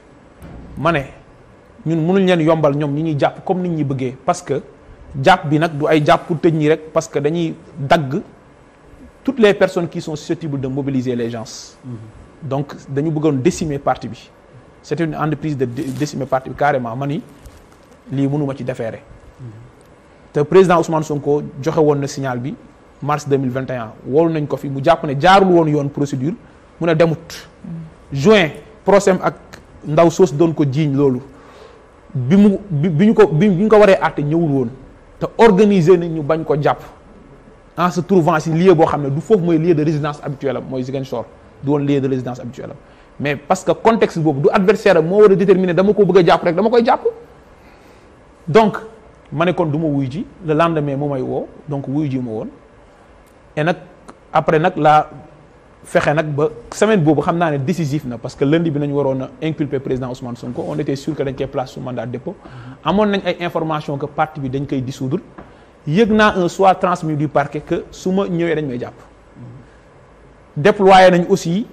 mané ñun mënuñ leen yombal ñi comme nit ñi parce que japp bi nak du ay japp parce que dañuy toutes les personnes qui sont susceptibles de mobiliser les gens. Mhm. donc dañu bëggoon décimer parti bi. une entreprise de décimer parti carrément li mënuma ci déféré. Le mhm. président Ousmane Sonko joxe signal bi mars 2021 wol nañ ko fi mu japp ne jaarul procédure mu ne demut. Mhm. juin prochain ak ndaw sos doon ko jiiñ loolu bi mu bi ko bi ko waré àtte ñewul won té organiser nañ ñu bañ ko jàpp en se trouvant si lieu bo xamné du foofu moy lieu de résidence habituelle moy mooy Ziguinchor du won lieu de résidence habituelle mais parce que contexte bobu du adversaire mo wara déterminer dama ko bëgg a rek dama koy jàpp donc mané kon duma wuy ji le lendemain mo may wo donc wuy ji mo won et nak après nak la fexé nak ba semaine bobu xamna né décisif na parce que lundi bi nañu waroon a inculper président Ousmane Sonko on était sûr que dañ koy place sous mandat de dépôt amon nañ ay information que parti bi dañ koy dissoudre yegna un soit transmis du parquet que suma ñëwé dañ may japp déployé nañ aussi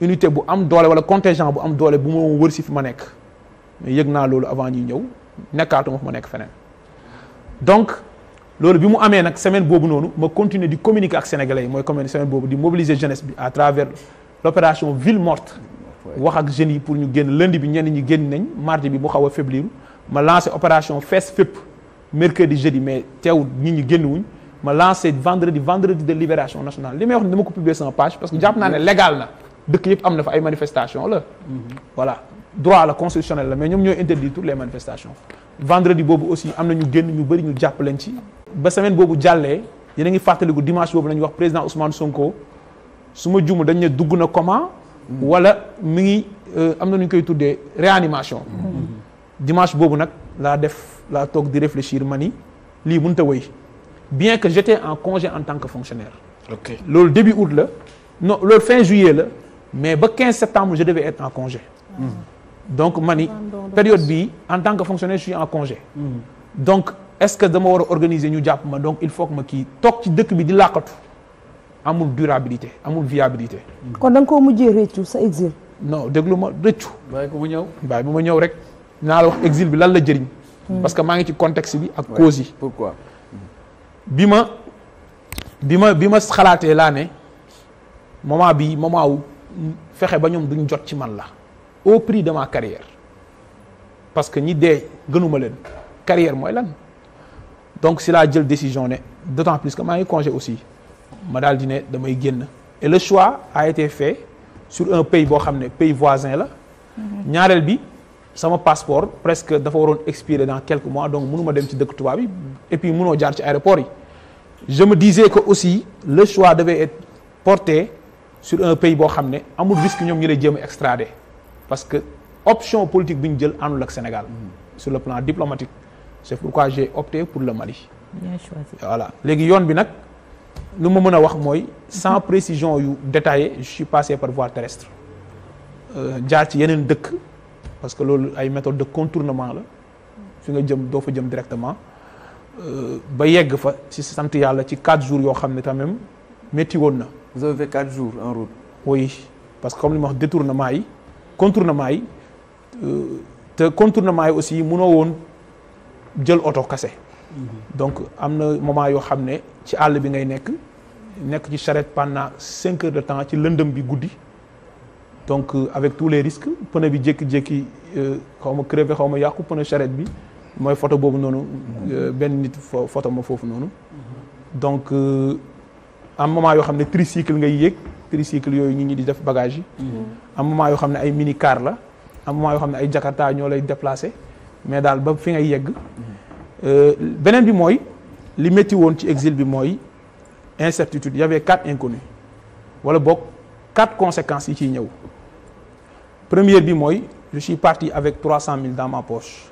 unité bu am doole wala contingent bu am doole bu mo wër fi ma nekk mais yegna lolu avant ñi ñëw nekkaatuma fi ma nekk fenen donc lolu bi mu amee semaine bobu nonou ma continuer di communiquer ak sénégalais moy comme semaine bobu di mobiliser jeunesse bi à travers l'opération ville morte wax ak jeunes yi pour ñu génn lundi bi ñen ñi génn nañ mardi bi mu xawa a faiblir ma lancer opération fess fep mercredi jeudi mais téw ñi ñi génn wuñ ma lancer vendredi vendredi de libération nationale li may wax dama ko publier sama page parce que jàpp naa ne légal na dëkk yëpp am na fa ay manifestation la mhm. voilà droit la constitutionnel la mais ñom ñoy interdire toutes les manifestations vendredi bobu aussi amna ñu génn ñu bari ñu jàpp leen ci. ba semaine bobu Il yéen a ngi fàttaliku dimanche boobu la wax président Ousmane Sonko suma ma jumu dañ ne dugg na comment. Mm-hmm. wala mi ngi euh, am na nu koy tuddee réanimation. Mm-hmm. dimanche boobu nag laa def laa toog di réfléchir ma ni lii mënut bien que j'étais en congé en tant que fonctionnaire. ok loolu début août la non loolu fin juillet la mais ba 15 septembre je devais être en congé. Mm-hmm donc ma période bii en tant que fonctionnaire je suis en congé. Hmm. donc est-ce que demain on a organiser ñu jàpp ma donc il faut que ma kii toog ci dëkk bi di làqatu amul durabilité amul viabilité. Hmm. kon da nga koo mujjee rëccu sa exil. non déglu ma rëccu. bàyyi ko ma ñëw bàyyi bu ma ñëw rek. naa la wax exil bi lan la jëriñ. Hmm. parce que maa ngi ci contexte bi ak cause yi. pourquoi bi ma bi ma bi ma xalaatee laa ne moment bi moment wu fexe ba ñoom duñ jot ci man la au prix de ma carrière parce que ni dee gënuma leen carrière mooy lan donc c'est la décision d'autant plus que j'ai ngi congé aussi ma daal di ne damay et le choix a été fait sur un pays voisin, pays voisin la ñaareel bi sama passeport presque expiré expiré dans quelques mois donc mënuma dem ci dëkk tubaab yi et puis mënoo jaar ci aéroport je me disais que aussi le choix devait être porté sur un pays qui xam ne amul risque de ñu lay extrader parce que option politique est en jël Sénégal mm-hmm. sur le plan diplomatique c'est pourquoi j'ai opté pour le Mali bien choisi voilà légui yone bi Nous lu meuna wax moy sans mm-hmm. précision yu détaillée je suis passé par voie terrestre euh, jaar ci voie terrestre. parce que c'est une méthode de contournement la fi nga jëm jëm directement euh, ba yegg fa si sante yalla ci 4 jours yo xamné ne même vous avez fait jours en route oui parce que comme li ma wax détournement yi contournement namai euh, te contournement aussi jël auto mhm. donc amna moment yo xamné ci all bi ngay nekk charrette pendant cinq heures de temps ci donc euh, avec tous les risques pone bi jékki euh, bi photo nit photo mhm. donc am moment tricycle tricycle ils nit ñi di def bagage yi. Mhm. am moment yo xamné ay mini car la am moment yo xamné ay jakarta ñolay déplacer mais dal ba fi ngay yegg. Mhm. Euh, benen bi moy li metti won ci exil bi moy incertitude y avait quatre inconnus wala bok quatre conséquences yi ci ñew première bi moy je suis parti avec 300 000 dans ma poche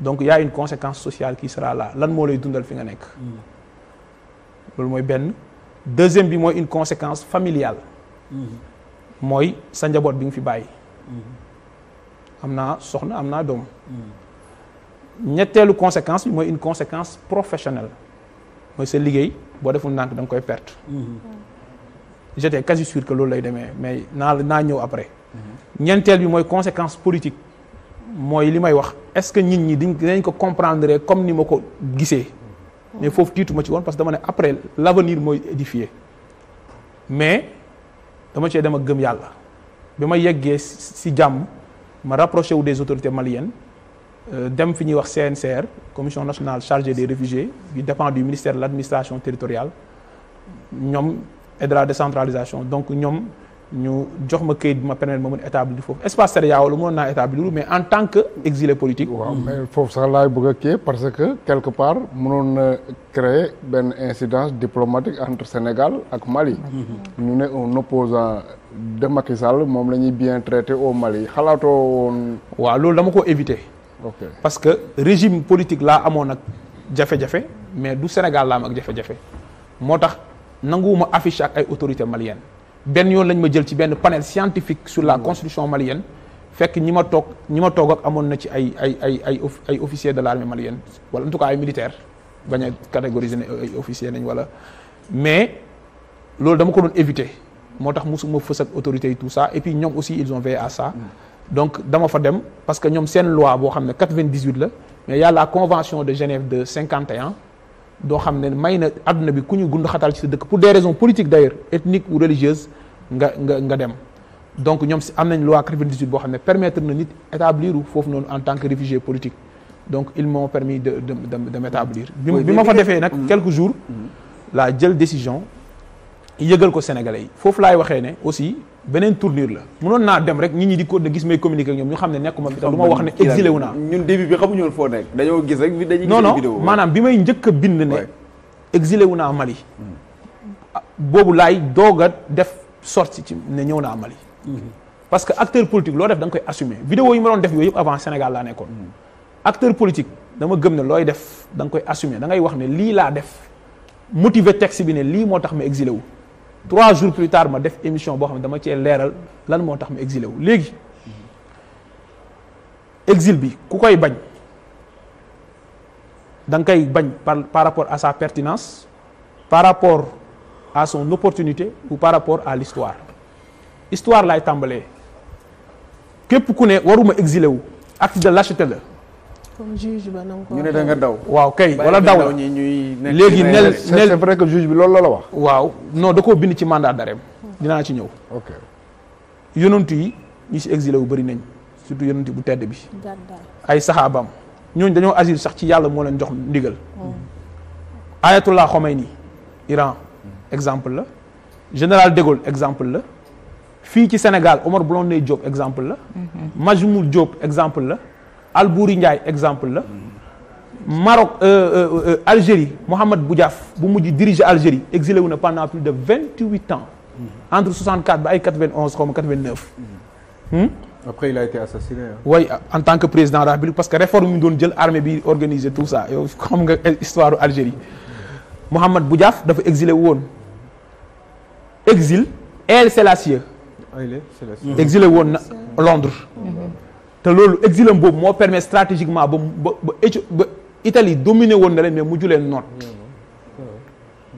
donc il y a une conséquence sociale qui sera là lan mo lay dundal fi nga nek mhm. loolu moy benn deuxième bi moy une conséquence familiale moy mm-hmm. sa njaboot bi nga fi bàyyi mm-hmm. amna naa soxna amna dom doom mm-hmm. ñetteelu conséquence bi une conséquence professionnelle moy sa liggéey bo deful nank dang nga koy perte j'étais quasi sûr que loolu lay démé mais na na ñëw après ñeenteel bi moy conséquence politique moy limay wax est-ce que nit ñi dañ ko comprendre comme ni mako ko mais foofu ma ci won parce que dama ne après l'avenir moy vais édifié mais dama ci dem ak gëm yalla bima yeggé si ma rapproché des autorités maliennes euh, dem fi avec wax CNCR commission nationale chargée des réfugiés qui dépend du ministère de l'Administration territoriale ñom et de la décentralisation donc ñom ñu avons ma kayit bi ma permettre ma mën établir foofu espace CEDEAO établir mais en tant que exilé politique. Il mais foofu sax laay bëgg parce que quelque part nous créer une incidence diplomatique entre Sénégal ak Mali. Nous mhm. ne un opposant de Macky Sall bien traité au Mali xalaatoo woon. que... loolu dama éviter. parce que régime politique là amoon ak jafé jafé mais du Sénégal là am ak jafé jafé motax tax nanguwuma affiche ak ay autorités maliennes. Il y lañ ma jël ci panel scientifique sur la mm. constitution malienne fek ñima tok ñima tok ak na ci ay ay officiers de l'armée malienne wala en tout cas ay militaires baña catégoriser officiers wala mais nous dama ko doon éviter Nous musuma mosuma ak autorités tout ça et puis ñom aussi ils ont veillé à ça mm. donc dama fa dem parce que ñom une loi bo xamné 98 la mais y a la convention de Genève de 51 do xamné mayna aduna bi kuñu ñu gund xataal ci sa dëkk pour des raisons politiques d'ailleurs ethniques ou religieuses nga nga nga dem donc ñom si am nañ loi 98 bo xamné permettre na nit établir fofu non en tant que réfugié politique donc ils m'ont permis de de de de m'établir. bi ma fa défé nak mm-hmm. quelques jours. Mm-hmm. la jël décision yëgal ko Sénégalais fofu lay waxé né aussi benen tournure la mënoon naa dem rek ñi ñi di ko gis may communiquer ak ñu xam ne nekkuma bi tax wax ne exilé wu naa ñun début bi xamu ñu fo nek dañoo gis rek dañuy gis non non bi may njëkk bind ne exilé wu naa Mali ah, boobu lay doog def sortie ci ne ñëw Mali mhm. parce que acteur politique lo def dang koy assumer vidéo yi ma doon def yoyep avant Sénégal la nekkon mhm. acteur politique dama gëm ne loy def dang koy assumer da ngay wax ne li la def motiver texte bi ne li motax ma exilé wu trois jours plus tard ma def émission et je dama ci léral lan moo tax exilé wu légui exil bi ku koy bañ dang kay par rapport à sa pertinence par rapport à son opportunité ou par rapport à l'histoire histoire laay tàmbalee képp ku ne waruma exilé wu acte de lâcheté comme juge ñu ne da nga daw. waaw kay wala daw ñi ñuy. léegi nel nel c'est vrai que juge bi loolu la la wax. waaw non da koo bind ci mandat d'arrêt dinaa ci ñëw. ok yonent yi ñu si exilé wu bëri nañ surtout yonent bu tedd bi. ay saxaabam ñooñu dañoo agir sax ci yàlla moo leen jox ndigal. Oh. ayatollah ni Iran exemple la. général de exemple la. fii ci Sénégal Omar Blondin Diop exemple la. Mhm. Majmoul Diop exemple la. al Ndiaye exemple Maroc euh, euh, euh, Algérie Mohamed Boudiaf Boumoudi dirige Algérie exilé pendant plus de 28 ans entre 64 et 1991, 91 après il a été assassiné. oui hein. en tant que président de la République parce que réforme de l'armée armée bi tout ça Comme l'histoire histoire Algérie Mohamed Boudiaf doit exilé Elle, exil El ah, exilé où? Londres. Mhm te exil exilam boobu mo permet stratégiquement ba ba Italie dominé won na leen mais mu leen note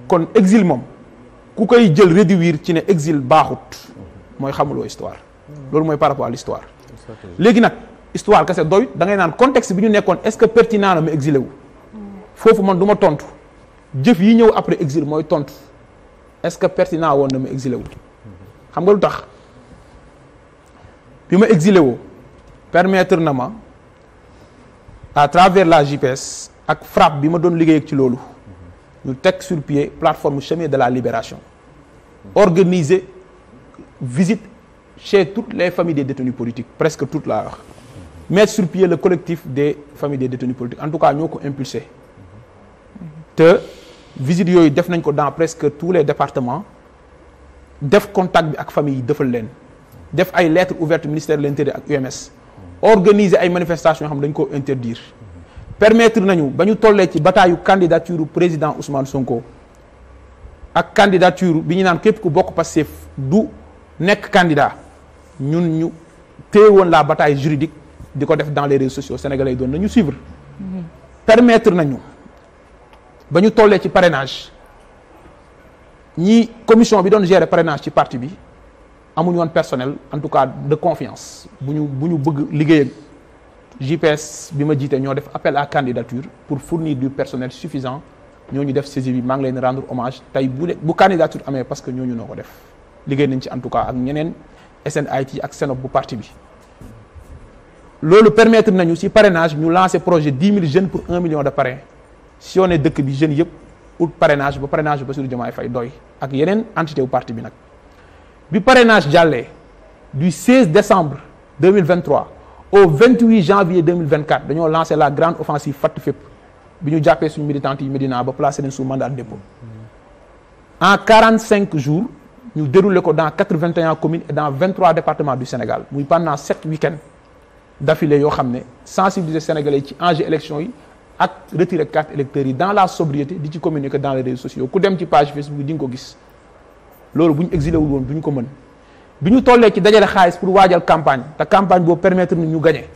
kon exil mom ku koy jël réduire ci né exil baaxut moy xamuloo histoire lolou moy par rapport à l'histoire légui nak histoire kasse doy da ngay nan contexte bi ñu nekkoon est-ce que pertinent na ma exilé wu foofu man duma ma tontu jëf yi ñëw après exil moy tontu est-ce que pertinent won na ma exilé wu xam nga lutax bima exilé woo permettre à travers la JPS ak frappe bi ma donne ak ci ñu sur pied plateforme chemin de la libération organiser visite chez toutes les familles des détenus politiques presque toutes leurs. mettre sur pied le collectif des familles des détenus politiques en tout cas nous avons impulsé te visite dans presque tous les départements def contact avec ak famille defal len def ay lettres ouvertes ministère de l'intérieur ak UMS organiser ay manifestation, yoo xam dañ koo interdire permettre nañu ba ñu tollee ci bataayu candidature président Ousmane Sonko la candidature de ñu naan képp ku bokk Pastef du nekk candidat ñun ñu téye la bataille juridique dans les réseaux sociaux sénégalais Nous doon nañu suivre permettre nañu ba ñu tollee ci parrainage la commission bi gère le parrainage du parti bi amuñu woon personnel en tout cas de confiance bu ñu bu ñu bëgg liggéey ak JPS bi ma jiite def appel à candidature pour fournir du personnel suffisant ñooñu def saisie bi maa leen rendre hommage tey bu bu candidature amee parce que ñooñu noo ko def liggéey nañ ci en tout cas ak ñeneen SNIT ak SENOP bu parti bi. loolu permettre nañu ci parrainage ñu lancer projet dix mille jeunes pour un million de parrain si on est dëkk bi jeunes yëpp ut parrainage ba parrainage Bassirou Diomaye Faye doy ak yeneen entité wu parti bi nag. Du parrainage du 16 décembre 2023 au 28 janvier 2024 nous avons lancé la grande offensive fatt Nous avons les militants de militante Médina ba placé sous mandat de dépôt en 45 jours ñu déroulé dans 81 communes et dans 23 départements du Sénégal pendant 7 week-ends d'affilée avons sensibilisé les sénégalais à l'élection et retirer carte électorale. dans la sobriété di communiquer dans les réseaux sociaux page Facebook loolu bu ñu exilé wul woon du ko mën bi ñu tollee ci dajale xaalis pour la campagne la campagne boobu permettre de ñu gagné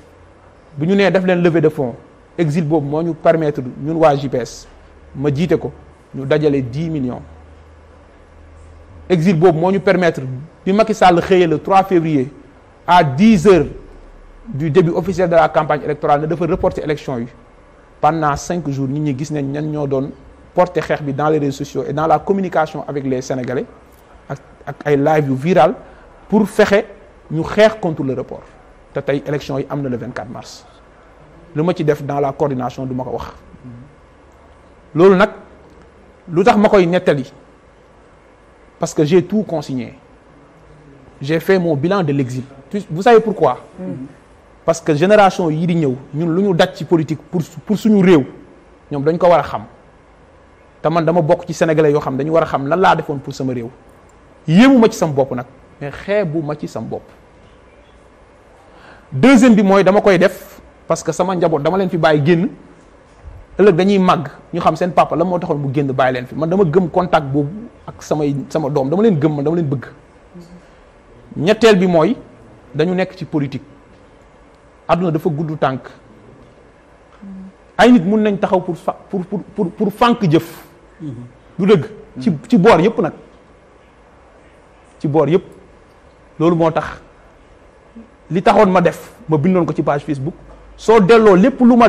bi ñu nee def leen levée de fonds exil boobu moo ñu permettre ñun waa JPS ma jiite ko ñu dajale 10 millions exil boobu moo ñu permettre bi Macky Sall xëyee le 3 février à 10 heures du début officiel de la campagne électorale ne dafa reporter élection yi pendant 5 jours nit ñi gis nañ ñan ñoo doon porter xeex bi dans les réseaux sociaux et dans la communication avec les Sénégalais ak ay live yu viral pour faire ñu faire contre le report te tay élection yi amna le 24 mars Le ci def dans la coordination du ma ko wax loolu nak lutax que ma parce que j'ai tout consigné j'ai fait mon bilan de l'exil vous savez pourquoi mm-hmm. parce que génération yi di là, ñun luñu ci politique pour pour suñu réew ñom dañ ko wara xam te man dama bok ci sénégalais yo xam dañu wara xam lan la pour yéemu ma ci sam bopp nag mais xeebu ma ci sama bopp deuxième bi mooy dama koy def parce que sama njaboot dama leen fi bàyyi génn ëllëg dañuy màgg ñu xam seen papa la moo taxoon mu génn bàyyi leen fi man dama gëm contact boobu ak samay sama doom dama leen gëm man dama leen bëgg ñetteel bi mooy dañu nekk ci politique àdduna dafa gudd tànk ay nit mun nañ taxaw pour fa pour pour pour fànk jëf lu mm-hmm. dëgg ci ci boor yëpp nag ci boor yëpp loolu moo tax li taxoon ma def ma bindoon ko ci page Facebook soo delloo lépp lu ma def